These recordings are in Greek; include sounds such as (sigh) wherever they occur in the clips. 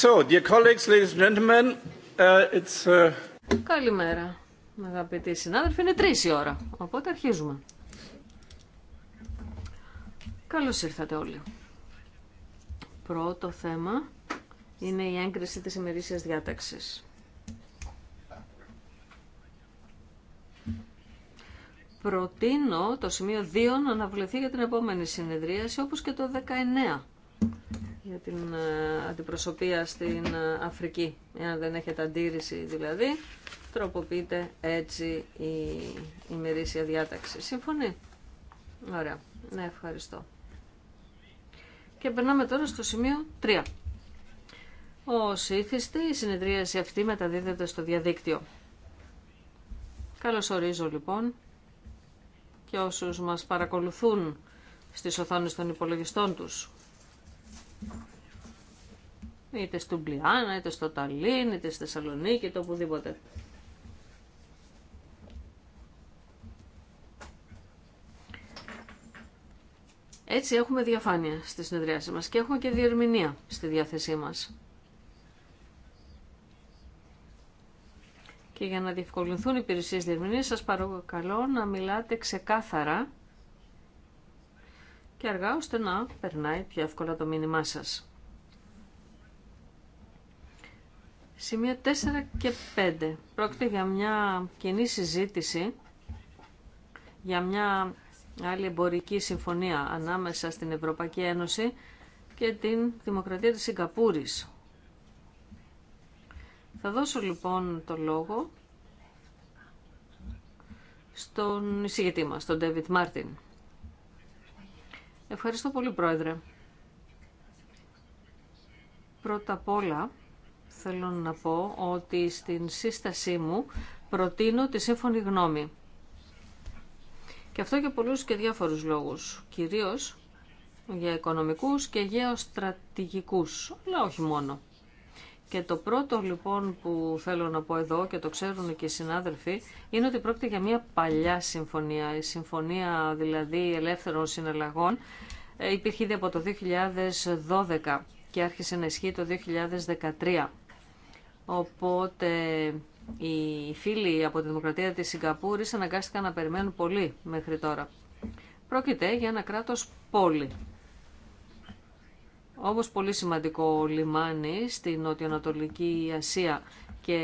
Uh, uh, Καλημέρα, αγαπητοί συνάδελφοι. Είναι τρεις η ώρα, οπότε αρχίζουμε. Καλώς ήρθατε όλοι. Πρώτο θέμα είναι η έγκριση της ημερήσιας διάταξης. Προτείνω το σημείο 2 να αναβληθεί για την επόμενη συνεδρίαση, όπως και το 19 για την ε, αντιπροσωπεία στην ε, Αφρική. Εάν δεν έχετε αντίρρηση δηλαδή, τροποποιείται έτσι η ημερήσια διάταξη. Συμφωνεί. Ωραία. Ναι, ευχαριστώ. Και περνάμε τώρα στο σημείο 3. Ο ήθιστη, η συνεδρίαση αυτή μεταδίδεται στο διαδίκτυο. Καλώς ορίζω λοιπόν και όσους μας παρακολουθούν στις οθόνες των υπολογιστών τους. Είτε στο Μπλιάνα, είτε στο Ταλίν, είτε στη Θεσσαλονίκη, είτε οπουδήποτε. Έτσι έχουμε διαφάνεια στη συνεδριάση μας και έχουμε και διερμηνία στη διάθεσή μας. Και για να διευκολυνθούν οι υπηρεσίες διερμηνίας σας παρακαλώ να μιλάτε ξεκάθαρα και αργά ώστε να περνάει πιο εύκολα το μήνυμά σας. Σημείο 4 και 5. Πρόκειται για μια κοινή συζήτηση για μια άλλη εμπορική συμφωνία ανάμεσα στην Ευρωπαϊκή Ένωση και την Δημοκρατία της Σιγκαπούρης. Θα δώσω λοιπόν το λόγο στον εισηγητή μας, τον David Μάρτιν. Ευχαριστώ πολύ, Πρόεδρε. Πρώτα απ' όλα, θέλω να πω ότι στην σύστασή μου προτείνω τη σύμφωνη γνώμη. Και αυτό για πολλούς και διάφορους λόγους, κυρίως για οικονομικούς και γεωστρατηγικούς, αλλά όχι μόνο. Και το πρώτο λοιπόν που θέλω να πω εδώ και το ξέρουν και οι συνάδελφοι είναι ότι πρόκειται για μια παλιά συμφωνία. Η συμφωνία δηλαδή ελεύθερων συναλλαγών ε, υπήρχε ήδη από το 2012 και άρχισε να ισχύει το 2013. Οπότε οι φίλοι από τη Δημοκρατία της Σιγκαπούρης αναγκάστηκαν να περιμένουν πολύ μέχρι τώρα. Πρόκειται για ένα κράτος πόλη όπως πολύ σημαντικό λιμάνι στην νοτιοανατολική Ασία και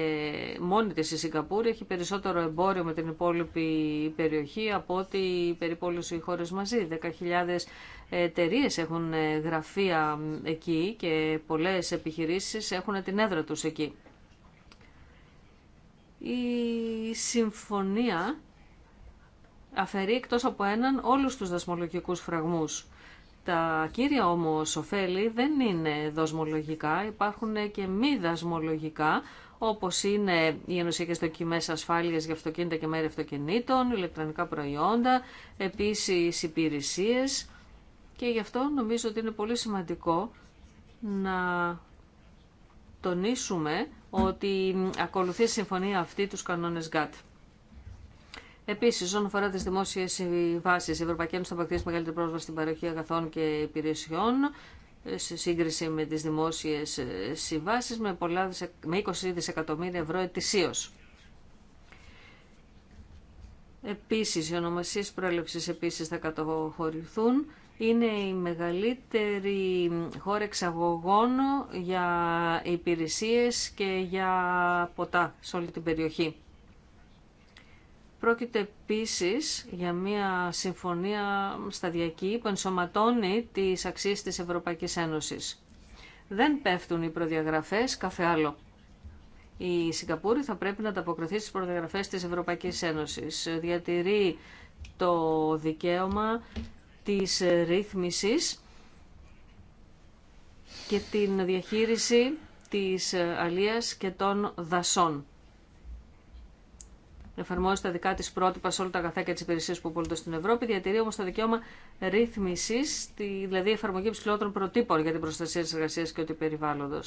μόνη της η Σιγκαπούρη έχει περισσότερο εμπόριο με την υπόλοιπη περιοχή από ότι περίπου όλες οι χώρες μαζί. 10.000 εταιρείε έχουν γραφεία εκεί και πολλές επιχειρήσεις έχουν την έδρα τους εκεί. Η συμφωνία αφαιρεί εκτός από έναν όλους τους δασμολογικούς φραγμούς τα κύρια όμως ωφέλη δεν είναι δοσμολογικά, υπάρχουν και μη δασμολογικά, όπως είναι οι ενωσιακές δοκιμές ασφάλειας για αυτοκίνητα και μέρη αυτοκινήτων, ηλεκτρονικά προϊόντα, επίσης υπηρεσίες και γι' αυτό νομίζω ότι είναι πολύ σημαντικό να τονίσουμε ότι ακολουθεί η συμφωνία αυτή τους κανόνες GATT. Επίση, όσον αφορά τι δημόσιε συμβάσει, η Ευρωπαϊκή Ένωση θα αποκτήσει μεγαλύτερη πρόσβαση στην παροχή αγαθών και υπηρεσιών σε σύγκριση με τι δημόσιε συμβάσει με, με 20 δισεκατομμύρια ευρώ ετησίω. Επίσης, οι ονομασίε πρόληψη επίσης θα κατοχωρηθούν. Είναι η μεγαλύτερη χώρα εξαγωγών για υπηρεσίες και για ποτά σε όλη την περιοχή. Πρόκειται επίσης για μια συμφωνία σταδιακή που ενσωματώνει τις αξίες της Ευρωπαϊκής Ένωσης. Δεν πέφτουν οι προδιαγραφές, κάθε άλλο. Η Σιγκαπούρη θα πρέπει να ανταποκριθεί στις προδιαγραφές της Ευρωπαϊκής Ένωσης. Διατηρεί το δικαίωμα της ρύθμισης και την διαχείριση της αλίας και των δασών εφαρμόζει τα δικά τη πρότυπα σε όλα τα αγαθά και τι υπηρεσίε που απολύτω στην Ευρώπη, διατηρεί όμω το δικαίωμα ρύθμιση, δηλαδή εφαρμογή ψηλότερων προτύπων για την προστασία τη εργασία και του περιβάλλοντο.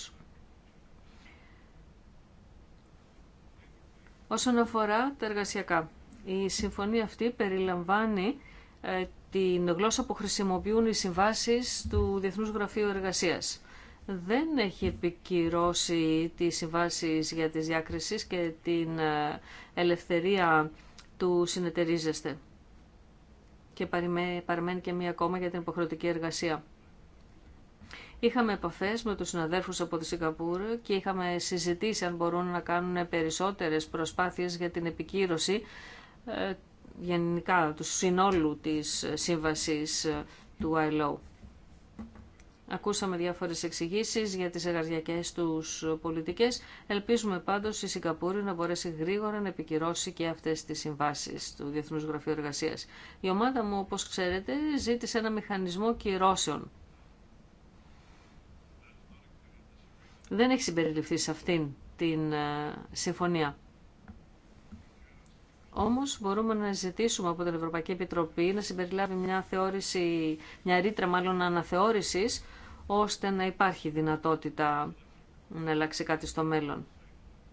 Όσον αφορά τα εργασιακά, η συμφωνία αυτή περιλαμβάνει ε, την γλώσσα που χρησιμοποιούν οι συμβάσει του Διεθνού Γραφείου εργασία δεν έχει επικυρώσει τις συμβάσει για τις διάκρισεις και την ε, ελευθερία του συνεταιρίζεστε. Και παραμένει και μία ακόμα για την υποχρεωτική εργασία. Είχαμε επαφές με τους συναδέρφους από τη Σιγκαπούρ και είχαμε συζητήσει αν μπορούν να κάνουν περισσότερες προσπάθειες για την επικύρωση ε, γενικά του συνόλου της σύμβασης ε, του ILO. Ακούσαμε διάφορες εξηγήσεις για τις εργασιακές τους πολιτικές. Ελπίζουμε πάντως η Σιγκαπούρη να μπορέσει γρήγορα να επικυρώσει και αυτές τις συμβάσεις του Διεθνούς Γραφείου Εργασίας. Η ομάδα μου, όπως ξέρετε, ζήτησε ένα μηχανισμό κυρώσεων. Δεν έχει συμπεριληφθεί σε αυτήν την ε, συμφωνία. Όμως μπορούμε να ζητήσουμε από την Ευρωπαϊκή Επιτροπή να συμπεριλάβει μια θεώρηση, μια ρήτρα μάλλον αναθεώρησης ώστε να υπάρχει δυνατότητα να αλλάξει κάτι στο μέλλον.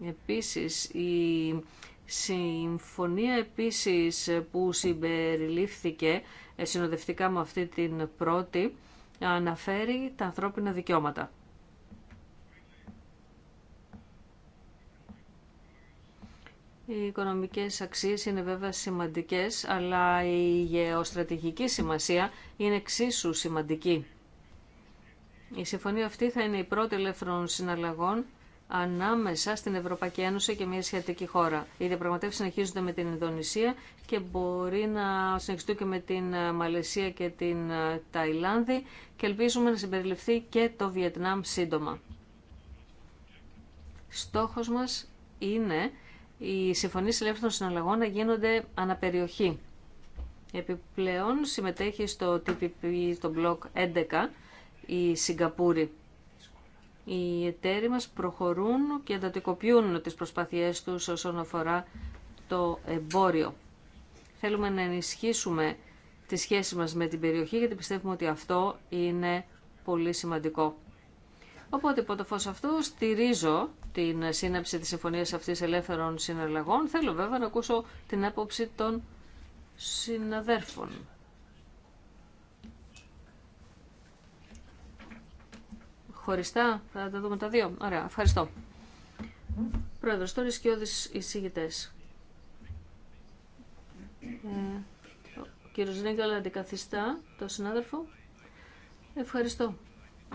Επίσης, η συμφωνία επίσης που συμπεριλήφθηκε ε, συνοδευτικά με αυτή την πρώτη αναφέρει τα ανθρώπινα δικαιώματα. Οι οικονομικές αξίες είναι βέβαια σημαντικές, αλλά η γεωστρατηγική σημασία είναι εξίσου σημαντική. Η συμφωνία αυτή θα είναι η πρώτη ελεύθερων συναλλαγών ανάμεσα στην Ευρωπαϊκή Ένωση και μια σχετική χώρα. Οι διαπραγματεύσει συνεχίζονται με την Ινδονησία και μπορεί να συνεχιστούν και με την ε, Μαλαισία και την ε, Ταϊλάνδη και ελπίζουμε να συμπεριληφθεί και το Βιετνάμ σύντομα. Στόχος μας είναι οι συμφωνίες ελεύθερων συναλλαγών να γίνονται αναπεριοχή. Επιπλέον συμμετέχει στο TPP, στο Block 11, η Σιγκαπούρη. Οι εταίροι μας προχωρούν και εντατικοποιούν τις προσπάθειές τους όσον αφορά το εμπόριο. Θέλουμε να ενισχύσουμε τη σχέση μας με την περιοχή γιατί πιστεύουμε ότι αυτό είναι πολύ σημαντικό. Οπότε υπό το φως αυτού στηρίζω την σύναψη της συμφωνίας αυτής ελεύθερων συναλλαγών. Θέλω βέβαια να ακούσω την άποψη των συναδέρφων. χωριστά. Θα τα δούμε τα δύο. Ωραία, ευχαριστώ. Πρόεδρος, τώρα σκιώδης εισηγητές. Ε, ο κύριος Νίγκαλα αντικαθιστά τον συνάδελφο. Ευχαριστώ.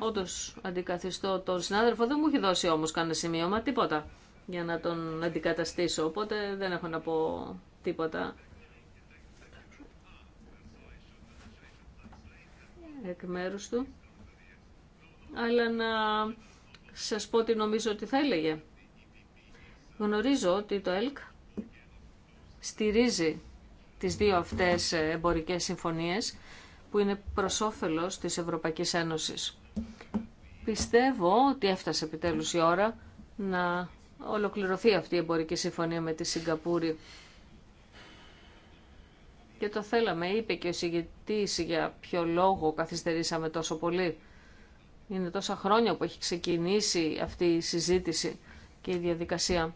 Όντω αντικαθιστώ τον συνάδελφο. Δεν μου έχει δώσει όμως κανένα σημείωμα, τίποτα, για να τον αντικαταστήσω. Οπότε δεν έχω να πω τίποτα. εκ μέρους του αλλά να σας πω τι νομίζω ότι θα έλεγε. Γνωρίζω ότι το ΕΛΚ στηρίζει τις δύο αυτές εμπορικές συμφωνίες που είναι προς όφελος της Ευρωπαϊκής Ένωσης. Πιστεύω ότι έφτασε επιτέλους η ώρα να ολοκληρωθεί αυτή η εμπορική συμφωνία με τη Σιγκαπούρη. Και το θέλαμε, είπε και ο συγγετής για ποιο λόγο καθυστερήσαμε τόσο πολύ. Είναι τόσα χρόνια που έχει ξεκινήσει αυτή η συζήτηση και η διαδικασία.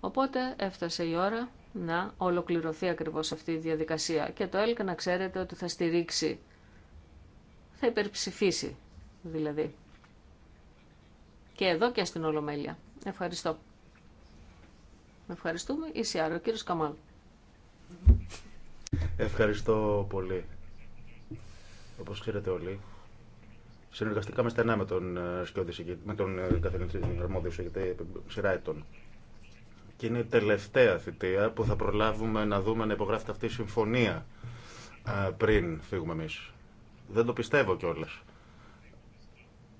Οπότε έφτασε η ώρα να ολοκληρωθεί ακριβώς αυτή η διαδικασία και το ΕΛΚ να ξέρετε ότι θα στηρίξει, θα υπερψηφίσει δηλαδή. Και εδώ και στην Ολομέλεια. Ευχαριστώ. Ευχαριστούμε. άρα ο κύριος Καμάλ. Ευχαριστώ πολύ. Όπως ξέρετε όλοι, Συνεργαστήκαμε στενά με τον, ε, με τον ε, καθηγητή αρμόδιο γιατί σειρά ετών. Και είναι η τελευταία θητεία που θα προλάβουμε να δούμε να υπογράφεται αυτή η συμφωνία ε, πριν φύγουμε εμείς. Δεν το πιστεύω κιόλα.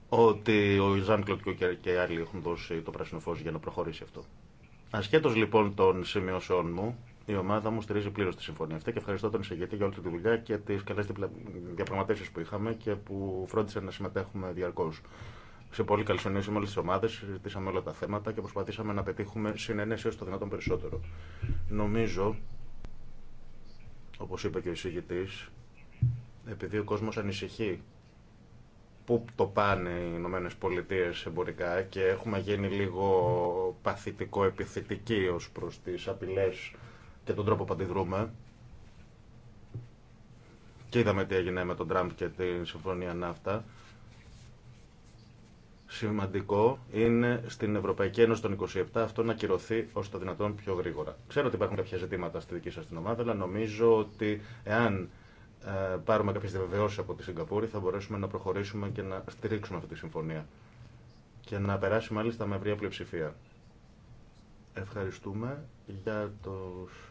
Ότι ο Ιζάν Κλωτικού και οι άλλοι έχουν δώσει το πράσινο φως για να προχωρήσει αυτό. Ασχέτως λοιπόν των σημειώσεών μου, η ομάδα μου στηρίζει πλήρω τη συμφωνία αυτή και ευχαριστώ τον εισηγητή για όλη τη δουλειά και τι καλέ διαπραγματεύσει που είχαμε και που φρόντισαν να συμμετέχουμε διαρκώ. Σε πολύ καλή συνέντευξη με όλε τι ομάδε, συζητήσαμε όλα τα θέματα και προσπαθήσαμε να πετύχουμε συνενέσει όσο το δυνατόν περισσότερο. Νομίζω, όπω είπε και ο εισηγητή, επειδή ο κόσμο ανησυχεί πού το πάνε οι Ηνωμένε Πολιτείε εμπορικά και έχουμε γίνει λίγο παθητικό επιθετικοί ω προ τι απειλέ και τον τρόπο που αντιδρούμε. Και είδαμε τι έγινε με τον Τραμπ και τη συμφωνία ναύτα. Σημαντικό είναι στην Ευρωπαϊκή Ένωση των 27 αυτό να κυρωθεί ω το δυνατόν πιο γρήγορα. Ξέρω ότι υπάρχουν κάποια ζητήματα στη δική σα την ομάδα, αλλά νομίζω ότι εάν ε, πάρουμε κάποιε διαβεβαιώσει από τη Σιγκαπούρη θα μπορέσουμε να προχωρήσουμε και να στηρίξουμε αυτή τη συμφωνία και να περάσει μάλιστα με ευρία πλειοψηφία. Ευχαριστούμε για τους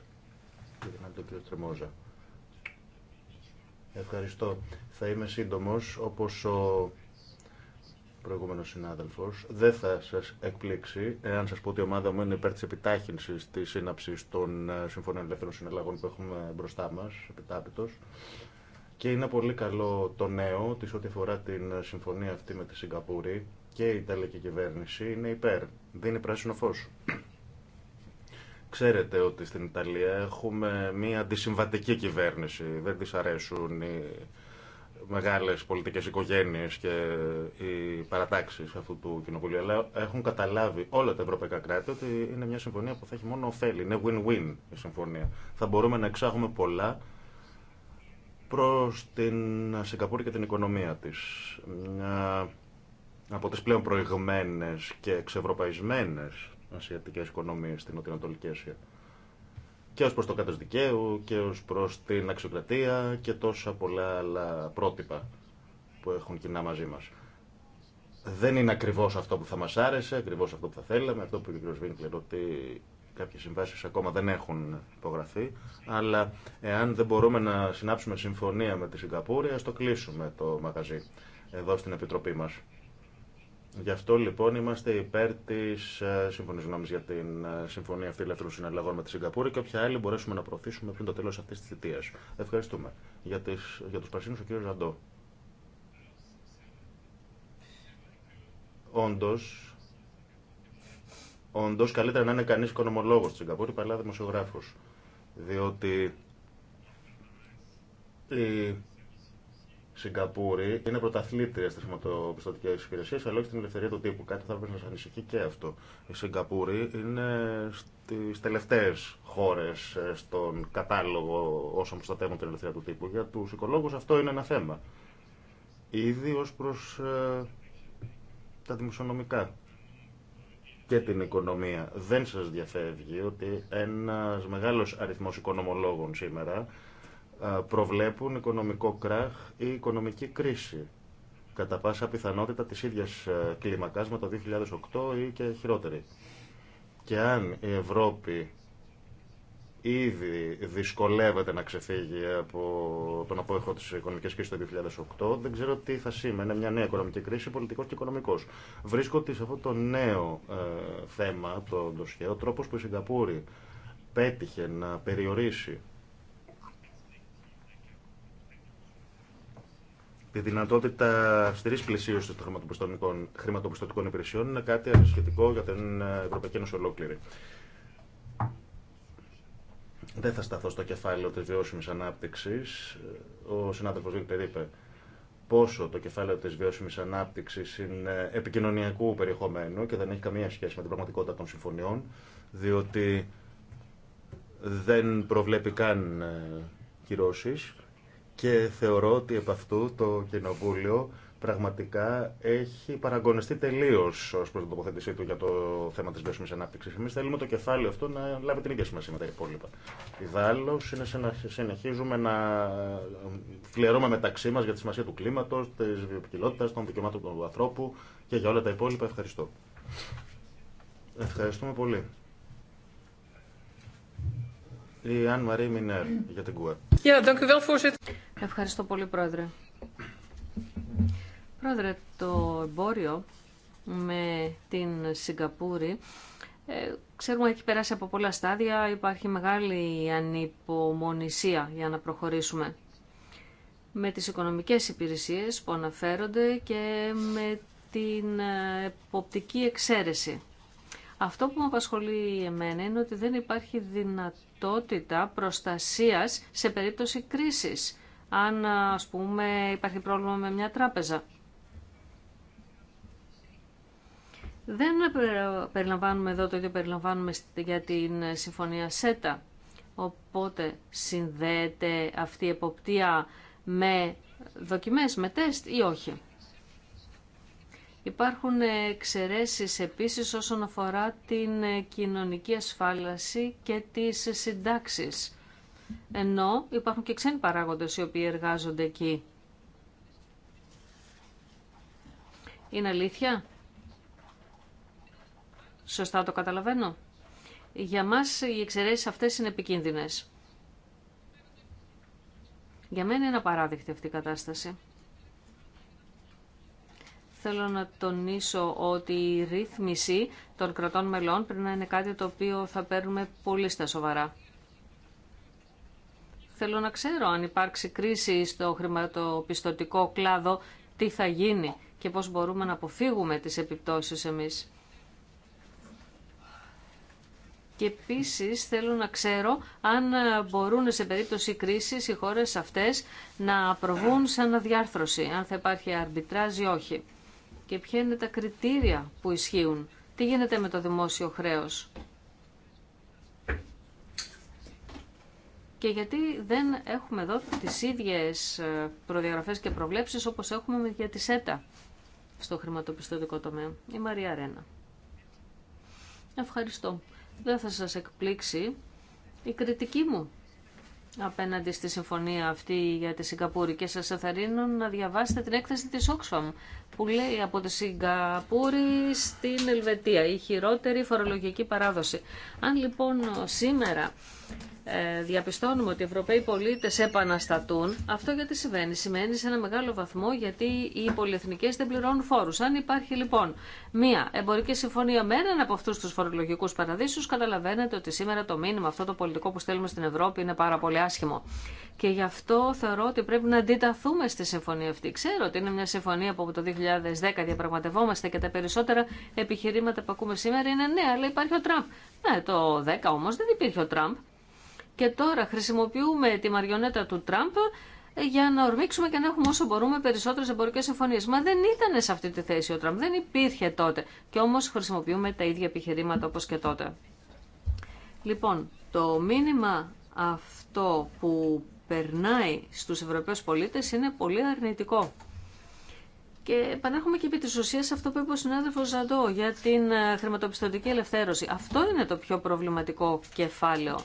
Ευχαριστώ. Θα είμαι σύντομος, όπως ο προηγούμενος συνάδελφος. Δεν θα σας εκπλήξει, εάν σας πω ότι η ομάδα μου είναι υπέρ της επιτάχυνσης της σύναψης των ε, Συμφωνίων Ελεύθερων Συναλλαγών που έχουμε μπροστά μας, επιτάπητος. Και είναι πολύ καλό το νέο σε ό,τι αφορά την συμφωνία αυτή με τη Σιγκαπούρη και η Ιταλική κυβέρνηση είναι υπέρ. Δίνει πράσινο φως. Ξέρετε ότι στην Ιταλία έχουμε μία αντισυμβατική κυβέρνηση. Δεν της αρέσουν οι μεγάλες πολιτικές οικογένειες και οι παρατάξεις αυτού του κοινοβουλίου. Αλλά έχουν καταλάβει όλα τα ευρωπαϊκά κράτη ότι είναι μια συμφωνία που θα έχει μόνο ωφέλη. Είναι win-win η συμφωνία. Θα μπορούμε να εξάγουμε πολλά προς την Σιγκαπούρη και την οικονομία της. από τις πλέον προηγμένες και εξευρωπαϊσμένες ασιατικέ οικονομίε στην Νοτιοανατολική Ασία. Και ω προ το κράτος δικαίου και ω προ την αξιοκρατία και τόσα πολλά άλλα πρότυπα που έχουν κοινά μαζί μα. Δεν είναι ακριβώ αυτό που θα μα άρεσε, ακριβώ αυτό που θα θέλαμε, αυτό που είπε ο κ. Βίνκλερ, ότι κάποιε συμβάσει ακόμα δεν έχουν υπογραφεί, αλλά εάν δεν μπορούμε να συνάψουμε συμφωνία με τη Σιγκαπούρη, α το κλείσουμε το μαγαζί εδώ στην Επιτροπή μας. Γι' αυτό λοιπόν είμαστε υπέρ τη ε, σύμφωνη γνώμη για την ε, συμφωνία αυτή ελεύθερων συναλλαγών με τη Σιγκαπούρη και όποια άλλη μπορέσουμε να προωθήσουμε πριν το τέλο αυτή τη θητεία. Ευχαριστούμε. Για, για του Πρασίνου, ο κύριο Ζαντό. Όντω, όντως, καλύτερα να είναι κανεί οικονομολόγο τη Σιγκαπούρη παρά δημοσιογράφο. Διότι η Σιγκαπούρη είναι πρωταθλήτρια στι χρηματοπιστωτικέ υπηρεσίε, αλλά όχι στην ελευθερία του τύπου. Κάτι θα πρέπει να σα ανησυχεί και αυτό. Η Σιγκαπούρη είναι στι τελευταίε χώρε ε, στον κατάλογο όσων προστατεύουν την ελευθερία του τύπου. Για του οικολόγου αυτό είναι ένα θέμα. Ήδη ω προ ε, τα δημοσιονομικά και την οικονομία. Δεν σας διαφεύγει ότι ένας μεγάλος αριθμός οικονομολόγων σήμερα ε, προβλέπουν οικονομικό κράχ ή οικονομική κρίση κατά πάσα πιθανότητα της ίδιας ε, κλίμακας με το 2008 ή και χειρότερη. Και αν η Ευρώπη ήδη δυσκολεύεται να ξεφύγει από τον απόεχο της οικονομικής κρίσης το 2008, δεν ξέρω τι θα σήμαινε μια νέα οικονομική κρίση, πολιτικός και οικονομικός. Βρίσκω ότι σε αυτό το νέο ε, θέμα, το ντοσχέ, ο τρόπος που η Σιγκαπούρη πέτυχε να περιορίσει τη δυνατότητα αυστηρή πλησίωση των χρηματοπιστωτικών υπηρεσιών είναι κάτι ανησυχητικό για την ε, Ευρωπαϊκή Ένωση ολόκληρη. Δεν θα σταθώ στο κεφάλαιο τη βιώσιμη ανάπτυξη. Ο συνάδελφο Βίλτερ είπε πόσο το κεφάλαιο τη βιώσιμη ανάπτυξη είναι επικοινωνιακού περιεχομένου και δεν έχει καμία σχέση με την πραγματικότητα των συμφωνιών, διότι δεν προβλέπει καν ε, κυρώσει και θεωρώ ότι επ' αυτού το Κοινοβούλιο πραγματικά έχει παραγωνιστεί τελείω ω προ την τοποθέτησή του για το θέμα τη βιώσιμη ανάπτυξη. Εμεί θέλουμε το κεφάλαιο αυτό να λάβει την ίδια σημασία με τα υπόλοιπα. Ιδάλω είναι να συνεχίζουμε να φλερούμε μεταξύ μα για τη σημασία του κλίματο, τη βιοποικιλότητα, των δικαιωμάτων του ανθρώπου και για όλα τα υπόλοιπα. Ευχαριστώ. Ευχαριστούμε πολύ η Αν για την voorzitter. Ευχαριστώ πολύ, Πρόεδρε. Πρόεδρε, το εμπόριο με την Σιγκαπούρη ε, ξέρουμε έχει περάσει από πολλά στάδια, υπάρχει μεγάλη ανυπομονησία για να προχωρήσουμε με τις οικονομικές υπηρεσίες που αναφέρονται και με την ε, εποπτική εξαίρεση αυτό που με απασχολεί εμένα είναι ότι δεν υπάρχει δυνατότητα προστασίας σε περίπτωση κρίσης. Αν, ας πούμε, υπάρχει πρόβλημα με μια τράπεζα. Δεν περιλαμβάνουμε εδώ το ίδιο περιλαμβάνουμε για την συμφωνία ΣΕΤΑ. Οπότε συνδέεται αυτή η εποπτεία με δοκιμές, με τεστ ή όχι. Υπάρχουν εξαιρέσεις επίσης όσον αφορά την κοινωνική ασφάλιση και τις συντάξεις. Ενώ υπάρχουν και ξένοι παράγοντες οι οποίοι εργάζονται εκεί. Είναι αλήθεια? Σωστά το καταλαβαίνω. Για μας οι εξαιρέσεις αυτές είναι επικίνδυνες. Για μένα είναι απαράδεκτη αυτή η κατάσταση θέλω να τονίσω ότι η ρύθμιση των κρατών μελών πρέπει να είναι κάτι το οποίο θα παίρνουμε πολύ στα σοβαρά. Θέλω να ξέρω αν υπάρξει κρίση στο χρηματοπιστωτικό κλάδο, τι θα γίνει και πώς μπορούμε να αποφύγουμε τις επιπτώσεις εμείς. Και επίση θέλω να ξέρω αν μπορούν σε περίπτωση κρίσης οι χώρε αυτέ να προβούν σε αναδιάρθρωση, αν θα υπάρχει αρμπιτράζ ή όχι και ποια είναι τα κριτήρια που ισχύουν. Τι γίνεται με το δημόσιο χρέος. Και γιατί δεν έχουμε εδώ τις ίδιες ε, προδιαγραφές και προβλέψεις όπως έχουμε για τη ΣΕΤΑ στο χρηματοπιστωτικό τομέα. Η Μαρία Ρένα. Ευχαριστώ. Δεν θα σας εκπλήξει η κριτική μου απέναντι στη συμφωνία αυτή για τη Σιγκαπούρη και σας εθαρρύνω να διαβάσετε την έκθεση της Oxfam που λέει από τη Σιγκαπούρη στην Ελβετία η χειρότερη φορολογική παράδοση. Αν λοιπόν σήμερα ε, διαπιστώνουμε ότι οι Ευρωπαίοι πολίτες επαναστατούν, αυτό γιατί συμβαίνει. Σημαίνει σε ένα μεγάλο βαθμό γιατί οι πολυεθνικές δεν πληρώνουν φόρους. Αν υπάρχει λοιπόν μία εμπορική συμφωνία με έναν από αυτούς τους φορολογικούς παραδείσους, καταλαβαίνετε ότι σήμερα το μήνυμα αυτό το πολιτικό που στέλνουμε στην Ευρώπη είναι πάρα πολύ άσχημο. Και γι' αυτό θεωρώ ότι πρέπει να αντιταθούμε στη συμφωνία αυτή. Ξέρω ότι είναι μια συμφωνία που από το 2010 διαπραγματευόμαστε και τα περισσότερα επιχειρήματα που ακούμε σήμερα είναι ναι, αλλά υπάρχει ο Τραμπ. Ναι, το 10 όμως δεν υπήρχε ο Τραμπ. Και τώρα χρησιμοποιούμε τη μαριονέτα του Τραμπ ε, για να ορμήξουμε και να έχουμε όσο μπορούμε περισσότερε εμπορικέ συμφωνίε. Μα δεν ήταν σε αυτή τη θέση ο Τραμπ, δεν υπήρχε τότε. Και όμω χρησιμοποιούμε τα ίδια επιχειρήματα όπω και τότε. Λοιπόν, το μήνυμα αυτό που περνάει στους Ευρωπαίους πολίτες είναι πολύ αρνητικό. Και επανέρχομαι και επί της ουσίας αυτό που είπε ο συνάδελφος Ζαντό για την ε, χρηματοπιστωτική ελευθέρωση. Αυτό είναι το πιο προβληματικό κεφάλαιο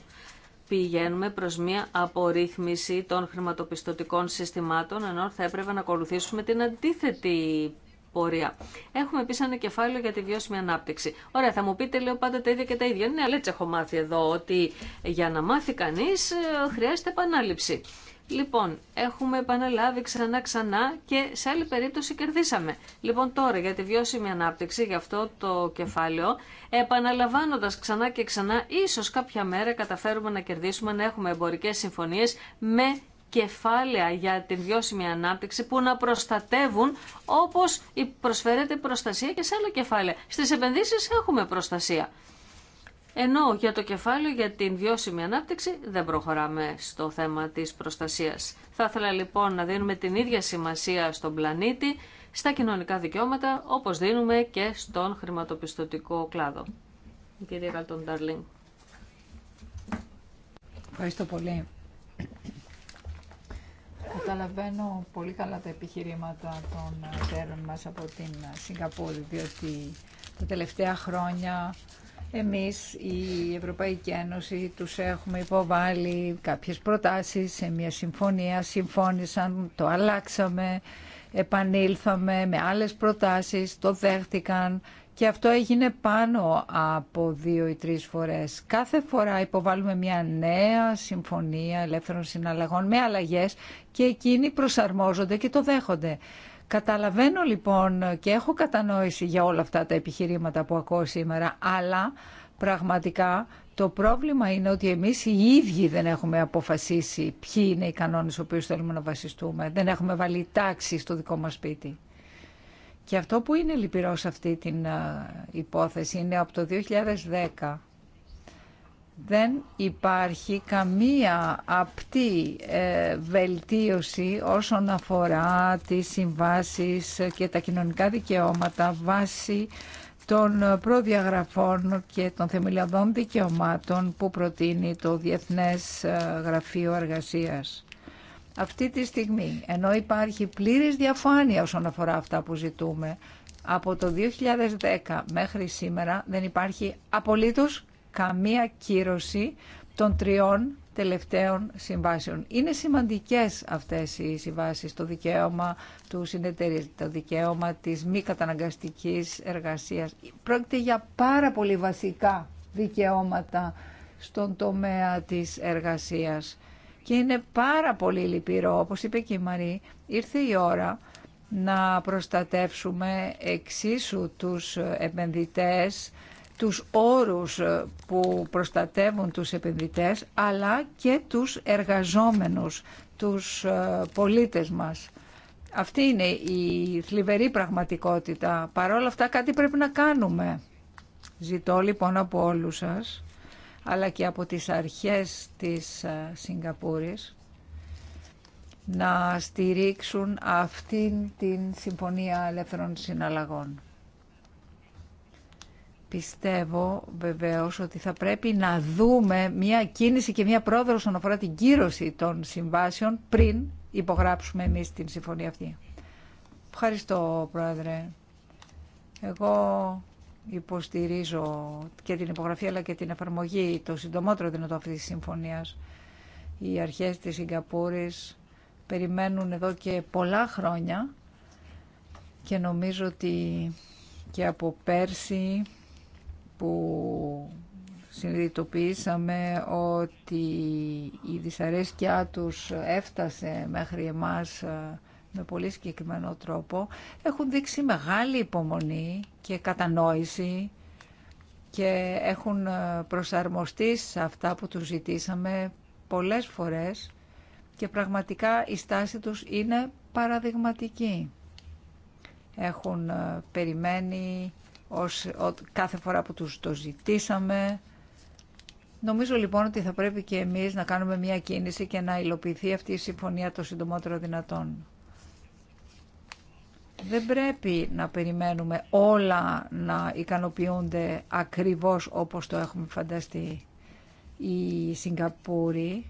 πηγαίνουμε προς μια απορρίθμιση των χρηματοπιστωτικών συστημάτων, ενώ θα έπρεπε να ακολουθήσουμε την αντίθετη πορεία. Έχουμε επίση ένα κεφάλαιο για τη βιώσιμη ανάπτυξη. Ωραία, θα μου πείτε, λέω πάντα τα ίδια και τα ίδια. Ναι, αλλά έτσι έχω μάθει εδώ ότι για να μάθει κανεί ε, χρειάζεται επανάληψη. Λοιπόν, έχουμε επαναλάβει ξανά ξανά και σε άλλη περίπτωση κερδίσαμε. Λοιπόν, τώρα για τη βιώσιμη ανάπτυξη, για αυτό το κεφάλαιο, επαναλαμβάνοντας ξανά και ξανά, ίσως κάποια μέρα καταφέρουμε να κερδίσουμε, να έχουμε εμπορικές συμφωνίες με κεφάλαια για τη βιώσιμη ανάπτυξη που να προστατεύουν όπως προσφέρεται προστασία και σε άλλα κεφάλαια. Στις επενδύσεις έχουμε προστασία ενώ για το κεφάλαιο για την βιώσιμη ανάπτυξη δεν προχωράμε στο θέμα της προστασίας. Θα ήθελα λοιπόν να δίνουμε την ίδια σημασία στον πλανήτη, στα κοινωνικά δικαιώματα, όπως δίνουμε και στον χρηματοπιστωτικό κλάδο. Η κυρία Καλτον Ευχαριστώ πολύ. Καταλαβαίνω πολύ καλά τα επιχειρήματα των τέρων μας από την Σιγκαπούρη, διότι τα τελευταία χρόνια εμείς η Ευρωπαϊκή Ένωση τους έχουμε υποβάλει κάποιες προτάσεις σε μια συμφωνία, συμφώνησαν, το αλλάξαμε, επανήλθαμε με άλλες προτάσεις, το δέχτηκαν και αυτό έγινε πάνω από δύο ή τρεις φορές. Κάθε φορά υποβάλλουμε μια νέα συμφωνία ελεύθερων συναλλαγών με αλλαγές και εκείνοι προσαρμόζονται και το δέχονται. Καταλαβαίνω λοιπόν και έχω κατανόηση για όλα αυτά τα επιχειρήματα που ακούω σήμερα, αλλά πραγματικά το πρόβλημα είναι ότι εμείς οι ίδιοι δεν έχουμε αποφασίσει ποιοι είναι οι κανόνες στους οποίους θέλουμε να βασιστούμε. Δεν έχουμε βάλει τάξη στο δικό μας σπίτι. Και αυτό που είναι λυπηρό σε αυτή την ε, υπόθεση είναι από το 2010 δεν υπάρχει καμία απτή ε, βελτίωση όσον αφορά τις συμβάσεις και τα κοινωνικά δικαιώματα βάσει των προδιαγραφών και των θεμελιωδών δικαιωμάτων που προτείνει το Διεθνές ε, Γραφείο Εργασίας. Αυτή τη στιγμή, ενώ υπάρχει πλήρης διαφάνεια όσον αφορά αυτά που ζητούμε, από το 2010 μέχρι σήμερα δεν υπάρχει απολύτως καμία κύρωση των τριών τελευταίων συμβάσεων. Είναι σημαντικές αυτές οι συμβάσεις, το δικαίωμα του συνεταιρίζεται, το δικαίωμα της μη καταναγκαστικής εργασίας. Πρόκειται για πάρα πολύ βασικά δικαιώματα στον τομέα της εργασίας. Και είναι πάρα πολύ λυπηρό, όπως είπε και η Μαρή, ήρθε η ώρα να προστατεύσουμε εξίσου τους επενδυτές, τους όρους ε, που προστατεύουν τους επενδυτές αλλά και τους εργαζόμενους, τους ε, πολίτες μας. Αυτή είναι η θλιβερή πραγματικότητα. Παρόλα αυτά κάτι πρέπει να κάνουμε. Ζητώ λοιπόν από όλους σας, αλλά και από τις αρχές της ε, Σιγκαπούρης, να στηρίξουν αυτήν την Συμφωνία Ελεύθερων Συναλλαγών. Πιστεύω βεβαίως ότι θα πρέπει να δούμε μια κίνηση και μια πρόδροση όσον αφορά την κύρωση των συμβάσεων πριν υπογράψουμε εμείς την συμφωνία αυτή. Ευχαριστώ, Πρόεδρε. Εγώ υποστηρίζω και την υπογραφή αλλά και την εφαρμογή το συντομότερο δυνατό αυτής της συμφωνίας. Οι αρχές της Σιγκαπούρης περιμένουν εδώ και πολλά χρόνια και νομίζω ότι και από πέρσι που συνειδητοποίησαμε ότι η δυσαρέσκειά τους έφτασε μέχρι εμάς ε, με πολύ συγκεκριμένο τρόπο, έχουν δείξει μεγάλη υπομονή και κατανόηση και έχουν ε, προσαρμοστεί σε αυτά που τους ζητήσαμε πολλές φορές και πραγματικά η στάση τους είναι παραδειγματική. Έχουν ε, περιμένει ως, κάθε φορά που τους το ζητήσαμε. Νομίζω λοιπόν ότι θα πρέπει και εμείς να κάνουμε μια κίνηση και να υλοποιηθεί αυτή η συμφωνία το συντομότερο δυνατόν. Δεν πρέπει να περιμένουμε όλα να ικανοποιούνται ακριβώς όπως το έχουμε φανταστεί. Η Σιγκαπούρη,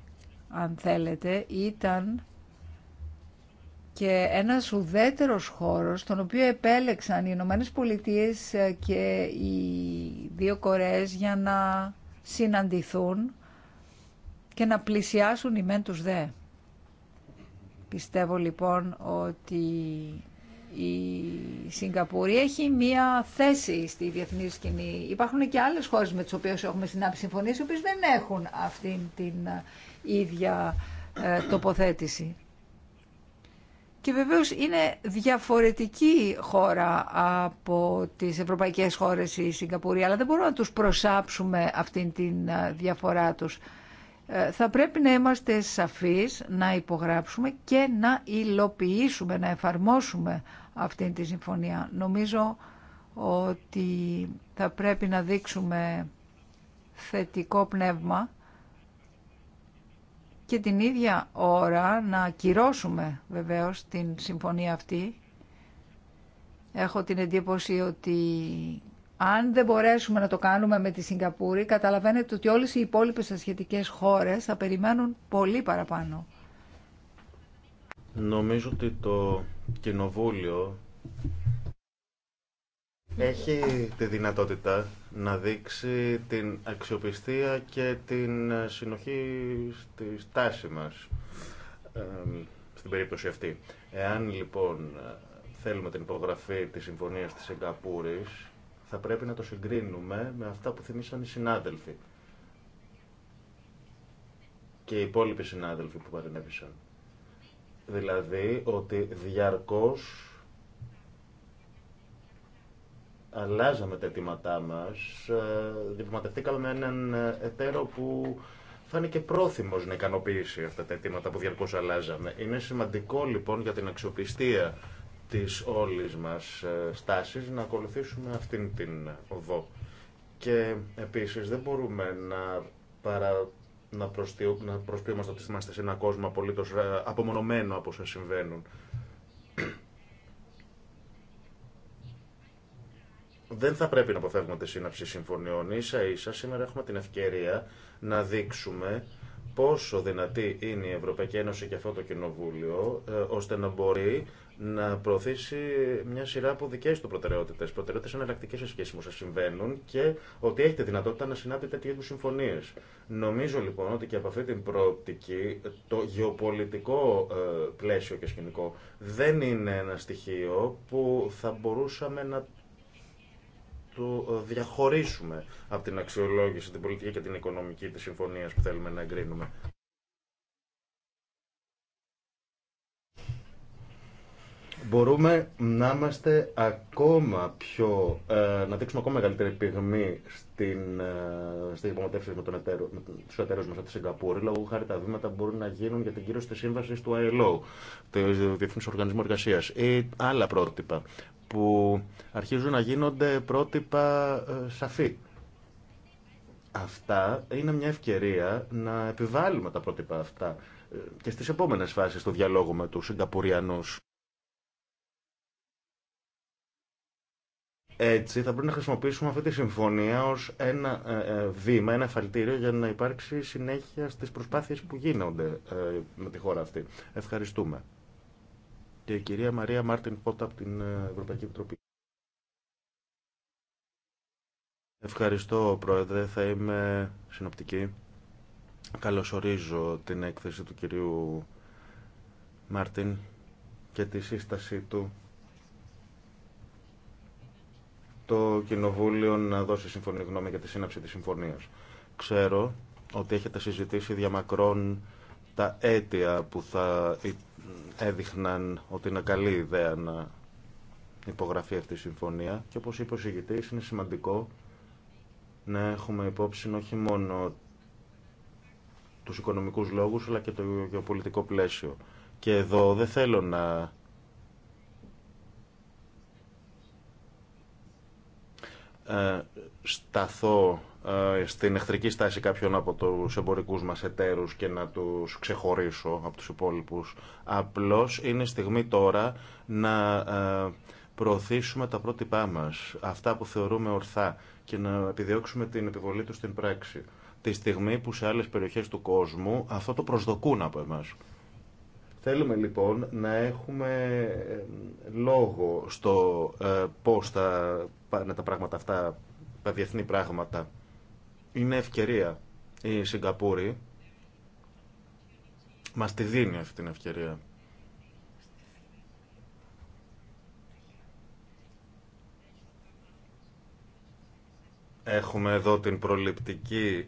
αν θέλετε, ήταν και ένας ουδέτερος χώρος, τον οποίο επέλεξαν οι Ηνωμένε Πολιτείε ε, και οι δύο Κορέες για να συναντηθούν και να πλησιάσουν οι μεν τους δε. Πιστεύω λοιπόν ότι η Σιγκαπούρη έχει μία θέση στη διεθνή σκηνή. Υπάρχουν και άλλες χώρες με τις οποίες έχουμε συνάψει συμφωνίες, οι οποίες δεν έχουν αυτή την ε, ίδια ε, τοποθέτηση. Και βεβαίως είναι διαφορετική χώρα από τις ευρωπαϊκές χώρες η Σιγκαπούρη, αλλά δεν μπορούμε να τους προσάψουμε αυτήν την διαφορά τους. Ε, θα πρέπει να είμαστε σαφείς, να υπογράψουμε και να υλοποιήσουμε, να εφαρμόσουμε αυτήν τη συμφωνία. Νομίζω ότι θα πρέπει να δείξουμε θετικό πνεύμα και την ίδια ώρα να ακυρώσουμε βεβαίως την συμφωνία αυτή. Έχω την εντύπωση ότι αν δεν μπορέσουμε να το κάνουμε με τη Σιγκαπούρη, καταλαβαίνετε ότι όλες οι υπόλοιπες ασχετικές χώρες θα περιμένουν πολύ παραπάνω. Νομίζω ότι το Κοινοβούλιο έχει τη δυνατότητα να δείξει την αξιοπιστία και την ε, συνοχή στη στάση μας ε, στην περίπτωση αυτή. Εάν λοιπόν ε, θέλουμε την υπογραφή της Συμφωνίας της Εγκαπούρης, θα πρέπει να το συγκρίνουμε με αυτά που θυμήσαν οι συνάδελφοι και οι υπόλοιποι συνάδελφοι που παρενέβησαν. Δηλαδή ότι διαρκώς αλλάζαμε τα αιτήματά μας, ε, διπλωματευτήκαμε με έναν εταίρο που φάνηκε πρόθυμο να ικανοποιήσει αυτά τα αιτήματα που διαρκώ αλλάζαμε. Είναι σημαντικό λοιπόν για την αξιοπιστία τη όλη μα ε, στάση να ακολουθήσουμε αυτήν την οδό. Και επίση δεν μπορούμε να, παρα... να, ότι είμαστε σε ένα κόσμο απολύτως ε, απομονωμένο από όσα συμβαίνουν. δεν θα πρέπει να αποφεύγουμε τη σύναψη συμφωνιών. Ίσα ίσα σήμερα έχουμε την ευκαιρία να δείξουμε πόσο δυνατή είναι η Ευρωπαϊκή Ένωση και αυτό το Κοινοβούλιο, ε, ώστε να μπορεί να προωθήσει μια σειρά από δικέ του προτεραιότητε, προτεραιότητε εναλλακτικέ σε σχέση με όσα συμβαίνουν και ότι έχετε δυνατότητα να συνάπτει τέτοιου είδου συμφωνίε. Νομίζω λοιπόν ότι και από αυτή την προοπτική το γεωπολιτικό ε, πλαίσιο και σκηνικό δεν είναι ένα στοιχείο που θα μπορούσαμε να του ε, διαχωρίσουμε από την αξιολόγηση, την πολιτική και την οικονομική της συμφωνίας που θέλουμε να εγκρίνουμε. μπορούμε να είμαστε ακόμα πιο, ε, να δείξουμε ακόμα μεγαλύτερη πυγμή ε, στι στη με, τον εταίρο, με τους εταίρους μας από τη Σιγκαπούρη. Λόγω χάρη τα βήματα μπορούν να γίνουν για την κύρωση της σύμβασης του ILO, του Διεθνου Οργανισμού Εργασίας ή άλλα πρότυπα που αρχίζουν να γίνονται πρότυπα ε, σαφή. Αυτά είναι μια ευκαιρία να επιβάλλουμε τα πρότυπα αυτά και στις επόμενες φάσεις του διαλόγου με τους Σιγκαπουριανούς. Έτσι θα πρέπει να χρησιμοποιήσουμε αυτή τη συμφωνία ως ένα ε, ε, βήμα, ένα εφαλτήριο για να υπάρξει συνέχεια στις προσπάθειες που γίνονται ε, με τη χώρα αυτή. Ευχαριστούμε. Και η κυρία Μαρία Μάρτιν Πότα από την Ευρωπαϊκή Επιτροπή. Ευχαριστώ, Πρόεδρε. Θα είμαι συνοπτική. Καλωσορίζω την έκθεση του κυρίου Μάρτιν και τη σύσταση του το Κοινοβούλιο να δώσει συμφωνή γνώμη για τη σύναψη της συμφωνίας. Ξέρω ότι έχετε συζητήσει διαμακρών τα αίτια που θα έδειχναν ότι είναι καλή ιδέα να υπογραφεί αυτή η συμφωνία και όπως είπε ο συγητής είναι σημαντικό να έχουμε υπόψη όχι μόνο τους οικονομικούς λόγους αλλά και το γεωπολιτικό πλαίσιο. Και εδώ δεν θέλω να Ε, σταθώ ε, στην εχθρική στάση κάποιων από τους εμπορικούς μας εταίρους και να τους ξεχωρίσω από τους υπόλοιπους. Απλώς είναι στιγμή τώρα να ε, προωθήσουμε τα πρότυπά μας, αυτά που θεωρούμε ορθά και να επιδιώξουμε την επιβολή του στην πράξη. Τη στιγμή που σε άλλες περιοχές του κόσμου αυτό το προσδοκούν από εμάς. Θέλουμε λοιπόν να έχουμε λόγο στο ε, πώς θα πάνε τα πράγματα αυτά, τα διεθνή πράγματα. Είναι ευκαιρία. Η Σιγκαπούρη μας τη δίνει αυτή την ευκαιρία. Έχουμε εδώ την προληπτική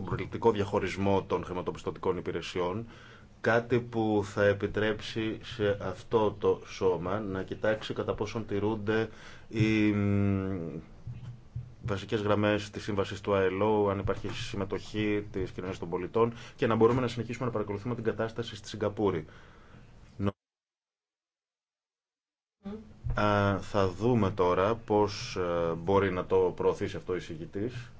στον προληπτικό διαχωρισμό των χρηματοπιστωτικών υπηρεσιών, κάτι που θα επιτρέψει σε αυτό το σώμα να κοιτάξει κατά πόσον τηρούνται οι βασικέ γραμμέ τη σύμβαση του ΑΕΛΟ, αν υπάρχει συμμετοχή τη κοινωνία των πολιτών και να μπορούμε να συνεχίσουμε να παρακολουθούμε την κατάσταση στη Σιγκαπούρη. θα δούμε τώρα πώς ε, μπορεί να το προωθήσει αυτό η εισηγητής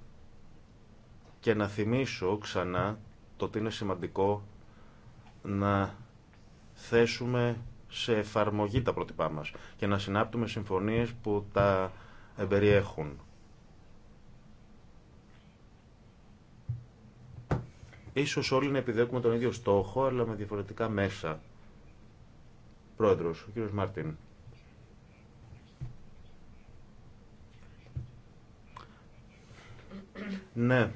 και να θυμίσω ξανά το ότι είναι σημαντικό να θέσουμε σε εφαρμογή τα πρότυπά μας και να συνάπτουμε συμφωνίες που τα εμπεριέχουν. Ίσως όλοι να επιδιώκουμε τον ίδιο στόχο, αλλά με διαφορετικά μέσα. Πρόεδρος, ο κύριος Μάρτιν. Ναι,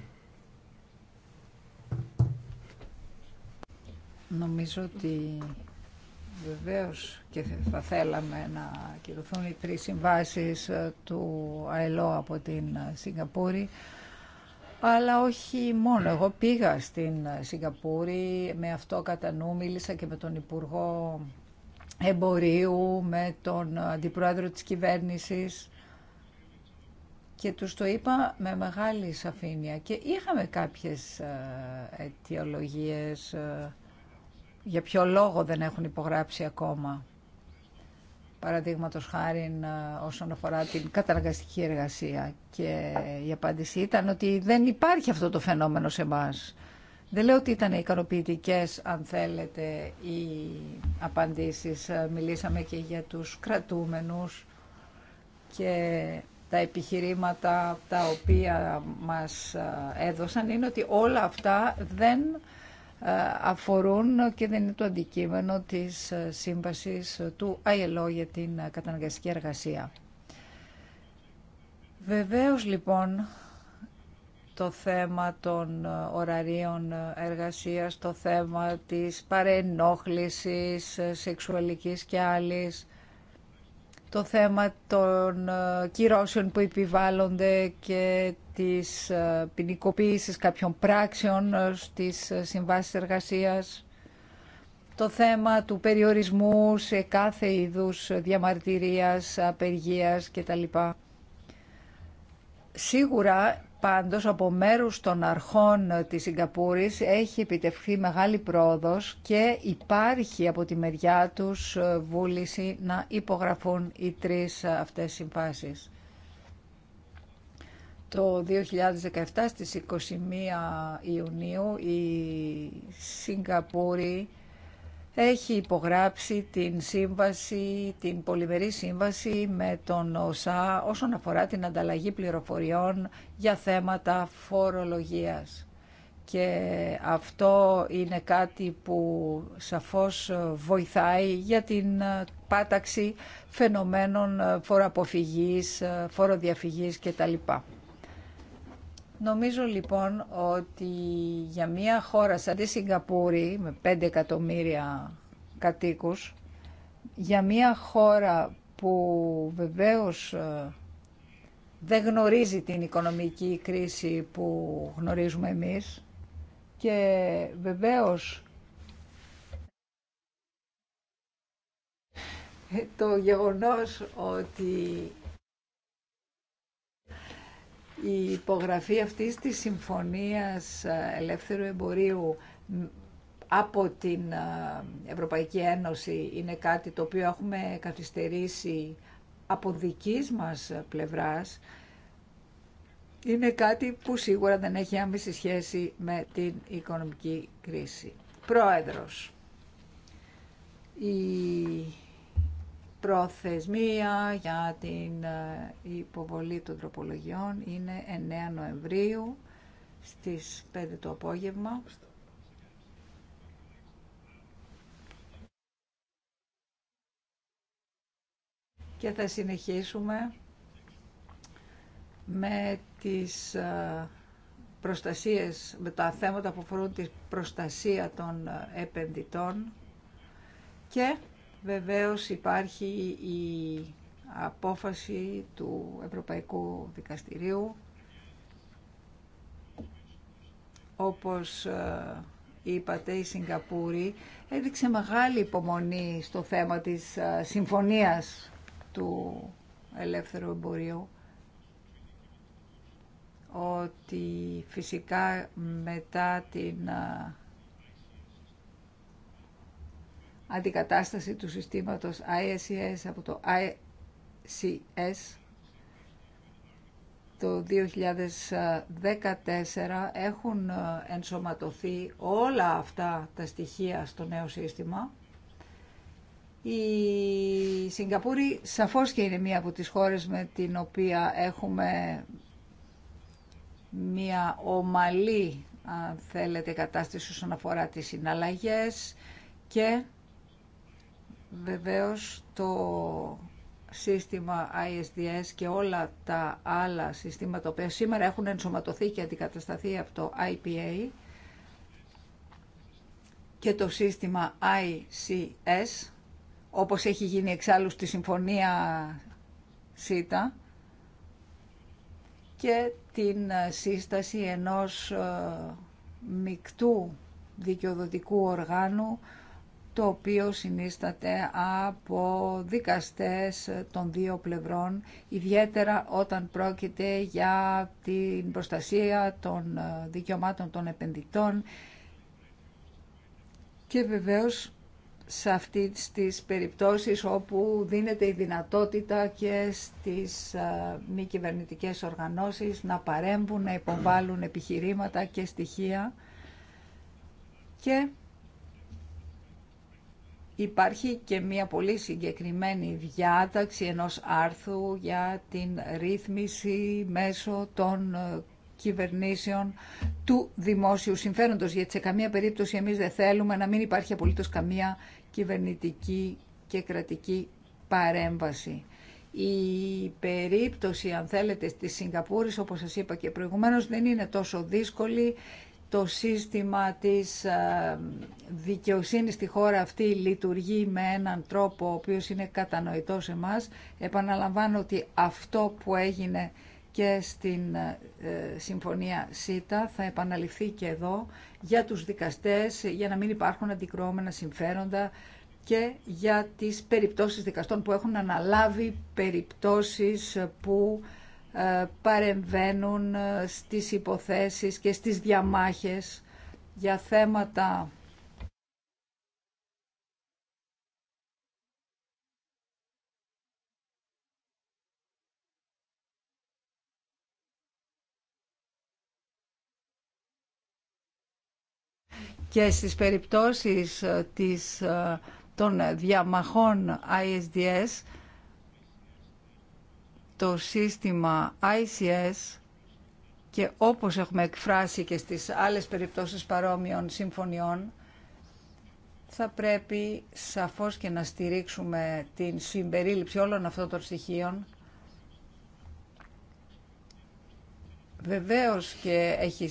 Νομίζω ότι βεβαίως και θα θέλαμε να κυρωθούν οι τρεις συμβάσεις ε, του ΑΕΛΟ από την ε, Σιγκαπούρη. Αλλά όχι μόνο. Εγώ πήγα στην ε, Σιγκαπούρη με αυτό κατά νου. Μίλησα και με τον Υπουργό Εμπορίου, με τον Αντιπρόεδρο της Κυβέρνησης και τους το είπα με μεγάλη σαφήνεια. Και είχαμε κάποιες αιτιολογίες για ποιο λόγο δεν έχουν υπογράψει ακόμα. Παραδείγματος χάρη ε, όσον αφορά την καταργαστική εργασία. Και η απάντηση ήταν ότι δεν υπάρχει αυτό το φαινόμενο σε εμά. Δεν λέω ότι ήταν ικανοποιητικέ, αν θέλετε, οι απαντήσεις. Ε, μιλήσαμε και για τους κρατούμενους και τα επιχειρήματα τα οποία μας ε, έδωσαν είναι ότι όλα αυτά δεν ε, αφορούν και δεν είναι το αντικείμενο της ε, σύμβασης ε, του ILO για την καταναγκαστική εργασία. Βεβαίως λοιπόν το θέμα των ωραρίων εργασίας, το θέμα της παρενόχλησης σεξουαλικής και άλλης, το θέμα των ε, κυρώσεων που επιβάλλονται και της ε, ποινικοποίηση κάποιων πράξεων ε, στις συμβάσεις εργασίας, το θέμα του περιορισμού σε κάθε είδους διαμαρτυρίας, απεργίας κτλ. Σίγουρα Πάντως από μέρους των αρχών της Σιγκαπούρης έχει επιτευχθεί μεγάλη πρόοδος και υπάρχει από τη μεριά τους βούληση να υπογραφούν οι τρεις αυτές συμφάσεις. Το 2017 στις 21 Ιουνίου η Σιγκαπούρη έχει υπογράψει την σύμβαση, την πολυμερή σύμβαση με τον ΟΣΑ όσον αφορά την ανταλλαγή πληροφοριών για θέματα φορολογίας. Και αυτό είναι κάτι που σαφώς βοηθάει για την πάταξη φαινομένων φοροαποφυγής, φοροδιαφυγής κτλ. Νομίζω λοιπόν ότι για μια χώρα σαν τη Σιγκαπούρη με 5 εκατομμύρια κατοίκους, για μια χώρα που βεβαίως ε, δεν γνωρίζει την οικονομική κρίση που γνωρίζουμε εμείς και βεβαίως ε, το γεγονός ότι η υπογραφή αυτής της Συμφωνίας ε, Ελεύθερου Εμπορίου από την ε, Ευρωπαϊκή Ένωση είναι κάτι το οποίο έχουμε καθυστερήσει από δικής μας πλευράς. Είναι κάτι που σίγουρα δεν έχει άμεση σχέση με την οικονομική κρίση. Πρόεδρος, προθεσμία για την ε, υποβολή των τροπολογιών είναι 9 Νοεμβρίου στις 5 το απόγευμα. Και θα συνεχίσουμε με τις ε, προστασίες, με τα θέματα που αφορούν τη προστασία των ε, επενδυτών και Βεβαίως υπάρχει η απόφαση του Ευρωπαϊκού Δικαστηρίου όπως ε, είπατε η Σιγκαπούρη έδειξε μεγάλη υπομονή στο θέμα της ε, συμφωνίας του ελεύθερου εμπορίου ότι φυσικά μετά την ε, αντικατάσταση του συστήματος ISES e από το ICS το 2014 έχουν ε, ενσωματωθεί όλα αυτά τα στοιχεία στο νέο σύστημα. Η Σιγκαπούρη σαφώς και είναι μία από τις χώρες με την οποία έχουμε μία ομαλή, αν θέλετε, κατάσταση όσον αφορά τις συναλλαγές και Βεβαίως το σύστημα ISDS και όλα τα άλλα συστήματα που σήμερα έχουν ενσωματωθεί και αντικατασταθεί από το IPA και το σύστημα ICS όπως έχει γίνει εξάλλου στη Συμφωνία ΣΥΤΑ και την σύσταση ενός ε, μικτού δικαιοδοτικού οργάνου το οποίο συνίσταται από δικαστές των δύο πλευρών, ιδιαίτερα όταν πρόκειται για την προστασία των ε, δικαιωμάτων των επενδυτών και βεβαίως σε αυτή τις περιπτώσεις όπου δίνεται η δυνατότητα και στις ε, μη κυβερνητικέ οργανώσεις να παρέμβουν, να υποβάλουν επιχειρήματα και στοιχεία και Υπάρχει και μια πολύ συγκεκριμένη διάταξη ενός άρθρου για την ρύθμιση μέσω των ε, κυβερνήσεων του δημόσιου συμφέροντος, γιατί σε καμία περίπτωση εμείς δεν θέλουμε να μην υπάρχει απολύτως καμία κυβερνητική και κρατική παρέμβαση. Η περίπτωση, αν θέλετε, στη Σιγκαπούρης, όπως σας είπα και προηγουμένως, δεν είναι τόσο δύσκολη το σύστημα της ε, δικαιοσύνης στη χώρα αυτή λειτουργεί με έναν τρόπο ο οποίος είναι κατανοητός εμάς. Επαναλαμβάνω ότι αυτό που έγινε και στην ε, Συμφωνία ΣΥΤΑ θα επαναληφθεί και εδώ για τους δικαστές, για να μην υπάρχουν αντικρώμενα συμφέροντα και για τις περιπτώσεις δικαστών που έχουν αναλάβει περιπτώσεις που ε, παρεμβαίνουν ε, στις υποθέσεις και στις διαμάχες για θέματα και στις περιπτώσεις ε, της, των διαμαχών ISDS το σύστημα ICS και όπως έχουμε εκφράσει και στις άλλες περιπτώσεις παρόμοιων συμφωνιών, θα πρέπει σαφώς και να στηρίξουμε την συμπερίληψη όλων αυτών των στοιχείων. Βεβαίως και έχει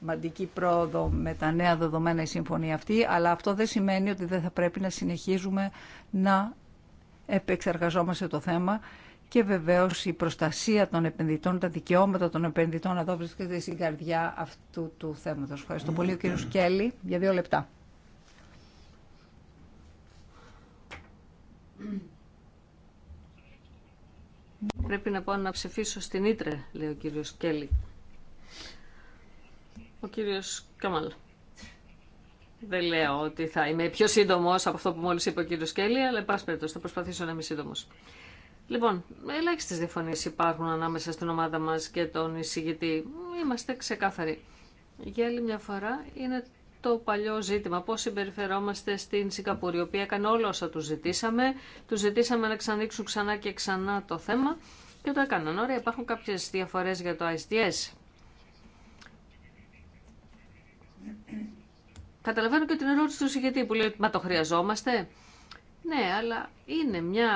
σημαντική πρόοδο με τα νέα δεδομένα η συμφωνία αυτή, αλλά αυτό δεν σημαίνει ότι δεν θα πρέπει να συνεχίζουμε να επεξεργαζόμαστε το θέμα και βεβαίως η προστασία των επενδυτών, τα δικαιώματα των επενδυτών εδώ βρίσκεται στην καρδιά αυτού του θέματο. Ευχαριστώ πολύ ο κύριο Κέλλη για δύο λεπτά. Πρέπει να πάω να ψηφίσω στην Ήτρε, λέει ο κύριος Κέλλη. Ο κύριος Καμάλ. Δεν λέω ότι θα είμαι πιο σύντομος από αυτό που μόλις είπε ο κύριος Κέλλη, αλλά πάσπερτος, θα προσπαθήσω να είμαι σύντομος. Λοιπόν, ελάχιστε διαφωνίε υπάρχουν ανάμεσα στην ομάδα μα και τον εισηγητή. Είμαστε ξεκάθαροι. Για άλλη μια φορά είναι το παλιό ζήτημα. Πώ συμπεριφερόμαστε στην Σιγκαπούρη, η οποία έκανε όλα όσα του ζητήσαμε. Του ζητήσαμε να ξανοίξουν ξανά και ξανά το θέμα και το έκαναν. Ωραία, υπάρχουν κάποιε διαφορέ για το ISDS. Καταλαβαίνω και την ερώτηση του εισηγητή που λέει Μα το χρειαζόμαστε. Ναι, αλλά είναι μια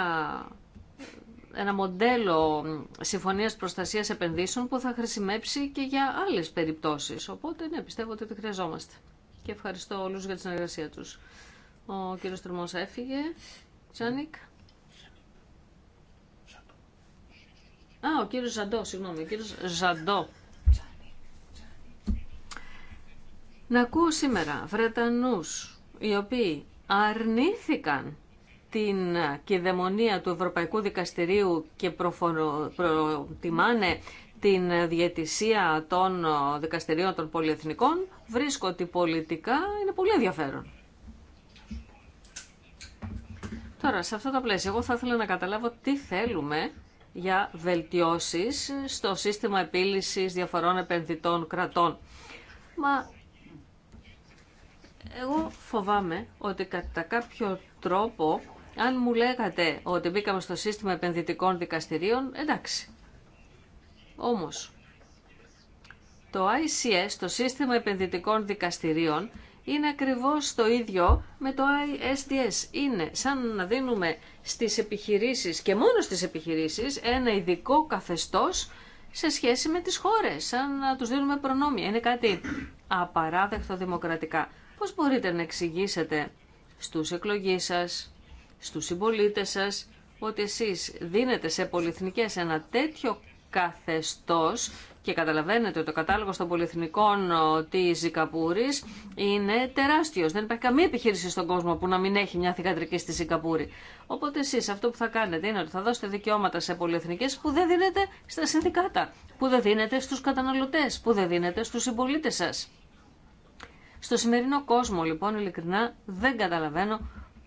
ένα μοντέλο συμφωνίας προστασίας επενδύσεων που θα χρησιμεύσει και για άλλες περιπτώσεις. Οπότε, ναι, πιστεύω ότι τη χρειαζόμαστε. Και ευχαριστώ όλους για τη συνεργασία τους. Ο κύριος Τρουμός έφυγε. Τζάνικ. Α, ο κύριος Ζαντό, συγγνώμη, ο κύριος Ζαντό. Να ακούω σήμερα Βρετανούς, οι οποίοι αρνήθηκαν την κυδαιμονία του Ευρωπαϊκού Δικαστηρίου και προτιμάνε την διαιτησία των δικαστηρίων των πολυεθνικών, βρίσκω ότι πολιτικά είναι πολύ ενδιαφέρον. Τώρα, σε αυτό το πλαίσιο, εγώ θα ήθελα να καταλάβω τι θέλουμε για βελτιώσεις στο σύστημα επίλυσης διαφορών επενδυτών κρατών. Μα εγώ φοβάμαι ότι κατά κάποιο τρόπο αν μου λέγατε ότι μπήκαμε στο σύστημα επενδυτικών δικαστηρίων, εντάξει. Όμως, το ICS, το σύστημα επενδυτικών δικαστηρίων, είναι ακριβώς το ίδιο με το ISDS. Είναι σαν να δίνουμε στις επιχειρήσεις και μόνο στις επιχειρήσεις ένα ειδικό καθεστώς σε σχέση με τις χώρες, σαν να τους δίνουμε προνόμια. Είναι κάτι απαράδεκτο δημοκρατικά. Πώς μπορείτε να εξηγήσετε στους εκλογείς σας, στους συμπολίτε σας ότι εσείς δίνετε σε πολυεθνικές ένα τέτοιο καθεστώς και καταλαβαίνετε ότι ο κατάλογο των πολυεθνικών της Ζικαπούρης είναι τεράστιος. Δεν υπάρχει καμία επιχείρηση στον κόσμο που να μην έχει μια θηγατρική στη Ζικαπούρη. Οπότε εσείς αυτό που θα κάνετε είναι ότι θα δώσετε δικαιώματα σε πολυεθνικές που δεν δίνετε στα συνδικάτα, που δεν δίνετε στους καταναλωτές, που δεν δίνετε στους συμπολίτε σας. Στο σημερινό κόσμο λοιπόν ειλικρινά δεν καταλαβαίνω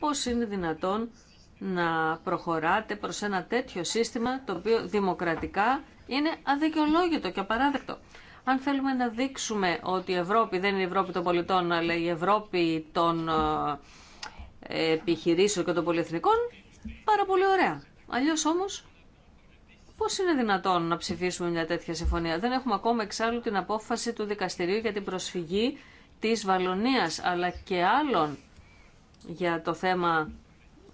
πώς είναι δυνατόν να προχωράτε προς ένα τέτοιο σύστημα το οποίο δημοκρατικά είναι αδικαιολόγητο και απαράδεκτο. Αν θέλουμε να δείξουμε ότι η Ευρώπη δεν είναι η Ευρώπη των πολιτών αλλά η Ευρώπη των ε, επιχειρήσεων και των πολυεθνικών, πάρα πολύ ωραία. Αλλιώς όμως Πώ είναι δυνατόν να ψηφίσουμε μια τέτοια συμφωνία. Δεν έχουμε ακόμα εξάλλου την απόφαση του δικαστηρίου για την προσφυγή της Βαλονία αλλά και άλλων για το θέμα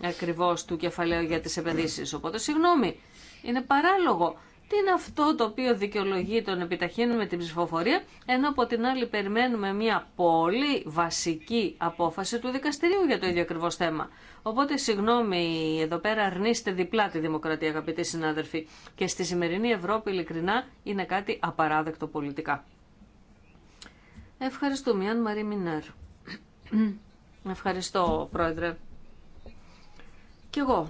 ακριβώς του κεφαλαίου για τις επενδύσεις. Οπότε, συγγνώμη, είναι παράλογο. Τι είναι αυτό το οποίο δικαιολογεί τον επιταχύνουμε την ψηφοφορία, ενώ από την άλλη περιμένουμε μια πολύ βασική απόφαση του δικαστηρίου για το ίδιο ακριβώ θέμα. Οπότε, συγγνώμη, εδώ πέρα αρνείστε διπλά τη δημοκρατία, αγαπητοί συνάδελφοι. Και στη σημερινή Ευρώπη, ειλικρινά, είναι κάτι απαράδεκτο πολιτικά. Ευχαριστούμε, Αν Μαρή Ευχαριστώ, Πρόεδρε. Κι εγώ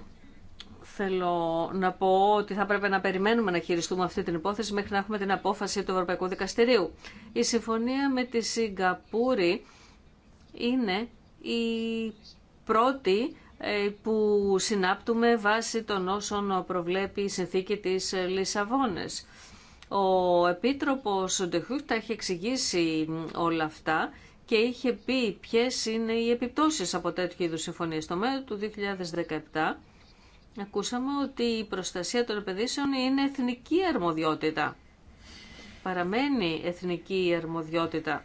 θέλω να πω ότι θα πρέπει να περιμένουμε να χειριστούμε αυτή την υπόθεση μέχρι να έχουμε την απόφαση του Ευρωπαϊκού Δικαστηρίου. Η συμφωνία με τη Σιγκαπούρη είναι η πρώτη ε, που συνάπτουμε βάσει των όσων προβλέπει η συνθήκη της Λισαβόνες. Ο Επίτροπος Ντεχούκ έχει εξηγήσει όλα αυτά και είχε πει ποιε είναι οι επιπτώσεις από τέτοιου είδου συμφωνίε. Το μέλλον του 2017 ακούσαμε ότι η προστασία των επενδύσεων είναι εθνική αρμοδιότητα. Παραμένει εθνική αρμοδιότητα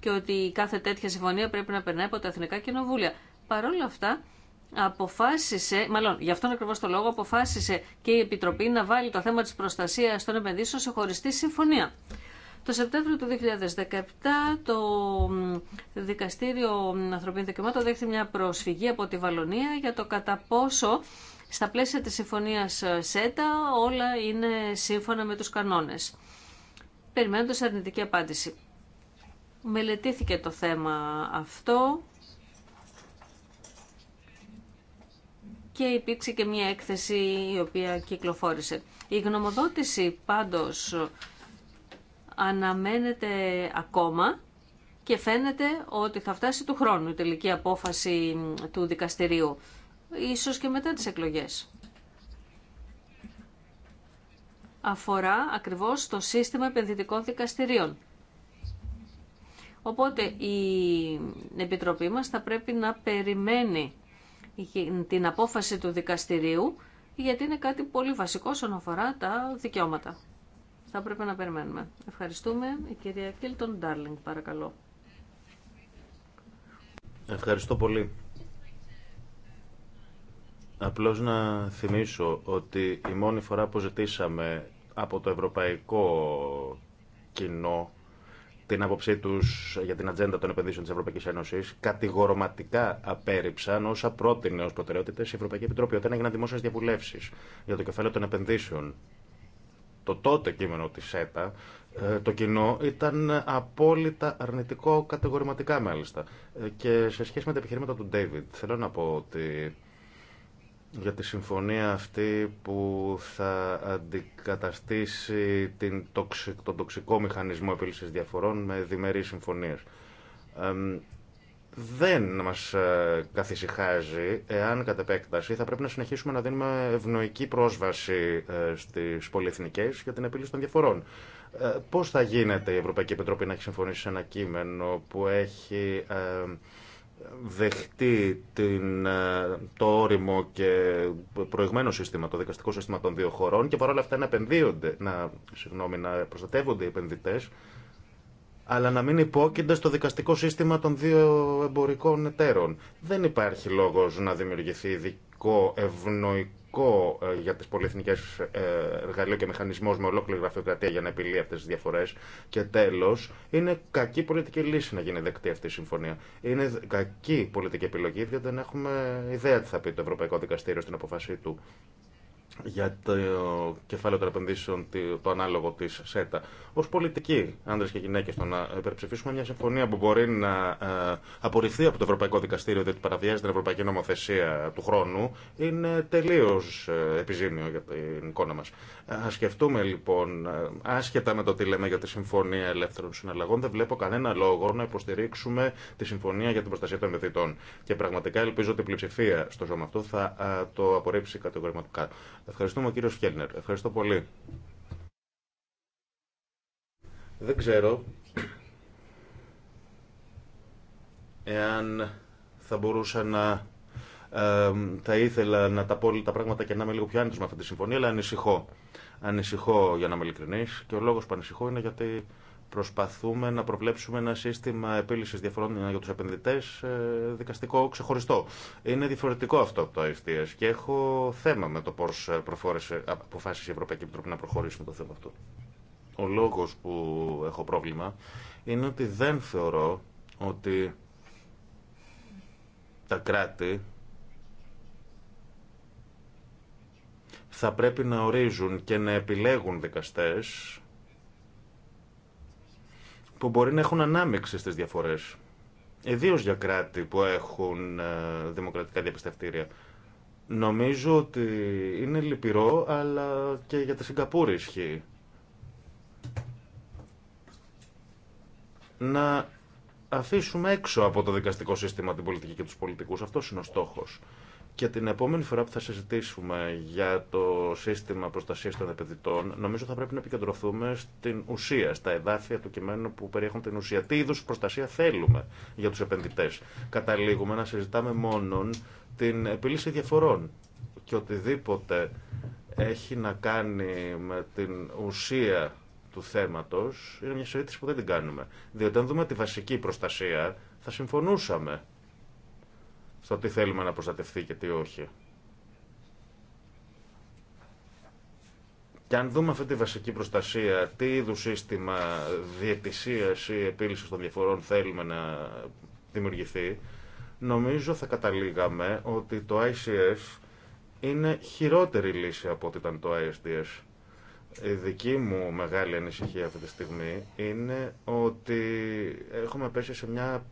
και ότι κάθε τέτοια συμφωνία πρέπει να περνάει από τα εθνικά κοινοβούλια. Παρ' όλα αυτά, αποφάσισε, μάλλον γι' αυτόν ακριβώ το λόγο, αποφάσισε και η Επιτροπή να βάλει το θέμα τη προστασία των επενδύσεων σε χωριστή συμφωνία. Το Σεπτέμβριο του 2017 το Δικαστήριο Ανθρωπίνων Δικαιωμάτων δέχτηκε μια προσφυγή από τη Βαλονία για το κατά πόσο στα πλαίσια της συμφωνίας ΣΕΤΑ όλα είναι σύμφωνα με τους κανόνες. Περιμένοντας αρνητική απάντηση. Μελετήθηκε το θέμα αυτό και υπήρξε και μια έκθεση η οποία κυκλοφόρησε. Η γνωμοδότηση πάντως αναμένεται ακόμα και φαίνεται ότι θα φτάσει του χρόνου η τελική απόφαση του δικαστηρίου, ίσως και μετά τις εκλογές. Αφορά ακριβώς το σύστημα επενδυτικών δικαστηρίων. Οπότε η Επιτροπή μας θα πρέπει να περιμένει την απόφαση του δικαστηρίου γιατί είναι κάτι πολύ βασικό όσον αφορά τα δικαιώματα θα πρέπει να περιμένουμε. Ευχαριστούμε. Η κυρία Κίλτον Ντάρλινγκ, παρακαλώ. Ευχαριστώ πολύ. Απλώς να θυμίσω ότι η μόνη φορά που ζητήσαμε από το ευρωπαϊκό κοινό την άποψή τους για την ατζέντα των επενδύσεων της Ευρωπαϊκής Ένωσης κατηγορηματικά απέρριψαν όσα πρότεινε ως προτεραιότητες η Ευρωπαϊκή Επιτροπή όταν έγιναν δημόσιας διαβουλεύσεις για το κεφάλαιο των επενδύσεων το τότε κείμενο της ΣΕΤΑ, ε, το κοινό ήταν απόλυτα αρνητικό, κατηγορηματικά μάλιστα. Ε, και σε σχέση με τα επιχειρήματα του Ντέιβιντ, θέλω να πω ότι για τη συμφωνία αυτή που θα αντικαταστήσει την τον τοξικό μηχανισμό επίλυσης διαφορών με διμερείς συμφωνίες δεν μας ε, καθησυχάζει εάν κατ' επέκταση θα πρέπει να συνεχίσουμε να δίνουμε ευνοϊκή πρόσβαση ε, στις πολυεθνικές για την επίλυση των διαφορών. Ε, πώς θα γίνεται η Ευρωπαϊκή Επιτροπή να έχει συμφωνήσει σε ένα κείμενο που έχει δεχτεί το όριμο και προηγμένο σύστημα, το δικαστικό σύστημα των δύο χωρών και παρόλα αυτά να επενδύονται, να, να προστατεύονται οι επενδυτές αλλά να μην υπόκεινται στο δικαστικό σύστημα των δύο εμπορικών εταίρων. Δεν υπάρχει λόγος να δημιουργηθεί ειδικό ευνοϊκό ε, για τις πολυεθνικές ε, εργαλείο και μηχανισμός με ολόκληρη γραφειοκρατία για να επιλύει αυτές τις διαφορές. Και τέλος, είναι κακή πολιτική λύση να γίνει δεκτή αυτή η συμφωνία. Είναι κακή πολιτική επιλογή, διότι δεν έχουμε ιδέα τι θα πει το Ευρωπαϊκό Δικαστήριο στην αποφασή του για το κεφάλαιο των επενδύσεων, το ανάλογο τη ΣΕΤΑ. Ω πολιτικοί, άντρε και γυναίκε, το να υπερψηφίσουμε μια συμφωνία που μπορεί να ε, απορριφθεί από το Ευρωπαϊκό Δικαστήριο διότι παραβιάζει την Ευρωπαϊκή Νομοθεσία του χρόνου, είναι τελείω ε, επιζήμιο για την εικόνα μα. Ε, Α σκεφτούμε λοιπόν, άσχετα με το τι λέμε για τη Συμφωνία Ελεύθερων Συναλλαγών, δεν βλέπω κανένα λόγο να υποστηρίξουμε τη Συμφωνία για την Προστασία των Επενδυτών. Και πραγματικά ελπίζω ότι η πλειοψηφία στο ζώμα αυτό θα το απορρίψει κατηγορηματικά. Ευχαριστούμε ο κύριος Φιέλνερ. Ευχαριστώ πολύ. Δεν ξέρω εάν θα μπορούσα να θα ήθελα να τα πω τα πράγματα και να είμαι λίγο πιο άνετος με αυτή τη συμφωνία, αλλά ανησυχώ. Ανησυχώ για να είμαι ειλικρινής και ο λόγος που ανησυχώ είναι γιατί Προσπαθούμε να προβλέψουμε ένα σύστημα επίλυση διαφορών για του επενδυτέ ε, δικαστικό ξεχωριστό. Είναι διαφορετικό αυτό από το αριστεία και έχω θέμα με το πώ ε, αποφάσισε η Ευρωπαϊκή Επιτροπή να προχωρήσει με το θέμα αυτό. Ο λόγο που έχω πρόβλημα είναι ότι δεν θεωρώ ότι τα κράτη θα πρέπει να ορίζουν και να επιλέγουν δικαστές που μπορεί να έχουν ανάμειξη στις διαφορές. Ιδίω για κράτη που έχουν ε, δημοκρατικά διαπιστευτήρια. Νομίζω ότι είναι λυπηρό, αλλά και για τη Σιγκαπούρη ισχύει. Να αφήσουμε έξω από το δικαστικό σύστημα την πολιτική και τους πολιτικούς. Αυτός είναι ο στόχος. Και την επόμενη φορά που θα συζητήσουμε για το σύστημα προστασίας των επενδυτών, νομίζω θα πρέπει να επικεντρωθούμε στην ουσία, στα εδάφια του κειμένου που περιέχουν την ουσία. Τι είδου προστασία θέλουμε για τους επενδυτές. Καταλήγουμε να συζητάμε μόνο την επίλυση διαφορών και οτιδήποτε έχει να κάνει με την ουσία του θέματο είναι μια συζήτηση που δεν την κάνουμε. Διότι αν δούμε τη βασική προστασία θα συμφωνούσαμε στο τι θέλουμε να προστατευτεί και τι όχι. Και αν δούμε αυτή τη βασική προστασία, τι είδου σύστημα διαιτησία ή επίλυση των διαφορών θέλουμε να δημιουργηθεί, νομίζω θα καταλήγαμε ότι το ICS είναι χειρότερη λύση από ό,τι ήταν το ISDS. Η δική μου μεγάλη ανησυχία αυτή τη στιγμή είναι ότι έχουμε πέσει σε μια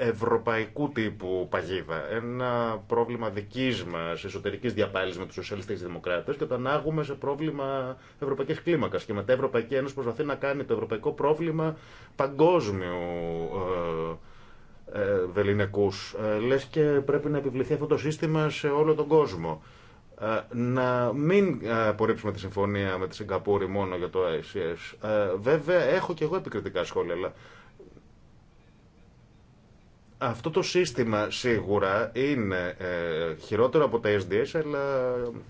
ευρωπαϊκού τύπου παγίδα. Ένα πρόβλημα δική μα εσωτερική διαπάλυση με του σοσιαλιστέ δημοκράτε και το ανάγουμε σε πρόβλημα ευρωπαϊκή κλίμακα. Και μετά η Ευρωπαϊκή Ένωση προσπαθεί να κάνει το ευρωπαϊκό πρόβλημα παγκόσμιου ε, ε, βεληνικού. Ε, Λε και πρέπει να επιβληθεί αυτό το σύστημα σε όλο τον κόσμο. Ε, να μην ε, απορρίψουμε τη συμφωνία με τη Σιγκαπούρη μόνο για το ICS. Βέβαια, έχω και εγώ επικριτικά σχόλια, αλλά αυτό το σύστημα σίγουρα είναι ε, χειρότερο από τα SDS, αλλά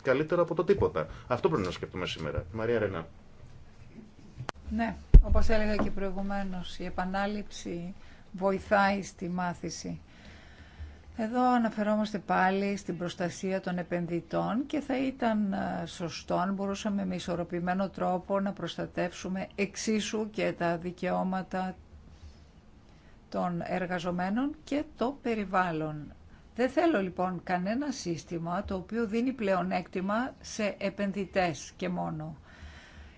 καλύτερο από το τίποτα. Αυτό πρέπει να σκεφτούμε σήμερα. Μαρία Ρενά. Ναι, όπως έλεγα και προηγουμένως, η επανάληψη βοηθάει στη μάθηση. Εδώ αναφερόμαστε πάλι στην προστασία των επενδυτών και θα ήταν ε, σωστό αν μπορούσαμε με ισορροπημένο τρόπο να προστατεύσουμε εξίσου και τα δικαιώματα των εργαζομένων και το περιβάλλον. Δεν θέλω λοιπόν κανένα σύστημα το οποίο δίνει πλεονέκτημα σε επενδυτές και μόνο.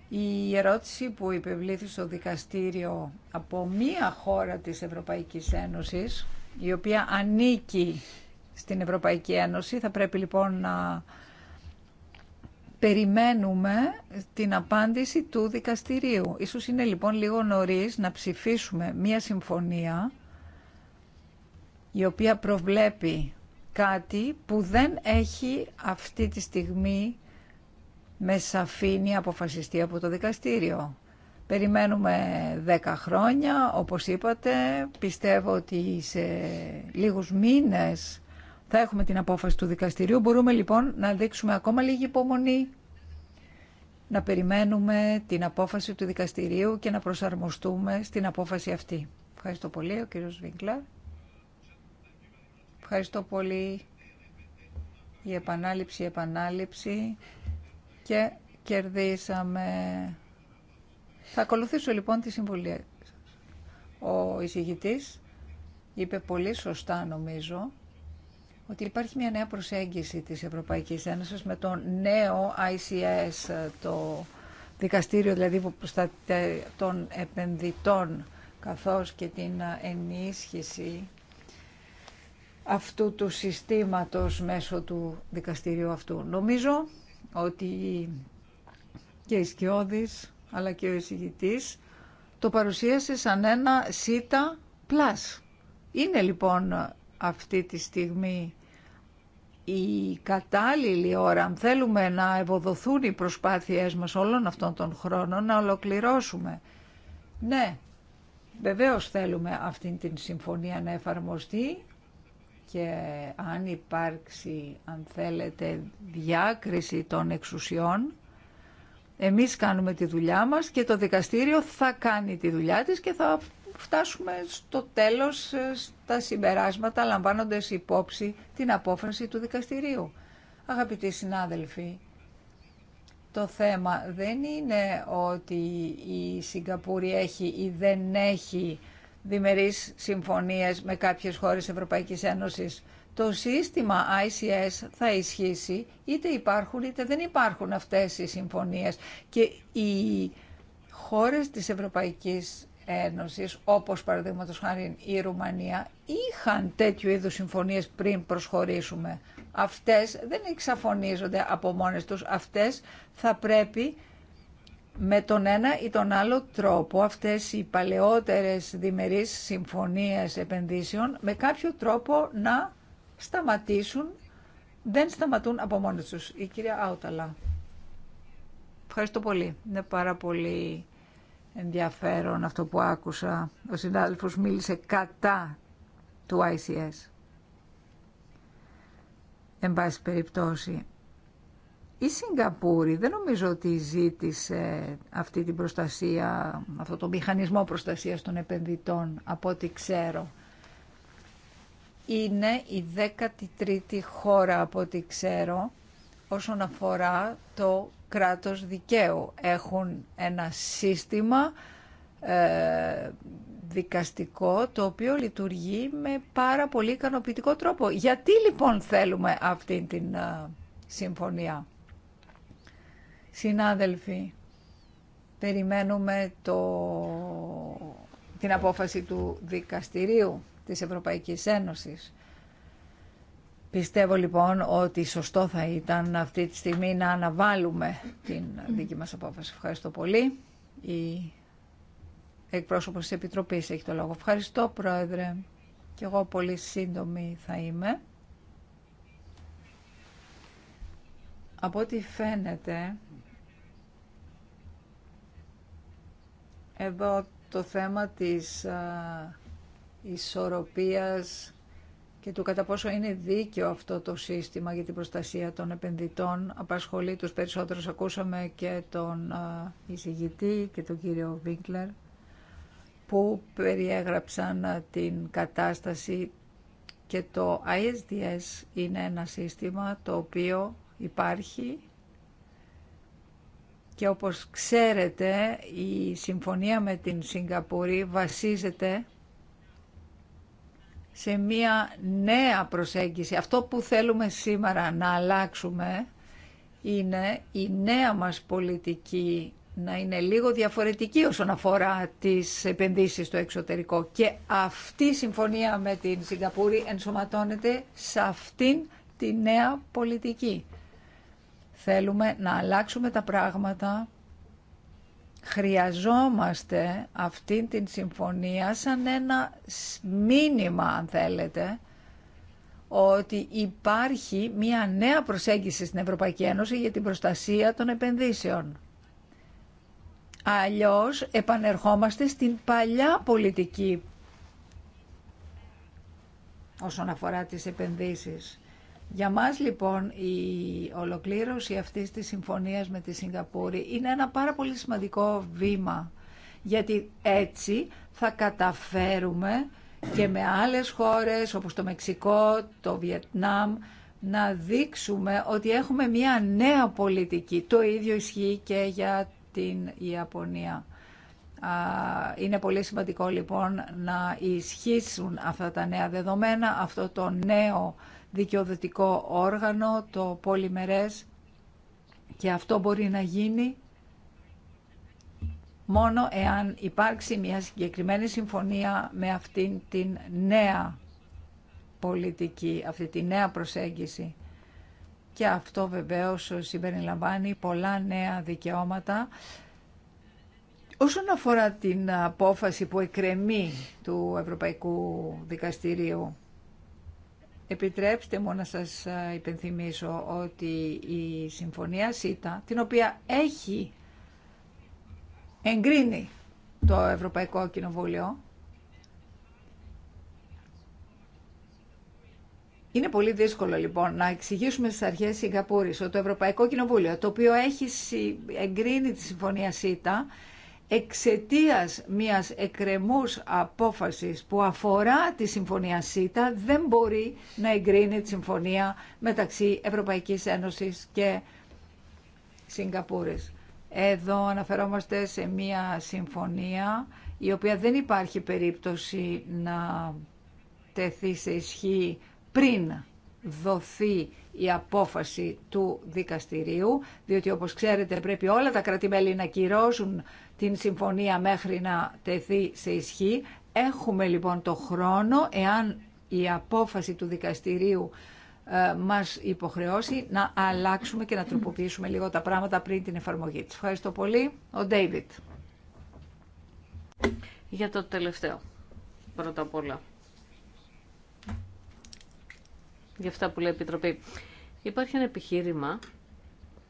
Η ερώτηση που υπευλήθη στο δικαστήριο από μία χώρα της Ευρωπαϊκής Ένωσης, η οποία ανήκει στην Ευρωπαϊκή Ένωση, θα πρέπει λοιπόν να περιμένουμε την απάντηση του δικαστηρίου. Ίσως είναι λοιπόν λίγο νωρίς να ψηφίσουμε μία συμφωνία η οποία προβλέπει κάτι που δεν έχει αυτή τη στιγμή με σαφήνεια αποφασιστεί από το δικαστήριο. Περιμένουμε 10 χρόνια, όπως είπατε, πιστεύω ότι σε λίγους μήνες θα έχουμε την απόφαση του δικαστηρίου. Μπορούμε λοιπόν να δείξουμε ακόμα λίγη υπομονή, να περιμένουμε την απόφαση του δικαστηρίου και να προσαρμοστούμε στην απόφαση αυτή. Ευχαριστώ πολύ, ο κύριος Βίγκλα. Ευχαριστώ πολύ η επανάληψη, η επανάληψη και κερδίσαμε. Θα ακολουθήσω λοιπόν τη συμβουλή. Ο εισηγητής είπε πολύ σωστά νομίζω ότι υπάρχει μια νέα προσέγγιση της Ευρωπαϊκής Ένωσης με το νέο ICS, το δικαστήριο δηλαδή που προστατεύει των επενδυτών καθώς και την ενίσχυση αυτού του συστήματος μέσω του δικαστηρίου αυτού. Νομίζω ότι και η Σκιώδης αλλά και ο εισηγητής το παρουσίασε σαν ένα ΣΥΤΑ πλάς. Είναι λοιπόν αυτή τη στιγμή η κατάλληλη ώρα, αν θέλουμε να ευοδοθούν οι προσπάθειές μας όλων αυτών των χρόνων, να ολοκληρώσουμε. Ναι, βεβαίως θέλουμε αυτήν την συμφωνία να εφαρμοστεί και αν υπάρξει, αν θέλετε, διάκριση των εξουσιών, εμείς κάνουμε τη δουλειά μας και το δικαστήριο θα κάνει τη δουλειά της και θα φτάσουμε στο τέλος ε, στα συμπεράσματα λαμβάνοντας υπόψη την απόφαση του δικαστηρίου. Αγαπητοί συνάδελφοι, το θέμα δεν είναι ότι η Σιγκαπούρη έχει ή δεν έχει διμερείς συμφωνίες με κάποιες χώρες Ευρωπαϊκής Ένωσης. Το σύστημα ICS θα ισχύσει είτε υπάρχουν είτε δεν υπάρχουν αυτές οι συμφωνίες και οι χώρες της Ευρωπαϊκής Ένωσης, όπως παραδείγματος χάρη η Ρουμανία, είχαν τέτοιου είδου συμφωνίες πριν προσχωρήσουμε. Αυτές δεν εξαφωνίζονται από μόνες τους, αυτές θα πρέπει με τον ένα ή τον άλλο τρόπο αυτές οι παλαιότερες διμερείς συμφωνίες επενδύσεων με κάποιο τρόπο να σταματήσουν, δεν σταματούν από μόνες τους. Η κυρία Άουταλα. Ευχαριστώ πολύ. Είναι πάρα πολύ ενδιαφέρον αυτό που άκουσα. Ο συνάδελφος μίλησε κατά του ICS. Εν πάση περιπτώσει, η Σιγκαπούρη δεν νομίζω ότι ζήτησε αυτή την προστασία, αυτό το μηχανισμό προστασίας των επενδυτών, από ό,τι ξέρω. Είναι η 13η χώρα, από ό,τι ξέρω, όσον αφορά το κράτος δικαίου. Έχουν ένα σύστημα ε, δικαστικό το οποίο λειτουργεί με πάρα πολύ ικανοποιητικό τρόπο. Γιατί λοιπόν θέλουμε αυτή την ε, συμφωνία. Συνάδελφοι, περιμένουμε το, την απόφαση του Δικαστηρίου της Ευρωπαϊκής Ένωσης. Πιστεύω λοιπόν ότι σωστό θα ήταν αυτή τη στιγμή να αναβάλουμε την δική μας απόφαση. Ευχαριστώ πολύ. Η εκπρόσωπος της Επιτροπής έχει το λόγο. Ευχαριστώ Πρόεδρε. Και εγώ πολύ σύντομη θα είμαι. Από ό,τι φαίνεται, εδώ το θέμα της ισορροπίας και του κατά πόσο είναι δίκαιο αυτό το σύστημα για την προστασία των επενδυτών. Απασχολεί τους περισσότερους, ακούσαμε και τον εισηγητή και τον κύριο Βίγκλερ, που περιέγραψαν την κατάσταση και το ISDS είναι ένα σύστημα το οποίο υπάρχει και όπως ξέρετε η συμφωνία με την Σιγκαπούρη βασίζεται σε μία νέα προσέγγιση. Αυτό που θέλουμε σήμερα να αλλάξουμε είναι η νέα μας πολιτική να είναι λίγο διαφορετική όσον αφορά τις επενδύσεις στο εξωτερικό. Και αυτή η συμφωνία με την Σιγκαπούρη ενσωματώνεται σε αυτήν τη νέα πολιτική. Θέλουμε να αλλάξουμε τα πράγματα χρειαζόμαστε αυτήν την συμφωνία σαν ένα μήνυμα αν θέλετε ότι υπάρχει μια νέα προσέγγιση στην Ευρωπαϊκή Ένωση για την προστασία των επενδύσεων. Αλλιώς επανερχόμαστε στην παλιά πολιτική όσον αφορά τις επενδύσεις. Για μας λοιπόν η ολοκλήρωση αυτής της συμφωνίας με τη Σιγκαπούρη είναι ένα πάρα πολύ σημαντικό βήμα γιατί έτσι θα καταφέρουμε και με άλλες χώρες όπως το Μεξικό, το Βιετνάμ να δείξουμε ότι έχουμε μια νέα πολιτική. Το ίδιο ισχύει και για την Ιαπωνία. Είναι πολύ σημαντικό λοιπόν να ισχύσουν αυτά τα νέα δεδομένα, αυτό το νέο δικαιοδοτικό όργανο, το πολυμερές και αυτό μπορεί να γίνει μόνο εάν υπάρξει μια συγκεκριμένη συμφωνία με αυτήν την νέα πολιτική, αυτή τη νέα προσέγγιση. Και αυτό βεβαίως συμπεριλαμβάνει πολλά νέα δικαιώματα. Όσον αφορά την απόφαση που εκκρεμεί του Ευρωπαϊκού Δικαστηρίου Επιτρέψτε μου να σας ε, υπενθυμίσω ότι η Συμφωνία ΣΥΤΑ, την οποία έχει εγκρίνει το Ευρωπαϊκό Κοινοβούλιο, Είναι πολύ δύσκολο λοιπόν να εξηγήσουμε στις αρχές Σιγκαπούρης ότι το Ευρωπαϊκό Κοινοβούλιο, το οποίο έχει εγκρίνει τη Συμφωνία ΣΥΤΑ, εξαιτίας μιας εκρεμούς απόφασης που αφορά τη Συμφωνία ΣΥΤΑ δεν μπορεί να εγκρίνει τη Συμφωνία μεταξύ Ευρωπαϊκής Ένωσης και Σιγκαπούρης. Εδώ αναφερόμαστε σε μια συμφωνία η οποία δεν υπάρχει περίπτωση να τεθεί σε ισχύ πριν δοθεί η απόφαση του δικαστηρίου, διότι όπως ξέρετε πρέπει όλα τα κρατημέλη να κυρώσουν την συμφωνία μέχρι να τεθεί σε ισχύ. Έχουμε λοιπόν το χρόνο, εάν η απόφαση του δικαστηρίου ε, μας υποχρεώσει να αλλάξουμε και να τροποποιήσουμε λίγο τα πράγματα πριν την εφαρμογή της. Ευχαριστώ πολύ. Ο Ντέιβιτ. Για το τελευταίο, πρώτα απ' όλα. Για αυτά που λέει η Επιτροπή. Υπάρχει ένα επιχείρημα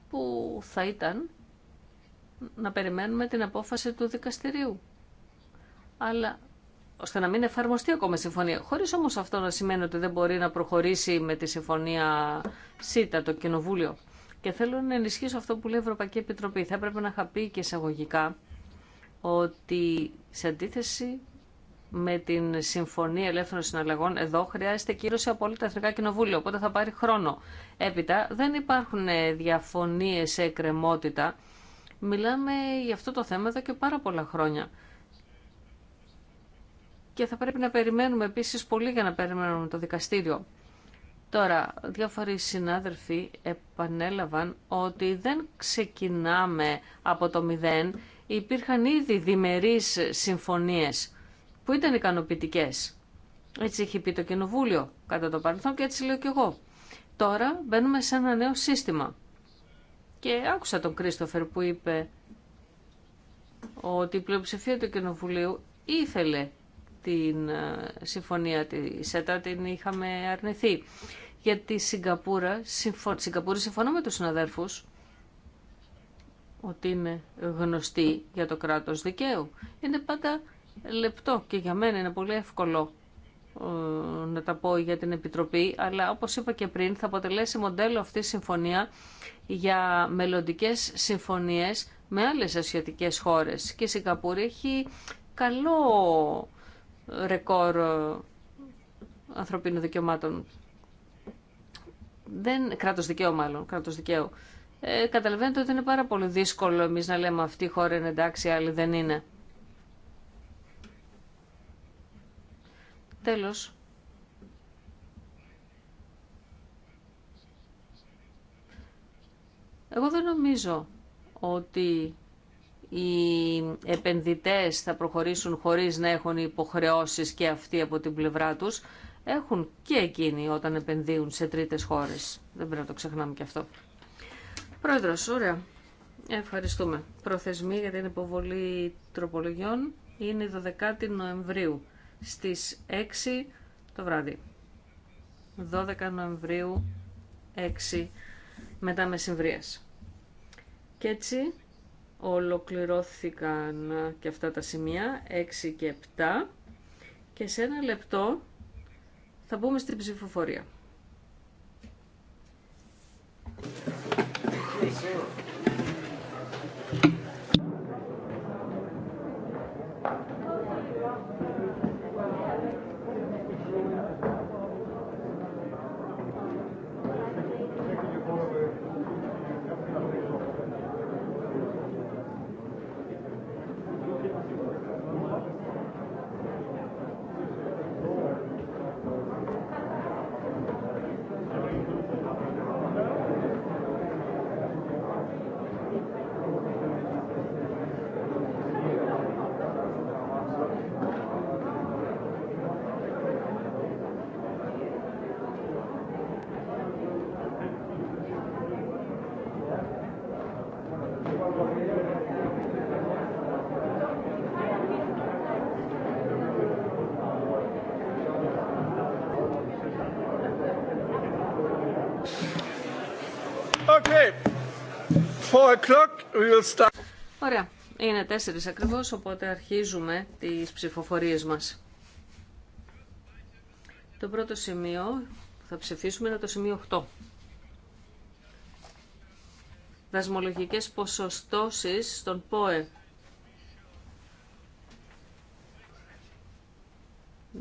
που θα ήταν να περιμένουμε την απόφαση του δικαστηρίου. Αλλά ώστε να μην εφαρμοστεί ακόμα η συμφωνία. Χωρί όμω αυτό να σημαίνει ότι δεν μπορεί να προχωρήσει με τη συμφωνία ΣΥΤΑ το Κοινοβούλιο. Και θέλω να ενισχύσω αυτό που λέει η Ευρωπαϊκή Επιτροπή. Θα έπρεπε να είχα πει και εισαγωγικά ότι σε αντίθεση με την Συμφωνία Ελεύθερων Συναλλαγών, εδώ χρειάζεται κύρωση από όλα τα Εθνικά Κοινοβούλια, οπότε θα πάρει χρόνο. Έπειτα δεν υπάρχουν διαφωνίε σε εκκρεμότητα Μιλάμε για αυτό το θέμα εδώ και πάρα πολλά χρόνια. Και θα πρέπει να περιμένουμε επίσης πολύ για να περιμένουμε το δικαστήριο. Τώρα, διάφοροι συνάδελφοι επανέλαβαν ότι δεν ξεκινάμε από το μηδέν. Υπήρχαν ήδη διμερείς συμφωνίες που ήταν ικανοποιητικέ. Έτσι έχει πει το Κοινοβούλιο κατά το παρελθόν και έτσι λέω και εγώ. Τώρα μπαίνουμε σε ένα νέο σύστημα. Και άκουσα τον Κρίστοφερ που είπε ότι η πλειοψηφία του Κοινοβουλίου ήθελε την ε, συμφωνία τη ΣΕΤΑ, την είχαμε αρνηθεί. Για τη Σιγκαπούρα, συμφω... Σιγκαπούρη συμφωνώ με τους συναδέρφους ότι είναι γνωστή για το κράτος δικαίου. Είναι πάντα λεπτό και για μένα είναι πολύ εύκολο ε, να τα πω για την Επιτροπή, αλλά όπως είπα και πριν θα αποτελέσει μοντέλο αυτή η συμφωνία για μελλοντικές συμφωνίες με άλλες ασιατικές χώρες. Και η Σιγκαπούρη έχει καλό ρεκόρ ε, ανθρωπίνων δικαιωμάτων. Δεν, κράτος δικαίου μάλλον, κράτος Ε, καταλαβαίνετε ότι είναι πάρα πολύ δύσκολο εμείς να λέμε αυτή η χώρα είναι εντάξει, άλλη δεν είναι. Τέλος, Εγώ δεν νομίζω ότι οι επενδυτές θα προχωρήσουν χωρίς να έχουν υποχρεώσεις και αυτοί από την πλευρά τους. Έχουν και εκείνοι όταν επενδύουν σε τρίτες χώρες. Δεν πρέπει να το ξεχνάμε και αυτό. Πρόεδρος, ωραία. Ευχαριστούμε. Προθεσμοί για την υποβολή τροπολογιών είναι 12 Νοεμβρίου στις 6 το βράδυ. 12 Νοεμβρίου 6 μετά μεσημβρίας. Και έτσι ολοκληρώθηκαν και αυτά τα σημεία 6 και 7 και σε ένα λεπτό θα μπούμε στην ψηφοφορία. Ωραία. Είναι τέσσερις ακριβώς, οπότε αρχίζουμε τις ψηφοφορίες μας. Το πρώτο σημείο που θα ψηφίσουμε είναι το σημείο 8. Δασμολογικές ποσοστώσεις στον ΠΟΕ.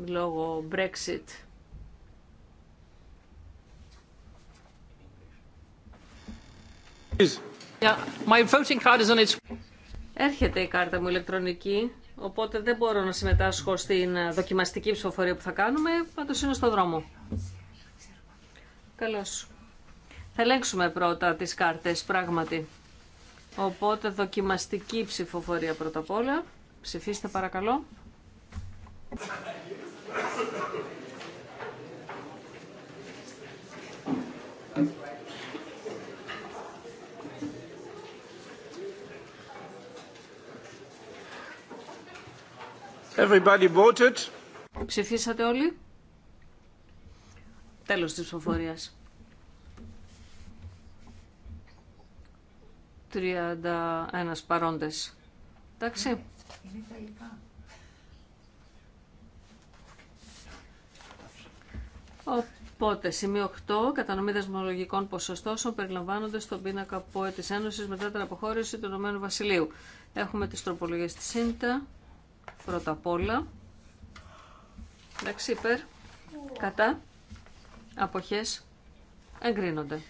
Λόγω Brexit. Please. Έρχεται η κάρτα μου ηλεκτρονική, οπότε δεν μπορώ να συμμετάσχω στην ε, δοκιμαστική ψηφοφορία που θα κάνουμε, πάντω είναι στο δρόμο. Καλώ. Θα ελέγξουμε πρώτα τι κάρτες, πράγματι. Οπότε δοκιμαστική ψηφοφορία πρώτα απ' όλα. Ψηφίστε παρακαλώ. Everybody Ψηφίσατε όλοι. Τέλος της ψηφοφορίας. 31 παρόντες. Εντάξει. Οπότε, σημείο 8, κατανομή δεσμολογικών ποσοστώσεων περιλαμβάνονται στον πίνακα ΠΟΕ της Ένωσης μετά την αποχώρηση του Ηνωμένου Βασιλείου. Έχουμε τις τροπολογίες της ΣΥΝΤΑ πρώτα απ' όλα. Εντάξει, υπέρ, κατά, αποχές, εγκρίνονται.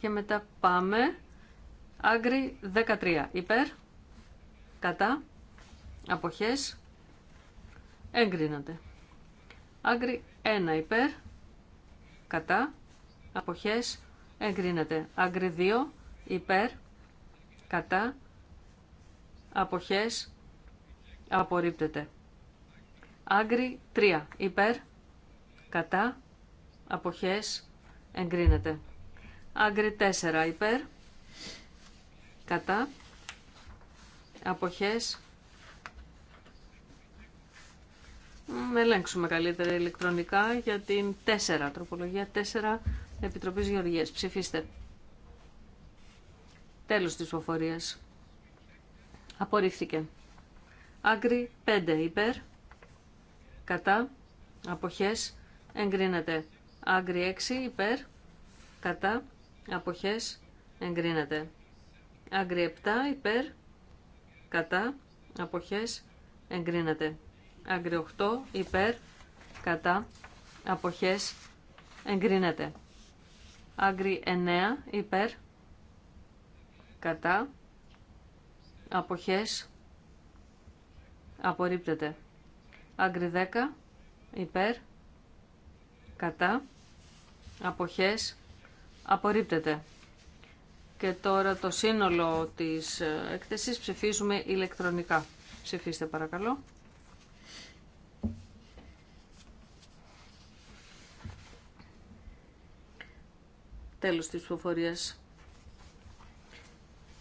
Και μετά πάμε, άγκρι 13, υπέρ, κατά, αποχές, εγκρίνονται. Άγκρι 1 υπέρ, κατά, αποχές, εγκρίνεται. Άγκρι 2 υπέρ, κατά, αποχές, απορρίπτεται. Άγκρι 3. Υπέρ, κατά, αποχές, εγκρίνεται. Άγκρι 4. Υπέρ, κατά, αποχές, ελέγξουμε καλύτερα ηλεκτρονικά για την 4, τροπολογία 4 Επιτροπής Γεωργίας. Ψηφίστε. Τέλος της ψηφοφορίας. Απορρίφθηκε. Άγκρι 5 υπέρ. Κατά. Αποχές. Εγκρίνεται. Άγκρι 6 υπέρ. Κατά. Αποχές. Εγκρίνεται. Άγκρι 7 υπέρ. Κατά. Αποχές. Εγκρίνεται. Άγκρι 8 υπέρ. Κατά. Αποχές. Εγκρίνεται. Άγκρι 9 υπέρ. Κατά αποχές απορρίπτεται. Άγκρι 10 υπέρ κατά αποχές απορρίπτεται. Και τώρα το σύνολο της ε, έκθεσης ψηφίζουμε ηλεκτρονικά. Ψηφίστε παρακαλώ. Τέλος της ψηφοφορίας.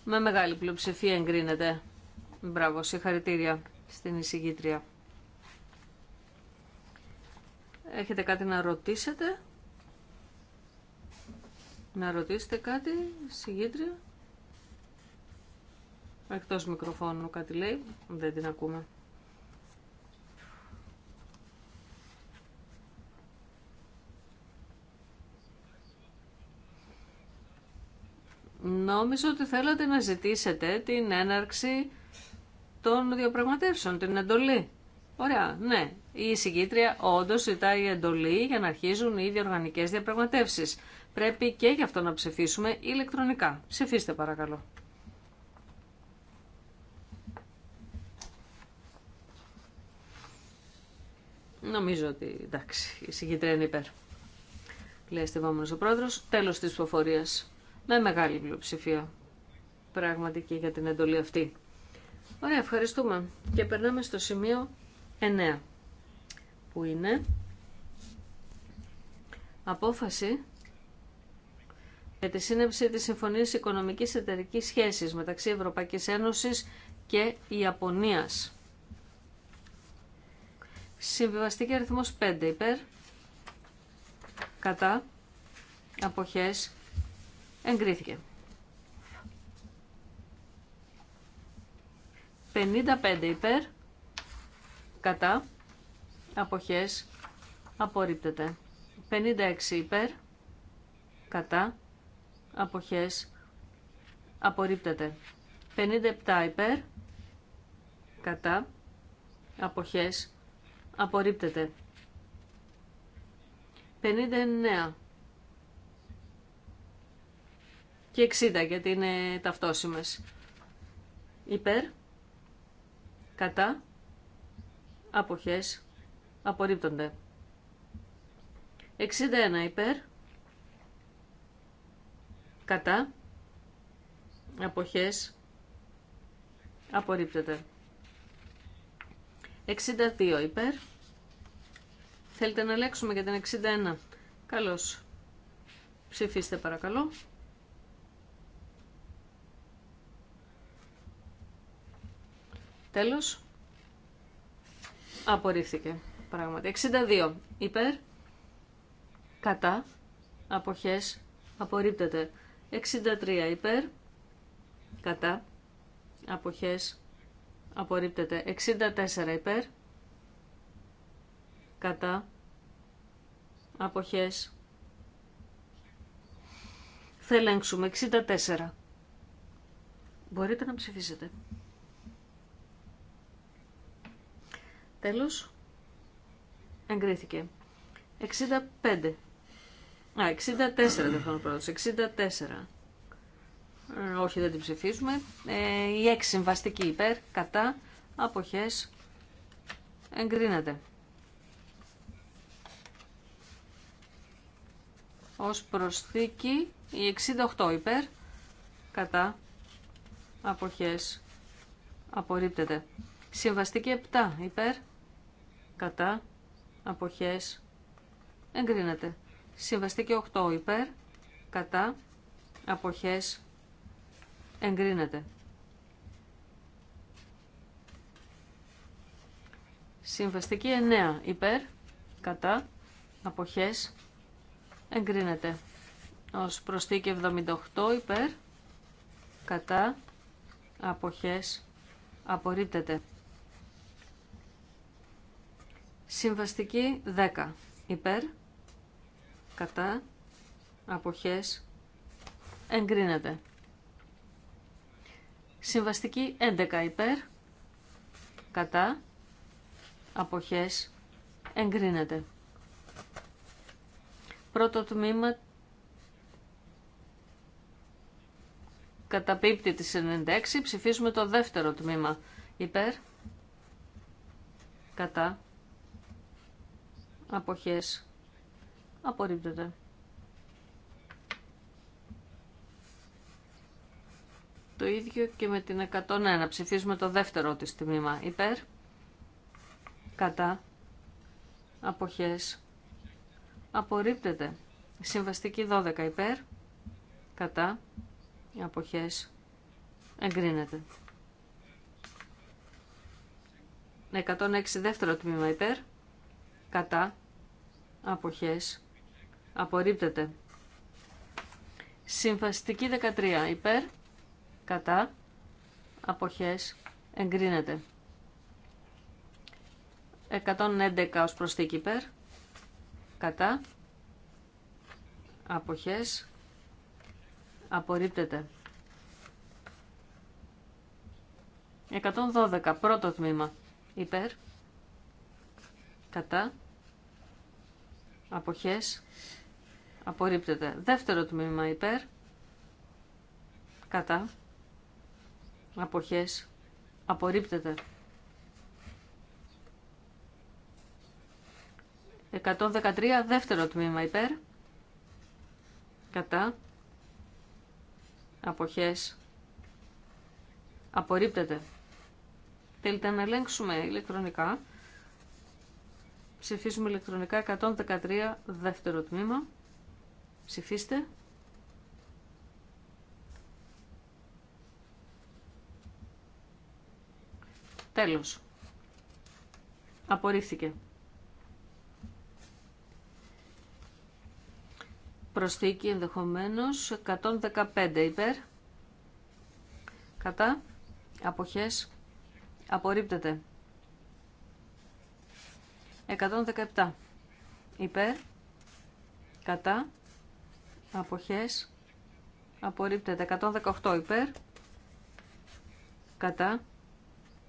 Με μεγάλη πλειοψηφία εγκρίνεται. Μπράβο, συγχαρητήρια στην εισηγήτρια. Έχετε κάτι να ρωτήσετε. Να ρωτήσετε κάτι, εισηγήτρια. Εκτός μικροφώνου κάτι λέει, δεν την ακούμε. Νόμιζα ότι θέλατε να ζητήσετε την έναρξη των διαπραγματεύσεων, την εντολή. Ωραία, ναι. Η συγκήτρια όντω ζητάει εντολή για να αρχίζουν οι διοργανικέ διαπραγματεύσεις. Πρέπει και γι' αυτό να ψηφίσουμε ηλεκτρονικά. Ψηφίστε παρακαλώ. Νομίζω ότι εντάξει, η συγκήτρια είναι υπέρ. Λέει ο πρόεδρος, τέλος της ψηφοφορίας με μεγάλη πλειοψηφία πραγματική για την εντολή αυτή. Ωραία, ευχαριστούμε. Και περνάμε στο σημείο 9, που είναι απόφαση για τη σύνεψη της Συμφωνίας Οικονομικής Εταιρικής Σχέσης μεταξύ Ευρωπαϊκής Ένωσης και Ιαπωνίας. Συμβιβαστική αριθμός 5 υπέρ, κατά, αποχές, Εγκρίθηκε. 55 υπέρ, κατά, αποχές, απορρίπτεται. 56 υπέρ, κατά, αποχές, απορρίπτεται. 57 υπέρ, κατά, αποχές, απορρίπτεται. 59 και 60 γιατί είναι ταυτόσιμες. Υπέρ, κατά, αποχές, απορρίπτονται. 61 υπέρ, κατά, αποχές, απορρίπτονται. 62 υπέρ. Θέλετε να ελέγξουμε για την 61. Καλώς. Ψηφίστε παρακαλώ. Τέλος. Απορρίφθηκε. Πράγματι. 62. Υπέρ. Κατά. Αποχές. Απορρίπτεται. 63. Υπέρ. Κατά. Αποχές. Απορρίπτεται. 64. Υπέρ. Κατά. Αποχές. Θα ελέγξουμε. 64. Μπορείτε να ψηφίσετε. Τέλος. Εγκρίθηκε. 65. Α, 64 δεν φάνω πρώτος. 64. Ε, όχι, δεν την ψηφίζουμε. Ε, η 6 συμβαστική υπέρ, κατά, αποχές, εγκρίνεται. Ως προσθήκη η 68 υπέρ, κατά, αποχές, απορρίπτεται. Συμβαστική 7 υπέρ, κατά, αποχές, εγκρίνεται. Συμβαστική 8 υπέρ, κατά, αποχές, εγκρίνεται. Συμβαστική 9 υπέρ, κατά, αποχές, εγκρίνεται. Ως προσθήκη 78 υπέρ, κατά, αποχές, απορρίπτεται. Συμβαστική 10. Υπέρ, κατά, αποχές, εγκρίνεται. Συμβαστική 11. Υπέρ, κατά, αποχές, εγκρίνεται. Πρώτο τμήμα καταπίπτει τη 96, ψηφίζουμε το δεύτερο τμήμα. Υπέρ, κατά, αποχές απορρίπτεται. Το ίδιο και με την 101. Ψηφίζουμε το δεύτερο της τμήμα. Υπέρ, κατά, αποχές, απορρίπτεται. Συμβαστική 12 υπέρ, κατά, αποχές, εγκρίνεται. 106 δεύτερο τμήμα υπέρ, κατά, αποχές, απορρίπτεται. Συμφαστική 13 υπέρ, κατά, αποχές, εγκρίνεται. 111 ως προσθήκη υπέρ, κατά, αποχές, απορρίπτεται. 112 πρώτο τμήμα υπέρ, κατά, αποχές απορρίπτεται. Δεύτερο τμήμα υπέρ, κατά, αποχές απορρίπτεται. 113 δεύτερο τμήμα υπέρ, κατά, αποχές απορρίπτεται. Θέλετε να ελέγξουμε ηλεκτρονικά. Ψηφίσουμε ηλεκτρονικά 113 δεύτερο τμήμα. Ψηφίστε. Τέλος. Απορρίφθηκε. Προσθήκη ενδεχομένως 115 υπέρ. Κατά. Αποχές. Απορρίπτεται. 117. Υπέρ, κατά, αποχές, απορρίπτεται. 118 υπέρ, κατά,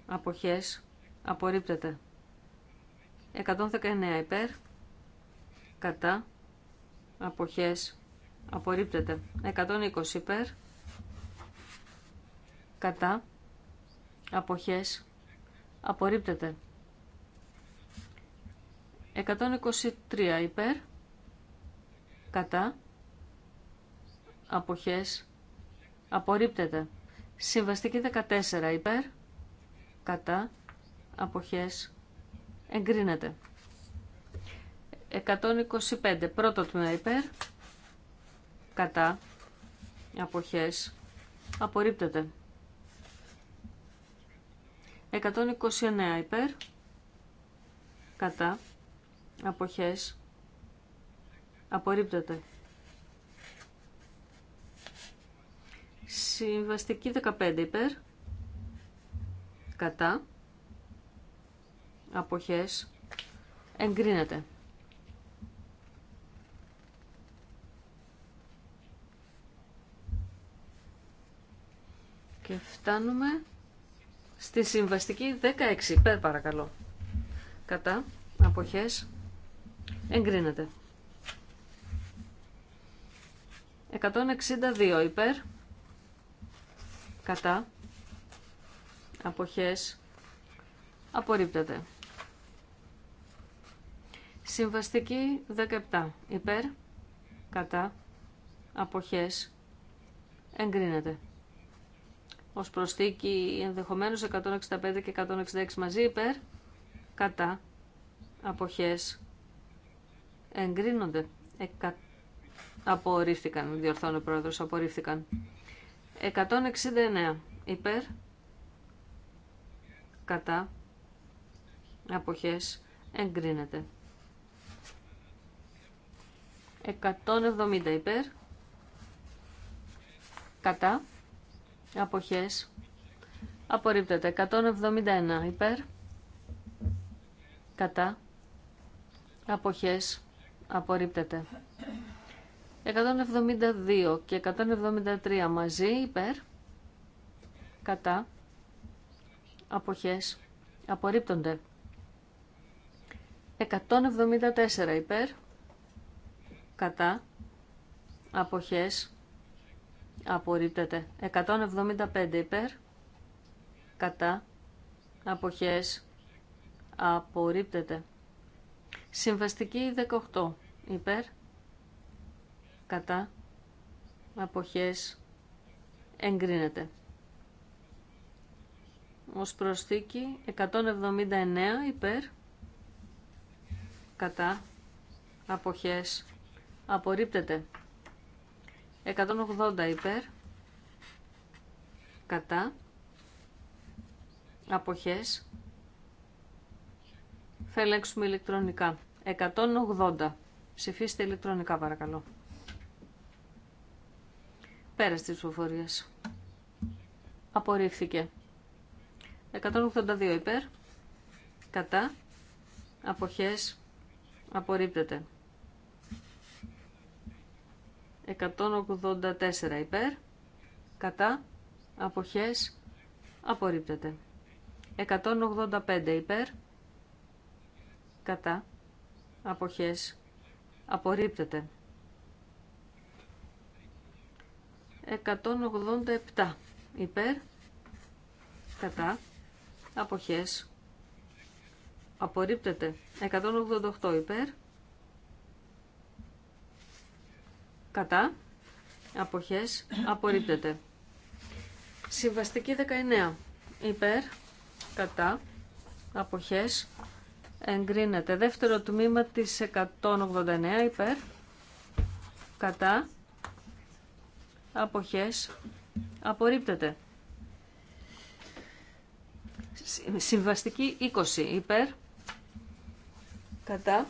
αποχές, απορρίπτεται. 119 υπέρ, κατά, αποχές, απορρίπτεται. 120 υπέρ, κατά, αποχές, απορρίπτεται. 123 υπέρ, κατά, αποχές, απορρίπτεται. Συμβαστική 14 υπέρ, κατά, αποχές, εγκρίνεται. 125 πρώτο τμήμα υπέρ, κατά, αποχές, απορρίπτεται. 129 υπέρ, κατά, αποχές απορρίπτεται. Συμβαστική 15 υπέρ, κατά, αποχές, εγκρίνεται. Και φτάνουμε στη συμβαστική 16 υπέρ παρακαλώ. Κατά, αποχές, Εγκρίνεται. 162 υπέρ. Κατά. Αποχές. Απορρίπτεται. Συμβαστική 17 υπέρ. Κατά. Αποχές. Εγκρίνεται. Ως προστήκη ενδεχομένως 165 και 166 μαζί υπέρ. Κατά. Αποχές Εγκρίνονται. Εκα... Απορρίφθηκαν, διορθώνω ο απορρίφθηκαν. 169 υπέρ, κατά, αποχές, εγκρίνεται. 170 υπέρ, κατά, αποχές, απορρίπτεται. 171 υπέρ, κατά, αποχές, απορρίπτεται. 172 και 173 μαζί υπέρ, κατά, αποχές, απορρίπτονται. 174 υπέρ, κατά, αποχές, απορρίπτεται. 175 υπέρ, κατά, αποχές, απορρίπτεται. Συμβαστική 18 υπέρ, κατά, αποχές, εγκρίνεται. Ως προσθήκη 179 υπέρ, κατά, αποχές, απορρίπτεται. 180 υπέρ, κατά, αποχές, θα ελέγξουμε ηλεκτρονικά. 180. Ψηφίστε ηλεκτρονικά παρακαλώ. Πέρα στις ψηφοφορίες. Απορρίφθηκε. 182 υπέρ. Κατά. Αποχές. Απορρίπτεται. 184 υπέρ. Κατά. Αποχές. Απορρίπτεται. 185 υπέρ. Κατά. Αποχές Απορρίπτεται. 187 υπέρ, κατά, αποχές, απορρίπτεται. 188 υπέρ, κατά, αποχές, απορρίπτεται. Συμβαστική 19 υπέρ, κατά, αποχές, εγκρίνεται. Δεύτερο τμήμα της 189 υπέρ, κατά, αποχές, απορρίπτεται. Συμβαστική 20 υπέρ, κατά,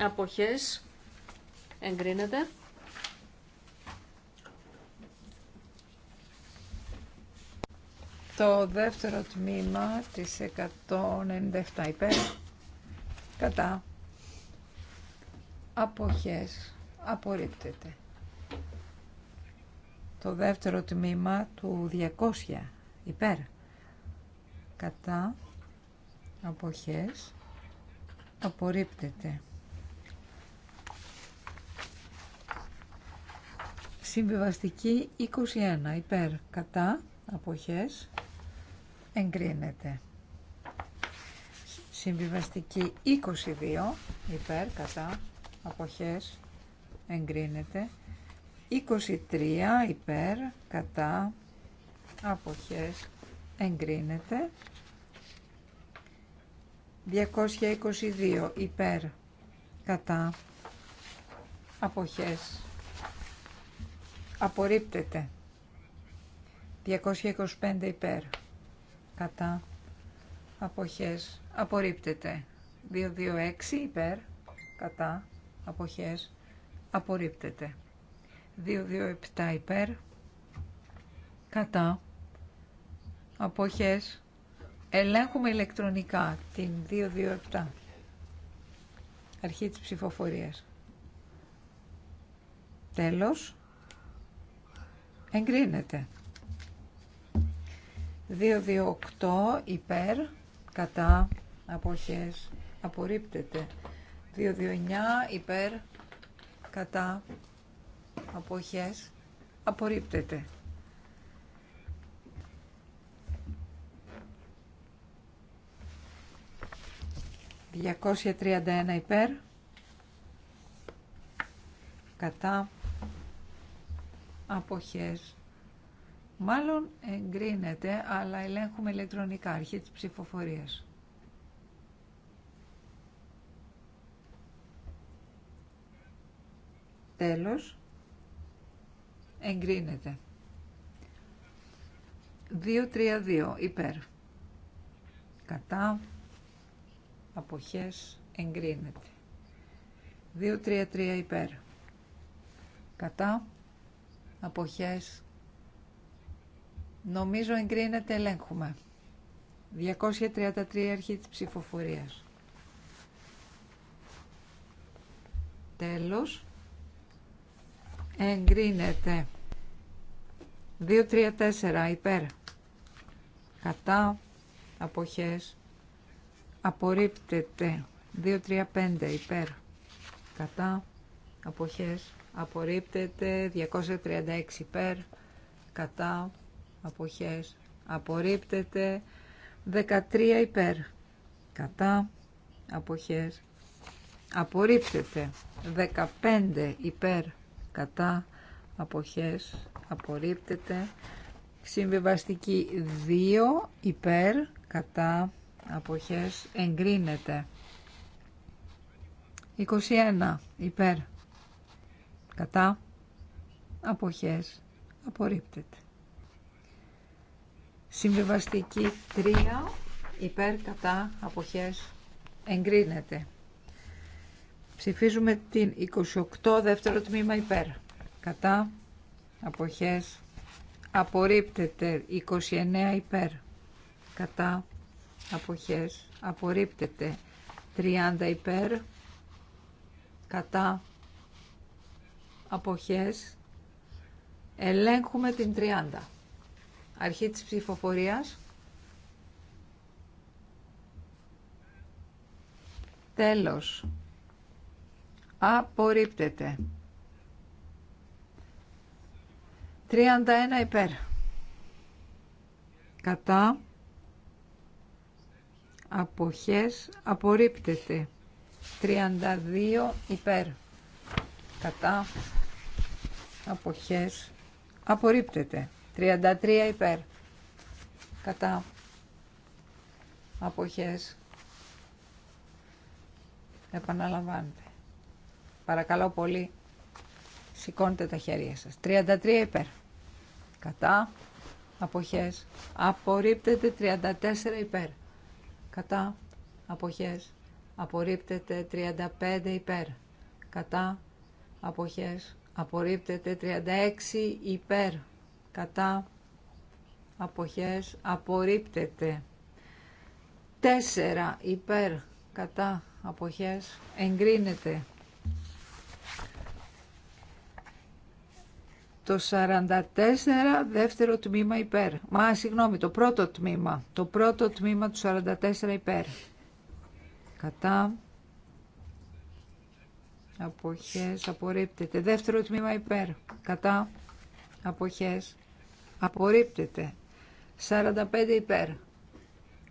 αποχές, εγκρίνεται. Το δεύτερο τμήμα της 197 υπέρ κατά αποχές απορρίπτεται. Το δεύτερο τμήμα του 200 υπέρ κατά αποχές απορρίπτεται. Συμβιβαστική 21 υπέρ κατά αποχές εγκρίνεται. Συμβιβαστική 22 υπέρ κατά αποχές εγκρίνεται. 23 υπέρ κατά αποχές εγκρίνεται. 222 υπέρ κατά αποχές απορρίπτεται 225 υπέρ κατά αποχές απορρίπτεται. 2-2-6 υπέρ, κατά, από χέρ, απορρίπτεται. 2-2-7 υπέρ, κατά, από ελέγχουμε ηλεκτρονικά την 2-2-7, αρχή της ψηφοφορίας. Τέλος, εγκρίνεται. 2-2-8 υπέρ, κατά, αποχές απορρίπτεται 229 υπέρ κατά αποχές απορρίπτεται ...231 υπέρ... ...κατά... ...αποχές... ...μάλλον εγκρίνεται... ...αλλά ελέγχουμε ηλεκτρονικά... ...αρχή της ψηφοφορίας... Τέλος. Εγκρίνεται. 2-3-2. Υπέρ. Κατά. Αποχές. Εγκρίνεται. 2-3-3. Υπέρ. Κατά. Αποχές. Νομίζω εγκρίνεται. Ελέγχουμε. 233 αρχή της ψηφοφορίας. Τέλος εγκρίνεται 2-3-4 υπέρ κατά αποχές απορρίπτεται 2-3-5 υπέρ κατά αποχές απορρίπτεται 236 υπέρ κατά αποχές απορρίπτεται 13 υπέρ κατά αποχές απορρίπτεται 15 υπέρ κατά αποχές απορρίπτεται συμβιβαστική 2 υπέρ κατά αποχές εγκρίνεται 21 υπέρ κατά αποχές απορρίπτεται συμβιβαστική 3 υπέρ κατά αποχές εγκρίνεται Ψηφίζουμε την 28 δεύτερο τμήμα υπέρ. Κατά αποχές απορρίπτεται 29 υπέρ. Κατά αποχές απορρίπτεται 30 υπέρ. Κατά αποχές ελέγχουμε την 30. Αρχή της ψηφοφορίας. Τέλος. Απορρίπτεται. 31 υπέρ. Κατά. Αποχές. Απορρίπτεται. 32 υπέρ. Κατά. Αποχές. Απορρίπτεται. 33 υπέρ. Κατά. Αποχές. Επαναλαμβάνεται. Παρακαλώ πολύ, σηκώνετε τα χέρια σας. 33 υπέρ. Κατά. Αποχές. Απορρίπτεται 34 υπέρ. Κατά. Αποχές. Απορρίπτεται 35 υπέρ. Κατά. Αποχές. Απορρίπτεται 36 υπέρ. Κατά. Αποχές. Απορρίπτεται 4 υπέρ. Κατά. Αποχές. Εγκρίνεται Το 44 δεύτερο τμήμα υπέρ. Μα, συγγνώμη, το πρώτο τμήμα. Το πρώτο τμήμα του 44 υπέρ. Κατά. Αποχές απορρίπτεται. Δεύτερο τμήμα υπέρ. Κατά. Αποχές απορρίπτεται. 45 υπέρ.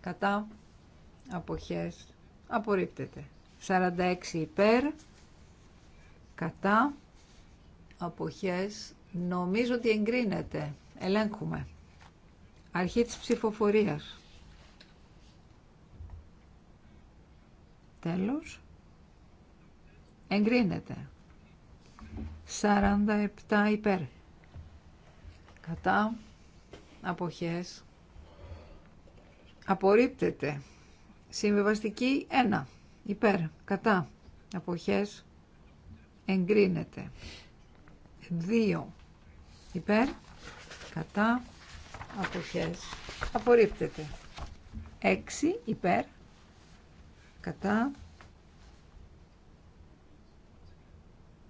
Κατά. Αποχές απορρίπτεται. 46 υπέρ. Κατά. Αποχές Νομίζω ότι εγκρίνεται. Ελέγχουμε. Αρχή της ψηφοφορίας. Τέλος. Εγκρίνεται. 47 υπέρ. Κατά. Αποχές. Απορρίπτεται. Συμβεβαστική 1. Υπέρ. Κατά. Αποχές. Εγκρίνεται. 2 Υπέρ. Κατά. Αποχές. Απορρίπτεται. 6. Υπέρ. Κατά.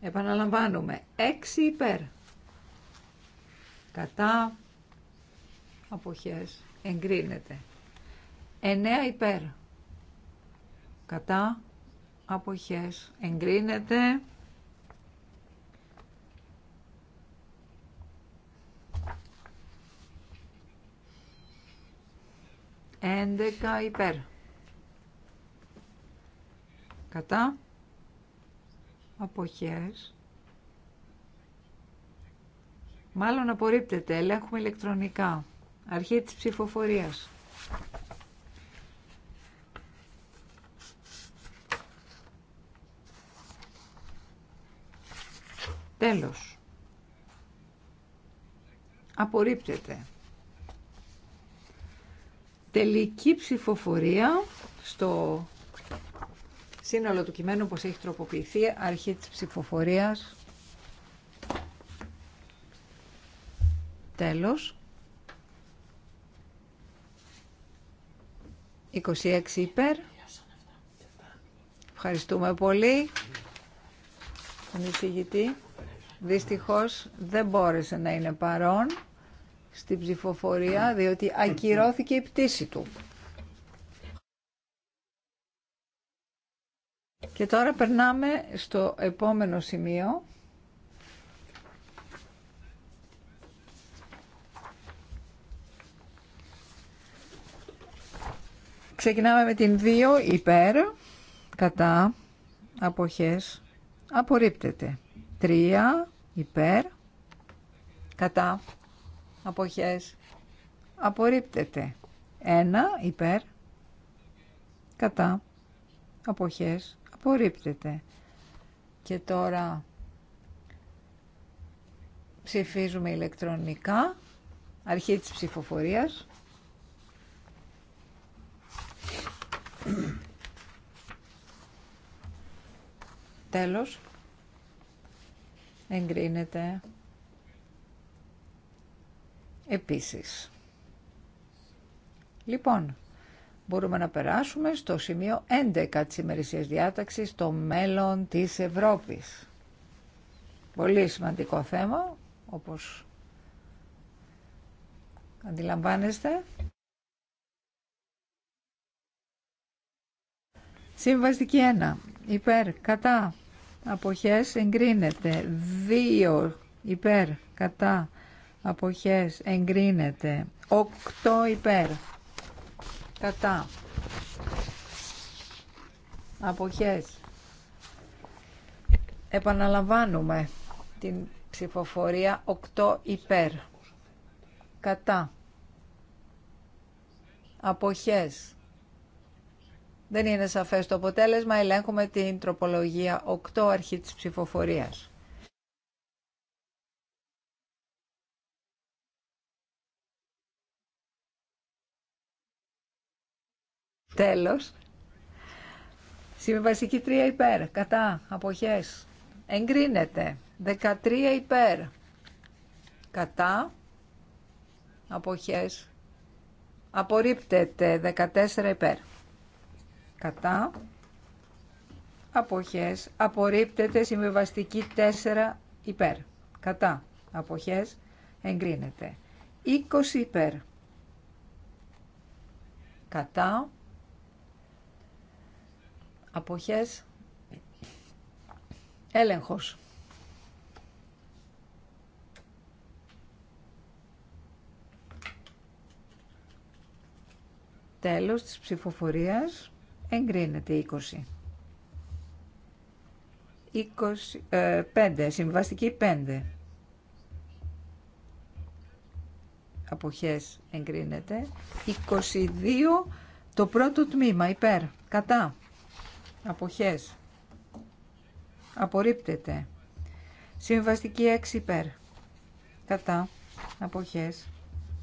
Επαναλαμβάνουμε. 6 υπέρ. Κατά. Αποχές. Εγκρίνεται. 9 υπέρ. Κατά. Αποχές. Εγκρίνεται. 11 υπέρ. Κατά. Αποχές. Μάλλον απορρίπτεται. Ελέγχουμε ηλεκτρονικά. Αρχή της ψηφοφορίας. Τέλος. Απορρίπτεται τελική ψηφοφορία στο σύνολο του κειμένου πως έχει τροποποιηθεί αρχή της ψηφοφορίας τέλος 26 υπέρ ευχαριστούμε πολύ τον δυστυχώς δεν μπόρεσε να είναι παρόν στην ψηφοφορία διότι ακυρώθηκε η πτήση του. Και τώρα περνάμε στο επόμενο σημείο. Ξεκινάμε με την 2 υπέρ, κατά, αποχές, απορρίπτεται. 3 υπέρ, κατά, αποχές απορρίπτεται. Ένα υπέρ κατά αποχές απορρίπτεται. Και τώρα ψηφίζουμε ηλεκτρονικά, αρχή της ψηφοφορίας. Τέλος. Εγκρίνεται επίσης. Λοιπόν, μπορούμε να περάσουμε στο σημείο 11 της ημερησίας διάταξης, το μέλλον της Ευρώπης. Πολύ σημαντικό θέμα, όπως αντιλαμβάνεστε. Συμβαστική 1. Υπέρ, κατά, αποχές εγκρίνεται. 2. Υπέρ, κατά, αποχές εγκρίνεται Οκτώ υπέρ κατά αποχές επαναλαμβάνουμε την ψηφοφορία Οκτώ υπέρ κατά αποχές δεν είναι σαφές το αποτέλεσμα ελέγχουμε την τροπολογία Οκτώ αρχή της ψηφοφορίας Τέλος. Συμβαστική 3 υπέρ. Κατά. Αποχές. Εγκρίνεται. 13 υπέρ. Κατά. Αποχές. Απορρίπτεται. 14 υπέρ. Κατά. Αποχές. Απορρίπτεται. Συμβαστική 4 υπέρ. Κατά. Αποχές. Εγκρίνεται. 20 υπέρ. Κατά αποχές έλεγχος τέλος της ψηφοφορίας εγκρίνεται 20 25 5, συμβαστική 5. Αποχές εγκρίνεται. 22, το πρώτο τμήμα, υπέρ, κατά αποχές απορρίπτεται συμβαστική 6 υπέρ κατά αποχές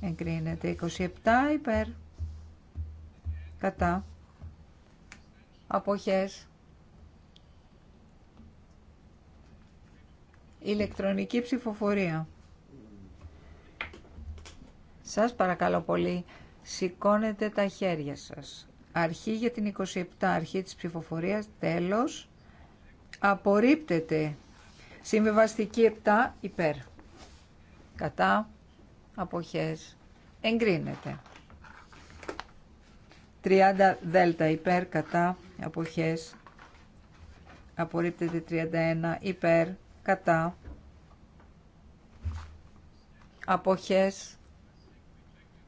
εγκρίνεται 27 υπέρ κατά αποχές ηλεκτρονική ψηφοφορία σας παρακαλώ πολύ σηκώνετε τα χέρια σας Αρχή για την 27, αρχή της ψηφοφορίας, τέλος. Απορρίπτεται. Συμβιβαστική 7, υπέρ. Κατά, αποχές, εγκρίνεται. 30 δέλτα υπέρ, κατά, αποχές, απορρίπτεται 31 υπέρ, κατά, αποχές,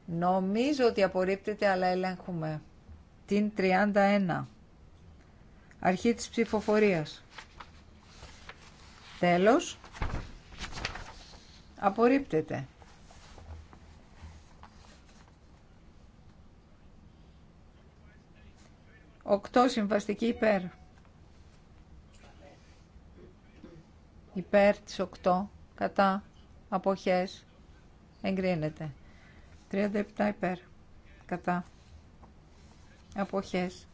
νομίζω ότι απορρίπτεται αλλά ελέγχουμε την 31. Αρχή της ψηφοφορίας. Τέλος. Απορρίπτεται. Οκτώ συμβαστική υπέρ. Υπέρ της 8 κατά αποχές εγκρίνεται. 37 υπέρ κατά αποχές.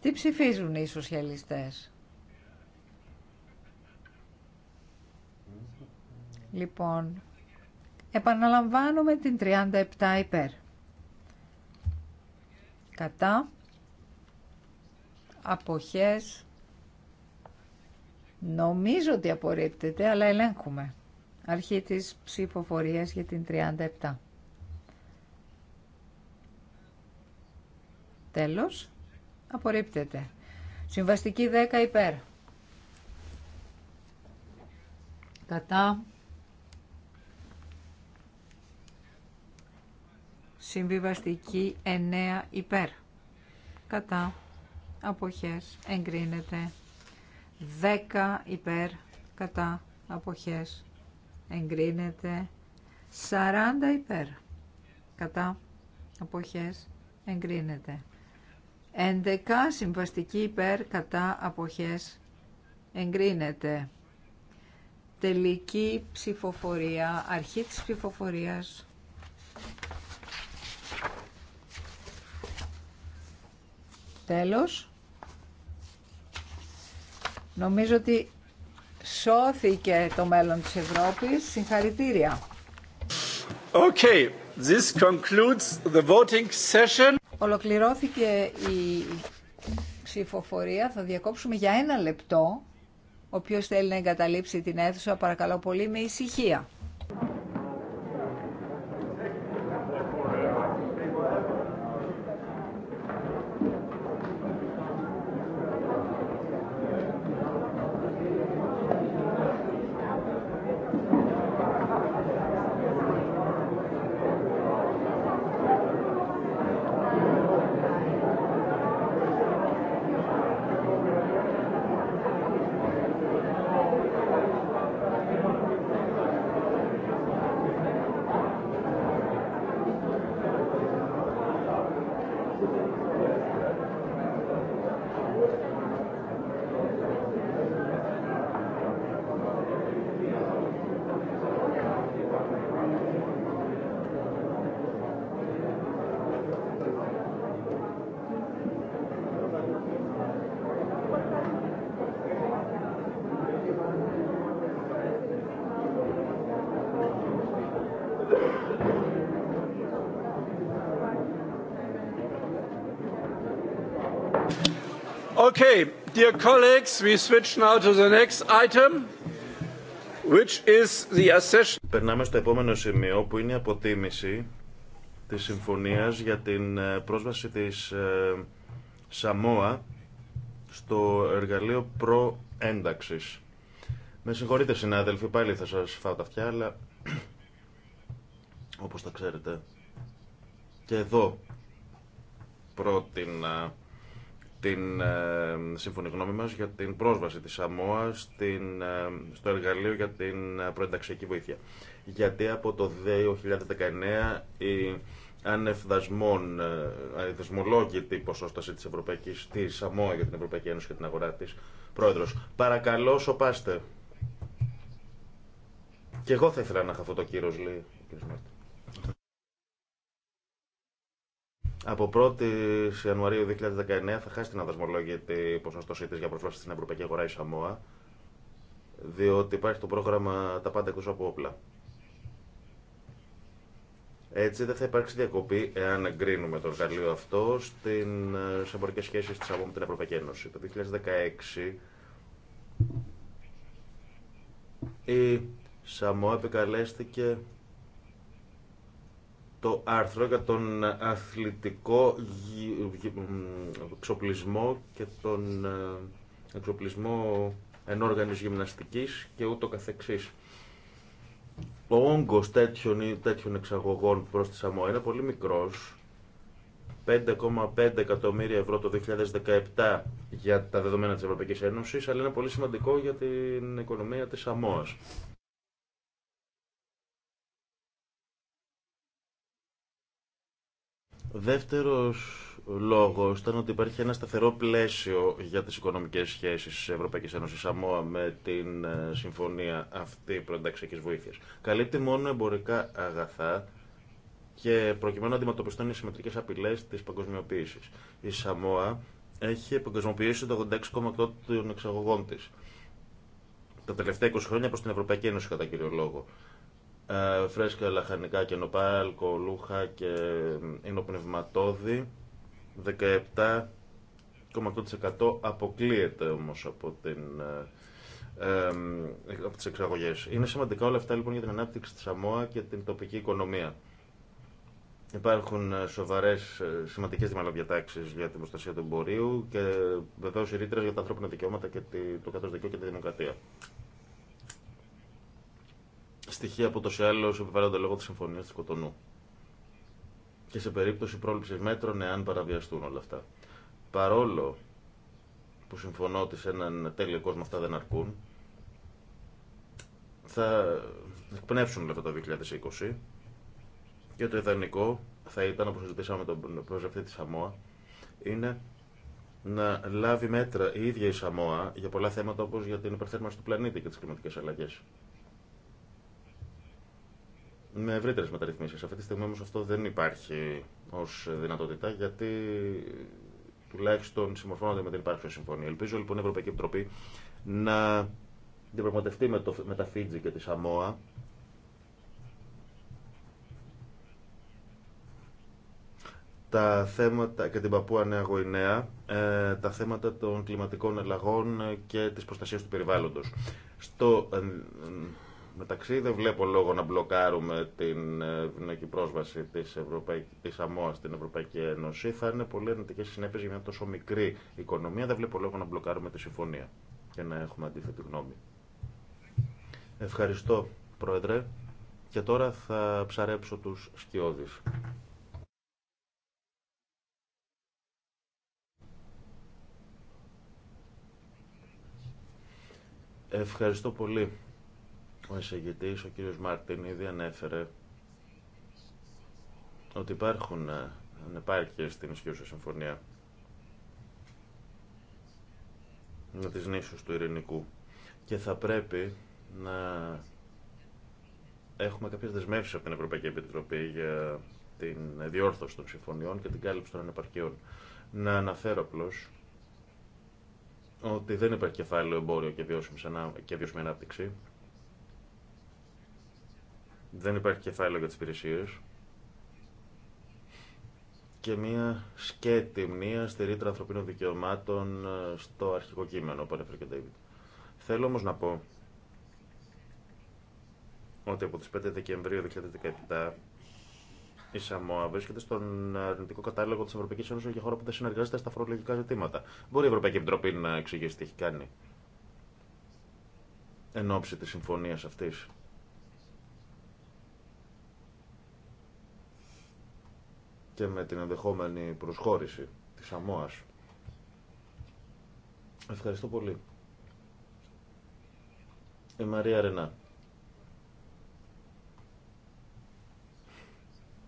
Τι ψηφίζουν οι σοσιαλιστές. Λοιπόν, επαναλαμβάνουμε την 37 υπέρ. Κατά αποχές νομίζω ότι απορρίπτεται αλλά ελέγχουμε αρχή της ψηφοφορίας για την 37 Τέλος. Απορρίπτεται. Συμβαστική 10 υπέρ. Κατά. Συμβιβαστική 9 υπέρ. Κατά. Αποχές. Εγκρίνεται. 10 υπέρ. Κατά. Αποχές. Εγκρίνεται. 40 υπέρ. Κατά. Αποχές. Εγκρίνεται. Ενδεκά συμβαστική υπέρ κατά αποχές εγκρίνεται. Τελική ψηφοφορία, αρχή της ψηφοφορίας. Τέλος. Νομίζω ότι σώθηκε το μέλλον της Ευρώπης. Συγχαρητήρια. Okay, this concludes the voting session. Ολοκληρώθηκε η ψηφοφορία. Θα διακόψουμε για ένα λεπτό. Όποιος θέλει να εγκαταλείψει την αίθουσα, παρακαλώ πολύ, με ησυχία. Περνάμε στο επόμενο σημείο που είναι η αποτίμηση της συμφωνίας για την ε, πρόσβαση της ε, Σαμόα στο εργαλείο προένταξης. Με συγχωρείτε συνάδελφοι, πάλι θα σας φάω τα αυτιά, αλλά όπως τα ξέρετε και εδώ πρότεινα την ε, σύμφωνη γνώμη μας για την πρόσβαση της ΣΑΜΟΑ ε, στο εργαλείο για την ε, προενταξιακή βοήθεια. Γιατί από το 2019 η ανεφδασμών, δεσμολόγητη ποσόσταση της Ευρωπαϊκής, της ΣΑΜΟΑ για την Ευρωπαϊκή Ένωση και την αγορά της. Πρόεδρος, παρακαλώ σοπάστε. Και εγώ θα ήθελα να χαθώ το κύριο λέει ο κ. Από 1η Ιανουαρίου 2019 θα χάσει την αδασμολόγητη ποσοστοσή τη για προσβάση στην Ευρωπαϊκή Αγορά η ΣΑΜΟΑ, διότι υπάρχει το πρόγραμμα Τα πάντα εκτό από όπλα. Έτσι δεν θα υπάρξει διακοπή, εάν εγκρίνουμε το εργαλείο αυτό, στην, ε, εμπορικέ σχέσει τη ΣΑΜΟΑ με την Ευρωπαϊκή Ένωση. Το 2016 η ΣΑΜΟΑ επικαλέστηκε το άρθρο για τον αθλητικό εξοπλισμό και τον ε, εξοπλισμό ενόργανης γυμναστικής και ούτω καθεξής. Ο όγκος τέτοιων, εξαγωγών προς τη ΣΑΜΟ είναι πολύ μικρός. 5,5 εκατομμύρια ευρώ το 2017 για τα δεδομένα της Ευρωπαϊκής Ένωσης, αλλά είναι πολύ σημαντικό για την οικονομία της ΣΑΜΟΑς. Δεύτερος λόγος ήταν ότι υπάρχει ένα σταθερό πλαίσιο για τις οικονομικές σχέσεις της Ευρωπαϊκής Ένωσης ΣΑΜΟΑ με την ε, συμφωνία αυτή προενταξιακής βοήθειας. Καλύπτει μόνο εμπορικά αγαθά και προκειμένου να αντιμετωπιστούν οι συμμετρικές απειλές της παγκοσμιοποίησης. Η ΣΑΜΟΑ έχει παγκοσμιοποιήσει το 86,8% των εξαγωγών της. Τα τελευταία 20 χρόνια προς την Ευρωπαϊκή Ένωση κατά κύριο λόγο. Ε, φρέσκα λαχανικά και νοπά, αλκοολούχα και εινοπνευματόδη. 17,8% αποκλείεται όμως από, την, ε, ε από τις εξαγωγές. Είναι σημαντικά όλα αυτά λοιπόν για την ανάπτυξη της ΑΜΟΑ και την τοπική οικονομία. Υπάρχουν ε, σοβαρέ, σημαντικέ διατάξει για την προστασία του εμπορίου και βεβαίω οι για τα ανθρώπινα δικαιώματα και το κάτω και τη δημοκρατία στοιχεία που τόσο άλλω επιβάλλονται λόγω τη συμφωνία τη Κοτονού. Και σε περίπτωση πρόληψη μέτρων, εάν παραβιαστούν όλα αυτά. Παρόλο που συμφωνώ ότι σε έναν τέλειο κόσμο αυτά δεν αρκούν, θα εκπνεύσουν όλα το 2020 και το ιδανικό θα ήταν, όπως συζητήσαμε με τον αυτή τη ΣΑΜΟΑ, είναι να λάβει μέτρα η ίδια η ΣΑΜΟΑ για πολλά θέματα όπως για την υπερθέρμανση του πλανήτη και τις κλιματικές αλλαγές με ευρύτερε μεταρρυθμίσεις. Αυτή τη στιγμή όμω αυτό δεν υπάρχει ως δυνατότητα γιατί τουλάχιστον συμμορφώνονται με την υπάρχουσα συμφωνία. Ελπίζω λοιπόν η Ευρωπαϊκή Επιτροπή να διαπραγματευτεί με, το, με τα Φίτζη και τη Σαμόα τα θέματα και την Παππούα Νέα Γοηναία, ε, τα θέματα των κλιματικών αλλαγών και της προστασίας του περιβάλλοντος. Στο ε, μεταξύ δεν βλέπω λόγο να μπλοκάρουμε την ευνοϊκή πρόσβαση της, Ευρωπαϊκ... της ΑΜΟΑ στην Ευρωπαϊκή Ένωση. Θα είναι πολύ αρνητικέ συνέπειε για μια τόσο μικρή οικονομία. Δεν βλέπω λόγο να μπλοκάρουμε τη συμφωνία και να έχουμε αντίθετη γνώμη. Ευχαριστώ, Πρόεδρε. Και τώρα θα ψαρέψω τους σκιώδεις. Ευχαριστώ πολύ. Ο εισηγητής, ο κύριος Μάρτιν, ήδη ανέφερε ότι υπάρχουν ε, ανεπάρκειες στην ισχύουσα συμφωνία με τις νήσους του Ειρηνικού και θα πρέπει να έχουμε κάποιες δεσμεύσεις από την Ευρωπαϊκή Επιτροπή για την διόρθωση των συμφωνιών και την κάλυψη των ανεπαρκειών. Να αναφέρω απλώ ότι δεν υπάρχει κεφάλαιο εμπόριο και και βιώσιμη ανάπτυξη δεν υπάρχει κεφάλαιο για τις υπηρεσίε. Και μία σκέτη μνήμα στη ρήτρα ανθρωπίνων δικαιωμάτων ε, στο αρχικό κείμενο που ανέφερε και ο Ντέιβιτ. Θέλω όμως να πω ότι από τις 5 Δεκεμβρίου 2017 η Σαμόα βρίσκεται στον αρνητικό κατάλογο τη Ευρωπαϊκή Ένωση για χώρα που δεν συνεργάζεται στα φορολογικά ζητήματα. Μπορεί η Ευρωπαϊκή Επιτροπή να εξηγήσει τι έχει κάνει εν ώψη τη συμφωνία αυτή. και με την ενδεχόμενη προσχώρηση της ΑΜΟΑΣ. Ευχαριστώ πολύ. Η Μαρία Ρενά.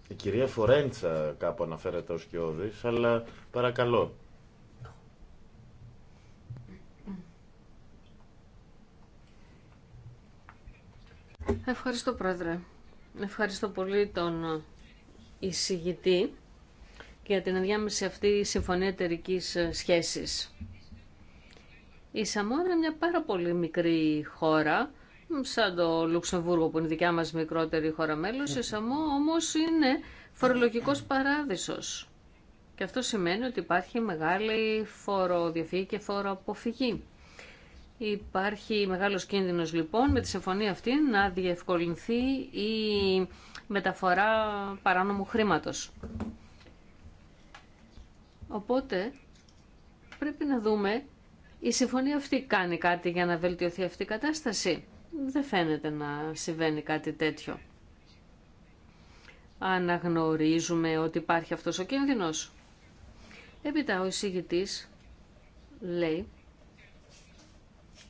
Η κυρία Φορέντσα κάπου αναφέρεται ως κοιόδης, αλλά παρακαλώ. Ευχαριστώ πρόεδρε. Ευχαριστώ πολύ τον εισηγητή για την ενδιάμεση αυτή η συμφωνία εταιρική ε, σχέσης. Η Σαμό είναι μια πάρα πολύ μικρή χώρα, σαν το Λουξεμβούργο που είναι δικιά μας μικρότερη χώρα μέλος. Η Σαμό όμως είναι φορολογικός παράδεισος. Και αυτό σημαίνει ότι υπάρχει μεγάλη φοροδιαφυγή και φοροαποφυγή. Υπάρχει μεγάλος κίνδυνος λοιπόν με τη συμφωνία αυτή να διευκολυνθεί η μεταφορά παράνομου χρήματος. Οπότε πρέπει να δούμε η συμφωνία αυτή κάνει κάτι για να βελτιωθεί αυτή η κατάσταση. Δεν φαίνεται να συμβαίνει κάτι τέτοιο. Αναγνωρίζουμε ότι υπάρχει αυτός ο κίνδυνος. Έπειτα ο εισηγητής λέει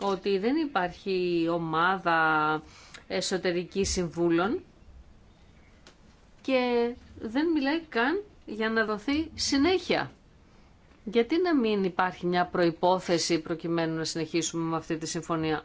ότι δεν υπάρχει ομάδα εσωτερική συμβούλων και δεν μιλάει καν για να δοθεί συνέχεια. Γιατί να μην υπάρχει μια προϋπόθεση προκειμένου να συνεχίσουμε με αυτή τη συμφωνία.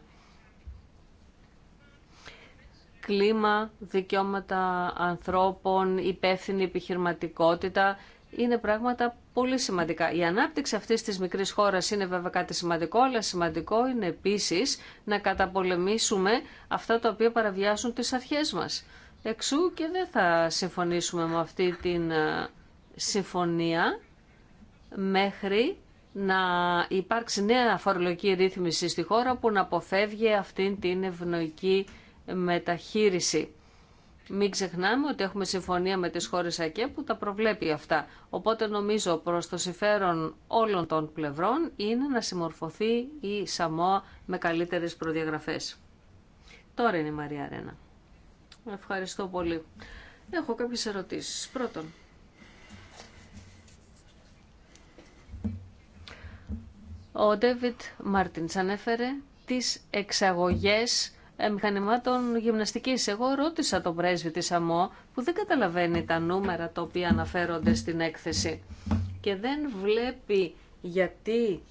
Κλίμα, δικαιώματα ανθρώπων, υπεύθυνη επιχειρηματικότητα είναι πράγματα πολύ σημαντικά. Η ανάπτυξη αυτής της μικρής χώρας είναι βέβαια κάτι σημαντικό, αλλά σημαντικό είναι επίσης να καταπολεμήσουμε αυτά τα οποία παραβιάζουν τις αρχές μας. Εξού και δεν θα συμφωνήσουμε με αυτή την ε, συμφωνία μέχρι να υπάρξει νέα φορολογική ρύθμιση στη χώρα που να αποφεύγει αυτή την ευνοϊκή μεταχείριση. Μην ξεχνάμε ότι έχουμε συμφωνία με τις χώρες ΑΚΕ που τα προβλέπει αυτά. Οπότε νομίζω προς το συμφέρον όλων των πλευρών είναι να συμμορφωθεί η ΣΑΜΟΑ με καλύτερες προδιαγραφές. Τώρα είναι η Μαρία Ρένα. Ευχαριστώ πολύ. Έχω κάποιες ερωτήσεις. Πρώτον, ο Ντέβιτ Μάρτινς ανέφερε τις εξαγωγές ε, μηχανημάτων γυμναστικής. Εγώ ρώτησα τον πρέσβη της ΑΜΟ που δεν καταλαβαίνει τα νούμερα τα οποία αναφέρονται στην έκθεση και δεν βλέπει γιατί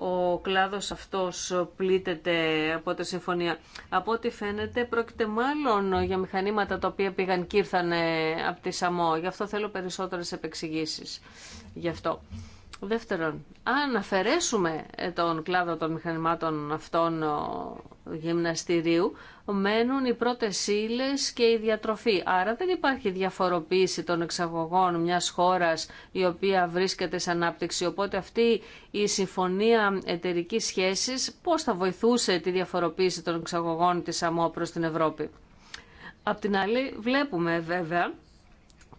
ο κλάδος αυτός πλήττεται από τη συμφωνία. Από ό,τι φαίνεται πρόκειται μάλλον για μηχανήματα τα οποία πήγαν και ήρθαν από τη ΣΑΜΟ. Γι' αυτό θέλω περισσότερες επεξηγήσεις. Γι' αυτό. Δεύτερον, αν αφαιρέσουμε ε, τον κλάδο των μηχανημάτων αυτών γυμναστηρίου, μένουν οι πρώτες ύλε και η διατροφή. Άρα δεν υπάρχει διαφοροποίηση των εξαγωγών μιας χώρας η οποία βρίσκεται σε ανάπτυξη. Οπότε αυτή η συμφωνία εταιρικής σχέσης πώς θα βοηθούσε τη διαφοροποίηση των εξαγωγών της ΑΜΟ προς την Ευρώπη. Απ' την άλλη βλέπουμε βέβαια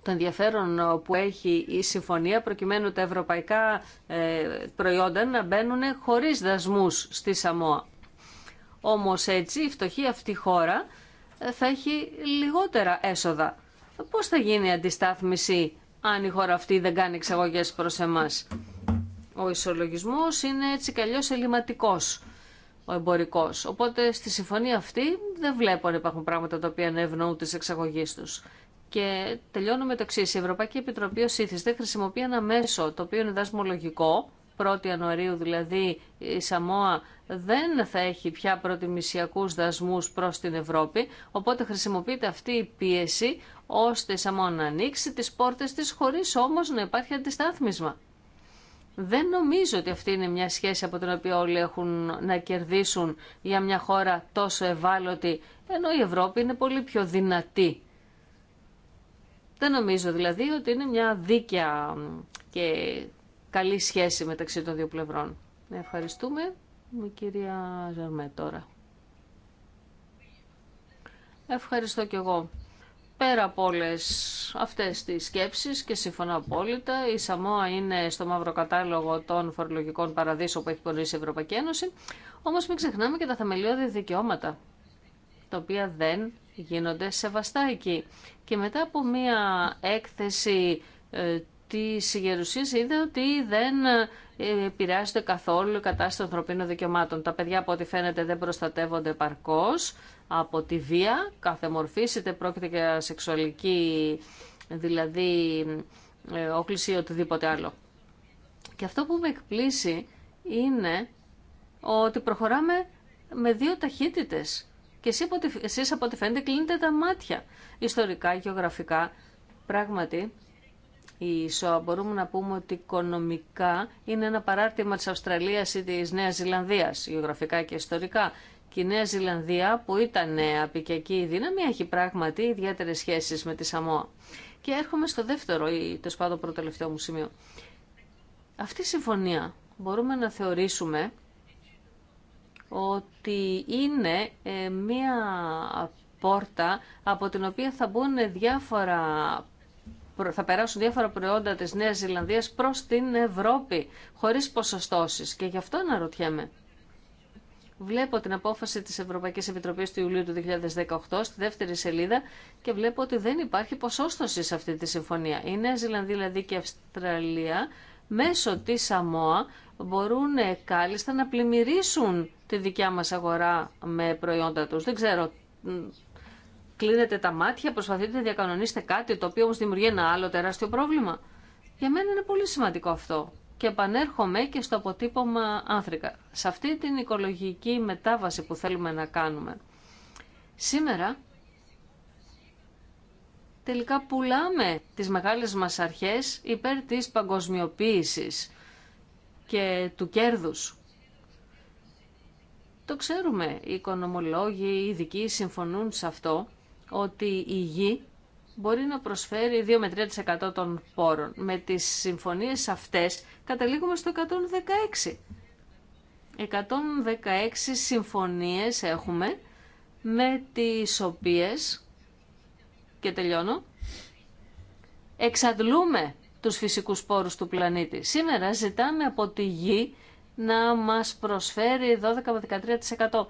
το ενδιαφέρον που έχει η συμφωνία προκειμένου τα ευρωπαϊκά ε, προϊόντα να μπαίνουν χωρίς δασμούς στη Σαμόα. Όμως έτσι η φτωχή αυτή χώρα ε, θα έχει λιγότερα έσοδα. Πώς θα γίνει η αντιστάθμιση αν η χώρα αυτή δεν κάνει εξαγωγές προς εμάς. Ο ισολογισμός είναι έτσι αλλιώς ελληματικός ο εμπορικός. Οπότε στη συμφωνία αυτή δεν βλέπω αν υπάρχουν πράγματα τα οποία να ευνοούν τις εξαγωγές τους. Και τελειώνω με το εξή. Η Ευρωπαϊκή Επιτροπή ω ήθιστε χρησιμοποιεί ένα μέσο το οποίο είναι δασμολογικό. 1η Ιανουαρίου δηλαδή η Σαμόα δεν θα έχει πια προτιμησιακούς δασμούς προς την Ευρώπη, οπότε χρησιμοποιείται αυτή η πίεση ώστε η Σαμόα να ανοίξει τις πόρτες της χωρίς όμως να υπάρχει αντιστάθμισμα. Δεν νομίζω ότι αυτή είναι μια σχέση από την οποία όλοι έχουν να κερδίσουν για μια χώρα τόσο ευάλωτη, ενώ η Ευρώπη είναι πολύ πιο δυνατή δεν νομίζω δηλαδή ότι είναι μια δίκαια και καλή σχέση μεταξύ των δύο πλευρών. Ευχαριστούμε. Με κυρία Ζαρμέ τώρα. Ευχαριστώ κι εγώ. Πέρα από όλε αυτές τις σκέψεις και συμφωνώ απόλυτα, η Σαμόα είναι στο μαύρο κατάλογο των φορολογικών παραδείσων που έχει κονίσει η Ευρωπαϊκή Ένωση, όμως μην ξεχνάμε και τα θεμελιώδη δικαιώματα, τα οποία δεν γίνονται σεβαστά εκεί. Και μετά από μία έκθεση ε, τη Γερουσία, είδα ότι δεν ε, επηρεάζεται καθόλου η κατάσταση των ανθρωπίνων δικαιωμάτων. Τα παιδιά από ό,τι φαίνεται δεν προστατεύονται παρκώς από τη βία, κάθε μορφή, είτε πρόκειται για σεξουαλική δηλαδή ε, όκληση ή οτιδήποτε άλλο. Και αυτό που με εκπλήσει είναι ότι προχωράμε με δύο ταχύτητες. Και εσείς από ό,τι φαίνεται κλείνετε τα μάτια. Ιστορικά, γεωγραφικά, πράγματι, η ΣΟΑ μπορούμε να πούμε ότι οικονομικά είναι ένα παράρτημα της Αυστραλίας ή της Νέας Ζηλανδίας, γεωγραφικά και ιστορικά. Και η Νέα Ζηλανδία που ήταν απικιακή δύναμη έχει πράγματι ιδιαίτερες σχέσεις με τη Σαμόα. Και έρχομαι στο δεύτερο ή το σπάδο προτελευταίο μου σημείο. Αυτή η συμφωνία μπορούμε να θεωρήσουμε ότι είναι ε, μία πόρτα από την οποία θα μπουν διάφορα θα περάσουν διάφορα προϊόντα της Νέας Ζηλανδίας προς την Ευρώπη, χωρίς ποσοστώσεις. Και γι' αυτό αναρωτιέμαι. Βλέπω την απόφαση της Ευρωπαϊκής Επιτροπής του Ιουλίου του 2018 στη δεύτερη σελίδα και βλέπω ότι δεν υπάρχει ποσόστοση σε αυτή τη συμφωνία. Η Νέα Ζηλανδία δηλαδή και η Αυστραλία μέσω της ΑΜΟΑ μπορούν ε, κάλλιστα να πλημμυρίσουν τη δικιά μας αγορά με προϊόντα τους. Δεν ξέρω, κλείνετε τα μάτια, προσπαθείτε να διακανονίσετε κάτι το οποίο όμως δημιουργεί ένα άλλο τεράστιο πρόβλημα. Για μένα είναι πολύ σημαντικό αυτό και επανέρχομαι και στο αποτύπωμα άνθρικα. Σε αυτή την οικολογική μετάβαση που θέλουμε να κάνουμε. Σήμερα τελικά πουλάμε τις μεγάλες μας αρχές υπέρ της παγκοσμιοποίησης και του κέρδους. Το ξέρουμε, οι οικονομολόγοι, οι ειδικοί συμφωνούν σε αυτό, ότι η γη μπορεί να προσφέρει 2 με 3% των πόρων. Με τις συμφωνίες αυτές καταλήγουμε στο 116. 116 συμφωνίες έχουμε με τις οποίες, και τελειώνω, εξαντλούμε τους φυσικούς πόρους του πλανήτη. Σήμερα ζητάμε από τη γη να μας προσφέρει 12 με 13%.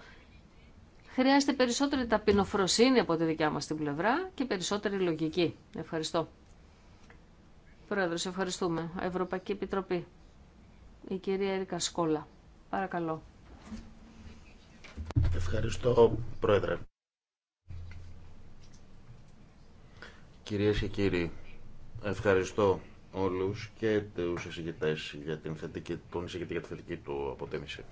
Χρειάζεται περισσότερη ταπεινοφροσύνη από τη δικιά μας την πλευρά και περισσότερη λογική. Ευχαριστώ. Πρόεδρος, ευχαριστούμε. Ευρωπαϊκή Επιτροπή. Η κυρία Ερικα Σκόλα. Παρακαλώ. Ευχαριστώ, Πρόεδρε. Κυρίες και κύριοι, ευχαριστώ Όλου και του εισηγητέ για την θετική, τον εισηγητή για τη θετική του αποτίμηση.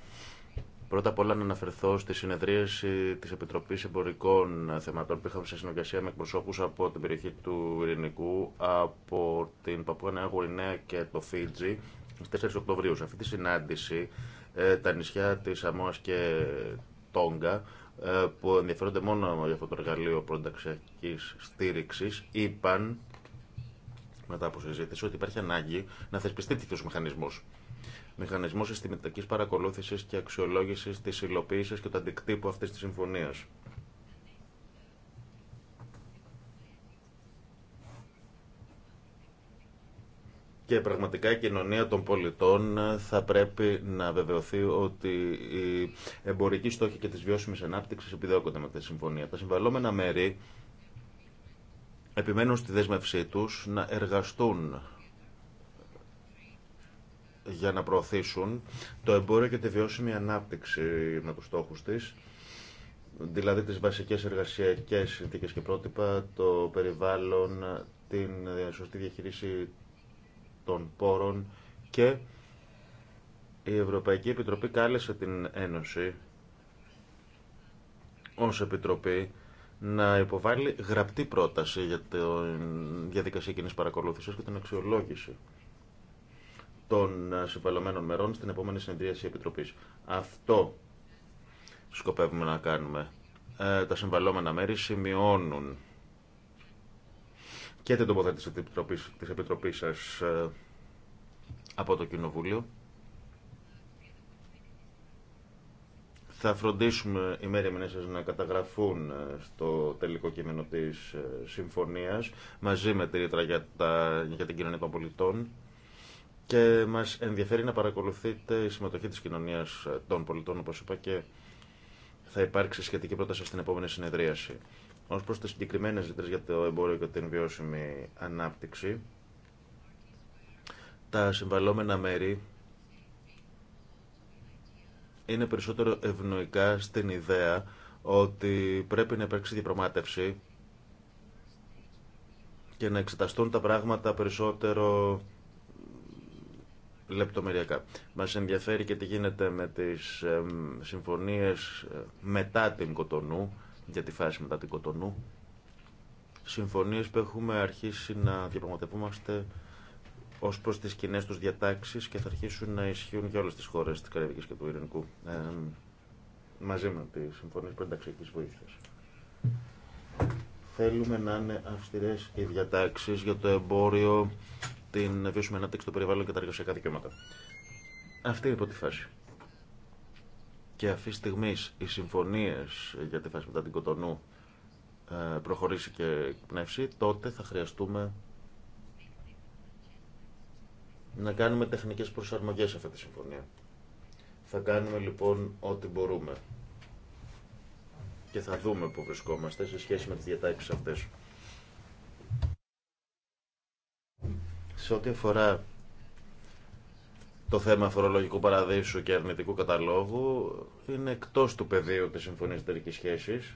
Πρώτα απ' όλα να αναφερθώ στη συνεδρίαση της Επιτροπής Εμπορικών Θεματών που είχαμε σε συνεργασία με εκπροσώπους από την περιοχή του Ειρηνικού, από την Παππούα Νέα Γουρινέα και το Φίτζι, στις 4 Οκτωβρίου. Σε αυτή τη συνάντηση ε, τα νησιά της Αμόας και Τόγκα ε, που ενδιαφέρονται μόνο για αυτό το εργαλείο προνταξιακής στήριξη, είπαν μετά από συζήτηση ότι υπάρχει ανάγκη να θεσπιστεί τέτοιο μηχανισμό. Μηχανισμό συστηματική παρακολούθηση και αξιολόγηση τη υλοποίηση και του αντικτύπου αυτή τη συμφωνία. Και πραγματικά η κοινωνία των πολιτών θα πρέπει να βεβαιωθεί ότι οι εμπορικοί στόχοι και τη βιώσιμη ανάπτυξη επιδιώκονται με αυτή τη συμφωνία. Τα συμβαλόμενα μέρη επιμένουν στη δέσμευσή τους να εργαστούν για να προωθήσουν το εμπόριο και τη βιώσιμη ανάπτυξη με τους στόχους της, δηλαδή τις βασικές εργασιακές συνθήκες και πρότυπα, το περιβάλλον, την σωστή διαχείριση των πόρων και η Ευρωπαϊκή Επιτροπή κάλεσε την Ένωση ως Επιτροπή να υποβάλει γραπτή πρόταση για τη διαδικασία κοινή παρακολούθησης και την αξιολόγηση των ε, συμβαλωμένων μερών στην επόμενη συνεδρίαση Επιτροπής. Αυτό σκοπεύουμε να κάνουμε. Ε, τα συμβαλώμενα μέρη σημειώνουν και την τοποθέτηση της Επιτροπής, της Επιτροπής ε, από το Κοινοβούλιο Θα φροντίσουμε οι μέρη σας να καταγραφούν ε, στο τελικό κείμενο της ε, συμφωνίας μαζί με τη ρήτρα για, τα, για την κοινωνία των πολιτών και μας ενδιαφέρει να παρακολουθείτε η συμμετοχή της κοινωνίας ε, των πολιτών όπως είπα και θα υπάρξει σχετική πρόταση στην επόμενη συνεδρίαση. Ως προς τις συγκεκριμένες ζήτρες για το εμπόριο και την βιώσιμη ανάπτυξη τα συμβαλόμενα μέρη είναι περισσότερο ευνοϊκά στην ιδέα ότι πρέπει να υπάρξει διαπραγμάτευση και να εξεταστούν τα πράγματα περισσότερο λεπτομεριακά. Μας ενδιαφέρει και τι γίνεται με τις συμφωνίες ε, μετά την Κοτονού, για τη φάση μετά την Κοτονού. Συμφωνίες που έχουμε αρχίσει να διαπραγματευόμαστε ω προ τι κοινέ του διατάξει και θα αρχίσουν να ισχύουν για όλε τι χώρε τη Καραϊβική και του Ειρηνικού. Ε, μαζί με τι συμφωνίε πενταξιακή βοήθεια. Θέλουμε να είναι αυστηρέ οι διατάξει για το εμπόριο, την βιώσιμη ανάπτυξη του περιβάλλον και τα εργασιακά δικαιώματα. Αυτή είναι η πρώτη φάση. Και αυτή τη στιγμή οι συμφωνίε για τη φάση μετά την Κοτονού ε, προχωρήσει και εκπνεύσει, τότε θα χρειαστούμε να κάνουμε τεχνικές προσαρμογές σε αυτή τη συμφωνία. Θα κάνουμε λοιπόν ό,τι μπορούμε και θα δούμε που βρισκόμαστε σε σχέση με τις διατάξεις αυτές. Σε ό,τι αφορά το θέμα φορολογικού παραδείσου και αρνητικού καταλόγου, είναι εκτός του πεδίου της Συμφωνίας Εταιρικής Σχέσης,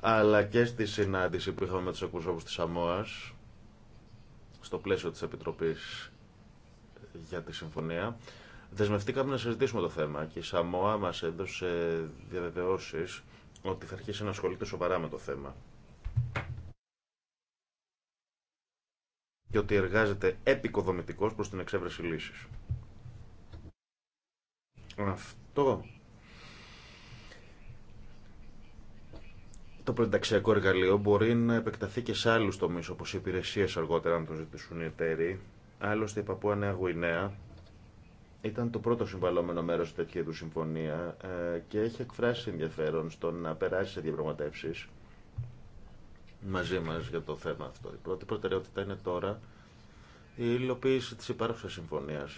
αλλά και στη συνάντηση που είχαμε με τους εκπροσώπους της ΑΜΟΑΣ, στο πλαίσιο της Επιτροπής για τη Συμφωνία. Δεσμευτήκαμε να συζητήσουμε το θέμα και η Σαμόα μας έδωσε διαβεβαιώσεις ότι θα αρχίσει να ασχολείται σοβαρά με το θέμα. και ότι εργάζεται επικοδομητικός προς την εξέβρεση λύσης. Αυτό το πενταξιακό εργαλείο μπορεί να επεκταθεί και σε άλλου τομεί, όπω οι υπηρεσίε αργότερα, αν το ζητήσουν οι εταίροι. Άλλωστε, η Παππούα Νέα Γουινέα ήταν το πρώτο συμβαλόμενο μέρο σε τέτοια είδου συμφωνία ε, και έχει εκφράσει ενδιαφέρον στο να περάσει σε διαπραγματεύσει μαζί μα για το θέμα αυτό. Η πρώτη προτεραιότητα είναι τώρα η υλοποίηση τη υπάρχουσα συμφωνία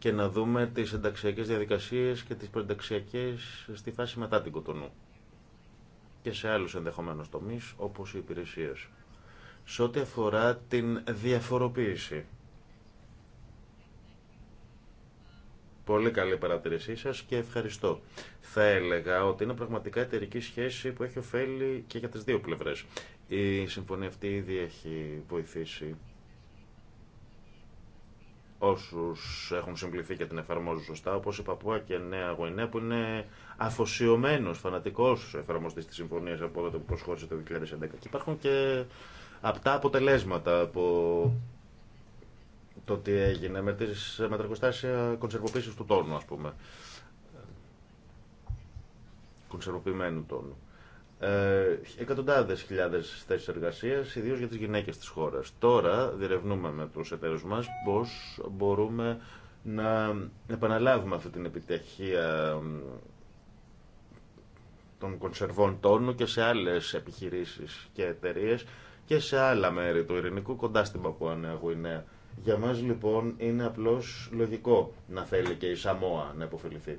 και να δούμε τις ενταξιακές διαδικασίες και τις προενταξιακέ στη φάση μετά την Κοτονού και σε άλλους ενδεχομένω τομεί όπως οι υπηρεσίε. Σε ό,τι αφορά την διαφοροποίηση. Πολύ καλή παρατηρήσή σας και ευχαριστώ. Θα έλεγα ότι είναι πραγματικά εταιρική σχέση που έχει ωφέλη και για τις δύο πλευρές. Η συμφωνία αυτή ήδη έχει βοηθήσει όσου έχουν συμπληθεί και την εφαρμόζουν σωστά, όπω η Παππούα και η Νέα Γουινέα, που είναι αφοσιωμένο, φανατικό εφαρμοστή τη συμφωνία από τότε που προσχώρησε το 2011. Και υπάρχουν και αυτά αποτελέσματα από το τι έγινε με, τις, μετρακοστάσια κονσερβοποίησης του τόνου, α πούμε. Κονσερβοποιημένου τόνου ε, εκατοντάδε χιλιάδε θέσει εργασία, ιδίω για τι γυναίκε τη χώρα. Τώρα διερευνούμε με του εταίρου μα πώ μπορούμε να επαναλάβουμε αυτή την επιτυχία των κονσερβών τόνου και σε άλλες επιχειρήσεις και εταιρείε και σε άλλα μέρη του ειρηνικού κοντά στην Νέα Γουινέα. Για μας λοιπόν είναι απλώς λογικό να θέλει και η Σαμόα να υποφεληθεί.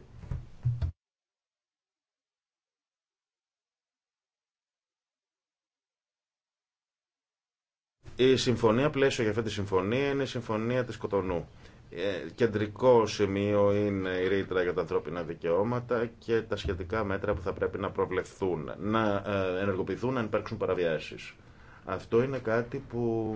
Η συμφωνία πλαίσιο για αυτή τη συμφωνία είναι η συμφωνία της Κοτονού. Ε, κεντρικό σημείο είναι η ρήτρα για τα ανθρώπινα δικαιώματα και τα σχετικά μέτρα που θα πρέπει να προβλεφθούν, να ε, ενεργοποιηθούν να υπάρξουν παραβιάσεις. Αυτό είναι κάτι που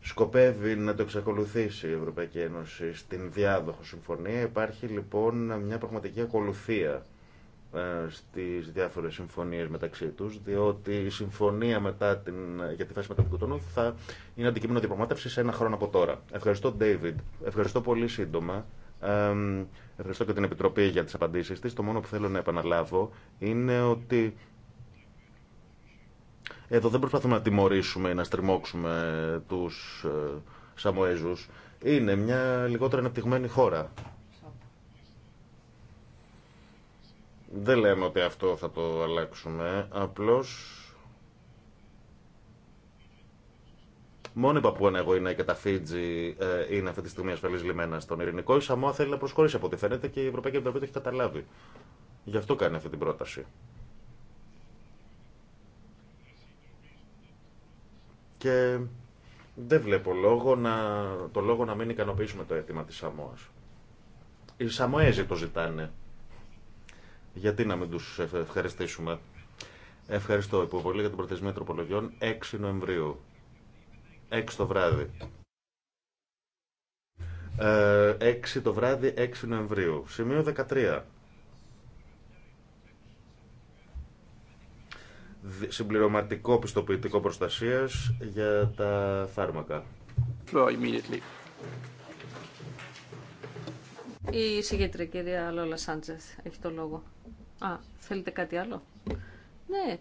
σκοπεύει να το εξακολουθήσει η Ευρωπαϊκή Ένωση στην διάδοχο συμφωνία. Υπάρχει λοιπόν μια πραγματική ακολουθία ε, στις διάφορες συμφωνίες μεταξύ τους, διότι η συμφωνία μετά την, για τη φάση μετά την θα είναι αντικείμενο διαπραγμάτευση σε ένα χρόνο από τώρα. Ευχαριστώ, David. Ευχαριστώ πολύ σύντομα. Ευχαριστώ και την Επιτροπή για τις απαντήσεις της. Το μόνο που θέλω να επαναλάβω είναι ότι εδώ δεν προσπαθούμε να τιμωρήσουμε ή να στριμώξουμε τους ε, Σαμοέζους. Είναι μια λιγότερα αναπτυγμένη χώρα Δεν λέμε ότι αυτό θα το αλλάξουμε, απλώς Μόνο η εγώ είναι και τα Φίτζι ε, είναι αυτή τη στιγμή ασφαλή λιμένα στον Ειρηνικό. Η Σαμόα θέλει να προσχωρήσει από ό,τι φαίνεται και η Ευρωπαϊκή Επιτροπή το έχει καταλάβει. Γι' αυτό κάνει αυτή την πρόταση. Και δεν βλέπω λόγο να, το λόγο να μην ικανοποιήσουμε το αίτημα της Σαμόας. Οι Σαμοέζοι το ζητάνε. Γιατί να μην του ευχαριστήσουμε. Ευχαριστώ υποβολή για την προθεσμία τροπολογιών 6 Νοεμβρίου. 6 το βράδυ. 6 ε, το βράδυ, 6 Νοεμβρίου. Σημείο 13. Συμπληρωματικό πιστοποιητικό προστασίας για τα φάρμακα. Floor immediately. Η συγγήτρια κυρία Λόλα Σάντζεθ έχει το λόγο. Α, θέλετε κάτι άλλο. Ναι,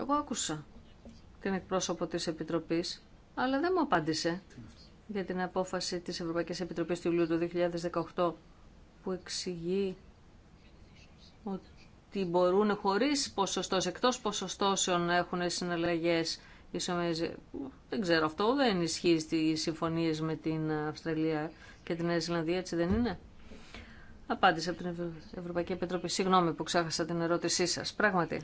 εγώ άκουσα την εκπρόσωπο της Επιτροπής, αλλά δεν μου απάντησε για την απόφαση της Ευρωπαϊκής Επιτροπής του Ιουλίου του 2018 που εξηγεί ότι μπορούν χωρίς ποσοστός, εκτός ποσοστώσεων να έχουν συναλλαγές δεν ξέρω, αυτό δεν ισχύει στι συμφωνίε με την Αυστραλία και την Νέα Ζηλανδία, έτσι δεν είναι. Απάντησε από την Ευρωπαϊκή Επιτροπή. Συγγνώμη που ξέχασα την ερώτησή σας. Πράγματι,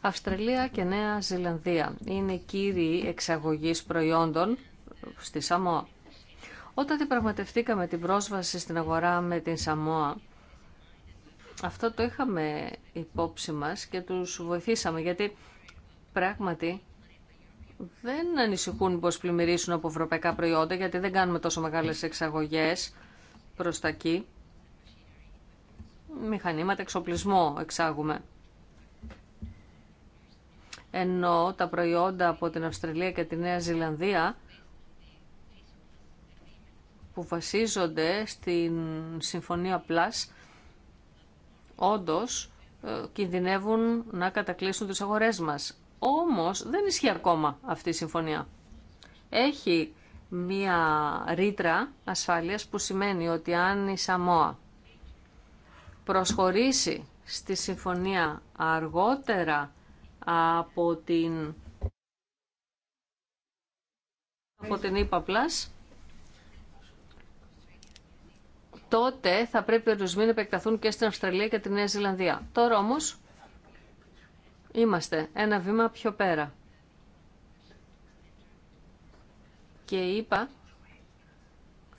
Αυστραλία και Νέα Ζηλανδία είναι κύριοι εξαγωγής προϊόντων στη Σαμόα. Όταν διαπραγματευτήκαμε την πρόσβαση στην αγορά με την Σαμόα, αυτό το είχαμε υπόψη μας και τους βοηθήσαμε, γιατί πράγματι δεν ανησυχούν πω πλημμυρίσουν από ευρωπαϊκά προϊόντα γιατί δεν κάνουμε τόσο μεγάλε εξαγωγέ προ τα εκεί. Μηχανήματα, εξοπλισμό εξάγουμε. Ενώ τα προϊόντα από την Αυστραλία και τη Νέα Ζηλανδία που βασίζονται στην Συμφωνία Plus όντως ε, κινδυνεύουν να κατακλείσουν τις αγορές μας. Όμως δεν ισχύει ακόμα αυτή η συμφωνία. Έχει μία ρήτρα ασφάλειας που σημαίνει ότι αν η Σαμόα προσχωρήσει στη συμφωνία αργότερα από την από την τότε θα πρέπει ορισμοί να επεκταθούν και στην Αυστραλία και τη Νέα Ζηλανδία. Τώρα όμως Είμαστε ένα βήμα πιο πέρα. Και είπα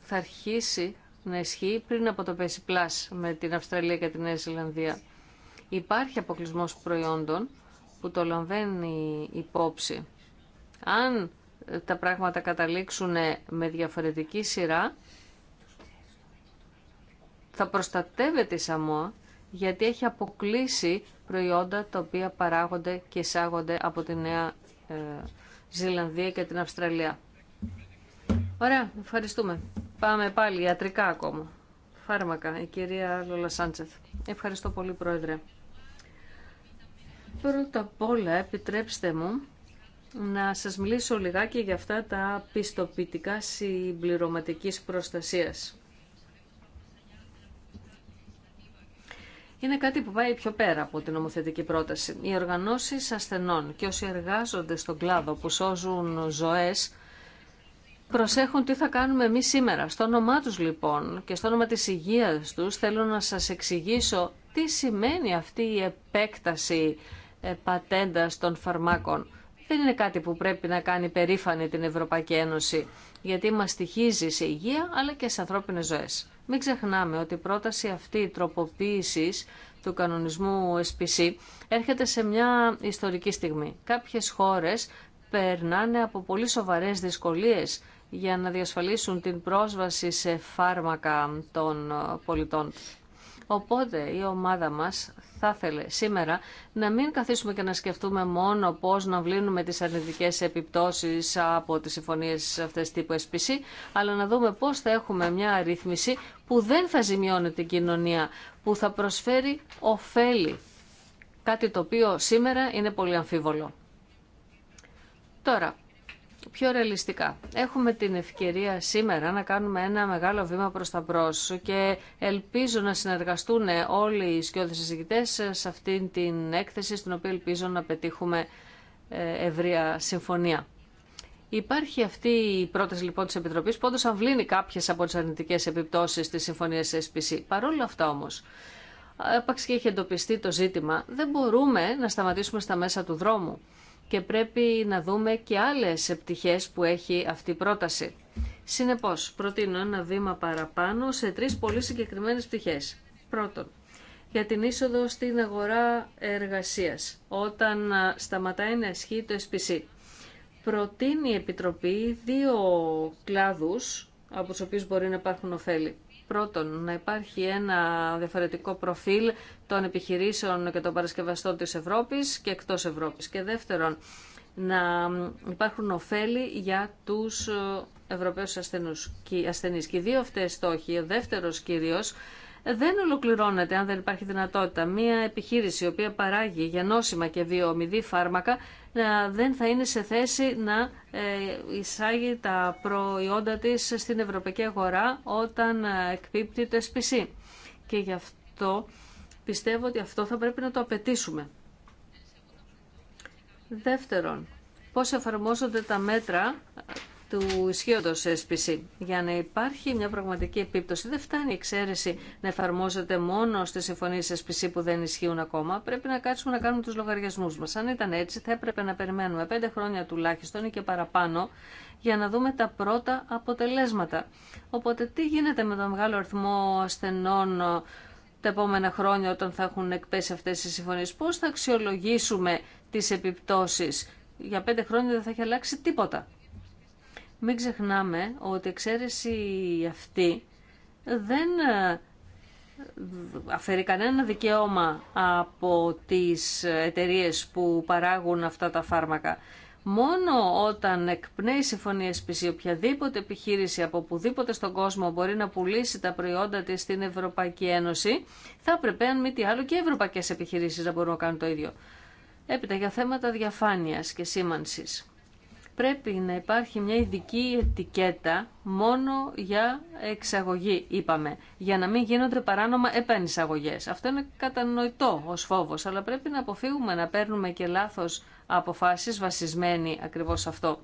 θα αρχίσει να ισχύει πριν από το PESI Plus με την Αυστραλία και την Νέα Ζηλανδία. Υπάρχει αποκλεισμό προϊόντων που το λαμβάνει υπόψη. Αν ε, τα πράγματα καταλήξουν ε, με διαφορετική σειρά, θα προστατεύεται η Σαμόα γιατί έχει αποκλείσει προϊόντα τα οποία παράγονται και εισάγονται από τη Νέα ε, Ζηλανδία και την Αυστραλία. Ωραία, ευχαριστούμε. Πάμε πάλι ιατρικά ακόμα. Φάρμακα, η κυρία Λόλα Ευχαριστώ πολύ, Πρόεδρε. Πρώτα απ' όλα, επιτρέψτε μου να σας μιλήσω λιγάκι για αυτά τα πιστοποιητικά συμπληρωματικής προστασίας. είναι κάτι που πάει πιο πέρα από την νομοθετική πρόταση. Οι οργανώσει ασθενών και όσοι εργάζονται στον κλάδο που σώζουν ζωές προσέχουν τι θα κάνουμε εμείς σήμερα. Στο όνομά τους λοιπόν και στο όνομα τη υγεία τους θέλω να σας εξηγήσω τι σημαίνει αυτή η επέκταση ε, πατέντας των φαρμάκων. Δεν είναι κάτι που πρέπει να κάνει περήφανη την Ευρωπαϊκή Ένωση γιατί μας στοιχίζει σε υγεία αλλά και σε ανθρώπινες ζωές. Μην ξεχνάμε ότι η πρόταση αυτή τροποποίησης του κανονισμού SPC έρχεται σε μια ιστορική στιγμή. Κάποιες χώρες περνάνε από πολύ σοβαρές δυσκολίες για να διασφαλίσουν την πρόσβαση σε φάρμακα των πολιτών. Οπότε η ομάδα μας θα ήθελε σήμερα να μην καθίσουμε και να σκεφτούμε μόνο πώς να βλύνουμε τις αρνητικές επιπτώσεις από τις συμφωνίες αυτές τύπου SPC, αλλά να δούμε πώς θα έχουμε μια ρύθμιση που δεν θα ζημιώνει την κοινωνία, που θα προσφέρει ωφέλη. Κάτι το οποίο σήμερα είναι πολύ αμφίβολο. Τώρα, πιο ρεαλιστικά. Έχουμε την ευκαιρία σήμερα να κάνουμε ένα μεγάλο βήμα προς τα μπρος και ελπίζω να συνεργαστούν όλοι οι σκιώδες συζητητές σε αυτήν την έκθεση στην οποία ελπίζω να πετύχουμε ε, ευρεία συμφωνία. Υπάρχει αυτή η πρόταση λοιπόν τη Επιτροπής που όντως αμβλύνει κάποιε από τι αρνητικέ επιπτώσει τη συμφωνία SPC. Παρ' όλα αυτά όμω, έπαξε και έχει εντοπιστεί το ζήτημα, δεν μπορούμε να σταματήσουμε στα μέσα του δρόμου και πρέπει να δούμε και άλλες επιτυχίες που έχει αυτή η πρόταση. Συνεπώς, προτείνω ένα βήμα παραπάνω σε τρεις πολύ συγκεκριμένες πτυχές. Πρώτον, για την είσοδο στην αγορά εργασίας, όταν σταματάει να ισχύει το SPC. Προτείνει η Επιτροπή δύο κλάδους από τους οποίους μπορεί να υπάρχουν ωφέλη. Πρώτον, να υπάρχει ένα διαφορετικό προφίλ των επιχειρήσεων και των παρασκευαστών της Ευρώπης και εκτός Ευρώπης. Και δεύτερον, να υπάρχουν ωφέλη για τους ε, Ευρωπαίους ασθενούς, ασθενείς. Και οι δύο αυτές στόχοι, ο δεύτερος κυρίως, δεν ολοκληρώνεται αν δεν υπάρχει δυνατότητα. Μία επιχείρηση η οποία παράγει για νόσημα και βιομηδή φάρμακα ε, δεν θα είναι σε θέση να ε, εισάγει τα προϊόντα της στην ευρωπαϊκή αγορά όταν ε, εκπίπτει το SPC. Και γι' αυτό πιστεύω ότι αυτό θα πρέπει να το απαιτήσουμε. Δεύτερον, πώς εφαρμόζονται τα μέτρα του ισχύοντο SPC. Για να υπάρχει μια πραγματική επίπτωση, δεν φτάνει η εξαίρεση να εφαρμόζεται μόνο στι συμφωνίε SPC που δεν ισχύουν ακόμα. Πρέπει να κάτσουμε να κάνουμε του λογαριασμού μα. Αν ήταν έτσι, θα έπρεπε να περιμένουμε πέντε χρόνια τουλάχιστον ή και παραπάνω για να δούμε τα πρώτα αποτελέσματα. Οπότε, τι γίνεται με τον μεγάλο αριθμό ασθενών ε, τα επόμενα χρόνια όταν θα έχουν εκπέσει αυτές οι συμφωνίες. Πώς θα αξιολογήσουμε τις επιπτώσεις. Για πέντε χρόνια δεν θα έχει αλλάξει τίποτα. Μην ξεχνάμε ότι η εξαίρεση αυτή δεν ε, αφαιρεί κανένα δικαίωμα από τις εταιρείες που παράγουν αυτά τα φάρμακα. Μόνο όταν εκπνέει συμφωνία σπίση οποιαδήποτε επιχείρηση από οπουδήποτε στον κόσμο μπορεί να πουλήσει τα προϊόντα της στην Ευρωπαϊκή Ένωση, θα έπρεπε αν μη τι άλλο και οι ευρωπαϊκές επιχειρήσεις να μπορούν να κάνουν το ίδιο. Έπειτα για θέματα διαφάνειας και σήμανσης πρέπει να υπάρχει μια ειδική ετικέτα μόνο για εξαγωγή, είπαμε, για να μην γίνονται παράνομα επανεισαγωγές. Αυτό είναι κατανοητό ως φόβος, αλλά πρέπει να αποφύγουμε να παίρνουμε και λάθος αποφάσεις βασισμένοι ακριβώς σε αυτό.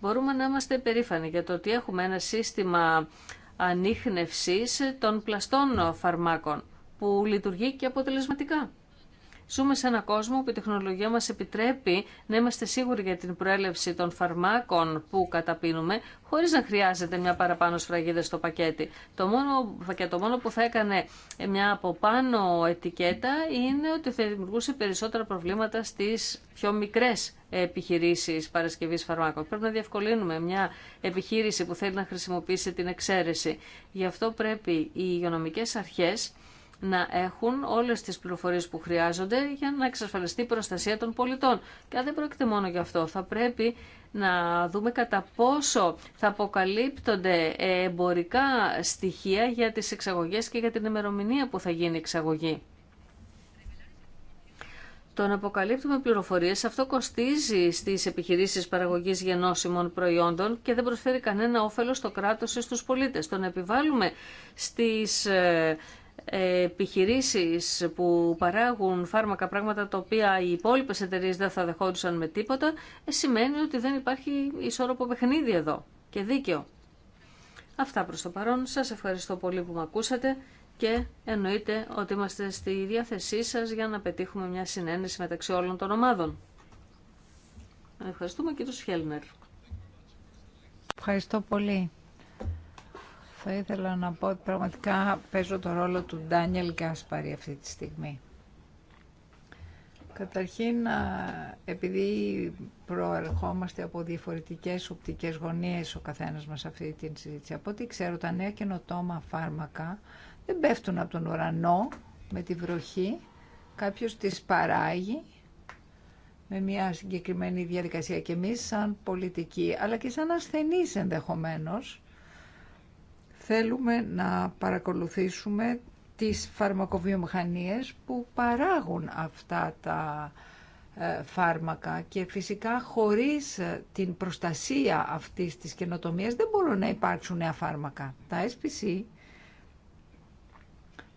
Μπορούμε να είμαστε περήφανοι για το ότι έχουμε ένα σύστημα ανείχνευσης των πλαστών φαρμάκων που λειτουργεί και αποτελεσματικά. Ζούμε σε έναν κόσμο που η τεχνολογία μας επιτρέπει να είμαστε σίγουροι για την προέλευση των φαρμάκων που καταπίνουμε, χωρίς να χρειάζεται μια παραπάνω σφραγίδα στο πακέτο. Το μόνο, και το μόνο που θα έκανε μια από πάνω ετικέτα είναι ότι θα δημιουργούσε περισσότερα προβλήματα στις πιο μικρές επιχειρήσεις παρασκευής φαρμάκων. Πρέπει να διευκολύνουμε μια επιχείρηση που θέλει να χρησιμοποιήσει την εξαίρεση. Γι' αυτό πρέπει οι υγειονομικές αρχές να έχουν όλες τις πληροφορίες που χρειάζονται για να εξασφαλιστεί η προστασία των πολιτών. Και αν δεν πρόκειται μόνο για αυτό, θα πρέπει να δούμε κατά πόσο θα αποκαλύπτονται εμπορικά στοιχεία για τις εξαγωγές και για την ημερομηνία που θα γίνει η εξαγωγή. Το να αποκαλύπτουμε πληροφορίες, αυτό κοστίζει στις επιχειρήσεις παραγωγής γενώσιμων προϊόντων και δεν προσφέρει κανένα όφελο στο κράτος ή στους πολίτες. Το να επιβάλλουμε στις ε, επιχειρήσεις που παράγουν φάρμακα πράγματα τα οποία οι υπόλοιπες εταιρείες δεν θα δεχόντουσαν με τίποτα, ε, σημαίνει ότι δεν υπάρχει ισόρροπο παιχνίδι εδώ και δίκαιο. Αυτά προς το παρόν. Σας ευχαριστώ πολύ που με ακούσατε και εννοείται ότι είμαστε στη διάθεσή σας για να πετύχουμε μια συνένεση μεταξύ όλων των ομάδων. Ευχαριστούμε κύριο Σχέλνερ. Ευχαριστώ πολύ. Θα ήθελα να πω ότι πραγματικά παίζω το ρόλο του Ντάνιελ Γκάσπαρη αυτή τη στιγμή. Καταρχήν, επειδή προερχόμαστε από διαφορετικές οπτικές γωνίες ο καθένας μας αυτή τη συζήτηση, από ό,τι ξέρω τα νέα καινοτόμα φάρμακα δεν πέφτουν από τον ουρανό με τη βροχή, κάποιος τις παράγει με μια συγκεκριμένη διαδικασία και εμείς σαν πολιτικοί, αλλά και σαν ασθενείς ενδεχομένως, Θέλουμε να παρακολουθήσουμε τις φαρμακοβιομηχανίες που παράγουν αυτά τα ε, φάρμακα και φυσικά χωρίς ε, την προστασία αυτής της καινοτομίας δεν μπορούν να υπάρξουν νέα φάρμακα. Τα SPC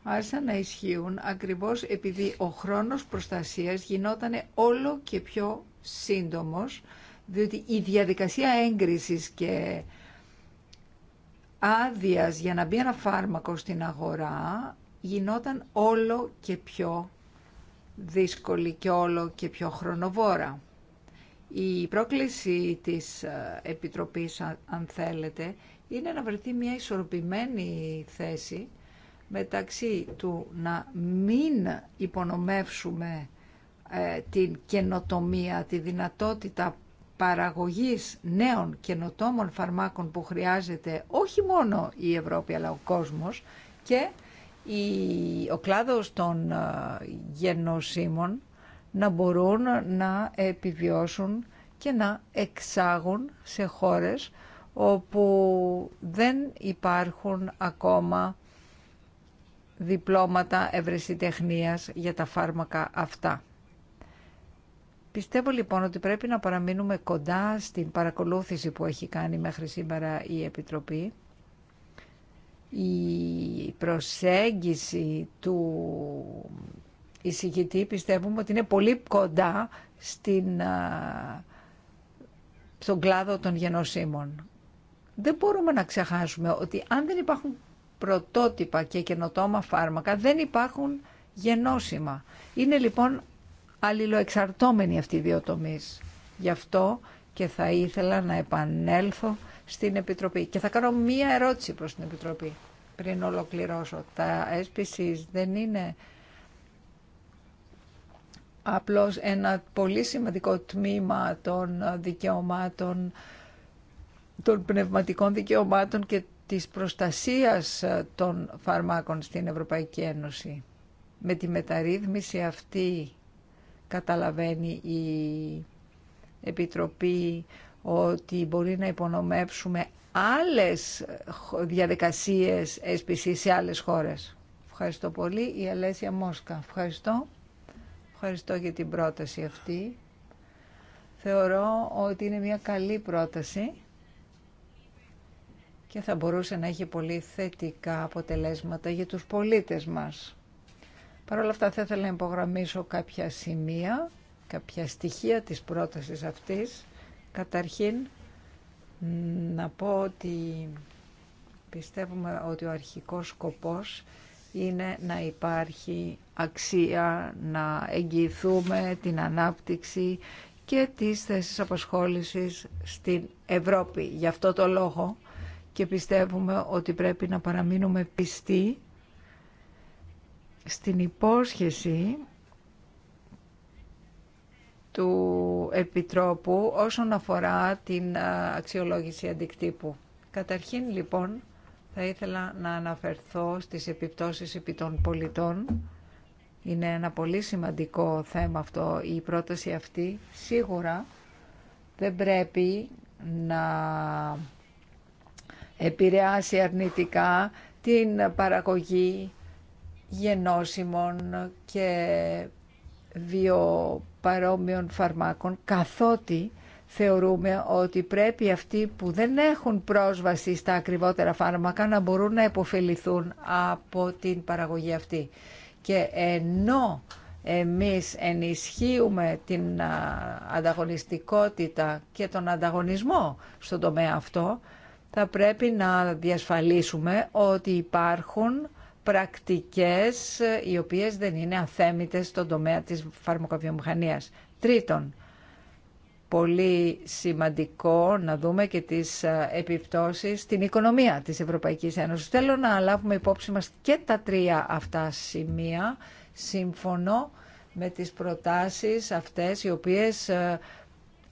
άρχισαν να ισχύουν ακριβώς επειδή ο χρόνος προστασίας γινόταν όλο και πιο σύντομος διότι η διαδικασία έγκρισης και άδεια για να μπει ένα φάρμακο στην αγορά γινόταν όλο και πιο δύσκολη και όλο και πιο χρονοβόρα. Η πρόκληση της ε, Επιτροπής, αν θέλετε, είναι να βρεθεί μια ισορροπημένη θέση μεταξύ του να μην υπονομεύσουμε ε, την καινοτομία, τη δυνατότητα παραγωγής νέων καινοτόμων φαρμάκων που χρειάζεται όχι μόνο η Ευρώπη αλλά ο κόσμος και η, ο κλάδος των ε, γενοσύμων να μπορούν να επιβιώσουν και να εξάγουν σε χώρες όπου δεν υπάρχουν ακόμα διπλώματα ευρεσιτεχνίας για τα φάρμακα αυτά. Πιστεύω λοιπόν ότι πρέπει να παραμείνουμε κοντά στην παρακολούθηση που έχει κάνει μέχρι σήμερα η Επιτροπή. Η προσέγγιση του εισηγητή πιστεύουμε ότι είναι πολύ κοντά στην, στον κλάδο των γενοσύμων. Δεν μπορούμε να ξεχάσουμε ότι αν δεν υπάρχουν πρωτότυπα και καινοτόμα φάρμακα, δεν υπάρχουν γενόσημα. Είναι λοιπόν αλληλοεξαρτώμενοι αυτοί οι δύο τομείς. Γι' αυτό και θα ήθελα να επανέλθω στην Επιτροπή. Και θα κάνω μία ερώτηση προς την Επιτροπή πριν ολοκληρώσω. Τα SPCs δεν είναι απλώς ένα πολύ σημαντικό τμήμα των δικαιωμάτων, των πνευματικών δικαιωμάτων και της προστασίας των φαρμάκων στην Ευρωπαϊκή Ένωση. Με τη μεταρρύθμιση αυτή καταλαβαίνει η Επιτροπή ότι μπορεί να υπονομεύσουμε άλλες διαδικασίες SPC σε άλλες χώρες. Ευχαριστώ πολύ. Η Αλέσια Μόσκα. Ευχαριστώ. Ευχαριστώ για την πρόταση αυτή. Θεωρώ ότι είναι μια καλή πρόταση και θα μπορούσε να έχει πολύ θετικά αποτελέσματα για τους πολίτες μας. Παρ' όλα αυτά θα ήθελα να υπογραμμίσω κάποια σημεία, κάποια στοιχεία της πρότασης αυτής. Καταρχήν να πω ότι πιστεύουμε ότι ο αρχικός σκοπός είναι να υπάρχει αξία, να εγγυηθούμε την ανάπτυξη και τις θέσεις απασχόλησης στην Ευρώπη. Γι' αυτό το λόγο και πιστεύουμε ότι πρέπει να παραμείνουμε πιστοί στην υπόσχεση του Επιτρόπου όσον αφορά την αξιολόγηση αντικτύπου. Καταρχήν λοιπόν θα ήθελα να αναφερθώ στις επιπτώσεις επί των πολιτών. Είναι ένα πολύ σημαντικό θέμα αυτό. Η πρόταση αυτή σίγουρα δεν πρέπει να επηρεάσει αρνητικά την παραγωγή γενώσιμων και βιοπαρόμοιων φαρμάκων καθότι θεωρούμε ότι πρέπει αυτοί που δεν έχουν πρόσβαση στα ακριβότερα φάρμακα να μπορούν να επωφεληθούν από την παραγωγή αυτή. Και ενώ εμείς ενισχύουμε την ανταγωνιστικότητα και τον ανταγωνισμό στον τομέα αυτό, θα πρέπει να διασφαλίσουμε ότι υπάρχουν πρακτικές ε, οι οποίες δεν είναι αθέμητες στον τομέα της φαρμακοβιομηχανίας. Τρίτον, πολύ σημαντικό να δούμε και τις ε, επιπτώσεις στην οικονομία της Ευρωπαϊκής Ένωσης. Θέλω να λάβουμε υπόψη μας και τα τρία αυτά σημεία. Συμφωνώ με τις προτάσεις αυτές οι οποίες ε,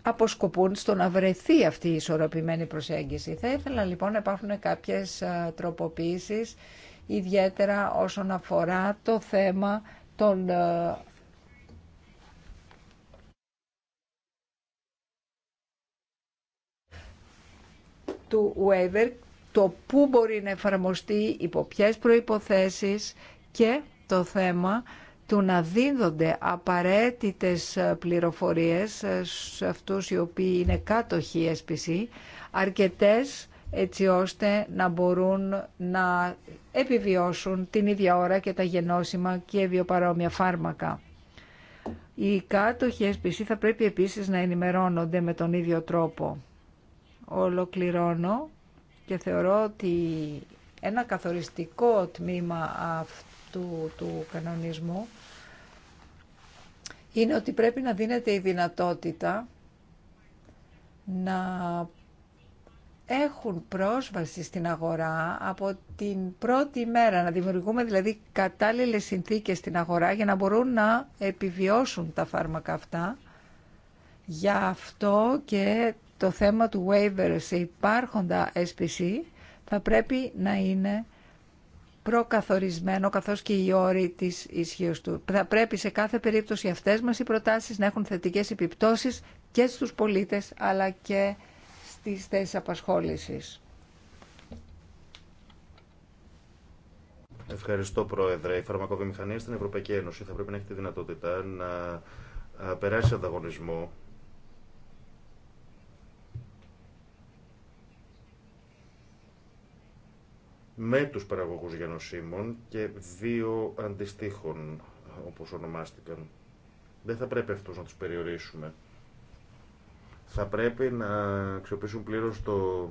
αποσκοπούν στο να βρεθεί αυτή η ισορροπημένη προσέγγιση. Θα ήθελα λοιπόν να υπάρχουν κάποιες τροποποίησεις ιδιαίτερα όσον αφορά το θέμα των ε, του waiver, το πού μπορεί να εφαρμοστεί, υπό ποιες προϋποθέσεις και το θέμα του να δίνονται απαραίτητες ε, πληροφορίες ε, σε αυτούς οι οποίοι είναι κάτοχοι SPC, αρκετές έτσι ώστε να μπορούν να επιβιώσουν την ίδια ώρα και τα γενώσιμα και βιοπαρόμοια φάρμακα. Οι κάτοχοι SPC θα πρέπει επίσης να ενημερώνονται με τον ίδιο τρόπο. Ολοκληρώνω και θεωρώ ότι ένα καθοριστικό τμήμα αυτού του κανονισμού είναι ότι πρέπει να δίνεται η δυνατότητα να έχουν πρόσβαση στην αγορά από την πρώτη μέρα, να δημιουργούμε δηλαδή κατάλληλες συνθήκες στην αγορά για να μπορούν να επιβιώσουν τα φάρμακα αυτά. Γι' αυτό και το θέμα του waiver σε υπάρχοντα SPC θα πρέπει να είναι προκαθορισμένο καθώς και οι όροι της ισχύω του. Θα πρέπει σε κάθε περίπτωση αυτές μας οι προτάσεις να έχουν θετικές επιπτώσεις και στους πολίτες αλλά και τις θέσεις απασχόλησης. Ευχαριστώ, Πρόεδρε. Η φαρμακοβιομηχανία στην Ευρωπαϊκή Ένωση θα πρέπει να έχει τη δυνατότητα να περάσει ανταγωνισμό με τους παραγωγούς γενοσύμων και δύο αντιστοίχων, όπως ονομάστηκαν. Δεν θα πρέπει αυτούς να τους περιορίσουμε θα πρέπει να αξιοποιήσουν πλήρως το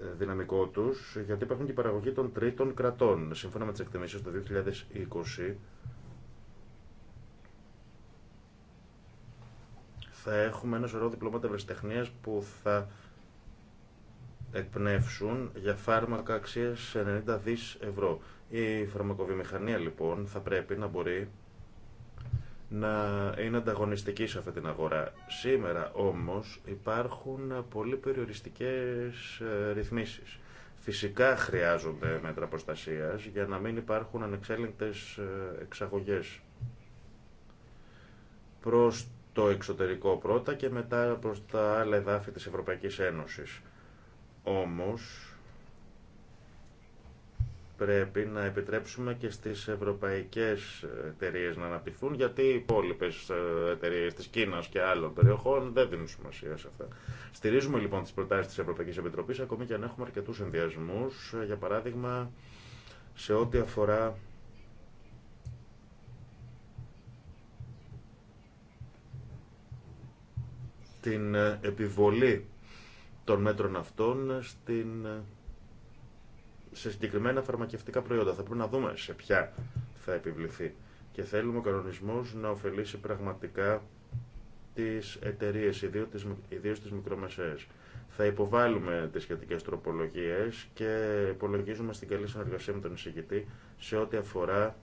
ε, δυναμικό τους, γιατί υπάρχουν και παραγωγή των τρίτων κρατών. Σύμφωνα με τις εκτιμήσει το 2020, θα έχουμε ένα σωρό διπλώματα ευρεσιτεχνία που θα εκπνεύσουν για φάρμακα αξίας 90 δις ευρώ. Η φαρμακοβιομηχανία λοιπόν θα πρέπει να μπορεί να είναι ανταγωνιστική σε αυτή την αγορά. Σήμερα όμως υπάρχουν πολύ περιοριστικές ε, ρυθμίσεις. Φυσικά χρειάζονται μέτρα προστασίας για να μην υπάρχουν ανεξέλεγκτες ε, εξαγωγές προς το εξωτερικό πρώτα και μετά προς τα άλλα εδάφη της Ευρωπαϊκής Ένωσης. Όμως, πρέπει να επιτρέψουμε και στις ευρωπαϊκές εταιρείε να αναπτυχθούν γιατί οι υπόλοιπε εταιρείε της Κίνας και άλλων περιοχών δεν δίνουν σημασία σε αυτά. Στηρίζουμε λοιπόν τις προτάσεις της Ευρωπαϊκής Επιτροπής ακόμη και αν έχουμε αρκετούς ενδιασμούς ε, για παράδειγμα σε ό,τι αφορά την ε, επιβολή των μέτρων αυτών στην ε, σε συγκεκριμένα φαρμακευτικά προϊόντα. Θα πρέπει να δούμε σε ποια θα επιβληθεί. Και θέλουμε ο κανονισμό να ωφελήσει πραγματικά τις εταιρείε, ιδίως τις μικρομεσαίες. Θα υποβάλουμε τις σχετικέ τροπολογίες και υπολογίζουμε στην καλή συνεργασία με τον εισηγητή σε ό,τι αφορά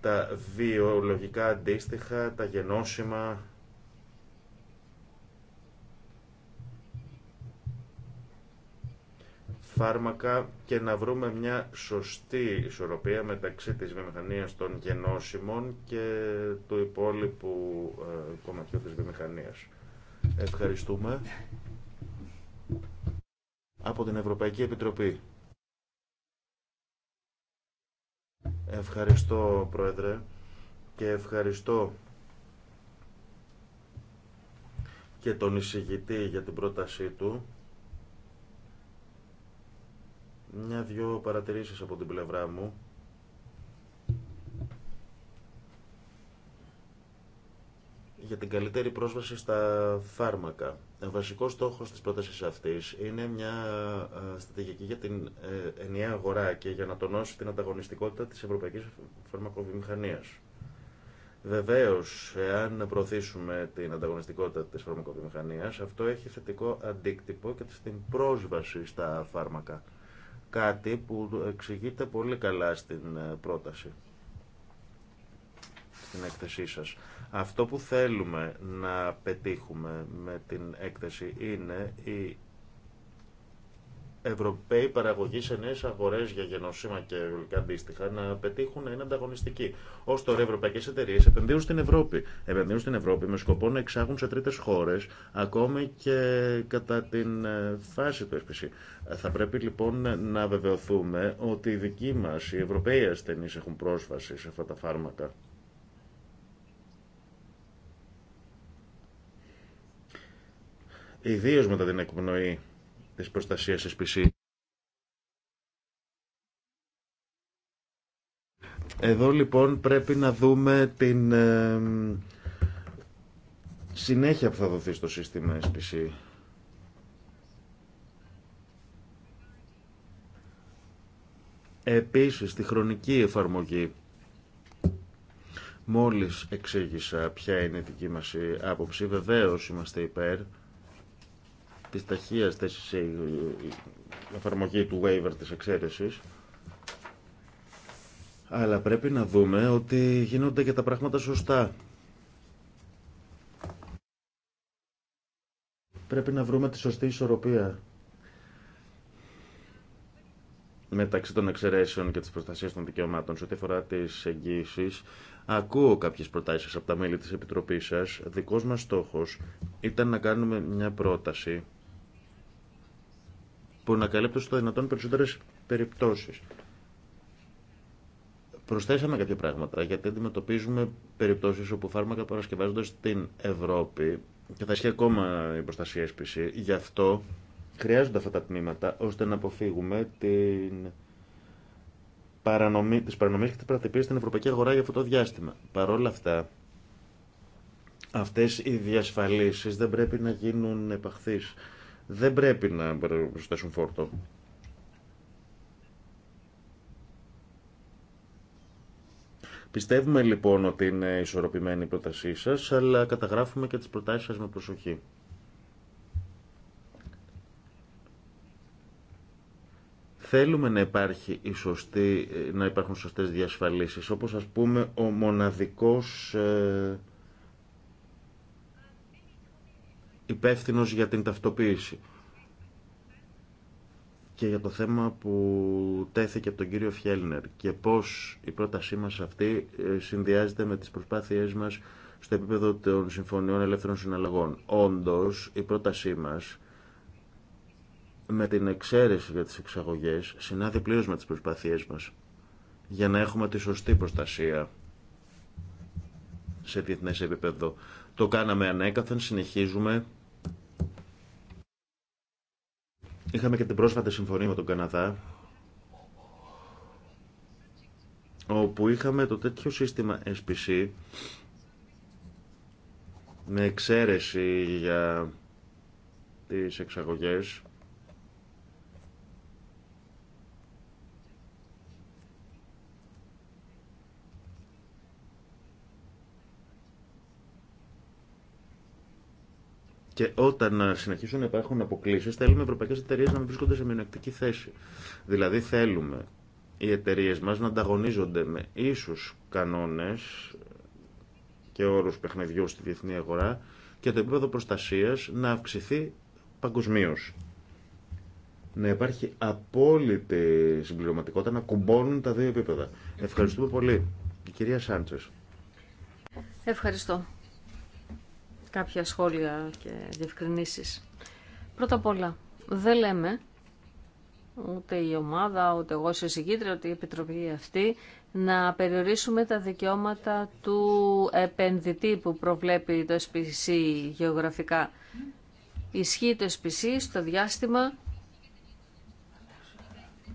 τα βιολογικά αντίστοιχα, τα γενώσιμα φάρμακα και να βρούμε μια σωστή ισορροπία μεταξύ της βιομηχανίας των γενώσιμων και του υπόλοιπου ε, κομματιού της βιομηχανίας. Ευχαριστούμε. Από την Ευρωπαϊκή Επιτροπή. Ευχαριστώ, Πρόεδρε, και ευχαριστώ και τον εισηγητή για την πρότασή του μια-δυο παρατηρήσεις από την πλευρά μου. για την καλύτερη πρόσβαση στα φάρμακα. Ο βασικός στόχος της πρότασης αυτής είναι μια ε, στρατηγική για την ε, ενιαία αγορά και για να τονώσει την ανταγωνιστικότητα της ευρωπαϊκής φαρμακοβιομηχανίας. Βεβαίως, εάν προωθήσουμε την ανταγωνιστικότητα της φαρμακοβιομηχανίας, αυτό έχει θετικό αντίκτυπο και στην πρόσβαση στα φάρμακα κάτι που εξηγείται πολύ καλά στην ε, πρόταση, στην έκθεσή σας. Αυτό που θέλουμε να πετύχουμε με την έκθεση είναι η Ευρωπαίοι παραγωγοί σε νέε αγορέ για γενοσύμα και αντίστοιχα να πετύχουν να είναι ανταγωνιστικοί. Ω τώρα, ευρωπαϊκέ εταιρείε επενδύουν στην Ευρώπη. Επενδύουν στην Ευρώπη με σκοπό να εξάγουν σε τρίτε χώρε, ακόμη και κατά την ε, φάση του SPC. Θα πρέπει λοιπόν να βεβαιωθούμε ότι οι δικοί μα, οι Ευρωπαίοι ασθενεί, έχουν πρόσβαση σε αυτά τα φάρμακα. Ιδίω μετά την εκπνοή της προστασίας Εδώ λοιπόν πρέπει να δούμε την συνέχεια που θα δοθεί στο σύστημα SPC. Επίσης, τη χρονική εφαρμογή. Μόλις εξήγησα ποια είναι η δική μας άποψη, βεβαίως είμαστε υπέρ της ταχείας της εφαρμογή του waiver της εξαίρεση. Αλλά πρέπει να δούμε ότι γίνονται και τα πράγματα σωστά. Πρέπει να βρούμε τη σωστή ισορροπία μεταξύ των εξαιρέσεων και της προστασίας των δικαιωμάτων. Σε ό,τι αφορά τις εγγύησεις, ακούω κάποιες προτάσεις από τα μέλη της Επιτροπής σας. Δικός μας στόχος ήταν να κάνουμε μια πρόταση που να καλύπτουν στο δυνατόν περισσότερες περιπτώσεις. Προσθέσαμε κάποια πράγματα γιατί αντιμετωπίζουμε περιπτώσεις όπου φάρμακα παρασκευάζονται στην Ευρώπη και θα έχει ακόμα η προστασία SPC. Γι' αυτό χρειάζονται αυτά τα τμήματα ώστε να αποφύγουμε την παρανομή, τις παρανομίες και τις στην ευρωπαϊκή αγορά για αυτό το διάστημα. Παρ' όλα αυτά, αυτές οι διασφαλίσεις δεν πρέπει να γίνουν επαχθείς δεν πρέπει να προσθέσουν φόρτο. Πιστεύουμε λοιπόν ότι είναι ισορροπημένη η πρότασή σας, αλλά καταγράφουμε και τις προτάσεις σας με προσοχή. Θέλουμε να, υπάρχει η να υπάρχουν σωστές διασφαλίσεις, όπως ας πούμε ο μοναδικός ε, υπεύθυνος για την ταυτοποίηση. Και για το θέμα που τέθηκε από τον κύριο Φιέλνερ και πώς η πρότασή μας αυτή ε, συνδυάζεται με τις προσπάθειές μας στο επίπεδο των συμφωνιών ελεύθερων συναλλαγών. Όντως, η πρότασή μας με την εξαίρεση για τις εξαγωγές συνάδει πλήρως με τις προσπάθειές μας για να έχουμε τη σωστή προστασία σε διεθνές επίπεδο. Το κάναμε ανέκαθεν, συνεχίζουμε Είχαμε και την πρόσφατη συμφωνία με τον Καναδά, όπου είχαμε το τέτοιο σύστημα SPC, με εξαίρεση για τις εξαγωγές Και όταν συνεχίσουν να υπάρχουν αποκλήσει, θέλουμε οι ευρωπαϊκέ εταιρείε να βρίσκονται σε μειονεκτική θέση. Δηλαδή, θέλουμε οι εταιρείε μα να ανταγωνίζονται με ίσου κανόνε και όρου παιχνιδιού στη διεθνή αγορά και το επίπεδο προστασία να αυξηθεί παγκοσμίω. Να υπάρχει απόλυτη συμπληρωματικότητα, να κουμπώνουν τα δύο επίπεδα. Ευχαριστούμε πολύ. Η κυρία Σάντσε. Ευχαριστώ κάποια σχόλια και διευκρινήσεις. Πρώτα απ' όλα, δεν λέμε ούτε η ομάδα, ούτε εγώ σε συγκίτρια, ούτε η Επιτροπή αυτή, να περιορίσουμε τα δικαιώματα του επενδυτή που προβλέπει το SPC γεωγραφικά. Ισχύει το SPC στο διάστημα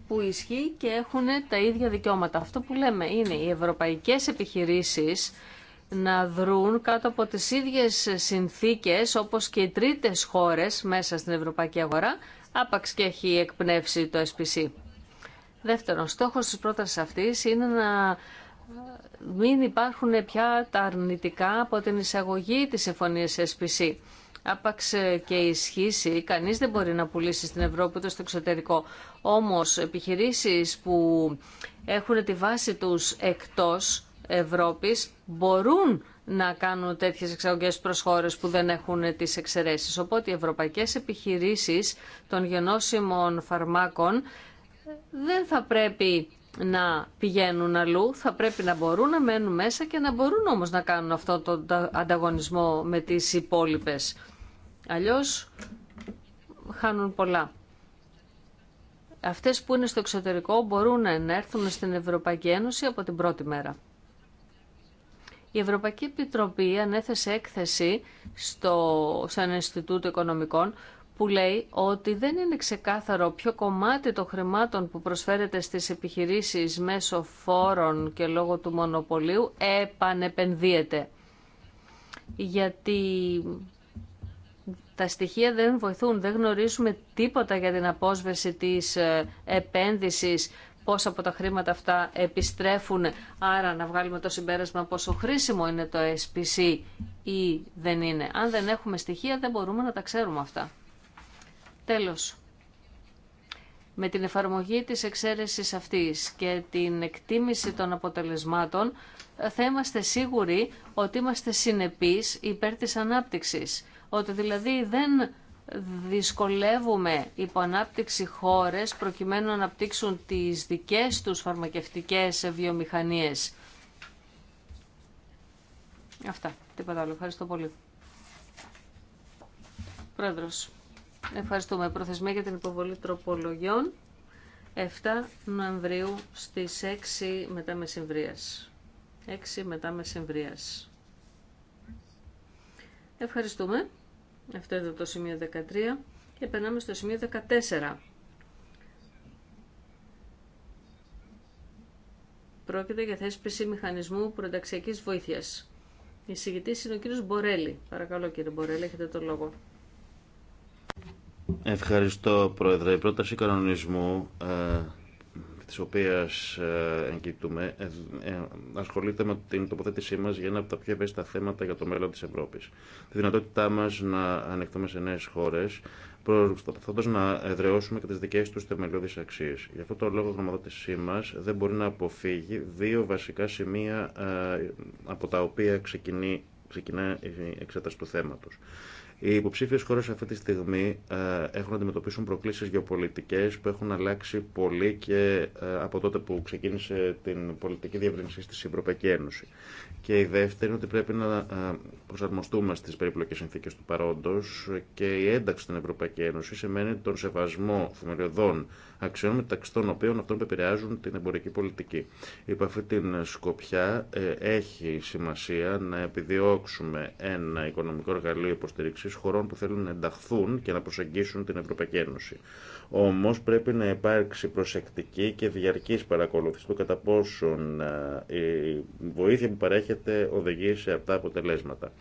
που ισχύει και έχουν τα ίδια δικαιώματα. Αυτό που λέμε είναι οι ευρωπαϊκές επιχειρήσεις να δρούν κάτω από τις ίδιες συνθήκες όπως και οι τρίτες χώρες μέσα στην ευρωπαϊκή αγορά, άπαξ και έχει εκπνεύσει το SPC. Δεύτερον, στόχος της πρότασης αυτής είναι να μην υπάρχουν πια τα αρνητικά από την εισαγωγή της συμφωνία SPC. Άπαξ και ισχύσει, κανείς δεν μπορεί να πουλήσει στην Ευρώπη ούτε στο εξωτερικό. Όμως επιχειρήσεις που έχουν τη βάση τους εκτός Ευρώπης μπορούν να κάνουν τέτοιες εξαγωγές προς χώρες που δεν έχουν τις εξαιρέσεις. Οπότε οι ευρωπαϊκές επιχειρήσεις των γενώσιμων φαρμάκων δεν θα πρέπει να πηγαίνουν αλλού, θα πρέπει να μπορούν να μένουν μέσα και να μπορούν όμως να κάνουν αυτό τον ανταγωνισμό με τις υπόλοιπε. Αλλιώς χάνουν πολλά. Αυτές που είναι στο εξωτερικό μπορούν να έρθουν στην Ευρωπαϊκή Ένωση από την πρώτη μέρα. Η Ευρωπαϊκή Επιτροπή ανέθεσε έκθεση στο, σαν Ινστιτούτο Οικονομικών που λέει ότι δεν είναι ξεκάθαρο ποιο κομμάτι των χρημάτων που προσφέρεται στις επιχειρήσεις μέσω φόρων και λόγω του μονοπωλίου επανεπενδύεται. Γιατί τα στοιχεία δεν βοηθούν, δεν γνωρίζουμε τίποτα για την απόσβεση της ε, επένδυσης πόσα από τα χρήματα αυτά επιστρέφουν, άρα να βγάλουμε το συμπέρασμα πόσο χρήσιμο είναι το SPC ή δεν είναι. Αν δεν έχουμε στοιχεία δεν μπορούμε να τα ξέρουμε αυτά. Τέλος. Με την εφαρμογή της εξαίρεσης αυτής και την εκτίμηση των αποτελεσμάτων θα είμαστε σίγουροι ότι είμαστε συνεπείς υπέρ της ανάπτυξης. Ότι δηλαδή δεν δυσκολεύουμε υποανάπτυξη χώρες προκειμένου να αναπτύξουν τις δικές τους φαρμακευτικές βιομηχανίες. Αυτά. Τίποτα άλλο. Ευχαριστώ πολύ. Πρόεδρος, ευχαριστούμε. Προθεσμία για την υποβολή τροπολογιών 7 Νοεμβρίου στις 6 μετά μεσημβρίας. 6 μετά μεσημβρίας. Ευχαριστούμε. Αυτό εδώ το σημείο 13 και περνάμε στο σημείο 14. Πρόκειται για θέσπιση μηχανισμού προενταξιακή βοήθειας. Η συγητή είναι ο κύριος Μπορέλη. Παρακαλώ, κύριε Μπορέλη, έχετε το λόγο. Ευχαριστώ, Πρόεδρε. Η πρόταση κανονισμού ε Τη οποία ε, εγκύπτουμε ε, ε, ασχολείται με την τοποθέτησή μα για ένα από τα πιο ευαίσθητα θέματα για το μέλλον τη Ευρώπη. Τη δυνατότητά μα να ανεχθούμε σε νέε χώρε, προσπαθώντα να εδραιώσουμε και τι δικέ του θεμελιώδει αξίε. Γι' αυτό το λόγο η γνωμοδότησή μας δεν μπορεί να αποφύγει δύο βασικά σημεία από τα οποία ξεκινεί ξεκινά η εξέταση του θέματος. Οι υποψήφιε χώρε αυτή τη στιγμή ε, έχουν να αντιμετωπίσουν προκλήσει γεωπολιτικέ που έχουν αλλάξει πολύ και ε, από τότε που ξεκίνησε την πολιτική διεύρυνση στη Ευρωπαϊκή Ένωση. Και η δεύτερη είναι ότι πρέπει να ε, προσαρμοστούμε στι περίπλοκε συνθήκε του παρόντο και η ένταξη στην Ευρωπαϊκή Ένωση σημαίνει τον σεβασμό θεμελιωδών αξιών μεταξύ των οποίων αυτών που επηρεάζουν την εμπορική πολιτική. Υπό αυτή την σκοπιά ε, έχει σημασία να επιδιώξουμε ένα οικονομικό εργαλείο υποστήριξη χωρών που θέλουν να ενταχθούν και να προσεγγίσουν την Ευρωπαϊκή Ένωση. Όμω πρέπει να υπάρξει προσεκτική και διαρκή παρακολούθηση του κατά πόσον ε, η βοήθεια που παρέχεται οδηγεί σε αυτά αποτελέσματα.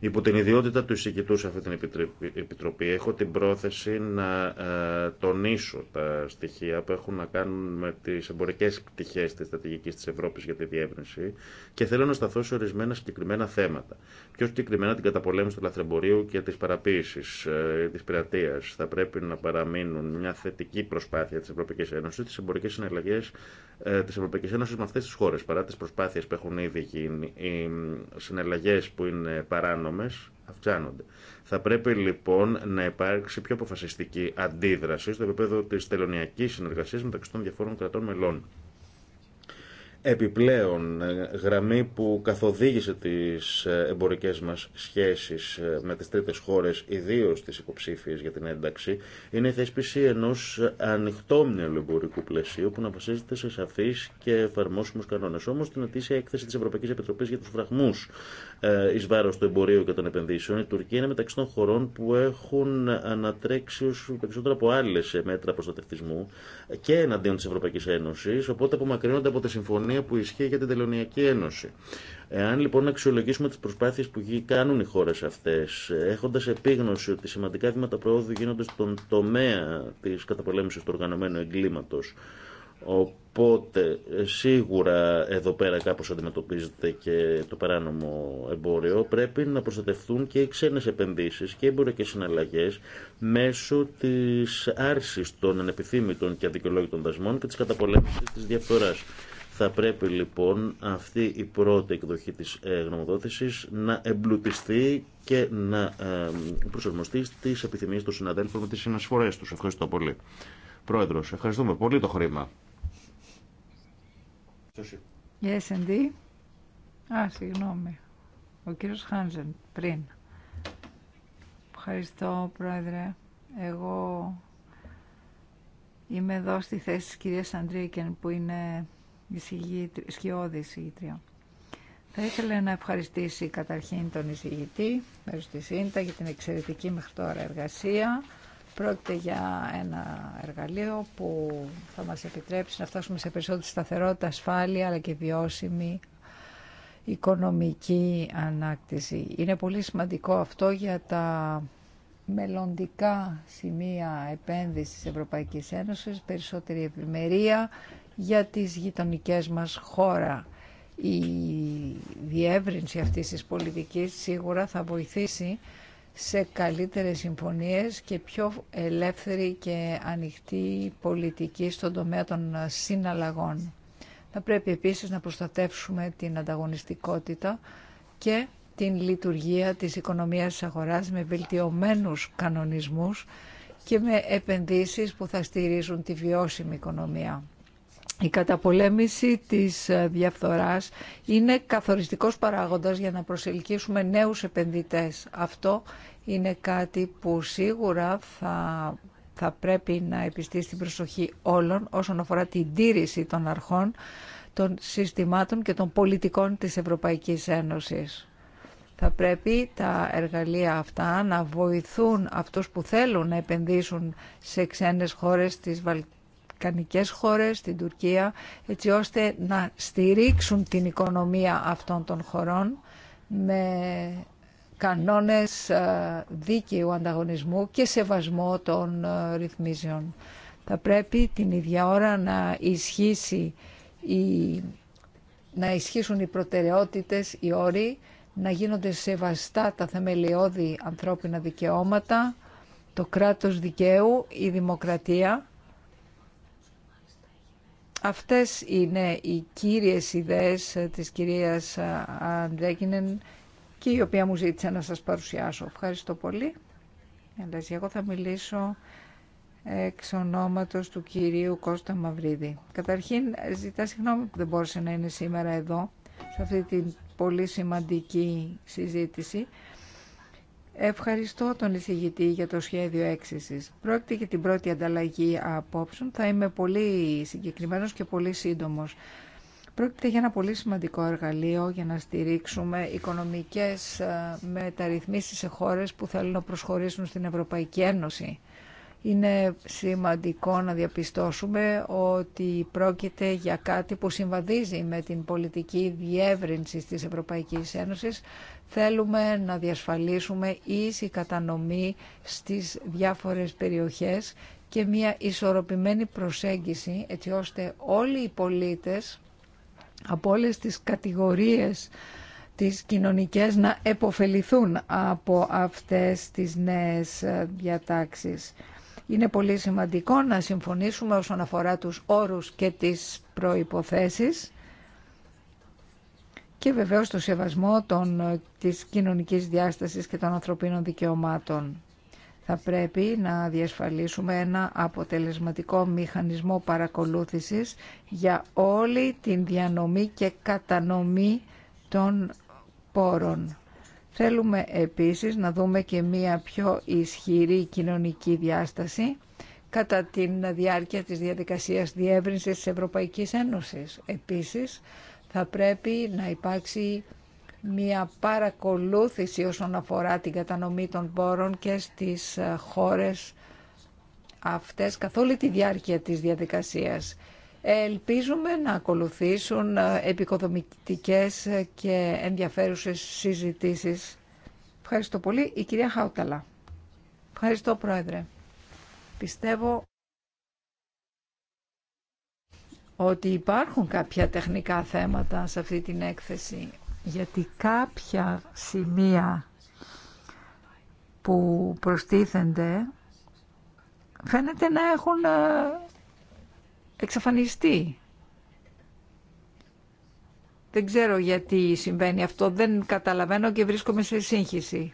Υπό την ιδιότητα του εισηγητού σε αυτή την επιτροπή έχω την πρόθεση να ε, τονίσω τα στοιχεία που έχουν να κάνουν με τις εμπορικές πτυχές της στρατηγικής της Ευρώπης για τη διεύρυνση και θέλω να σταθώ σε ορισμένα συγκεκριμένα θέματα. Πιο συγκεκριμένα την καταπολέμηση του λαθρεμπορίου και της παραποίησης, ε, της πειρατείας. Θα πρέπει να παραμείνουν μια θετική προσπάθεια της Ευρωπαϊκής Ένωσης, τις εμπορικές συναλλαγές ε, της Ευρωπαϊκής Ένωσης με αυτές τις χώρες. Παρά τις προσπάθειες που έχουν ήδη γίνει, οι συναλλαγές που είναι παράνομες γραμμές αυξάνονται. Θα πρέπει λοιπόν να υπάρξει πιο αποφασιστική αντίδραση στο επίπεδο της τελωνιακής συνεργασίας μεταξύ των διαφόρων κρατών μελών. Επιπλέον, γραμμή που καθοδήγησε τις ε, εμπορικές μας σχέσεις ε, με τις τρίτες χώρες, ιδίως τις υποψήφιες για την ένταξη, είναι η θέσπιση ενός ανοιχτόμυαλου εμπορικού πλαισίου που να βασίζεται σε σαφείς και εφαρμόσιμους κανόνες. Όμως, την ετήσια έκθεση της Ευρωπαϊκής Επιτροπής για τους φραγμούς ε, ει βάρο του εμπορίου και των επενδύσεων, η Τουρκία είναι μεταξύ των χωρών που έχουν ανατρέξει ω περισσότερο από άλλε μέτρα προστατευτισμού και εναντίον τη Ευρωπαϊκή Ένωση, οπότε απομακρύνονται από τη συμφωνία που ισχύει για την Τελωνιακή Ένωση. Εάν λοιπόν αξιολογήσουμε τι προσπάθειε που κάνουν οι χώρε αυτέ, έχοντα επίγνωση ότι σημαντικά βήματα προόδου γίνονται στον τομέα τη καταπολέμηση του οργανωμένου εγκλήματο, Οπότε ε, σίγουρα εδώ πέρα κάπως αντιμετωπίζεται και το παράνομο εμπόριο. Πρέπει να προστατευτούν και οι ξένες επενδύσεις και οι εμπορικές συναλλαγές μέσω της άρσης των ανεπιθύμητων και αδικαιολόγητων δασμών και της καταπολέμησης της διαφθοράς. Θα πρέπει λοιπόν αυτή η πρώτη εκδοχή της ε, γνωμοδότησης να εμπλουτιστεί και να ε, προσαρμοστεί στις επιθυμίες των συναδέλφων με τις συνασφορές τους. Ευχαριστώ πολύ. Πρόεδρος, ευχαριστούμε πολύ το χρήμα. Η S&D. Α, συγγνώμη. Ο κύριος Χάνζεν, πριν. Ευχαριστώ, Πρόεδρε. Εγώ είμαι εδώ στη θέση της κυρίας Αντρίκεν, που είναι η σκιώδη συγγήτρια. Θα ήθελα να ευχαριστήσει καταρχήν τον εισηγητή, μέρος της ΣΥΝΤΑ, για την εξαιρετική μέχρι τώρα εργασία. Πρόκειται για ένα εργαλείο που θα μας επιτρέψει να φτάσουμε σε περισσότερη σταθερότητα, ασφάλεια αλλά και βιώσιμη οικονομική ανάκτηση. Είναι πολύ σημαντικό αυτό για τα μελλοντικά σημεία επένδυσης Ευρωπαϊκής Ένωσης, περισσότερη ευημερία για τις γειτονικές μας χώρα. Η διεύρυνση αυτής της πολιτικής σίγουρα θα βοηθήσει σε καλύτερες συμφωνίες και πιο ελεύθερη και ανοιχτή πολιτική στον τομέα των συναλλαγών. Θα πρέπει επίσης να προστατεύσουμε την ανταγωνιστικότητα και την λειτουργία της οικονομίας της αγοράς με βελτιωμένους κανονισμούς και με επενδύσεις που θα στηρίζουν τη βιώσιμη οικονομία. Η καταπολέμηση της ε, διαφθοράς είναι καθοριστικός παράγοντας για να προσελκύσουμε νέους επενδυτές. Αυτό είναι κάτι που σίγουρα θα, θα πρέπει να επιστήσει την προσοχή όλων όσον αφορά την τήρηση των αρχών, των συστημάτων και των πολιτικών της Ευρωπαϊκής Ένωσης. Θα πρέπει τα εργαλεία αυτά να βοηθούν αυτούς που θέλουν να επενδύσουν σε ξένες χώρες της Βαλτικής βαλκανικές χώρες, την Τουρκία, έτσι ώστε να στηρίξουν την οικονομία αυτών των χωρών με κανόνες ε, δίκαιου ανταγωνισμού και σεβασμό των ε, ρυθμίσεων. Θα πρέπει την ίδια ώρα να, ισχύσει η, να ισχύσουν οι προτεραιότητες, οι όροι, να γίνονται σεβαστά τα θεμελιώδη ανθρώπινα δικαιώματα, το κράτος δικαίου, η δημοκρατία Αυτές είναι οι κύριες ιδέες ε, της κυρίας ε, Αντρέκινεν και η οποία μου ζήτησε να σας παρουσιάσω. Ευχαριστώ πολύ. Ε, εγώ θα μιλήσω εξ ονόματος του κυρίου Κώστα Μαυρίδη. Καταρχήν ζητά συγγνώμη που δεν μπόρεσε να είναι σήμερα εδώ σε αυτή την πολύ σημαντική συζήτηση. Ευχαριστώ τον εισηγητή για το σχέδιο έξισης. Πρόκειται για την πρώτη ανταλλαγή απόψεων. Θα είμαι πολύ συγκεκριμένος και πολύ σύντομος. Πρόκειται για ένα πολύ σημαντικό εργαλείο για να στηρίξουμε οικονομικές ε, μεταρρυθμίσεις σε χώρες που θέλουν να προσχωρήσουν στην Ευρωπαϊκή Ένωση. Είναι σημαντικό να διαπιστώσουμε ότι πρόκειται για κάτι που συμβαδίζει με την πολιτική διεύρυνση της Ευρωπαϊκής Ένωσης Θέλουμε να διασφαλίσουμε ίση κατανομή στις διάφορες περιοχές και μια ισορροπημένη προσέγγιση έτσι ώστε όλοι οι πολίτες από όλες τις κατηγορίες τις κοινωνικές να επωφεληθούν από αυτές τις νέες διατάξεις. Είναι πολύ σημαντικό να συμφωνήσουμε όσον αφορά τους όρους και τις προϋποθέσεις και βεβαίως το σεβασμό των, ε, της κοινωνικής διάστασης και των ανθρωπίνων δικαιωμάτων. Θα πρέπει να διασφαλίσουμε ένα αποτελεσματικό μηχανισμό παρακολούθησης για όλη την διανομή και κατανομή των πόρων. Θέλουμε επίσης να δούμε και μία πιο ισχυρή κοινωνική διάσταση κατά την διάρκεια της διαδικασίας διεύρυνσης της Ευρωπαϊκής Ένωσης. Επίσης, θα πρέπει να υπάρξει μια παρακολούθηση όσον αφορά την κατανομή των πόρων και στις ε, χώρες αυτές καθ' όλη τη διάρκεια της διαδικασίας. Ελπίζουμε να ακολουθήσουν ε, επικοδομητικές ε, και ενδιαφέρουσες συζητήσεις. Ευχαριστώ πολύ. Η κυρία Χάουταλα. Ευχαριστώ, Πρόεδρε. Πιστεύω ότι υπάρχουν κάποια τεχνικά θέματα σε αυτή την έκθεση, γιατί κάποια σημεία που προστίθενται φαίνεται να έχουν ε, εξαφανιστεί. Δεν ξέρω γιατί συμβαίνει αυτό, δεν καταλαβαίνω και βρίσκομαι σε σύγχυση.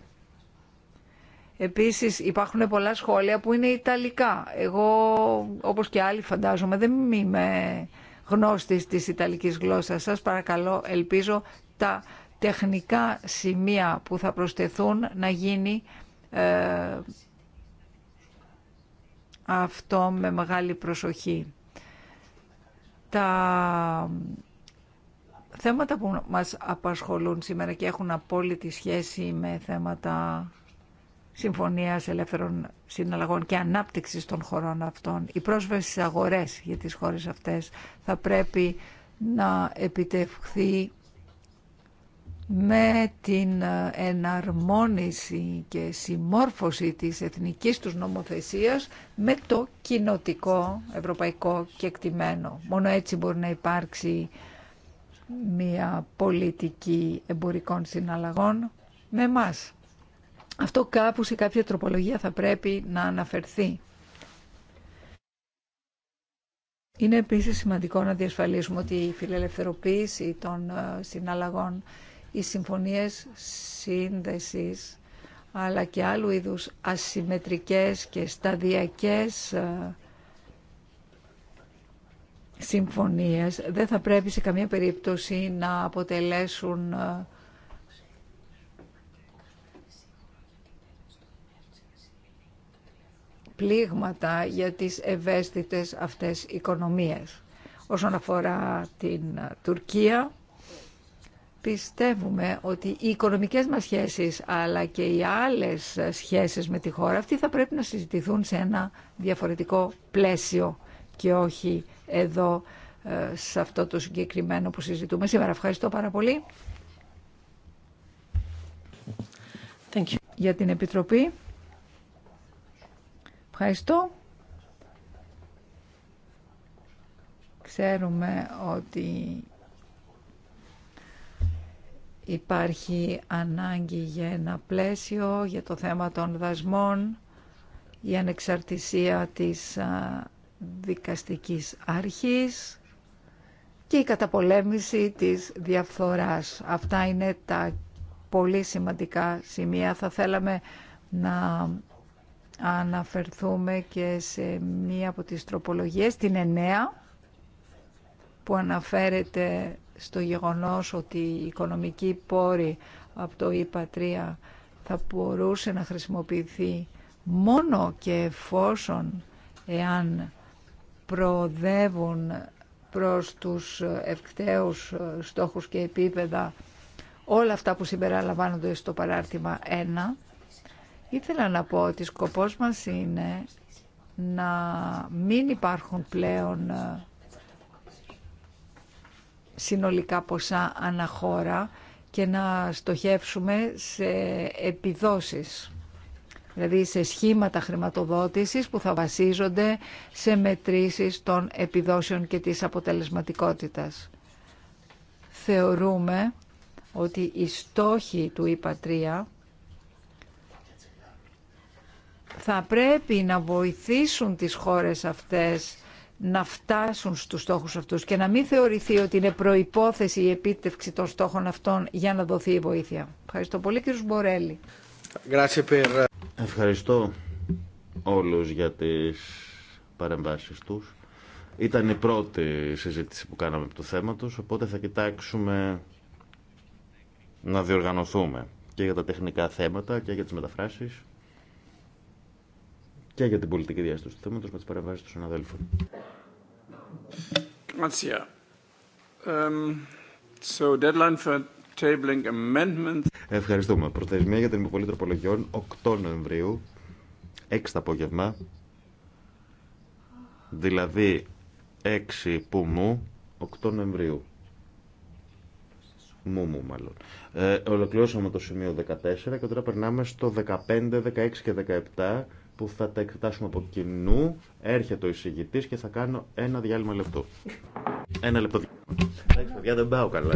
Επίσης υπάρχουν πολλά σχόλια που είναι ιταλικά. Εγώ όπως και άλλοι φαντάζομαι δεν είμαι γνώστης της ιταλικής γλώσσας. Σας παρακαλώ ελπίζω τα τεχνικά σημεία που θα προσθεθούν να γίνει ε, αυτό με μεγάλη προσοχή. Τα θέματα που μας απασχολούν σήμερα και έχουν απόλυτη σχέση με θέματα Συμφωνίας Ελεύθερων Συναλλαγών και Ανάπτυξης των χωρών αυτών. Η πρόσβαση αγορές για τις χώρες αυτές θα πρέπει να επιτευχθεί με την εναρμόνιση και συμμόρφωση της εθνικής τους νομοθεσίας με το κοινοτικό ευρωπαϊκό κεκτημένο. Μόνο έτσι μπορεί να υπάρξει μια πολιτική εμπορικών συναλλαγών με μας. Αυτό κάπου σε κάποια τροπολογία θα πρέπει να αναφερθεί. Είναι επίσης σημαντικό να διασφαλίσουμε ότι η φιλελευθερωποίηση των ε, συναλλαγών, οι συμφωνίες σύνδεσης, αλλά και άλλου είδους ασυμμετρικές και σταδιακές ε, συμφωνίες δεν θα πρέπει σε καμία περίπτωση να αποτελέσουν ε, πλήγματα για τις ευαίσθητες αυτές οικονομίες. Όσον αφορά την Τουρκία, πιστεύουμε ότι οι οικονομικές μας σχέσεις αλλά και οι άλλες σχέσεις με τη χώρα αυτή θα πρέπει να συζητηθούν σε ένα διαφορετικό πλαίσιο και όχι εδώ ε, σε αυτό το συγκεκριμένο που συζητούμε σήμερα. Ευχαριστώ πάρα πολύ Thank you. για την Επιτροπή. Ευχαριστώ. Ξέρουμε ότι υπάρχει ανάγκη για ένα πλαίσιο για το θέμα των δασμών, η ανεξαρτησία της δικαστικής αρχής και η καταπολέμηση της διαφθοράς. Αυτά είναι τα πολύ σημαντικά σημεία. Θα θέλαμε να αναφερθούμε και σε μία από τις τροπολογίες, την 9, που αναφέρεται στο γεγονός ότι η οικονομική πόρη από το ΙΠΑ θα μπορούσε να χρησιμοποιηθεί μόνο και εφόσον εάν προοδεύουν προς τους ευκταίους στόχους και επίπεδα όλα αυτά που συμπεριλαμβάνονται στο παράρτημα 1 Ήθελα να πω ότι σκοπός μας είναι να μην υπάρχουν πλέον ε, συνολικά ποσά αναχώρα και να στοχεύσουμε σε επιδόσεις. Δηλαδή σε σχήματα χρηματοδότησης που θα βασίζονται σε μετρήσεις των επιδόσεων και της αποτελεσματικότητας. Θεωρούμε ότι οι στόχοι του ΙΠΑ θα πρέπει να βοηθήσουν τις χώρες αυτές να φτάσουν στους στόχους αυτούς και να μην θεωρηθεί ότι είναι προϋπόθεση η επίτευξη των στόχων αυτών για να δοθεί η βοήθεια. Ευχαριστώ πολύ κύριο Μπορέλη. Ευχαριστώ όλους για τις παρεμβάσεις τους. Ήταν η πρώτη συζήτηση που κάναμε από το θέμα τους, οπότε θα κοιτάξουμε να διοργανωθούμε και για τα τεχνικά θέματα και για τις μεταφράσεις και για την πολιτική διάσταση του θέματος με τις παρεμβάσεις των συναδέλφων. So deadline for tabling Ευχαριστούμε. Προθεσμία για την υποβολή τροπολογιών 8 Νοεμβρίου, 6 το απόγευμα, δηλαδή 6 που μου, 8 Νοεμβρίου. Μου μου μάλλον. Ε, ολοκληρώσαμε το σημείο 14 και τώρα περνάμε στο 15, 16 και 17 που θα τα εκτάσουμε από κοινού. Έρχεται ο εισηγητή και θα κάνω ένα διάλειμμα λεπτό. Ένα λεπτό. Εντάξει, παιδιά, δεν πάω καλά.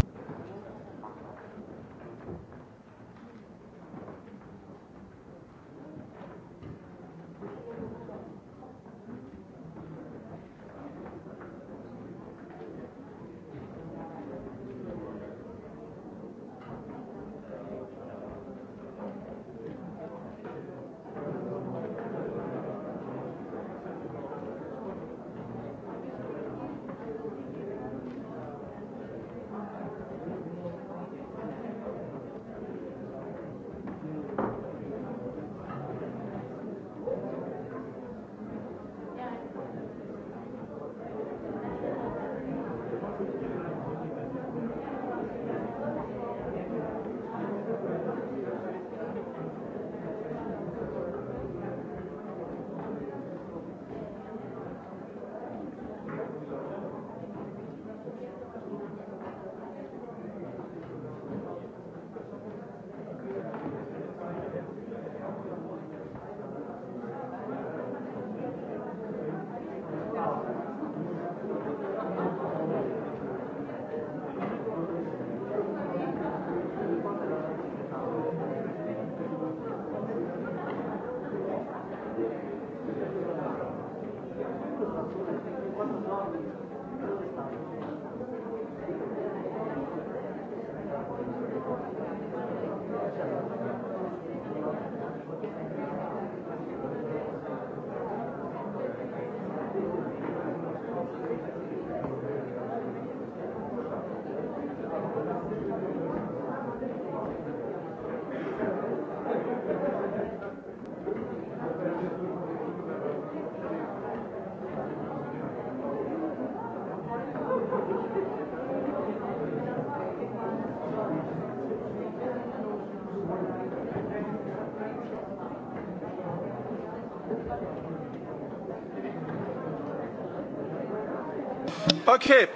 Okay.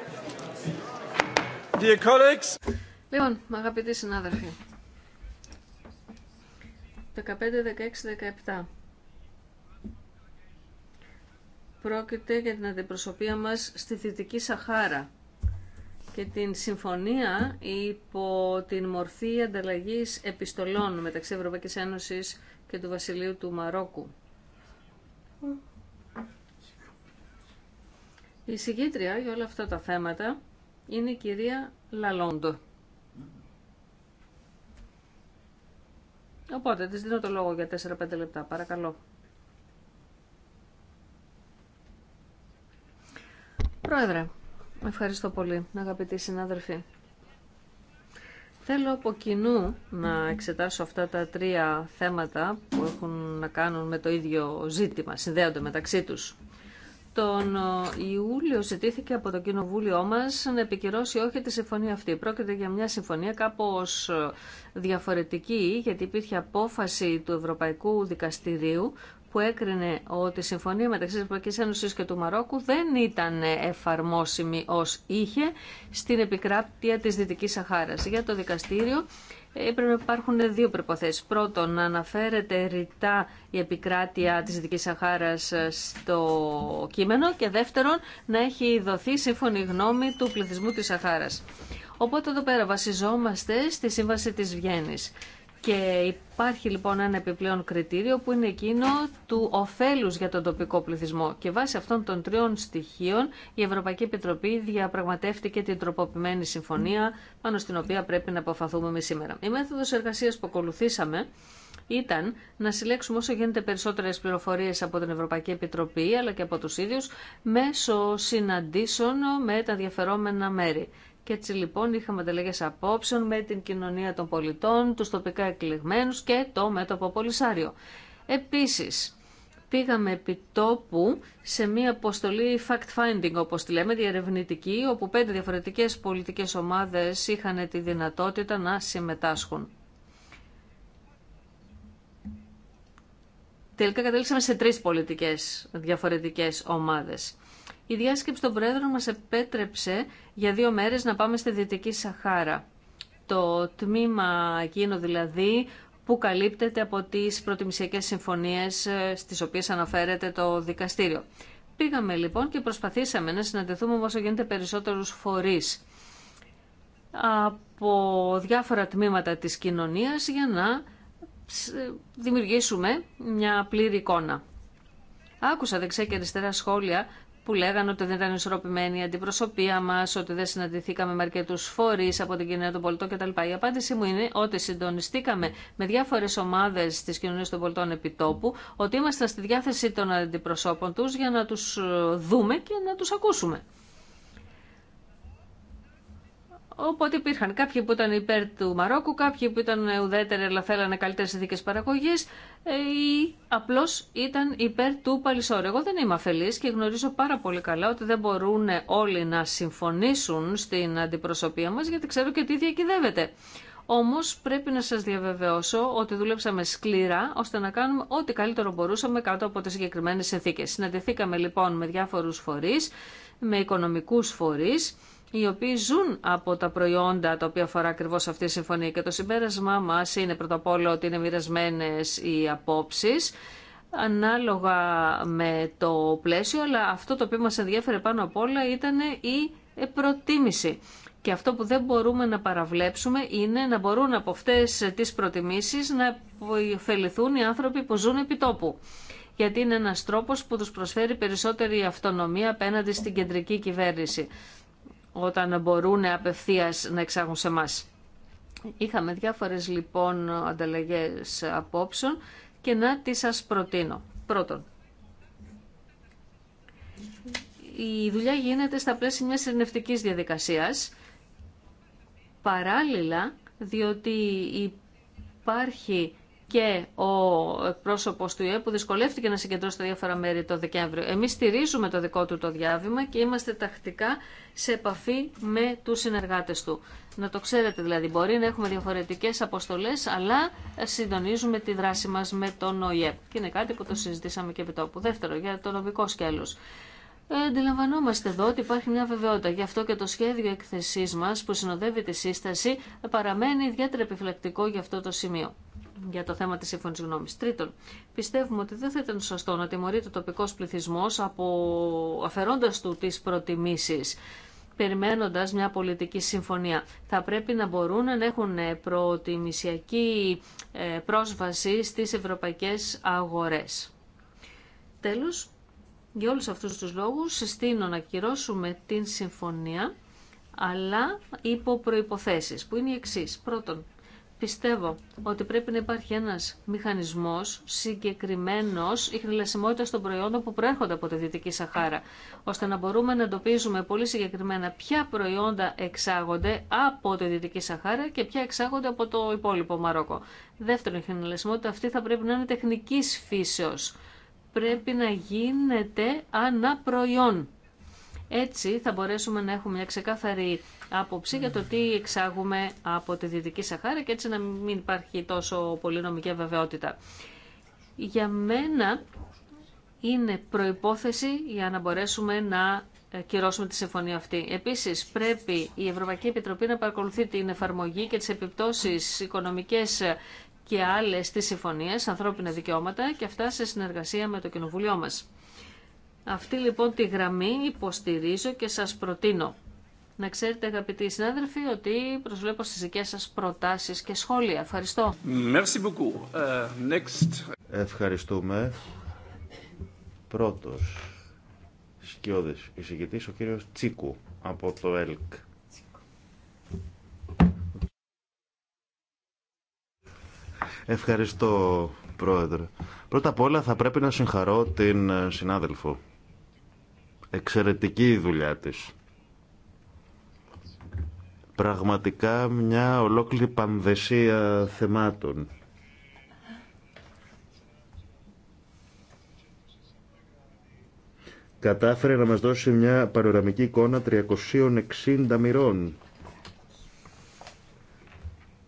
Dear colleagues. Λοιπόν, αγαπητοί συνάδελφοι, 15, 16, 17. Πρόκειται για την αντιπροσωπεία μας στη Δυτική Σαχάρα και την συμφωνία υπό την μορφή ανταλλαγής επιστολών μεταξύ Ευρωπαϊκής Ένωσης και του Βασιλείου του Μαρόκου. Η συγκίτρια για όλα αυτά τα θέματα είναι η κυρία Λαλόντο. Οπότε, της δίνω το λόγο για 4-5 λεπτά. Παρακαλώ. Πρόεδρε, ευχαριστώ πολύ, αγαπητοί συνάδελφοι. Θέλω από κοινού να εξετάσω αυτά τα τρία θέματα που έχουν να κάνουν με το ίδιο ζήτημα, συνδέονται μεταξύ τους. Τον ε, Ιούλιο ζητήθηκε από το κοινοβούλιο μας να επικυρώσει όχι τη συμφωνία αυτή. Πρόκειται για μια συμφωνία κάπως ε, διαφορετική, γιατί υπήρχε απόφαση του Ευρωπαϊκού Δικαστηρίου που έκρινε ότι η συμφωνία μεταξύ της Ευρωπαϊκής Ένωσης και του Μαρόκου δεν ήταν εφαρμόσιμη ως είχε στην επικράτεια της Δυτικής Σαχάρας. Για το δικαστήριο Πρέπει να υπάρχουν δύο προποθέσει. Πρώτον, να αναφέρεται ρητά η επικράτεια της Δυτική Σαχάρας στο κείμενο και δεύτερον, να έχει δοθεί σύμφωνη γνώμη του πληθυσμού της Σαχάρα. Οπότε εδώ πέρα βασιζόμαστε στη Σύμβαση της Βιέννη. Και υπάρχει λοιπόν ένα επιπλέον κριτήριο που είναι εκείνο του ωφέλους για τον τοπικό πληθυσμό. Και βάσει αυτών των τριών στοιχείων η Ευρωπαϊκή Επιτροπή διαπραγματεύτηκε την τροποποιημένη συμφωνία πάνω στην οποία πρέπει να αποφαθούμε με σήμερα. Η μέθοδος εργασίας που ακολουθήσαμε ήταν να συλλέξουμε όσο γίνεται περισσότερες πληροφορίες από την Ευρωπαϊκή Επιτροπή αλλά και από τους ίδιους μέσω συναντήσεων με τα διαφερόμενα μέρη. Και έτσι λοιπόν είχαμε ανταλλαγέ απόψεων με την κοινωνία των πολιτών, τους τοπικά εκλεγμένους και το μέτωπο Πολυσάριο. Επίσης, πήγαμε επί τόπου σε μία αποστολή fact-finding, όπως τη λέμε, διερευνητική, όπου πέντε διαφορετικές πολιτικές ομάδες είχαν τη δυνατότητα να συμμετάσχουν. Τελικά κατέληξαμε σε τρεις πολιτικές διαφορετικές ομάδες. Η διάσκεψη των Πρόεδρων μας επέτρεψε για δύο μέρες να πάμε στη Δυτική Σαχάρα. Το τμήμα εκείνο δηλαδή που καλύπτεται από τις προτιμησιακές συμφωνίες ε, στις οποίες αναφέρεται το δικαστήριο. Πήγαμε λοιπόν και προσπαθήσαμε να συναντηθούμε όσο γίνεται περισσότερους φορείς από διάφορα τμήματα της κοινωνίας για να ε, δημιουργήσουμε μια πλήρη εικόνα. Άκουσα δεξιά και αριστερά σχόλια που λέγανε ότι δεν ήταν ισορροπημένη η αντιπροσωπεία μα, ότι δεν συναντηθήκαμε με αρκετού φορεί από την κοινωνία των πολιτών κτλ. Η απάντησή μου είναι ότι συντονιστήκαμε με διάφορε ομάδε τη κοινωνία των πολιτών επιτόπου, ότι ήμασταν στη διάθεση των αντιπροσώπων του για να του ε, δούμε και να του ακούσουμε. Οπότε υπήρχαν κάποιοι που ήταν υπέρ του Μαρόκου, κάποιοι που ήταν ουδέτεροι αλλά θέλανε καλύτερε συνθήκε παραγωγή ε, ή απλώ ήταν υπέρ του Παλισόρου. Εγώ δεν είμαι αφελή και γνωρίζω πάρα πολύ καλά ότι δεν μπορούν όλοι να συμφωνήσουν στην αντιπροσωπεία μα γιατί ξέρω και τι διακυδεύεται. Όμω πρέπει να σα διαβεβαιώσω ότι δούλεψαμε σκληρά ώστε να κάνουμε ό,τι καλύτερο μπορούσαμε κάτω από τι συγκεκριμένε συνθήκε. Συναντηθήκαμε λοιπόν με διάφορου φορεί, με οικονομικού φορεί οι οποίοι ζουν από τα προϊόντα τα οποία αφορά ακριβώ αυτή η συμφωνία. Και το συμπέρασμά μα είναι πρώτα απ' όλα ότι είναι μοιρασμένε οι απόψει ανάλογα με το πλαίσιο, αλλά αυτό το οποίο μας ενδιέφερε πάνω απ' όλα ήταν η προτίμηση. Και αυτό που δεν μπορούμε να παραβλέψουμε είναι να μπορούν από αυτές τις προτιμήσεις να ωφεληθούν οι άνθρωποι που ζουν επί τόπου. Γιατί είναι ένας τρόπος που τους προσφέρει περισσότερη αυτονομία απέναντι στην κεντρική κυβέρνηση όταν μπορούν απευθείας να εξάγουν σε μας. Είχαμε διάφορες λοιπόν ανταλλαγές απόψεων και να τις σας προτείνω. Πρώτον, η δουλειά γίνεται στα πλαίσια μιας ειρνευτικής διαδικασίας, παράλληλα διότι υπάρχει και ο πρόσωπο του ΙΕ που δυσκολεύτηκε να συγκεντρώσει τα διάφορα μέρη το Δεκέμβριο. Εμεί στηρίζουμε το δικό του το διάβημα και είμαστε τακτικά σε επαφή με του συνεργάτε του. Να το ξέρετε δηλαδή, μπορεί να έχουμε διαφορετικέ αποστολέ, αλλά συντονίζουμε τη δράση μα με τον ΟΗΕ. Και είναι κάτι που το συζητήσαμε και επί τόπου. Δεύτερο, για το νομικό σκέλο. Ε, αντιλαμβανόμαστε εδώ ότι υπάρχει μια βεβαιότητα. Γι' αυτό και το σχέδιο εκθεσή μα που συνοδεύει τη σύσταση παραμένει ιδιαίτερα επιφυλακτικό για αυτό το σημείο για το θέμα της σύμφωνη γνώμη. Τρίτον, πιστεύουμε ότι δεν θα ήταν σωστό να τιμωρείται ο τοπικός πληθυσμό από... αφαιρώντας του τις προτιμήσει περιμένοντας μια πολιτική συμφωνία. Θα πρέπει να μπορούν να έχουν ε, προτιμησιακή ε, πρόσβαση στις ευρωπαϊκές αγορές. Τέλος, για όλους αυτούς τους λόγους συστήνω να κυρώσουμε την συμφωνία αλλά υπό προϋποθέσεις που είναι οι εξής. Πρώτον, πιστεύω ότι πρέπει να υπάρχει ένας μηχανισμός συγκεκριμένος χρησιμότητα των προϊόντων που προέρχονται από τη Δυτική Σαχάρα, ώστε να μπορούμε να εντοπίζουμε πολύ συγκεκριμένα ποια προϊόντα εξάγονται από τη Δυτική Σαχάρα και ποια εξάγονται από το υπόλοιπο Μαρόκο. Δεύτερον, η ίχνηλασιμότητα αυτή θα πρέπει να είναι τεχνική φύσεως. Πρέπει να γίνεται αναπροϊόν έτσι θα μπορέσουμε να έχουμε μια ξεκάθαρη άποψη για το τι εξάγουμε από τη Δυτική Σαχάρα και έτσι να μην υπάρχει τόσο πολύ νομική βεβαιότητα. Για μένα είναι προϋπόθεση για να μπορέσουμε να ε, κυρώσουμε τη συμφωνία αυτή. Επίσης πρέπει η Ευρωπαϊκή Επιτροπή να παρακολουθεί την εφαρμογή και τις επιπτώσεις οικονομικές και άλλες της συμφωνίας, ανθρώπινα δικαιώματα και αυτά σε συνεργασία με το Κοινοβουλίο μας. Αυτή λοιπόν τη γραμμή υποστηρίζω και σας προτείνω. Να ξέρετε αγαπητοί συνάδελφοι ότι προσβλέπω στις δικές σας προτάσεις και σχόλια. Ευχαριστώ. Merci beaucoup. Ε, next. Ευχαριστούμε. Πρώτος σκιώδης εισηγητής ο κύριος Τσίκου από το ΕΛΚ. Ευχαριστώ, Πρόεδρε. Πρώτα απ' όλα θα πρέπει να συγχαρώ την συνάδελφο Εξαιρετική η δουλειά της. Πραγματικά μια ολόκληρη πανδεσία θεμάτων. Κατάφερε να μας δώσει μια παροραμική εικόνα 360 μοιρών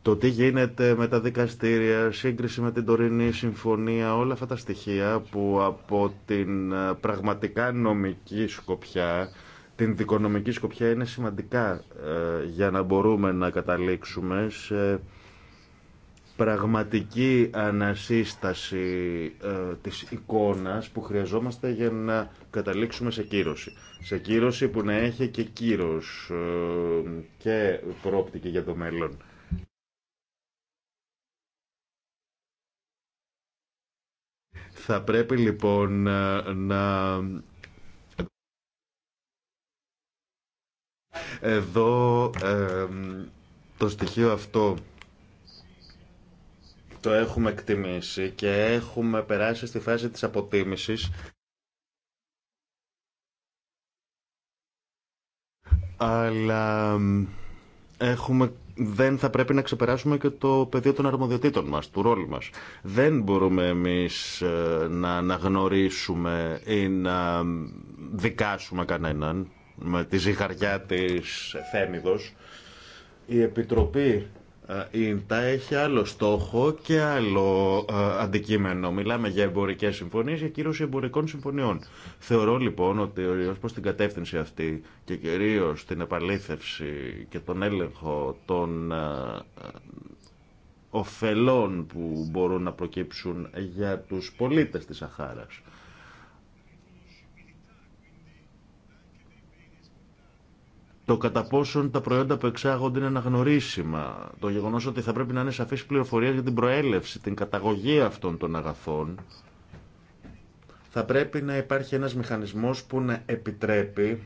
το τι γίνεται με τα δικαστήρια, σύγκριση με την τωρινή συμφωνία, όλα αυτά τα στοιχεία που από την ε, πραγματικά νομική σκοπιά, την δικονομική σκοπιά είναι σημαντικά ε, για να μπορούμε να καταλήξουμε σε πραγματική ανασύσταση ε, της εικόνας που χρειαζόμαστε για να καταλήξουμε σε κύρωση. Σε κύρωση που να έχει και κύρος και πρόπτικη για το μέλλον. Θα πρέπει λοιπόν ε, να εδώ ε, το στοιχείο αυτό το έχουμε εκτιμήσει και έχουμε περάσει στη φάση της αποτίμησης αλλά έχουμε δεν θα πρέπει να ξεπεράσουμε και το πεδίο των αρμοδιοτήτων μας, του ρόλου μας. Δεν μπορούμε εμείς ε, να αναγνωρίσουμε ή να δικάσουμε κανέναν με τη ζυγαριά της Θέμηδος. Η Επιτροπή ε, η ΙΝΤΑ έχει άλλο στόχο και άλλο ε, αντικείμενο. Μιλάμε για εμπορικέ συμφωνίε και κύριο εμπορικών συμφωνιών. Θεωρώ λοιπόν ότι ω προ την κατεύθυνση αυτή και κυρίω την επαλήθευση και τον έλεγχο των ε, ωφελών που μπορούν να προκύψουν για τους πολίτε της Αχάρας. το κατά πόσον τα προϊόντα που εξάγονται είναι αναγνωρίσιμα, το γεγονό ότι θα πρέπει να είναι σαφή πληροφορία για την προέλευση, την καταγωγή αυτών των αγαθών, θα πρέπει να υπάρχει ένας μηχανισμός που να επιτρέπει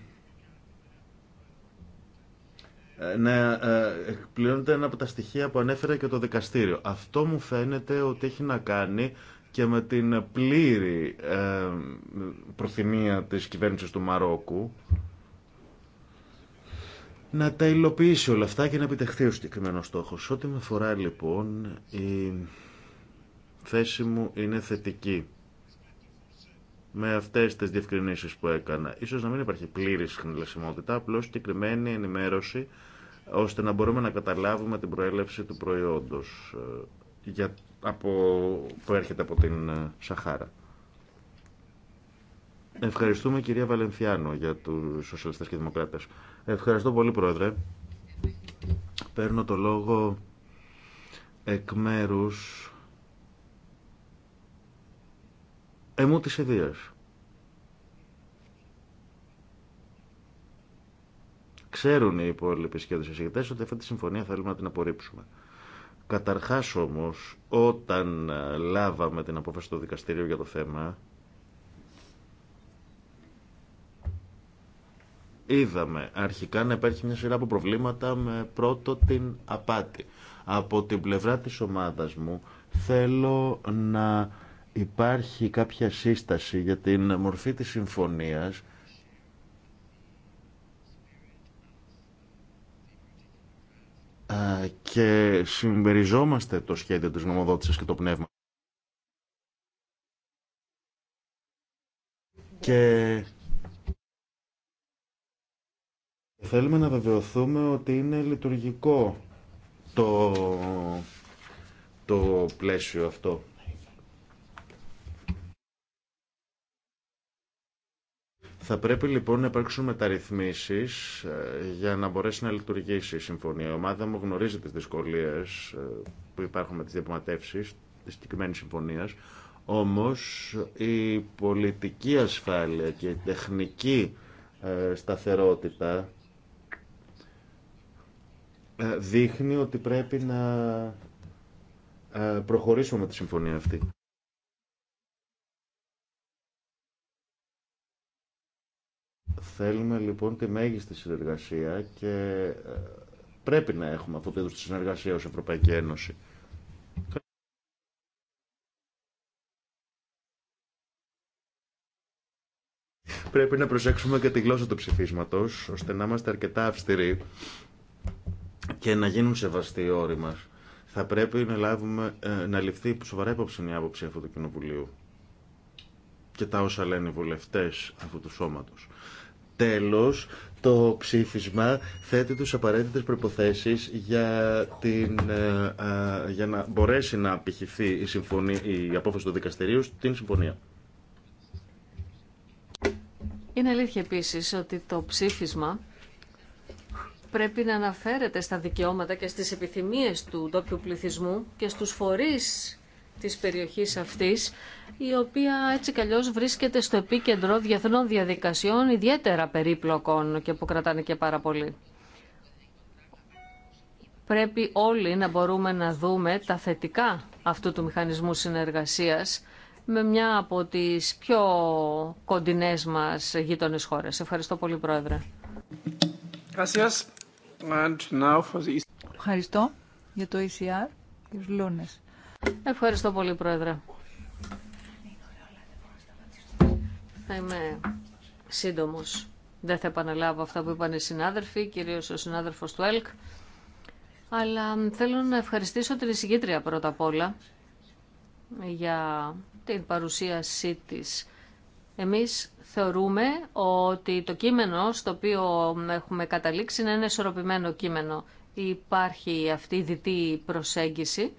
ε, να ε, εκπληρώνεται ένα από τα στοιχεία που ανέφερε και το δικαστήριο. Αυτό μου φαίνεται ότι έχει να κάνει και με την πλήρη ε, προθυμία της κυβέρνησης του Μαρόκου να τα υλοποιήσει όλα αυτά και να επιτευχθεί ο συγκεκριμένο στόχο. Ό,τι με αφορά λοιπόν, η θέση μου είναι θετική. Με αυτέ τι διευκρινήσει που έκανα, ίσω να μην υπάρχει πλήρη χνηλασιμότητα, απλώ συγκεκριμένη ενημέρωση ώστε να μπορούμε να καταλάβουμε την προέλευση του προϊόντος ε, από, που έρχεται από την ε, Σαχάρα. Ευχαριστούμε κυρία Βαλενθιάνο για τους σοσιαλιστές και δημοκράτες. Ευχαριστώ πολύ, Πρόεδρε. Παίρνω το λόγο εκ μέρου εμού της ιδίας. Ξέρουν οι υπόλοιποι σχεδόν ότι αυτή τη συμφωνία θέλουμε να την απορρίψουμε. Καταρχάς όμως, όταν λάβαμε την απόφαση του δικαστηρίου για το θέμα, είδαμε αρχικά να υπάρχει μια σειρά από προβλήματα με πρώτο την απάτη. Από την πλευρά της ομάδας μου θέλω να υπάρχει κάποια σύσταση για την μορφή της συμφωνίας και συμπεριζόμαστε το σχέδιο της νομοδότησης και το πνεύμα. Και Θέλουμε να βεβαιωθούμε ότι είναι λειτουργικό το, το πλαίσιο αυτό. Θα πρέπει λοιπόν να υπάρξουν μεταρρυθμίσει ε, για να μπορέσει να λειτουργήσει η συμφωνία. Η ομάδα μου γνωρίζει τι δυσκολίε ε, που υπάρχουν με τι διαπραγματεύσει τη συγκεκριμένη συμφωνία. Όμω η πολιτική ασφάλεια και η τεχνική ε, σταθερότητα ε, δείχνει ότι πρέπει να ε, προχωρήσουμε με τη συμφωνία αυτή. Θέλουμε λοιπόν τη μέγιστη συνεργασία και ε, πρέπει να έχουμε αυτό το είδος τη συνεργασία ως Ευρωπαϊκή Ένωση. Πρέπει να προσέξουμε και τη γλώσσα του ψηφίσματος, ώστε να είμαστε αρκετά αυστηροί και να γίνουν σεβαστοί οι όροι μας. Θα πρέπει να, λάβουμε, ε, να ληφθεί σοβαρά υπόψη η άποψη αυτού του Κοινοβουλίου και τα όσα λένε οι βουλευτές αυτού του σώματος. Τέλος, το ψήφισμα θέτει τους απαραίτητες προϋποθέσεις για, ε, για να μπορέσει να απηχηθεί η, η απόφαση του δικαστηρίου στην συμφωνία. Είναι αλήθεια επίσης ότι το ψήφισμα πρέπει να αναφέρεται στα δικαιώματα και στις επιθυμίες του ντόπιου πληθυσμού και στους φορείς της περιοχής αυτής, η οποία έτσι καλλιώς βρίσκεται στο επίκεντρο διεθνών διαδικασιών ιδιαίτερα περίπλοκων και που κρατάνε και πάρα πολύ. Πρέπει όλοι να μπορούμε να δούμε τα θετικά αυτού του μηχανισμού συνεργασίας με μια από τις πιο κοντινές μας γείτονες χώρες. Ευχαριστώ πολύ, Πρόεδρε. E Ευχαριστώ για το ECR, κύριος Λούνες. Ευχαριστώ πολύ, Πρόεδρε. Θα είμαι σύντομος. Δεν θα επαναλάβω αυτά που είπαν οι συνάδελφοι, κυρίως ο συνάδελφος του ΕΛΚ. Αλλά θέλω να ευχαριστήσω την εισηγήτρια πρώτα απ' όλα για την παρουσίασή της. Εμείς θεωρούμε ότι το κείμενο στο οποίο έχουμε καταλήξει είναι ένα ισορροπημένο κείμενο. Υπάρχει αυτή η διτή προσέγγιση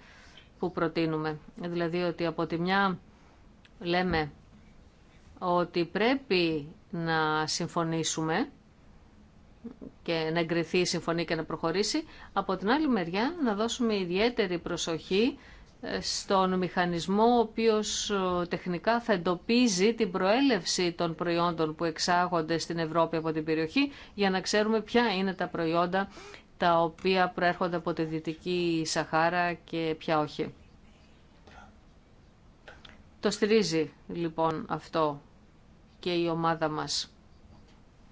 που προτείνουμε. Δηλαδή ότι από τη μια λέμε ότι πρέπει να συμφωνήσουμε και να εγκριθεί η συμφωνία και να προχωρήσει. Από την άλλη μεριά να δώσουμε ιδιαίτερη προσοχή στον μηχανισμό ο οποίος τεχνικά θα εντοπίζει την προέλευση των προϊόντων που εξάγονται στην Ευρώπη από την περιοχή για να ξέρουμε ποια είναι τα προϊόντα τα οποία προέρχονται από τη Δυτική Σαχάρα και ποια όχι. Το στηρίζει λοιπόν αυτό και η ομάδα μας.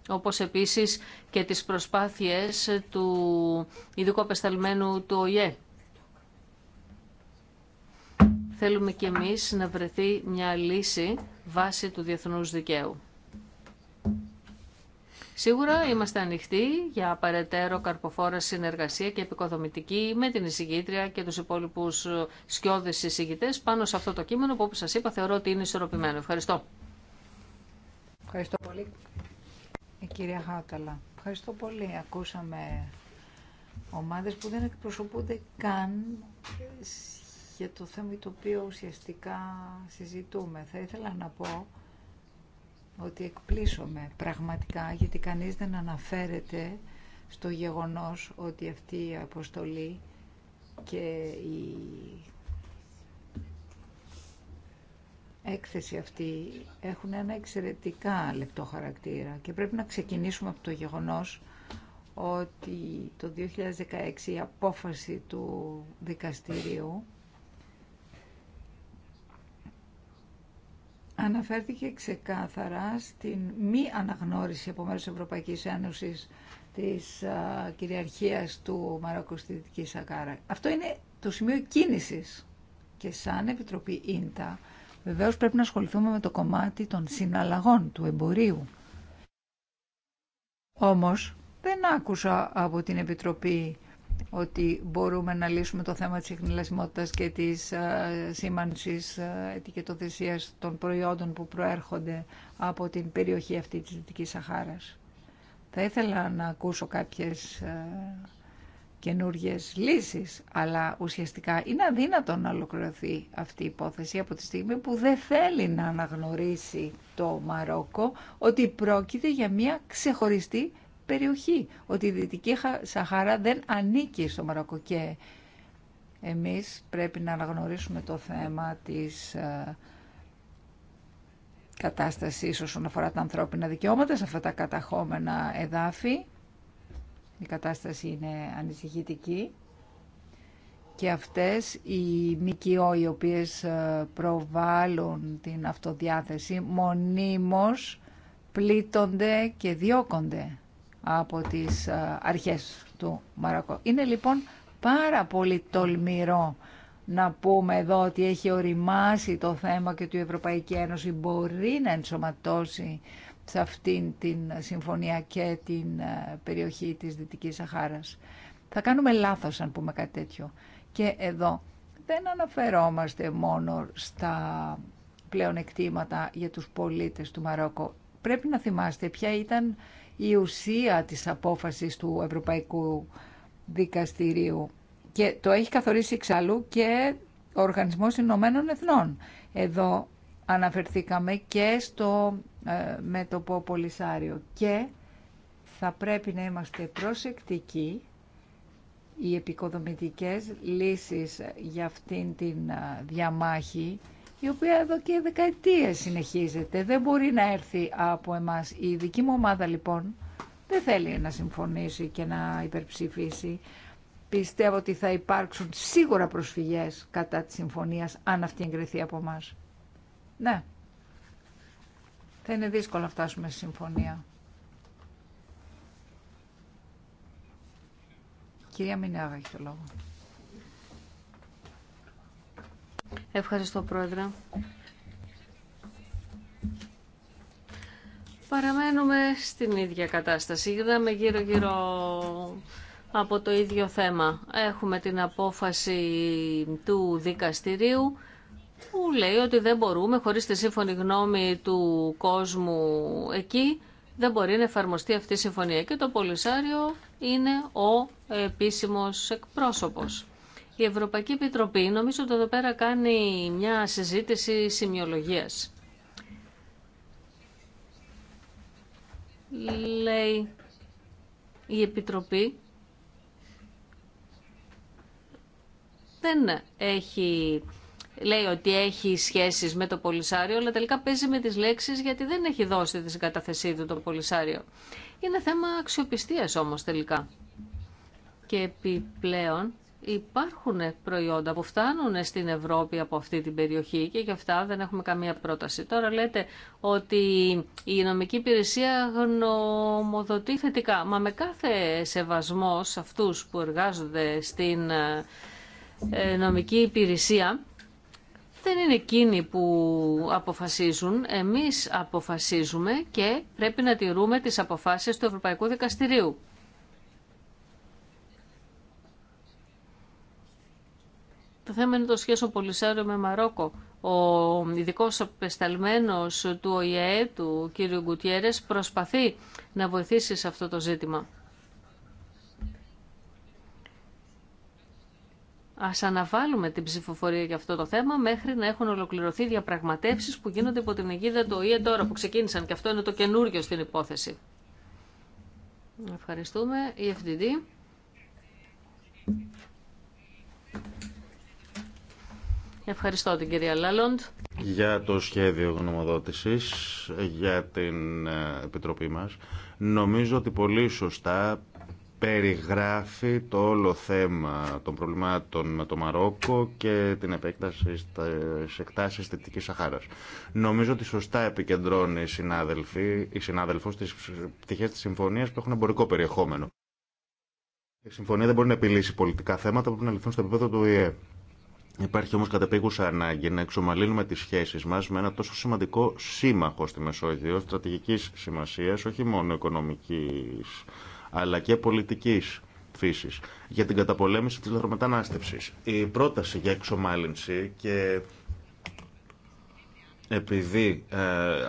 Όπως επίσης και τις προσπάθειες του ειδικού απεσταλμένου του ΟΙΕ θέλουμε και εμείς να βρεθεί μια λύση βάσει του διεθνούς δικαίου. Σίγουρα είμαστε ανοιχτοί για παρετέρω καρποφόρα συνεργασία και επικοδομητική με την εισηγήτρια και τους υπόλοιπους ε, σκιώδες εισηγητές πάνω σε αυτό το κείμενο που όπως σας είπα θεωρώ ότι είναι ισορροπημένο. Ευχαριστώ. Ευχαριστώ πολύ. Ε, κυρία Ευχαριστώ πολύ. Ακούσαμε ομάδες που δεν εκπροσωπούνται καν για το θέμα το οποίο ουσιαστικά συζητούμε. Θα ήθελα να πω ότι εκπλήσωμαι πραγματικά γιατί κανείς δεν αναφέρεται στο γεγονός ότι αυτή η αποστολή και η έκθεση αυτή έχουν ένα εξαιρετικά λεπτό χαρακτήρα και πρέπει να ξεκινήσουμε από το γεγονός ότι το 2016 η απόφαση του δικαστηρίου αναφέρθηκε ξεκάθαρα στην μη αναγνώριση από μέρους της Ευρωπαϊκής Ένωσης της κυριαρχίας του Μαρόκου Σακάρα. Αυτό είναι το σημείο κίνησης και σαν Επιτροπή Ίντα βεβαίως πρέπει να ασχοληθούμε με το κομμάτι των συναλλαγών του εμπορίου. Όμως δεν άκουσα από την Επιτροπή ότι μπορούμε να λύσουμε το θέμα της ιχνηλασιμότητας και της ε, σήμανσης ε, ετικετοθεσίας των προϊόντων που προέρχονται από την περιοχή αυτή της Δυτικής Σαχάρας. Θα ήθελα να ακούσω κάποιες ε, καινούργιες λύσεις, αλλά ουσιαστικά είναι αδύνατο να ολοκληρωθεί αυτή η υπόθεση από τη στιγμή που δεν θέλει να αναγνωρίσει το Μαρόκο ότι πρόκειται για μια ξεχωριστή περιοχή, ότι η Δυτική Σαχάρα δεν ανήκει στο Μαρόκο και εμείς πρέπει να αναγνωρίσουμε το θέμα της ε, κατάστασης όσον αφορά τα ανθρώπινα δικαιώματα σε αυτά τα καταχώμενα εδάφη. Η κατάσταση είναι ανησυχητική και αυτές οι ΜΚΟ οι οποίες ε, προβάλλουν την αυτοδιάθεση μονίμως πλήττονται και διώκονται από τις ε, αρχές του Μαρακό. Είναι λοιπόν πάρα πολύ τολμηρό να πούμε εδώ ότι έχει οριμάσει το θέμα και ότι η Ευρωπαϊκή Ένωση μπορεί να ενσωματώσει σε αυτήν την συμφωνία και την ε, περιοχή της Δυτικής Σαχάρας. Θα κάνουμε λάθος αν πούμε κάτι τέτοιο. Και εδώ δεν αναφερόμαστε μόνο στα πλεονεκτήματα για τους πολίτες του Μαρόκο. Πρέπει να θυμάστε ποια ήταν η ουσία της απόφασης του Ευρωπαϊκού Δικαστηρίου. Και το έχει καθορίσει εξάλλου και ο Οργανισμός Ηνωμένων Εθνών. Εδώ αναφερθήκαμε και στο ε, μέτωπο Πολυσάριο και θα πρέπει να είμαστε προσεκτικοί οι επικοδομητικές λύσεις για αυτήν την ε, διαμάχη η οποία εδώ και δεκαετίες συνεχίζεται. Δεν μπορεί να έρθει από εμάς. Η δική μου ομάδα λοιπόν δεν θέλει να συμφωνήσει και να υπερψηφίσει. Πιστεύω ότι θα υπάρξουν σίγουρα προσφυγές κατά της συμφωνίας αν αυτή εγκριθεί από εμά. Ναι. Θα είναι δύσκολο να φτάσουμε στη συμφωνία. Κυρία Μινέα, έχει το λόγο. Ευχαριστώ, Πρόεδρε. Παραμένουμε στην ίδια κατάσταση. Είδαμε γύρω-γύρω από το ίδιο θέμα. Έχουμε την απόφαση του δικαστηρίου που λέει ότι δεν μπορούμε, χωρίς τη σύμφωνη γνώμη του κόσμου εκεί, δεν μπορεί να εφαρμοστεί αυτή η συμφωνία. Και το Πολυσάριο είναι ο επίσημος εκπρόσωπος. Η Ευρωπαϊκή Επιτροπή νομίζω ότι εδώ πέρα κάνει μια συζήτηση σημειολογίας. Λέει η Επιτροπή δεν έχει λέει ότι έχει σχέσεις με το Πολυσάριο, αλλά τελικά παίζει με τις λέξεις γιατί δεν έχει δώσει τη συγκαταθεσή του το Πολυσάριο. Είναι θέμα αξιοπιστίας όμως τελικά. Και επιπλέον υπάρχουν προϊόντα που φτάνουν στην Ευρώπη από αυτή την περιοχή και γι' αυτά δεν έχουμε καμία πρόταση. Τώρα λέτε ότι η νομική υπηρεσία γνωμοδοτεί θετικά. Μα με κάθε σεβασμό σε αυτούς που εργάζονται στην ε, νομική υπηρεσία δεν είναι εκείνοι που αποφασίζουν. Εμείς αποφασίζουμε και πρέπει να τηρούμε τις αποφάσεις του Ευρωπαϊκού Δικαστηρίου. Το θέμα είναι το σχέσιο Πολυσάριο με Μαρόκο. Ο ειδικό απεσταλμένο του ΟΗΕ, του κ. Γκουτιέρε, προσπαθεί να βοηθήσει σε αυτό το ζήτημα. Ας αναβάλουμε την ψηφοφορία για αυτό το θέμα μέχρι να έχουν ολοκληρωθεί διαπραγματεύσει που γίνονται υπό την αιγίδα του ΟΗΕ τώρα που ξεκίνησαν και αυτό είναι το καινούργιο στην υπόθεση. Ευχαριστούμε. Η FDD. Ευχαριστώ την κυρία Λάλλοντ. Για το σχέδιο γνωμοδότησης, για την ε, Επιτροπή μας, νομίζω ότι πολύ σωστά περιγράφει το όλο θέμα των προβλημάτων με το Μαρόκο και την επέκταση στις εκτάσεις Δυτικής Σαχάρας. Νομίζω ότι σωστά επικεντρώνει οι συνάδελφοι, οι συνάδελφοι στις πτυχές της συμφωνίας που έχουν εμπορικό περιεχόμενο. Η συμφωνία δεν μπορεί να επιλύσει πολιτικά θέματα που πρέπει να λυθούν στο επίπεδο του ΟΗΕ. Υπάρχει όμως κατεπίγουσα ανάγκη να εξομαλύνουμε τις σχέσεις μας με ένα τόσο σημαντικό σύμμαχο στη Μεσόγειο, στρατηγικής σημασίας, όχι μόνο οικονομικής, αλλά και πολιτικής φύσης, για την καταπολέμηση της λαθρομετανάστευσης. Η πρόταση για εξομάλυνση και επειδή ε,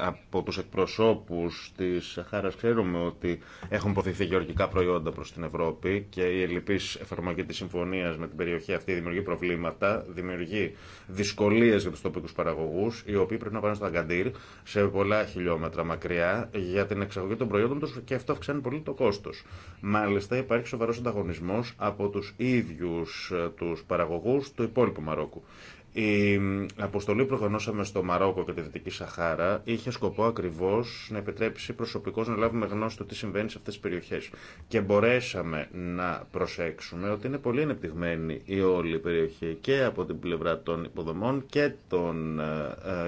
από τους εκπροσώπους της Χάρας ξέρουμε ότι έχουν προωθηθεί γεωργικά προϊόντα προς την Ευρώπη και η ελληπής εφαρμογή της συμφωνίας με την περιοχή αυτή δημιουργεί προβλήματα, δημιουργεί δυσκολίες για τους τοπικούς παραγωγούς, οι οποίοι πρέπει να πάνε στο Αγκαντήρ σε πολλά χιλιόμετρα μακριά για την εξαγωγή των προϊόντων τους και αυτό αυξάνει πολύ το κόστος. Μάλιστα υπάρχει σοβαρός ανταγωνισμός από τους ίδιους ε, τους παραγωγούς του υπόλοιπου Μαρόκου. Η αποστολή που οργανώσαμε στο Μαρόκο και τη Δυτική Σαχάρα είχε σκοπό ακριβώ να επιτρέψει προσωπικώ να λάβουμε γνώση του τι συμβαίνει σε αυτέ τι περιοχέ. Και μπορέσαμε να προσέξουμε ότι είναι πολύ ανεπτυγμένη η όλη περιοχή και από την πλευρά των υποδομών και των ε,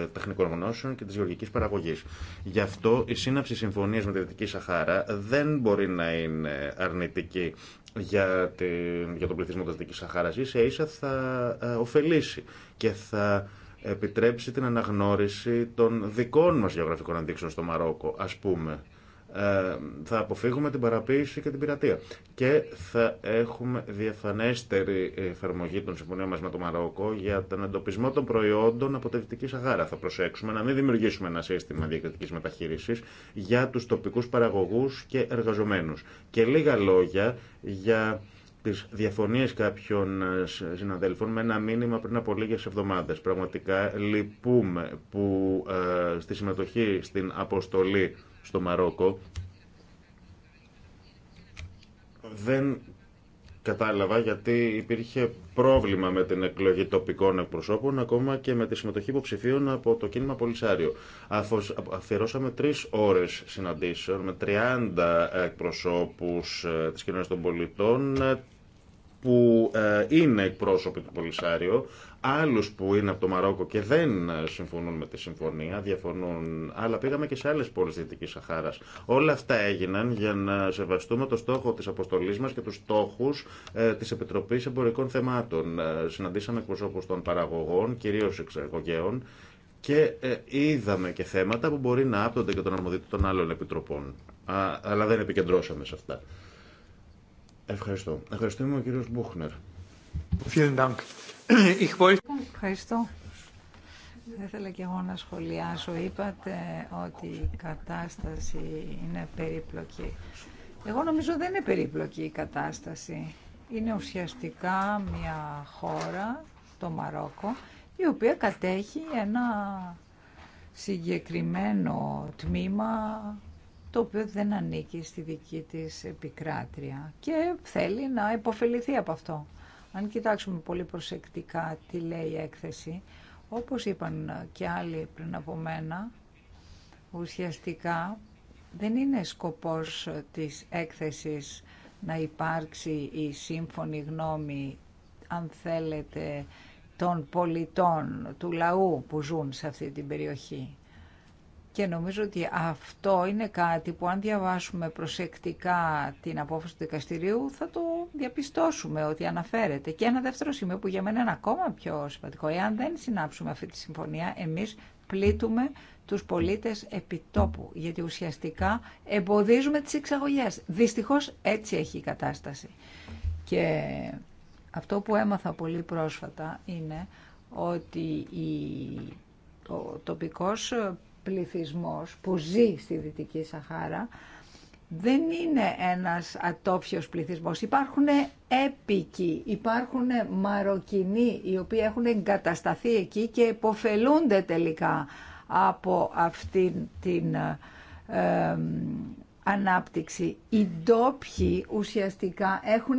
ε, τεχνικών γνώσεων και τη γεωργική παραγωγή. Γι' αυτό η σύναψη συμφωνία με τη Δυτική Σαχάρα δεν μπορεί να είναι αρνητική για, για τον πληθυσμό της Δικής Σαχάρας ίσα ίσα θα ε, ωφελήσει και θα επιτρέψει την αναγνώριση των δικών μας γεωγραφικών αντίξεων στο Μαρόκο, ας πούμε. Ε, θα αποφύγουμε την παραποίηση και την πειρατεία. Και θα έχουμε διαφανέστερη εφαρμογή των συμφωνίων μα με το Μαρόκο για τον εντοπισμό των προϊόντων από τη Δυτική Σαχάρα. Θα προσέξουμε να μην δημιουργήσουμε ένα σύστημα διακριτική μεταχείριση για του τοπικού παραγωγού και εργαζομένου. Και λίγα λόγια για τι διαφωνίε κάποιων συναδέλφων με ένα μήνυμα πριν από λίγε εβδομάδε. Πραγματικά λυπούμε που ε, στη συμμετοχή στην αποστολή στο Μαρόκο, δεν κατάλαβα γιατί υπήρχε πρόβλημα με την εκλογή τοπικών εκπροσώπων, ακόμα και με τη συμμετοχή υποψηφίων από το κίνημα Πολυσάριο. Αφιερώσαμε τρει ώρε συναντήσεων με 30 εκπροσώπους ε, τη κοινωνία των πολιτών ε, που ε, είναι εκπρόσωποι του Πολυσάριο, άλλους που είναι από το Μαρόκο και δεν ε, συμφωνούν με τη συμφωνία, διαφωνούν, αλλά πήγαμε και σε άλλες πόλεις Δυτικής Σαχάρας. Όλα αυτά έγιναν για να σεβαστούμε το στόχο της αποστολής μας και τους στόχους ε, της Επιτροπής Εμπορικών Θεμάτων. Ε, συναντήσαμε εκπροσώπους των παραγωγών, κυρίως εξαγωγέων, και ε, είδαμε και θέματα που μπορεί να άπτονται και των αρμοδίτων των άλλων επιτροπών. Α, αλλά δεν επικεντρώσαμε σε αυτά. Ευχαριστώ. Ευχαριστούμε ο κύριος Μπούχνερ. Vielen Dank. (clears throat) Ευχαριστώ. Θα ήθελα και εγώ να σχολιάσω. Είπατε ότι η κατάσταση είναι περίπλοκη. Εγώ νομίζω δεν είναι περίπλοκη η κατάσταση. Είναι ουσιαστικά μια χώρα, το Μαρόκο, η οποία κατέχει ένα συγκεκριμένο τμήμα το οποίο δεν ανήκει στη δική της επικράτρια και θέλει να υποφεληθεί από αυτό. Αν κοιτάξουμε πολύ προσεκτικά τι λέει η έκθεση, όπως είπαν και άλλοι πριν από μένα, ουσιαστικά δεν είναι σκοπός της έκθεσης να υπάρξει η σύμφωνη γνώμη, αν θέλετε, των πολιτών, του λαού που ζουν σε αυτή την περιοχή. Και νομίζω ότι αυτό είναι κάτι που αν διαβάσουμε προσεκτικά την απόφαση του δικαστηρίου θα το διαπιστώσουμε ότι αναφέρεται. Και ένα δεύτερο σημείο που για μένα είναι ακόμα πιο σημαντικό. Εάν δεν συνάψουμε αυτή τη συμφωνία, εμείς πλήττουμε τους πολίτες επιτόπου, γιατί ουσιαστικά εμποδίζουμε τις εξαγωγές. Δυστυχώς έτσι έχει η κατάσταση. Και αυτό που έμαθα πολύ πρόσφατα είναι ότι η, ο τοπικός πληθυσμός που ζει στη Δυτική Σαχάρα δεν είναι ένας ατόφιος πληθυσμός. Υπάρχουν έπικοι, υπάρχουν μαροκινοί οι οποίοι έχουν εγκατασταθεί εκεί και υποφελούνται τελικά από αυτή την ανάπτυξη. Οι ντόπιοι ουσιαστικά έχουν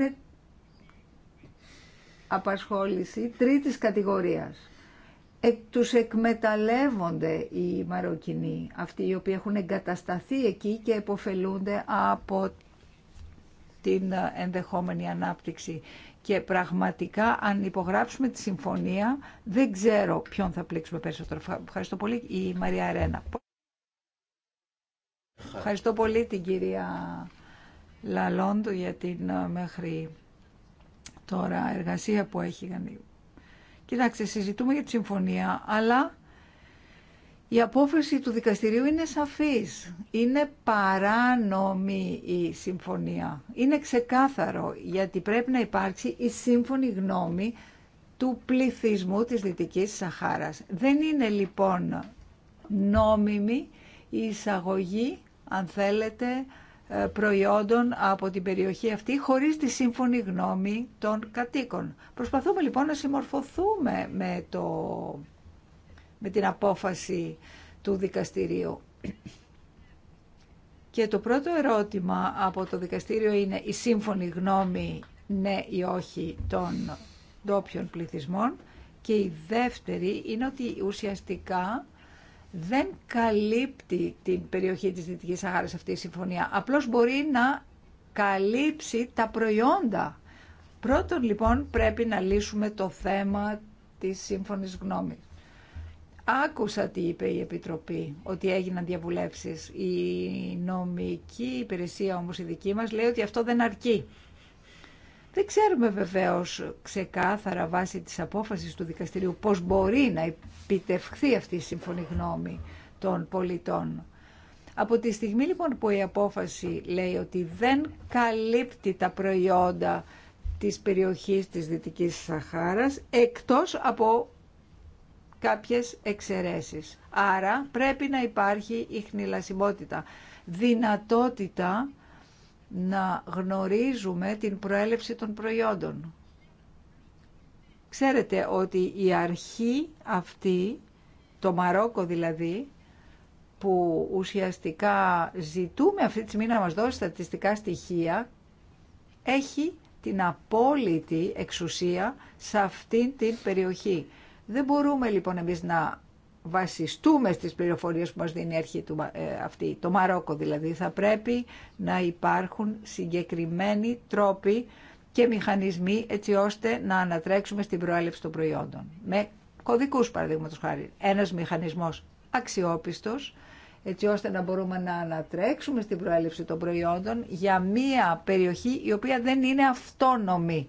απασχόληση τρίτης κατηγορίας ε, τους εκμεταλλεύονται οι Μαροκινοί, αυτοί οι οποίοι έχουν εγκατασταθεί εκεί και εποφελούνται από την ε, ενδεχόμενη ανάπτυξη. Και πραγματικά, αν υπογράψουμε τη συμφωνία, δεν ξέρω ποιον θα πλήξουμε περισσότερο. Ευχαριστώ πολύ, η Μαρία Ρένα. Ευχαριστώ πολύ την κυρία Λαλόντου για την ε, μέχρι τώρα εργασία που έχει Κοιτάξτε, συζητούμε για τη συμφωνία, αλλά η απόφαση του δικαστηρίου είναι σαφής. Είναι παράνομη η συμφωνία. Είναι ξεκάθαρο, γιατί πρέπει να υπάρξει η σύμφωνη γνώμη του πληθυσμού της Δυτικής Σαχάρας. Δεν είναι λοιπόν νόμιμη η εισαγωγή, αν θέλετε, ε, προϊόντων από την περιοχή αυτή χωρίς τη σύμφωνη γνώμη των κατοίκων. Προσπαθούμε λοιπόν να συμμορφωθούμε με, το, με την απόφαση του δικαστηρίου. Και το πρώτο ερώτημα από το δικαστήριο είναι η σύμφωνη γνώμη ναι ή όχι των ντόπιων πληθυσμών και η δεύτερη είναι ότι ουσιαστικά δεν καλύπτει την περιοχή της Δυτικής Σαχάρας αυτή η συμφωνία. Απλώς μπορεί να καλύψει τα προϊόντα. Πρώτον λοιπόν πρέπει να λύσουμε το θέμα της σύμφωνης γνώμης. Άκουσα τι είπε η Επιτροπή, ότι έγιναν διαβουλεύσεις. Η νομική υπηρεσία όμως η δική μας λέει ότι αυτό δεν αρκεί. Δεν ξέρουμε βεβαίως ξεκάθαρα βάσει της απόφασης του δικαστηρίου πώς μπορεί να επιτευχθεί αυτή η σύμφωνη γνώμη των πολιτών. Από τη στιγμή λοιπόν που η απόφαση λέει ότι δεν καλύπτει τα προϊόντα της περιοχής της Δυτικής Σαχάρας εκτός από κάποιες εξαιρέσεις. Άρα πρέπει να υπάρχει η δυνατότητα να γνωρίζουμε την προέλευση των προϊόντων. Ξέρετε ότι η αρχή αυτή, το Μαρόκο δηλαδή, που ουσιαστικά ζητούμε αυτή τη στιγμή να μας δώσει στατιστικά στοιχεία, έχει την απόλυτη εξουσία σε αυτή την περιοχή. Δεν μπορούμε λοιπόν εμείς να βασιστούμε στις πληροφορίες που μας δίνει η αρχή του, ε, αυτή, το Μαρόκο δηλαδή. Θα πρέπει να υπάρχουν συγκεκριμένοι τρόποι και μηχανισμοί έτσι ώστε να ανατρέξουμε στην προέλευση των προϊόντων. Με κωδικούς παραδείγματο χάρη. Ένας μηχανισμός αξιόπιστος έτσι ώστε να μπορούμε να ανατρέξουμε στην προέλευση των προϊόντων για μία περιοχή η οποία δεν είναι αυτόνομη.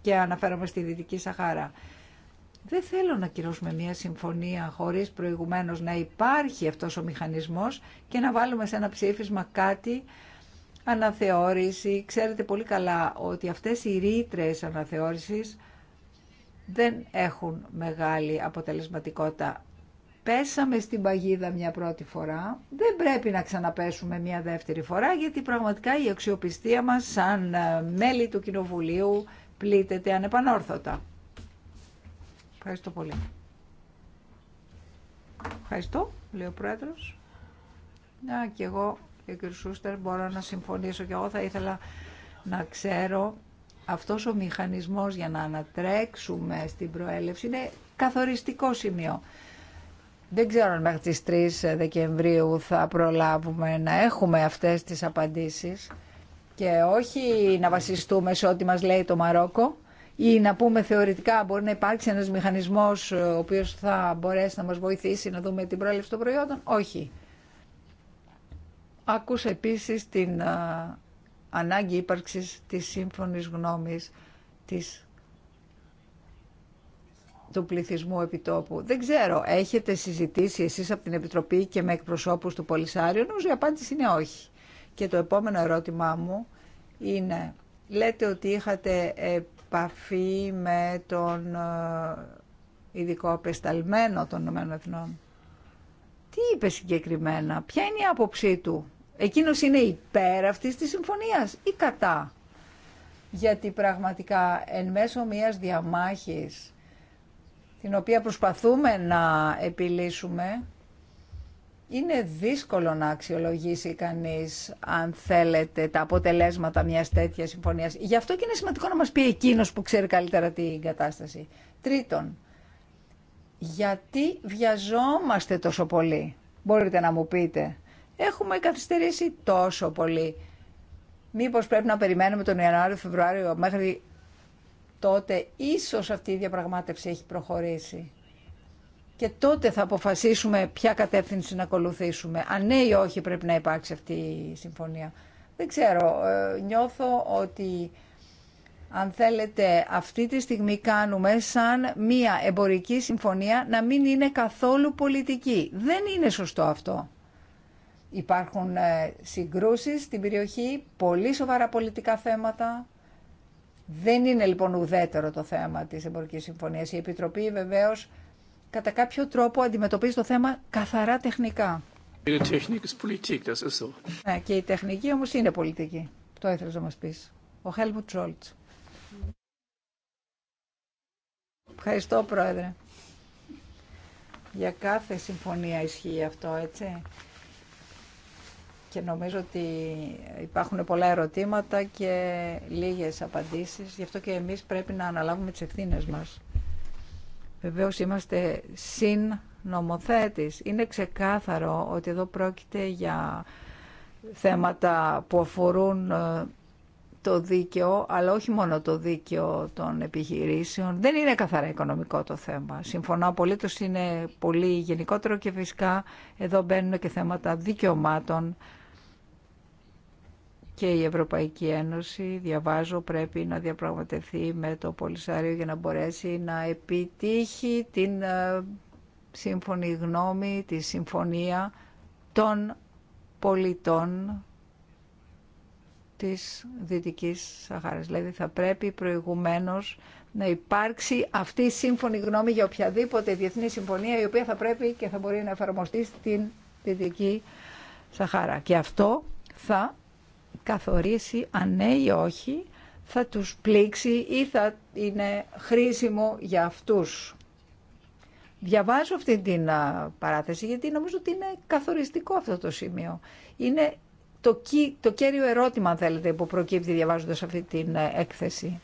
Και αναφέρομαι στη Δυτική Σαχάρα. Δεν θέλω να κυρώσουμε μία συμφωνία χωρίς προηγουμένως να υπάρχει αυτός ο μηχανισμός και να βάλουμε σε ένα ψήφισμα κάτι αναθεώρηση. Ξέρετε πολύ καλά ότι αυτές οι ρήτρε αναθεώρησης δεν έχουν μεγάλη αποτελεσματικότητα. Πέσαμε στην παγίδα μια πρώτη φορά, δεν πρέπει να ξαναπέσουμε μια δεύτερη φορά, γιατί πραγματικά η αξιοπιστία μας σαν ε, μέλη του Κοινοβουλίου πλήττεται ανεπανόρθωτα. Ευχαριστώ πολύ. Ευχαριστώ, λέει ο Πρόεδρος. Να και εγώ ε, κ. Σούστερ, μπορώ να συμφωνήσω και εγώ θα ήθελα να ξέρω αυτός ο μηχανισμός για να ανατρέξουμε στην προέλευση είναι καθοριστικό σημείο. Δεν ξέρω αν μέχρι τις 3 Δεκεμβρίου θα προλάβουμε να έχουμε αυτές τις απαντήσεις και όχι να βασιστούμε σε ό,τι μας λέει το Μαρόκο ή να πούμε θεωρητικά μπορεί να υπάρξει ένας μηχανισμός ο οποίος θα μπορέσει να μας βοηθήσει να δούμε την προέλευση των προϊόντων. Όχι άκουσε επίσης την ανάγκη ύπαρξης της σύμφωνης γνώμης της, του πληθυσμού επιτόπου. Δεν ξέρω, έχετε συζητήσει εσείς από την Επιτροπή και με εκπροσώπους του Πολυσάριου. Νομίζω η απάντηση είναι όχι. Και το επόμενο ερώτημά μου είναι, λέτε ότι είχατε επαφή με τον ειδικό απεσταλμένο των Ηνωμένων τι είπε συγκεκριμένα, ποια είναι η άποψή του. Εκείνος είναι υπέρ αυτής της συμφωνίας ή κατά. Γιατί πραγματικά εν μέσω μιας διαμάχης την οποία προσπαθούμε να επιλύσουμε, είναι δύσκολο να αξιολογήσει κανείς, αν θέλετε, τα αποτελέσματα μιας τέτοιας συμφωνίας. Γι' αυτό και είναι σημαντικό να μας πει εκείνος που ξέρει καλύτερα την κατάσταση. Τρίτον, γιατί βιαζόμαστε τόσο πολύ, μπορείτε να μου πείτε. Έχουμε καθυστερήσει τόσο πολύ. Μήπως πρέπει να περιμένουμε τον Ιανουάριο-Φεβρουάριο μέχρι τότε ίσως αυτή η διαπραγμάτευση έχει προχωρήσει. Και τότε θα αποφασίσουμε ποια κατεύθυνση να ακολουθήσουμε. Αν ναι ή όχι πρέπει να υπάρξει αυτή η συμφωνία. Δεν ξέρω, ε, νιώθω ότι αν θέλετε, αυτή τη στιγμή κάνουμε σαν μία εμπορική συμφωνία να μην είναι καθόλου πολιτική. Δεν είναι σωστό αυτό. Υπάρχουν ε, συγκρούσεις στην περιοχή, πολύ σοβαρά πολιτικά θέματα. Δεν είναι λοιπόν ουδέτερο το θέμα της εμπορικής συμφωνίας. Η Επιτροπή βεβαίως κατά κάποιο τρόπο αντιμετωπίζει το θέμα καθαρά τεχνικά. Ναι, και η τεχνική όμως είναι πολιτική. Το ήθελες να μας πεις. Ο Χέλμουτ Σόλτς. Ευχαριστώ, Πρόεδρε. Για κάθε συμφωνία ισχύει αυτό, έτσι. Και νομίζω ότι υπάρχουν πολλά ερωτήματα και λίγες απαντήσεις. Γι' αυτό και εμείς πρέπει να αναλάβουμε τις ευθύνες μας. Βεβαίως είμαστε συν Είναι ξεκάθαρο ότι εδώ πρόκειται για θέματα που αφορούν ε, το δίκαιο, αλλά όχι μόνο το δίκαιο των επιχειρήσεων. Δεν είναι καθαρά οικονομικό το θέμα. Συμφωνώ απολύτως, είναι πολύ γενικότερο και φυσικά εδώ μπαίνουν και θέματα δικαιωμάτων και η Ευρωπαϊκή Ένωση, διαβάζω, πρέπει να διαπραγματευτεί με το Πολυσάριο για να μπορέσει να επιτύχει την ε, σύμφωνη γνώμη, τη συμφωνία των πολιτών της Δυτικής Σαχάρας. Δηλαδή θα πρέπει προηγουμένως να υπάρξει αυτή η σύμφωνη γνώμη για οποιαδήποτε διεθνή συμφωνία η οποία θα πρέπει και θα μπορεί να εφαρμοστεί στην Δυτική Σαχάρα. Και αυτό θα καθορίσει αν ναι ή όχι θα τους πλήξει ή θα είναι χρήσιμο για αυτούς. Διαβάζω αυτή την παράθεση γιατί νομίζω ότι είναι καθοριστικό αυτό το σημείο. Είναι το, το κέριο ερώτημα, αν θέλετε, που προκύπτει διαβάζοντας αυτή την ε, έκθεση.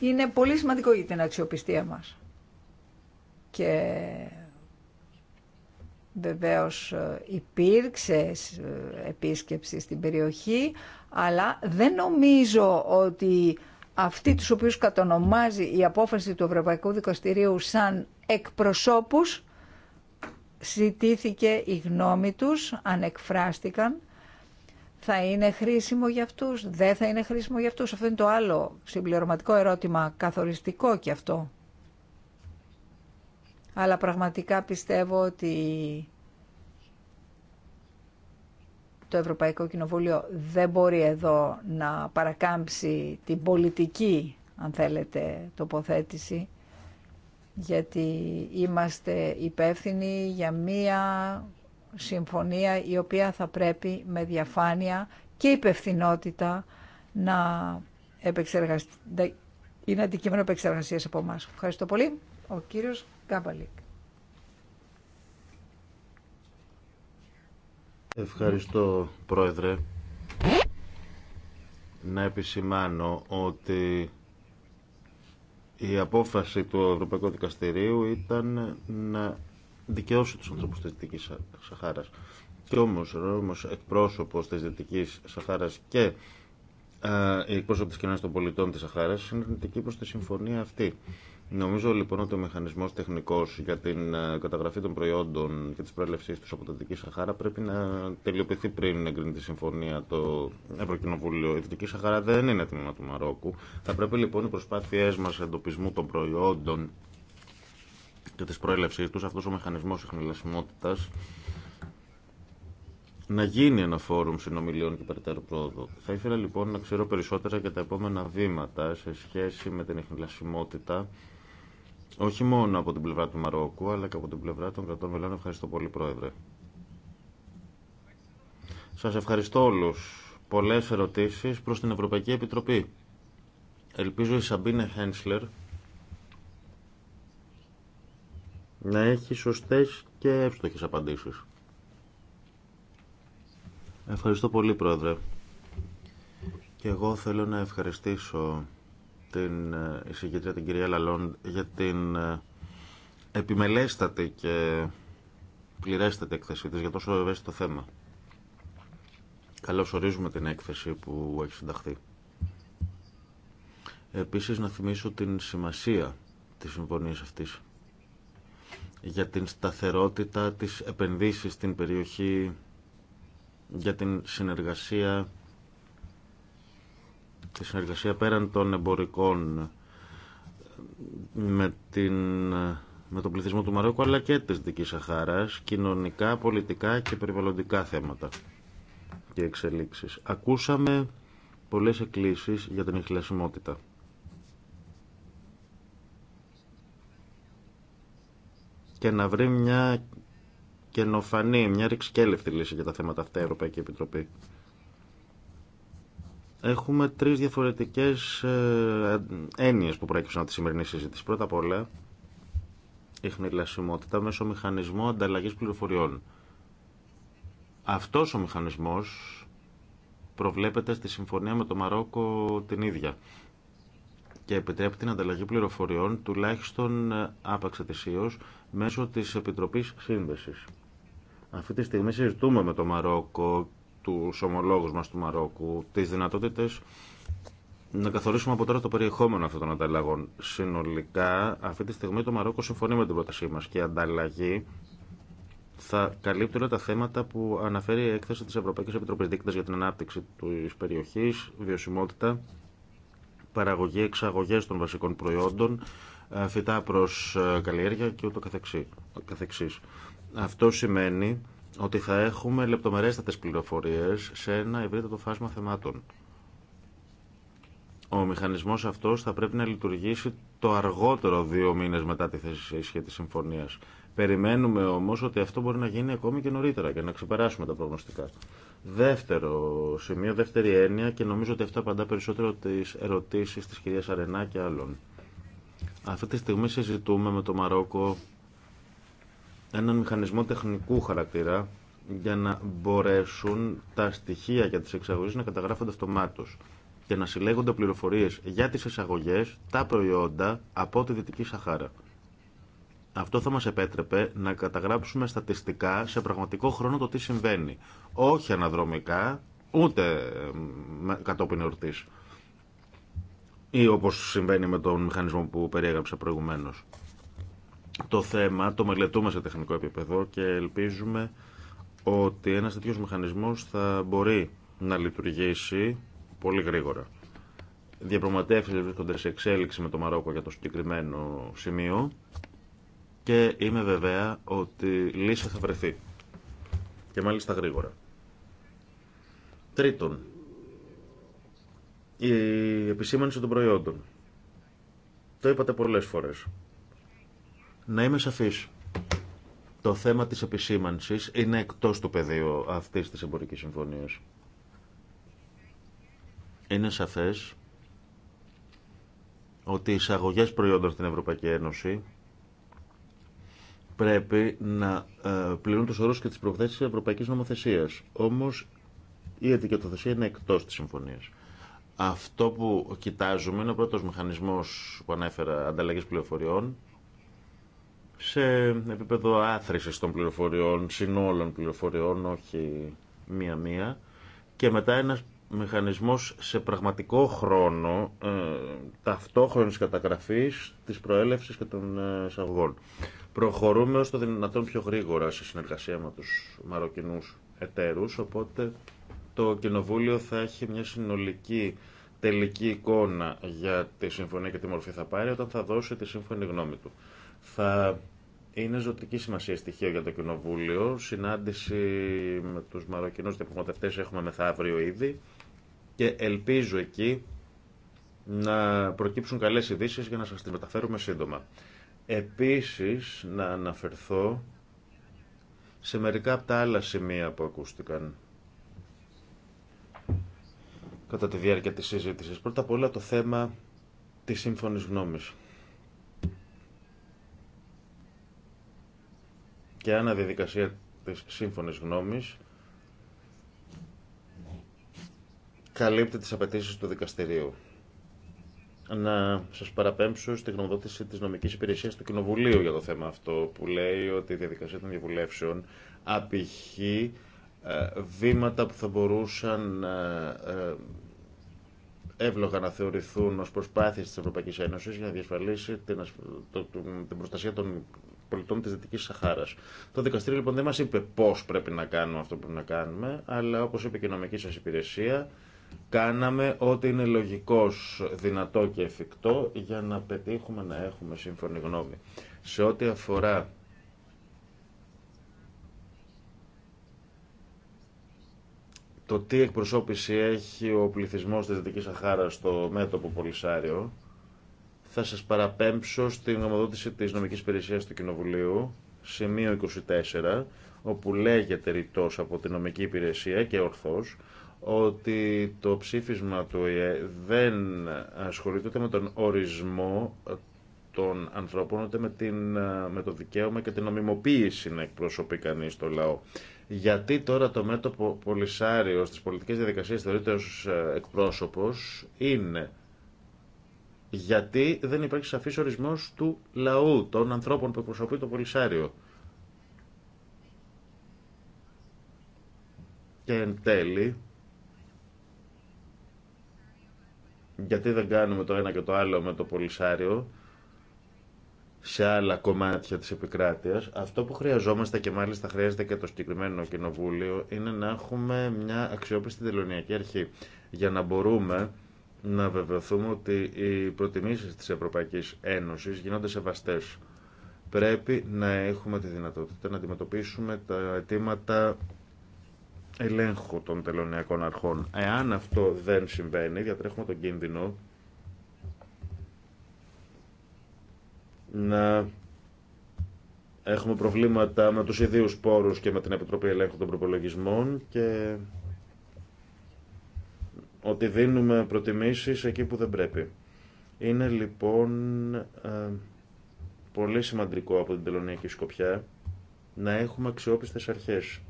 Είναι πολύ σημαντικό για την αξιοπιστία μας. Και βεβαίως ε, υπήρξε ε, επίσκεψη στην περιοχή, αλλά δεν νομίζω ότι αυτοί τους οποίους κατονομάζει η απόφαση του Ευρωπαϊκού Δικαστηρίου σαν εκπροσώπους ζητήθηκε η γνώμη τους, ανεκφράστηκαν, θα είναι χρήσιμο για αυτούς, δεν θα είναι χρήσιμο για αυτούς. Αυτό είναι το άλλο συμπληρωματικό ερώτημα, καθοριστικό και αυτό. Αλλά πραγματικά πιστεύω ότι το Ευρωπαϊκό Κοινοβούλιο δεν μπορεί εδώ να παρακάμψει την πολιτική, αν θέλετε, τοποθέτηση γιατί είμαστε υπεύθυνοι για μία συμφωνία η οποία θα πρέπει με διαφάνεια και υπευθυνότητα να επεξεργαστεί, είναι αντικείμενο επεξεργασίας από εμάς. Ευχαριστώ πολύ. Ο κύριος Γκάμπαλικ. Ευχαριστώ, Πρόεδρε. Να επισημάνω ότι η απόφαση του Ευρωπαϊκού Δικαστηρίου ήταν να δικαιώσει τους ανθρώπους της Δυτικής Σαχάρας. Και όμως, όμως εκπρόσωπος της Δυτικής Σαχάρας και ε, η εκπρόσωπη της κοινωνίας των πολιτών της Σαχάρας είναι αρνητική προς τη συμφωνία αυτή. Νομίζω λοιπόν ότι ο μηχανισμό τεχνικό για την ε, καταγραφή των προϊόντων και τη προέλευσή του από την Δυτική Σαχάρα πρέπει να τελειοποιηθεί πριν εγκρίνει τη συμφωνία το Ευρωκοινοβούλιο. Η Δυτική Σαχάρα δεν είναι τμήμα του Μαρόκου. Θα πρέπει λοιπόν οι προσπάθειέ μα εντοπισμού των προϊόντων και τη προέλευσή του, αυτό ο μηχανισμό εχνηλασιμότητα, να γίνει ένα φόρουμ συνομιλίων και περαιτέρω πρόοδο. Θα ήθελα λοιπόν να ξέρω περισσότερα για τα επόμενα βήματα σε σχέση με την εχνηλασιμότητα όχι μόνο από την πλευρά του Μαρόκου, αλλά και από την πλευρά των κρατών μελών. Ευχαριστώ πολύ, Πρόεδρε. Σας ευχαριστώ όλους. Πολλές ερωτήσεις προς την Ευρωπαϊκή Επιτροπή. Ελπίζω η Σαμπίνε Χένσλερ να έχει σωστές και εύστοχες απαντήσεις. Ευχαριστώ πολύ, Πρόεδρε. Και εγώ θέλω να ευχαριστήσω την ε, εισηγήτρια την κυρία Λαλόν για την ε, επιμελέστατη και πληρέστατη έκθεσή της για τόσο ευαίσθητο θέμα. Καλώς ορίζουμε την έκθεση που έχει συνταχθεί. Επίσης να θυμίσω την σημασία της συμφωνίας αυτής για την σταθερότητα της επενδύσεις στην περιοχή, για την συνεργασία τη συνεργασία πέραν των εμπορικών με, την, με τον πληθυσμό του Μαρόκου αλλά και της Δικής Σαχάρας, κοινωνικά, πολιτικά και περιβαλλοντικά θέματα και εξελίξεις. Ακούσαμε πολλές εκκλήσεις για την εχλασιμότητα. Και να βρει μια καινοφανή, μια ρηξικέλευτη λύση για τα θέματα αυτά η Ευρωπαϊκή Επιτροπή. Έχουμε τρεις διαφορετικές ε, ε, έννοιες που προέκυψαν από τη σημερινή συζήτηση. Πρώτα απ' όλα, η χνηλασιμότητα μέσω μηχανισμού ανταλλαγής πληροφοριών. Αυτός ο μηχανισμός προβλέπεται στη συμφωνία με το Μαρόκο την ίδια και επιτρέπει την ανταλλαγή πληροφοριών τουλάχιστον ε, άπαξ μέσω της Επιτροπής Σύνδεσης. Αυτή τη στιγμή συζητούμε με το Μαρόκο του ομολόγου μας του Μαρόκου τι δυνατότητες να καθορίσουμε από τώρα το περιεχόμενο αυτών των ανταλλαγών. Συνολικά, αυτή τη στιγμή το Μαρόκο συμφωνεί με την πρότασή μα και η ανταλλαγή θα καλύπτει όλα τα θέματα που αναφέρει η έκθεση τη Ευρωπαϊκή Επιτροπή Δίκτυα για την ανάπτυξη τη περιοχή, βιωσιμότητα, παραγωγή, εξαγωγέ των βασικών προϊόντων, φυτά προ καλλιέργεια και ούτω καθεξής. Αυτό σημαίνει ότι θα έχουμε λεπτομερέστατες πληροφορίες σε ένα ευρύτερο φάσμα θεμάτων. Ο μηχανισμός αυτός θα πρέπει να λειτουργήσει το αργότερο δύο μήνες μετά τη θέση ισχύ τη συμφωνίας. Περιμένουμε όμως ότι αυτό μπορεί να γίνει ακόμη και νωρίτερα και να ξεπεράσουμε τα προγνωστικά. Δεύτερο σημείο, δεύτερη έννοια και νομίζω ότι αυτό απαντά περισσότερο τις ερωτήσεις της κυρίας Αρενά και άλλων. Αυτή τη στιγμή συζητούμε με το Μαρόκο έναν μηχανισμό τεχνικού χαρακτήρα για να μπορέσουν τα στοιχεία για τις εξαγωγές να καταγράφονται αυτομάτως και να συλλέγονται πληροφορίες για τις εξαγωγές, τα προϊόντα από τη Δυτική Σαχάρα. Αυτό θα μας επέτρεπε να καταγράψουμε στατιστικά σε πραγματικό χρόνο το τι συμβαίνει. Όχι αναδρομικά, ούτε κατόπιν εορτής. Ή όπως συμβαίνει με τον μηχανισμό που περιέγραψα προηγουμένως το θέμα το μελετούμε σε τεχνικό επίπεδο και ελπίζουμε ότι ένας τέτοιος μηχανισμός θα μπορεί να λειτουργήσει πολύ γρήγορα. Διαπραγματεύσεις βρίσκονται σε εξέλιξη με το Μαρόκο για το συγκεκριμένο σημείο και είμαι βεβαία ότι λύση θα βρεθεί και μάλιστα γρήγορα. Τρίτον, η επισήμανση των προϊόντων. Το είπατε πολλές φορές. Να είμαι σαφής. Το θέμα της επισήμανσης είναι εκτός του πεδίου αυτής της εμπορικής συμφωνίας. Είναι σαφές ότι οι εισαγωγέ προϊόντων στην Ευρωπαϊκή Ένωση πρέπει να ε, πληρούν τους όρους και τις προθέσει της Ευρωπαϊκής Νομοθεσίας. Όμως η ετικετοθεσία είναι εκτός της συμφωνίας. Αυτό που κοιτάζουμε είναι ο πρώτος μηχανισμός που ανέφερα ανταλλαγής πληροφοριών σε επίπεδο άθρησης των πληροφοριών, συνόλων πληροφοριών, όχι μία-μία, και μετά ένας μηχανισμός σε πραγματικό χρόνο ε, ταυτόχρονης καταγραφής της προέλευσης και των ε, εισαγωγών. Προχωρούμε ως το δυνατόν πιο γρήγορα σε συνεργασία με τους μαροκινούς εταίρους, οπότε το Κοινοβούλιο θα έχει μια συνολική τελική εικόνα για τη συμφωνία και τη μορφή θα πάρει όταν θα δώσει τη σύμφωνη γνώμη του. Θα είναι ζωτική σημασία στοιχείο για το Κοινοβούλιο. Συνάντηση με τους Μαροκινούς διαπραγματευτές έχουμε μεθαύριο ήδη και ελπίζω εκεί να προκύψουν καλές ειδήσει για να σας τις μεταφέρουμε σύντομα. Επίσης, να αναφερθώ σε μερικά από τα άλλα σημεία που ακούστηκαν κατά τη διάρκεια της συζήτησης. Πρώτα απ' όλα το θέμα της σύμφωνης γνώμης. και άνα διαδικασία της σύμφωνης γνώμης καλύπτει τις απαιτήσεις του δικαστηρίου. Να σας παραπέμψω στη γνωμοδότηση της νομικής υπηρεσίας του Κοινοβουλίου για το θέμα αυτό που λέει ότι η διαδικασία των διαβουλεύσεων απηχεί ε, βήματα που θα μπορούσαν ε, ε, εύλογα να θεωρηθούν ως προσπάθειες της Ευρωπαϊκής Ένωσης για να διασφαλίσει την προστασία των πολιτών τη Δυτική Σαχάρα. Το δικαστήριο λοιπόν δεν μα είπε πώ πρέπει να κάνουμε αυτό που πρέπει να κάνουμε, αλλά όπω είπε και η νομική σα υπηρεσία, κάναμε ό,τι είναι λογικό δυνατό και εφικτό για να πετύχουμε να έχουμε σύμφωνη γνώμη. Σε ό,τι αφορά το τι εκπροσώπηση έχει ο πληθυσμός της Δυτικής Σαχάρας στο μέτωπο Πολυσάριο, θα σας παραπέμψω στην ομοδότηση της νομικής υπηρεσίας του Κοινοβουλίου, σημείο 24, όπου λέγεται ρητός από την νομική υπηρεσία και ορθώς, ότι το ψήφισμα του ΕΕ δεν ασχολείται με τον ορισμό των ανθρώπων, ούτε με, την, με το δικαίωμα και την νομιμοποίηση να εκπροσωπεί κανεί το λαό. Γιατί τώρα το μέτωπο Πολυσάριο στις πολιτικές διαδικασίες θεωρείται ως ε, εκπρόσωπος είναι γιατί δεν υπάρχει σαφής ορισμός του λαού, των ανθρώπων που εκπροσωπεί το Πολυσάριο. Και εν τέλει, γιατί δεν κάνουμε το ένα και το άλλο με το Πολυσάριο, σε άλλα κομμάτια της επικράτειας. Αυτό που χρειαζόμαστε και μάλιστα χρειάζεται και το συγκεκριμένο κοινοβούλιο είναι να έχουμε μια αξιόπιστη τελωνιακή αρχή για να μπορούμε να βεβαιωθούμε ότι οι προτιμήσεις της Ευρωπαϊκής Ένωσης γίνονται σεβαστές. Πρέπει να έχουμε τη δυνατότητα να αντιμετωπίσουμε τα αιτήματα ελέγχου των τελωνιακών αρχών. Εάν αυτό δεν συμβαίνει, διατρέχουμε τον κίνδυνο να έχουμε προβλήματα με τους ιδίους πόρους και με την Επιτροπή Ελέγχου των Προπολογισμών και ότι δίνουμε προτιμήσεις εκεί που δεν πρέπει. Είναι λοιπόν ε, πολύ σημαντικό από την τελωνιακή σκοπιά να έχουμε αξιόπιστες αρχές.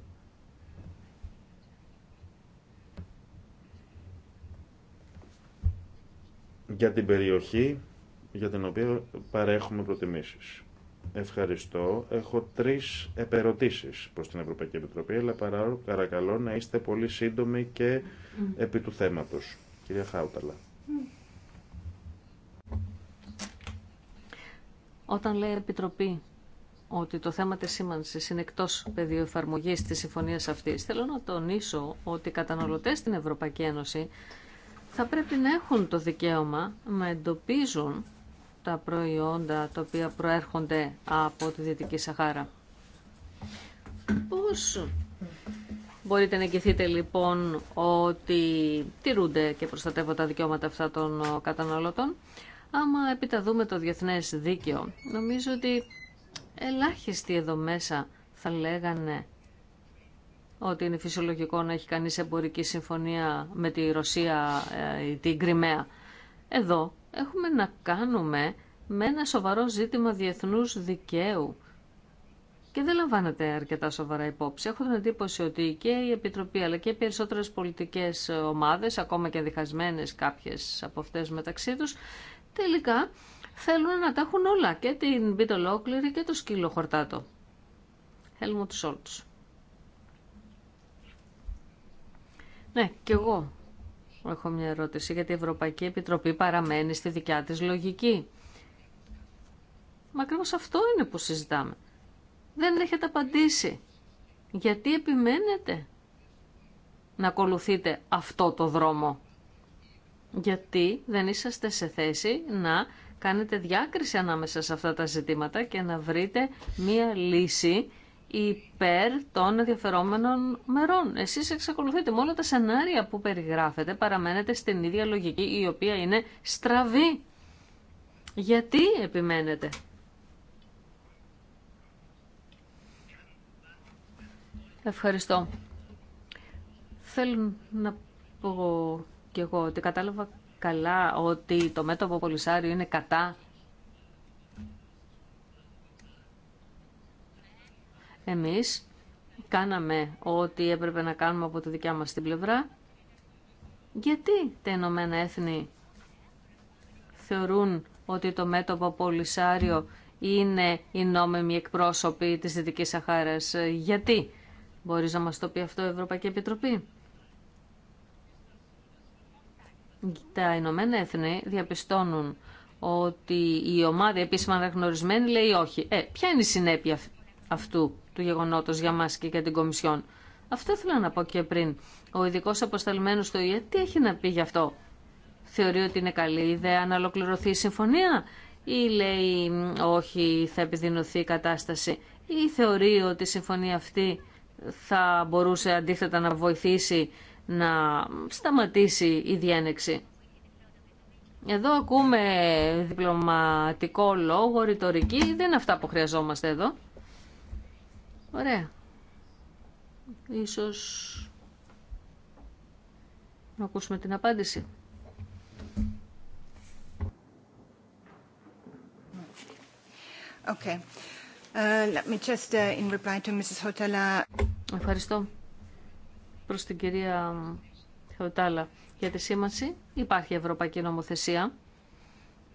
για την περιοχή για την οποία παρέχουμε προτιμήσεις. Ευχαριστώ. Έχω τρεις επερωτήσεις προς την Ευρωπαϊκή Επιτροπή, αλλά παρακαλώ να είστε πολύ σύντομοι και επί του θέματος. Κυρία Χάουταλα. Όταν λέει η Επιτροπή ότι το θέμα της σήμανσης είναι εκτός πεδίου εφαρμογή της συμφωνίας αυτής, θέλω να τονίσω ότι οι καταναλωτές στην Ευρωπαϊκή Ένωση θα πρέπει να έχουν το δικαίωμα να εντοπίζουν τα προϊόντα τα οποία προέρχονται από τη Δυτική Σαχάρα. Πώς μπορείτε να εγγυηθείτε λοιπόν ότι τηρούνται και προστατεύονται τα δικαιώματα αυτά των καταναλωτών. Άμα επιταδούμε το διεθνές δίκαιο, νομίζω ότι ελάχιστοι εδώ μέσα θα λέγανε ότι είναι φυσιολογικό να έχει κανείς εμπορική συμφωνία με τη Ρωσία ε, ή την Κρυμαία. Εδώ έχουμε να κάνουμε με ένα σοβαρό ζήτημα διεθνούς δικαίου και δεν λαμβάνεται αρκετά σοβαρά υπόψη. Έχω την εντύπωση ότι και η Επιτροπή αλλά και οι περισσότερες πολιτικές ομάδες, ακόμα και διχασμένες κάποιες από αυτές μεταξύ τους, τελικά θέλουν να τα έχουν όλα και την μπίτ ολόκληρη και το σκύλο χορτάτο. Θέλουμε τους όλους. Ναι, και εγώ Έχω μια ερώτηση γιατί η Ευρωπαϊκή Επιτροπή παραμένει στη δικιά της λογική. Μα ακριβώς αυτό είναι που συζητάμε. Δεν έχετε απαντήσει. Γιατί επιμένετε να ακολουθείτε αυτό το δρόμο. Γιατί δεν είσαστε σε θέση να κάνετε διάκριση ανάμεσα σε αυτά τα ζητήματα και να βρείτε μία λύση υπέρ των ενδιαφερόμενων μερών. Εσείς εξακολουθείτε με όλα τα σενάρια που περιγράφετε, παραμένετε στην ίδια λογική η οποία είναι στραβή. Γιατί επιμένετε. Ευχαριστώ. Θέλω να πω και εγώ ότι κατάλαβα καλά ότι το μέτωπο Πολυσάριο είναι κατά Εμείς κάναμε ό,τι έπρεπε να κάνουμε από τη δικιά μας την πλευρά. Γιατί τα Ηνωμένα Έθνη θεωρούν ότι το μέτωπο Πολυσάριο είναι η νόμιμοι εκπρόσωποι της Δυτικής Σαχάρας. Γιατί. Μπορείς να μας το πει αυτό η Ευρωπαϊκή Επιτροπή. Τα Ηνωμένα Έθνη διαπιστώνουν ότι η ομάδα επίσημα αναγνωρισμένη λέει όχι. Ε, ποια είναι η συνέπεια αυτού του γεγονότος για μας και για την Κομισιόν. Αυτό ήθελα να πω και πριν. Ο ειδικό αποσταλμένος στο ΙΕ τι έχει να πει γι' αυτό. Θεωρεί ότι είναι καλή ιδέα να ολοκληρωθεί η συμφωνία ή λέει όχι θα επιδεινωθεί η κατάσταση ή θεωρεί ότι η συμφωνία αυτή θα μπορούσε αντίθετα να βοηθήσει να σταματήσει η διένεξη. Εδώ ακούμε διπλωματικό λόγο, ρητορική, δεν είναι αυτά που χρειαζόμαστε εδώ. Ωραία. Ίσως να ακούσουμε την απάντηση. Okay. Uh, let me just uh, in reply to Mrs. Hotala. Ευχαριστώ προς την κυρία Χαουτάλα για τη σήμανση. Υπάρχει ευρωπαϊκή νομοθεσία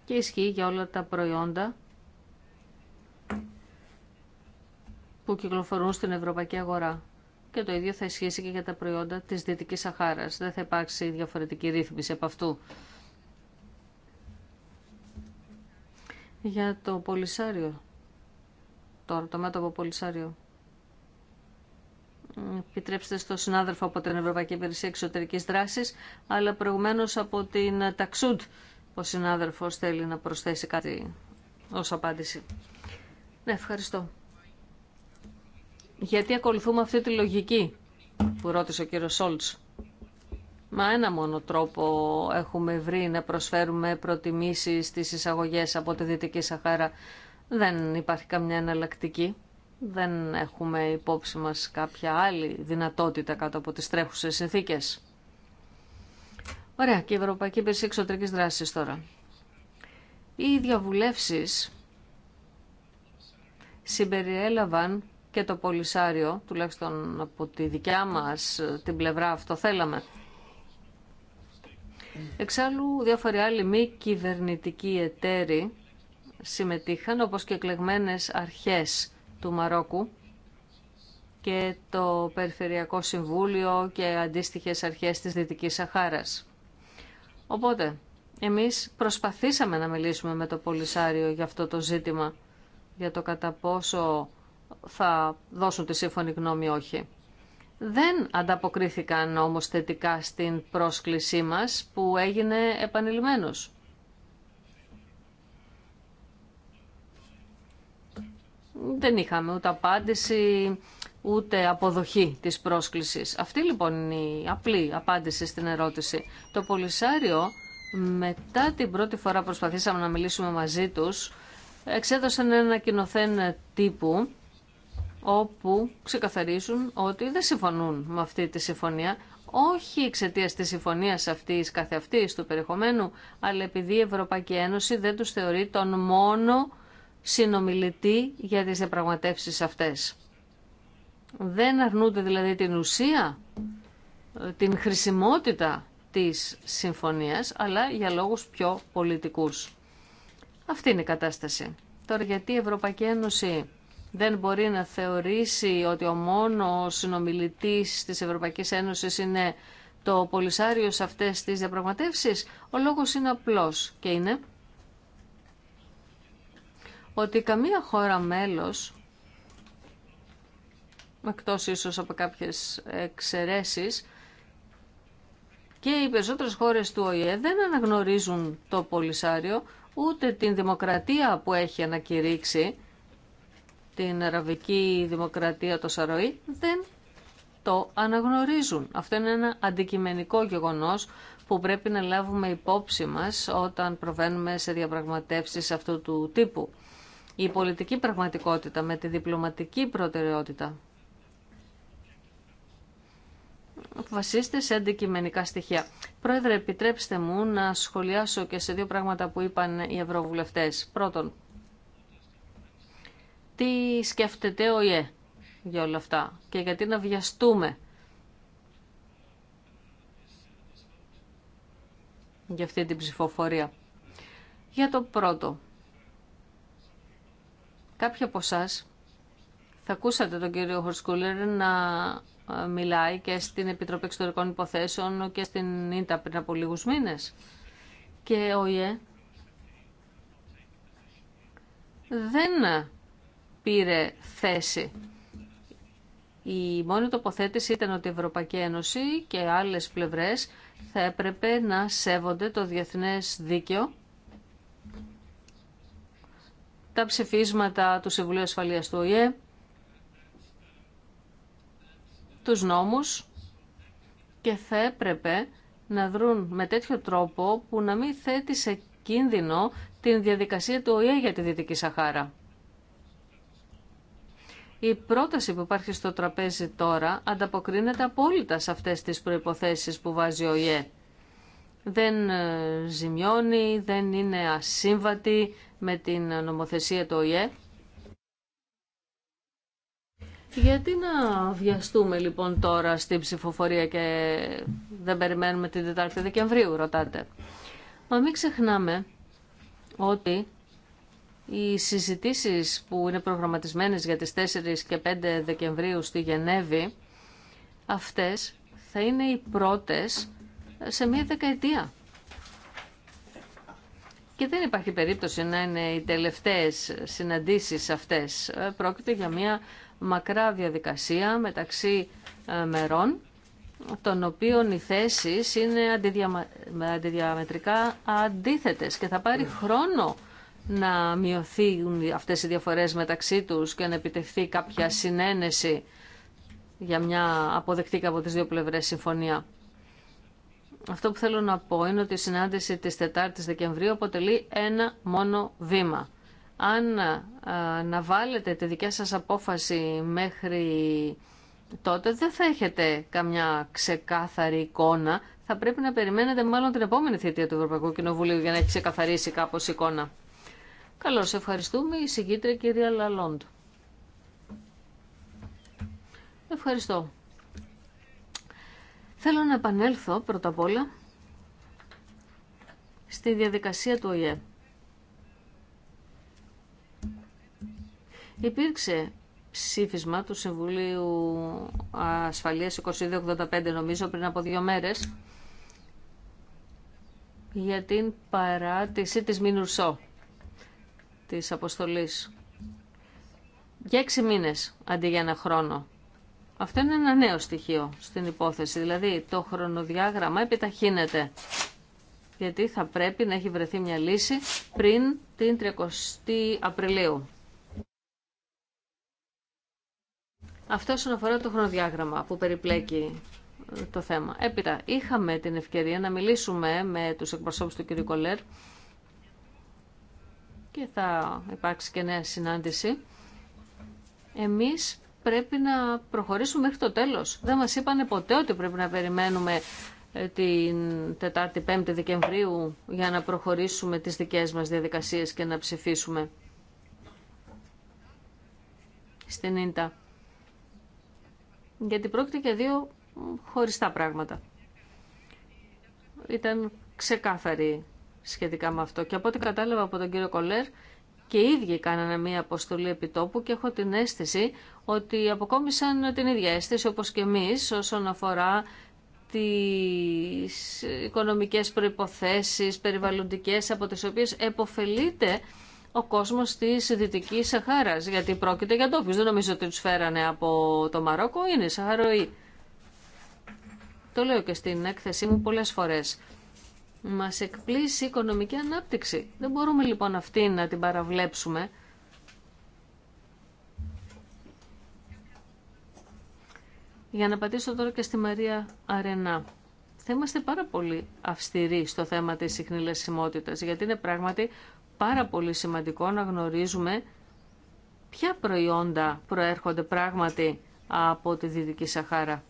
και ισχύει για όλα τα προϊόντα που κυκλοφορούν στην ευρωπαϊκή αγορά. Και το ίδιο θα ισχύσει και για τα προϊόντα της Δυτικής Σαχάρας. Δεν θα υπάρξει διαφορετική ρύθμιση από αυτού. Για το πολυσάριο. Τώρα το μέτωπο πολυσάριο. Επιτρέψτε στο συνάδελφο από την Ευρωπαϊκή Υπηρεσία Εξωτερικής Δράσης, αλλά προηγουμένως από την Ταξούντ ο συνάδελφος θέλει να προσθέσει κάτι ως απάντηση. Ναι, ευχαριστώ. Γιατί ακολουθούμε αυτή τη λογική που ρώτησε ο κύριος Σόλτς. Μα ένα μόνο τρόπο έχουμε βρει να προσφέρουμε προτιμήσεις στις εισαγωγές από τη Δυτική Σαχάρα. Δεν υπάρχει καμιά εναλλακτική. Δεν έχουμε υπόψη μας κάποια άλλη δυνατότητα κάτω από τις τρέχουσες συνθήκες. Ωραία, και η Ευρωπαϊκή Υπηρεσία Εξωτερικής Δράσης τώρα. Οι διαβουλεύσεις συμπεριέλαβαν και το Πολυσάριο, τουλάχιστον από τη δικιά μας ε, την πλευρά αυτό θέλαμε. Εξάλλου, διάφοροι άλλοι μη κυβερνητικοί εταίροι συμμετείχαν, όπως και εκλεγμένες αρχές του Μαρόκου και το Περιφερειακό Συμβούλιο και αντίστοιχες αρχές της Δυτικής Σαχάρας. Οπότε, εμείς προσπαθήσαμε να μιλήσουμε με το Πολυσάριο για αυτό το ζήτημα, για το κατά πόσο θα δώσουν τη σύμφωνη γνώμη όχι. Δεν ανταποκρίθηκαν όμως θετικά στην πρόσκλησή μας που έγινε επανειλημμένος. Δεν είχαμε ούτε απάντηση, ούτε αποδοχή της πρόσκλησης. Αυτή λοιπόν είναι η απλή απάντηση στην ερώτηση. Το Πολυσάριο μετά την πρώτη φορά προσπαθήσαμε να μιλήσουμε μαζί τους, εξέδωσαν ένα κοινοθέν τύπου όπου ξεκαθαρίζουν ότι δεν συμφωνούν με αυτή τη συμφωνία, όχι εξαιτία τη συμφωνία αυτή καθεαυτή του περιεχομένου, αλλά επειδή η Ευρωπαϊκή Ένωση δεν του θεωρεί τον μόνο συνομιλητή για τι διαπραγματεύσει αυτές. Δεν αρνούνται δηλαδή την ουσία, την χρησιμότητα της συμφωνίας, αλλά για λόγους πιο πολιτικούς. Αυτή είναι η κατάσταση. Τώρα γιατί η Ευρωπαϊκή Ένωση δεν μπορεί να θεωρήσει ότι ο μόνος συνομιλητή της Ευρωπαϊκή Ένωσης είναι το πολυσάριο σε αυτές τις διαπραγματεύσεις. Ο λόγο είναι απλός και είναι ότι καμία χώρα μέλος, εκτός ίσως από κάποιες εξαιρέσεις, και οι περισσότερες χώρες του ΟΗΕ δεν αναγνωρίζουν το Πολυσάριο, ούτε την δημοκρατία που έχει ανακηρύξει την Αραβική Δημοκρατία το Σαροή δεν το αναγνωρίζουν. Αυτό είναι ένα αντικειμενικό γεγονός που πρέπει να λάβουμε υπόψη μας όταν προβαίνουμε σε διαπραγματεύσεις αυτού του τύπου. Η πολιτική πραγματικότητα με τη διπλωματική προτεραιότητα βασίστε σε αντικειμενικά στοιχεία. Πρόεδρε, επιτρέψτε μου να σχολιάσω και σε δύο πράγματα που είπαν οι ευρωβουλευτές. Πρώτον, τι σκέφτεται ο ΙΕ για όλα αυτά και γιατί να βιαστούμε για αυτή την ψηφοφορία. Για το πρώτο. Κάποιοι από εσά θα ακούσατε τον κύριο Χορσκούλερ να ε, μιλάει και στην Επιτροπή Εξωτερικών Υποθέσεων και στην ΙΝΤΑ πριν από λίγους μήνες. Και ο ΙΕ δεν πήρε θέση. Η μόνη τοποθέτηση ήταν ότι η Ευρωπαϊκή Ένωση και άλλες πλευρές θα έπρεπε να σέβονται το διεθνές δίκαιο, τα ψηφίσματα του Συμβουλίου Ασφαλείας του ΟΗΕ, τους νόμους και θα έπρεπε να δρουν με τέτοιο τρόπο που να μην θέτει σε κίνδυνο την διαδικασία του ΟΗΕ για τη Δυτική Σαχάρα. Η πρόταση που υπάρχει στο τραπέζι τώρα ανταποκρίνεται απόλυτα σε αυτές τις προϋποθέσεις που βάζει ο ΙΕ. Δεν ε, ζημιώνει, δεν είναι ασύμβατη με την νομοθεσία του ΙΕ. Γιατί να βιαστούμε λοιπόν τώρα στην ψηφοφορία και δεν περιμένουμε την 4η Δεκεμβρίου, ρωτάτε. Μα μην ξεχνάμε ότι οι συζητήσεις που είναι προγραμματισμένες για τις 4 και 5 Δεκεμβρίου στη Γενέβη, αυτές θα είναι οι πρώτες σε μία δεκαετία. Και δεν υπάρχει περίπτωση να είναι οι τελευταίες συναντήσεις αυτές. Πρόκειται για μία μακρά διαδικασία μεταξύ ε, μερών, των οποίων οι θέσεις είναι αντιδιαμετρικά αντίθετες και θα πάρει ναι. χρόνο να μειωθούν αυτές οι διαφορές μεταξύ τους και να επιτευχθεί κάποια συνένεση για μια αποδεκτή από τις δύο πλευρές συμφωνία. Αυτό που θέλω να πω είναι ότι η συνάντηση της 4ης Δεκεμβρίου αποτελεί ένα μόνο βήμα. Αν να βάλετε τη δικιά σας απόφαση μέχρι τότε δεν θα έχετε καμιά ξεκάθαρη εικόνα. Θα πρέπει να περιμένετε μάλλον την επόμενη θητεία του Ευρωπαϊκού Κοινοβουλίου για να έχει ξεκαθαρίσει κάπως η εικόνα. Καλώ ευχαριστούμε η συγκήτρια κυρία Λαλόντ. Ευχαριστώ. Θέλω να επανέλθω πρώτα απ' όλα στη διαδικασία του ΟΗΕ. Υπήρξε ψήφισμα του Συμβουλίου Ασφαλείας 2285 νομίζω πριν από δύο μέρες για την παράτηση της Μινουρσό της αποστολής για έξι μήνες αντί για ένα χρόνο. Αυτό είναι ένα νέο στοιχείο στην υπόθεση, δηλαδή το χρονοδιάγραμμα επιταχύνεται γιατί θα πρέπει να έχει βρεθεί μια λύση πριν την 30η Απριλίου. Αυτό όσον αφορά το χρονοδιάγραμμα που περιπλέκει ε, το θέμα. Έπειτα, είχαμε την ευκαιρία να μιλήσουμε με τους εκπροσώπους του κ. Κολέρ και θα υπάρξει και νέα συνάντηση. Εμείς πρέπει να προχωρήσουμε μέχρι το τέλος. Δεν μας είπαν ποτέ ότι πρέπει να περιμένουμε ε, την 4η 5η Δεκεμβρίου για να προχωρήσουμε τις δικές μας διαδικασίες και να ψηφίσουμε στην ίντα. Γιατί πρόκειται για δύο χωριστά πράγματα. Ήταν ξεκάθαρη σχετικά με αυτό. Και από ό,τι κατάλαβα από τον κύριο Κολέρ, και οι ίδιοι κάνανε μία αποστολή επιτόπου και έχω την αίσθηση ότι αποκόμισαν την ίδια αίσθηση όπως και εμείς όσον αφορά τις οικονομικές προϋποθέσεις, περιβαλλοντικές, από τις οποίες εποφελείται ο κόσμος της Δυτικής Σαχάρας, γιατί πρόκειται για τόπους. Δεν νομίζω ότι τους φέρανε από το Μαρόκο, είναι Σαχαροή. Το λέω και στην έκθεσή μου πολλές φορές. Μας εκπλήσει η οικονομική ανάπτυξη. Δεν μπορούμε λοιπόν αυτή να την παραβλέψουμε. Για να πατήσω τώρα και στη Μαρία Αρενά. Θα είμαστε πάρα πολύ αυστηροί στο θέμα της συχνηλεσιμότητας, γιατί είναι πράγματι πάρα πολύ σημαντικό να γνωρίζουμε ποια προϊόντα προέρχονται πράγματι από τη Δυτική Σαχάρα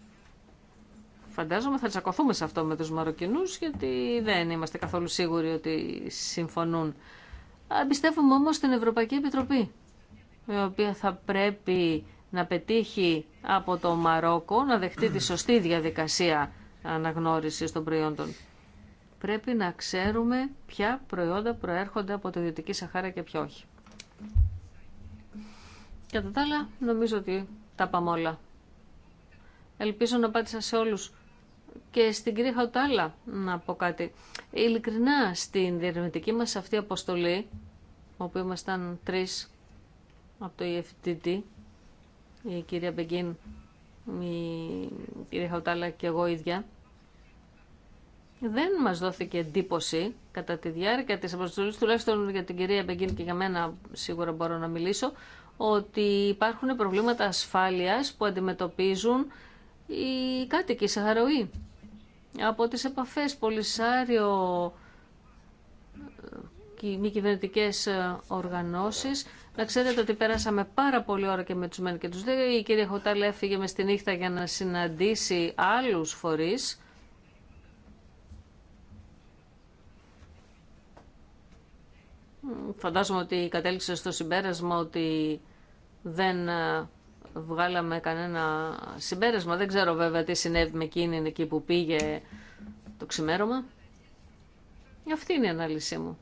φαντάζομαι θα τσακωθούμε σε αυτό με τους Μαροκινούς γιατί δεν είμαστε καθόλου σίγουροι ότι συμφωνούν. πιστεύουμε όμως την Ευρωπαϊκή Επιτροπή η οποία θα πρέπει να πετύχει από το Μαρόκο να δεχτεί τη σωστή διαδικασία αναγνώρισης των προϊόντων. Πρέπει να ξέρουμε ποια προϊόντα προέρχονται από τη Δυτική Σαχάρα και ποια όχι. Κατά τα άλλα, νομίζω ότι τα πάμε όλα. Ελπίζω να πάτησα σε όλους και στην κυρία Χαουτάλα να πω κάτι. Ειλικρινά στην διερευνητική μας αυτή αποστολή, όπου ήμασταν τρεις από το EFTT, η κυρία Μπεγκίν, η κυρία Χαουτάλα και εγώ ίδια, δεν μας δόθηκε εντύπωση κατά τη διάρκεια της αποστολής, τουλάχιστον για την κυρία Μπεγκίν και για μένα σίγουρα μπορώ να μιλήσω, ότι υπάρχουν προβλήματα ασφάλειας που αντιμετωπίζουν οι κάτοικοι σε χαροή από τις επαφές Πολυσάριο ε, μη κυβερνητικέ ε, οργανώσεις. Να ξέρετε ότι πέρασαμε πάρα πολύ ώρα και με του μεν και του δύο. Η κυρία Χωτάλ έφυγε με στη νύχτα για να συναντήσει άλλους φορείς. Φαντάζομαι ότι κατέληξε στο συμπέρασμα ότι δεν ε, βγάλαμε κανένα συμπέρασμα. Δεν ξέρω βέβαια τι συνέβη με εκείνη εκεί που πήγε το ξημέρωμα. Αυτή είναι η ανάλυση μου.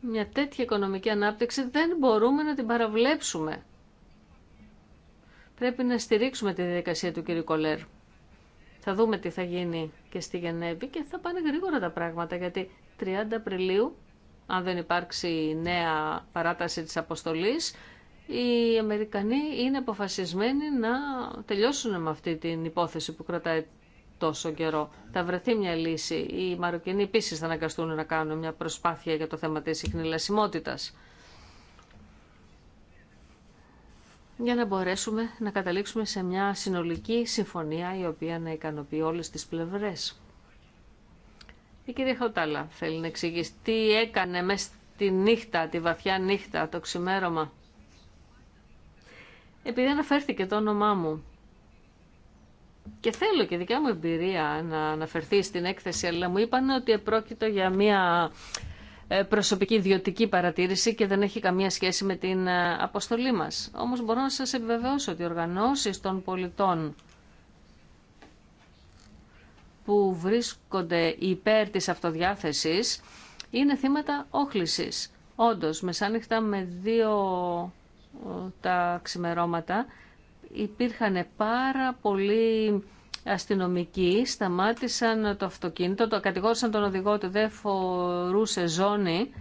Μια τέτοια οικονομική ανάπτυξη δεν μπορούμε να την παραβλέψουμε. Πρέπει να στηρίξουμε τη διαδικασία του κ. Κολέρ. Θα δούμε τι θα γίνει και στη Γενέβη και θα πάνε γρήγορα τα πράγματα γιατί 30 Απριλίου, αν δεν υπάρξει νέα παράταση της αποστολής, οι Αμερικανοί είναι αποφασισμένοι να τελειώσουν με αυτή την υπόθεση που κρατάει τόσο καιρό. Θα βρεθεί μια λύση. Οι Μαροκινοί επίση θα αναγκαστούν να κάνουν μια προσπάθεια για το θέμα της συχνηλασιμότητα. Για να μπορέσουμε να καταλήξουμε σε μια συνολική συμφωνία η οποία να ικανοποιεί όλες τις πλευρές. Η κυρία Χαουτάλα θέλει να εξηγήσει τι έκανε μέσα τη νύχτα, τη βαθιά νύχτα, το ξημέρωμα επειδή αναφέρθηκε το όνομά μου και θέλω και δικιά μου εμπειρία να αναφερθεί στην έκθεση, αλλά μου είπαν ότι επρόκειτο για μια ε, προσωπική ιδιωτική παρατήρηση και δεν έχει καμία σχέση με την ε, αποστολή μας. Όμως μπορώ να σας επιβεβαιώσω ότι οι οργανώσεις των πολιτών που βρίσκονται υπέρ της αυτοδιάθεσης είναι θύματα όχλησης. Όντως, μεσάνυχτα με δύο τα ξημερώματα υπήρχαν πάρα πολλοί αστυνομικοί, σταμάτησαν το αυτοκίνητο, το κατηγόρησαν τον οδηγό ότι δεν φορούσε ζώνη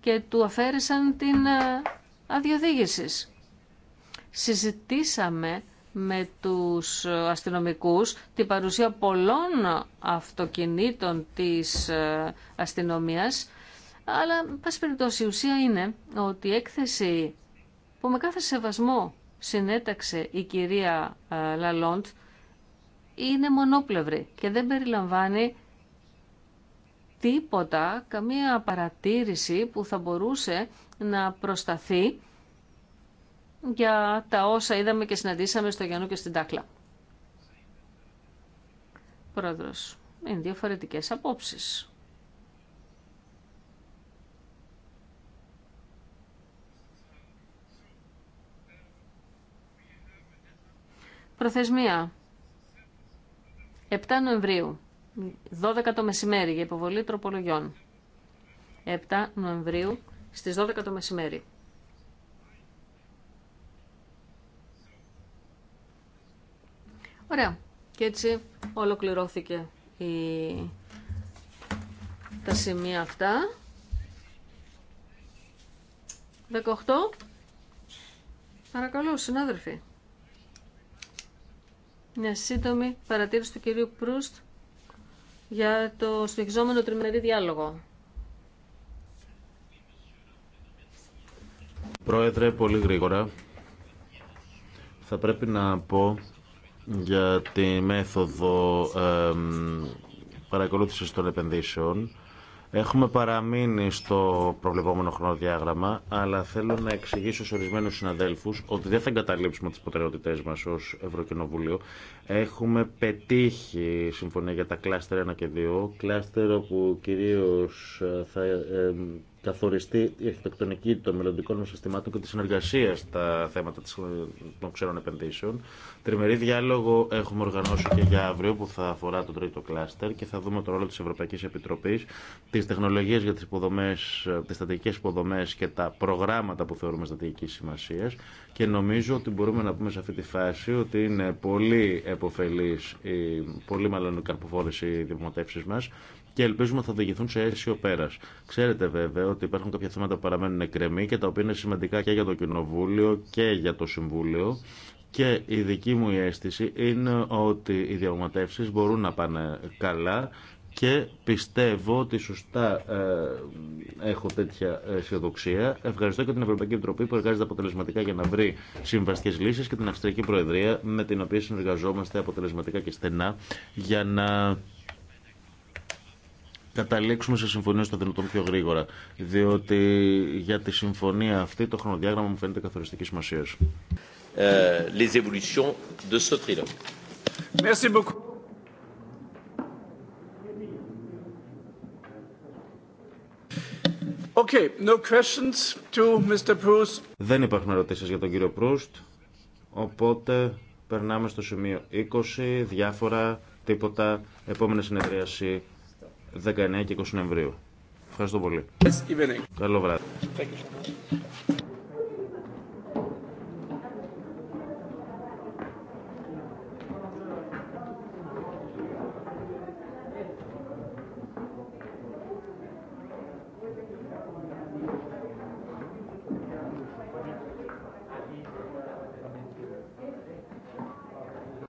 και του αφαίρεσαν την ε, αδειοδήγηση. Συζητήσαμε με τους αστυνομικούς την παρουσία πολλών αυτοκινήτων της ε, αστυνομίας αλλά, πάση περιπτώσει, η ουσία είναι ότι η έκθεση που με κάθε σεβασμό συνέταξε η κυρία ε, Λαλόντ είναι μονόπλευρη και δεν περιλαμβάνει τίποτα, καμία παρατήρηση που θα μπορούσε να προσταθεί για τα όσα είδαμε και συναντήσαμε στο Γιάννου και στην Τάκλα. Πρόεδρος, είναι διαφορετικές απόψεις. Προθεσμία. 7 Νοεμβρίου, 12 το μεσημέρι για υποβολή τροπολογιών. 7 Νοεμβρίου στις 12 το μεσημέρι. Ωραία. Και έτσι ολοκληρώθηκε η... τα σημεία αυτά. 18. Παρακαλώ, συνάδελφοι. Μια σύντομη παρατήρηση του κυρίου Προύστ για το συνεχιζόμενο τριμερή διάλογο. Πρόεδρε, πολύ γρήγορα. Θα πρέπει να πω για τη μέθοδο ε, παρακολούθησης των επενδύσεων Έχουμε παραμείνει στο προβλεπόμενο χρονοδιάγραμμα, αλλά θέλω να εξηγήσω σε ορισμένου συναδέλφου ότι δεν θα εγκαταλείψουμε τι προτεραιότητέ μα ω Ευρωκοινοβούλιο. Έχουμε πετύχει συμφωνία για τα κλάστερ 1 και 2, κλάστερ όπου κυρίω ε, θα ε, καθοριστεί η αρχιτεκτονική των μελλοντικών μας συστημάτων και τη συνεργασία στα θέματα των ξένων επενδύσεων. Τριμερή διάλογο έχουμε οργανώσει και για αύριο που θα αφορά το τρίτο κλάστερ και θα δούμε τον ρόλο τη Ευρωπαϊκή Επιτροπή, τι τεχνολογίε για τι υποδομές, τις στρατηγικές υποδομές και τα προγράμματα που θεωρούμε στατικής σημασία. και νομίζω ότι μπορούμε να πούμε σε αυτή τη φάση ότι είναι πολύ εποφελή, πολύ μάλλον καρποφόρηση οι δημοτεύσεις μα και ελπίζουμε θα οδηγηθούν σε αίσιο πέρα. Ξέρετε βέβαια ότι υπάρχουν κάποια θέματα που παραμένουν εκκρεμή και τα οποία είναι σημαντικά και για το Κοινοβούλιο και για το Συμβούλιο. Και η δική μου αίσθηση είναι ότι οι διαπραγματεύσει μπορούν να πάνε καλά και πιστεύω ότι σωστά ε, έχω τέτοια αισιοδοξία. Ευχαριστώ και την Ευρωπαϊκή Επιτροπή που εργάζεται αποτελεσματικά για να βρει συμβαστικέ λύσει και την Αυστρική Προεδρία με την οποία συνεργαζόμαστε αποτελεσματικά και στενά για να καταλήξουμε σε συμφωνία στο δυνατόν πιο γρήγορα. Διότι για τη συμφωνία αυτή το χρονοδιάγραμμα μου φαίνεται καθοριστική σημασία. Ε, de Okay, no questions to Mr. Proust. Δεν υπάρχουν ερωτήσεις για τον κύριο Προύστ, οπότε περνάμε στο σημείο 20, διάφορα, τίποτα, επόμενη συνεδρίαση 19 και 20 Νοεμβρίου. Ευχαριστώ πολύ. Καλό βράδυ.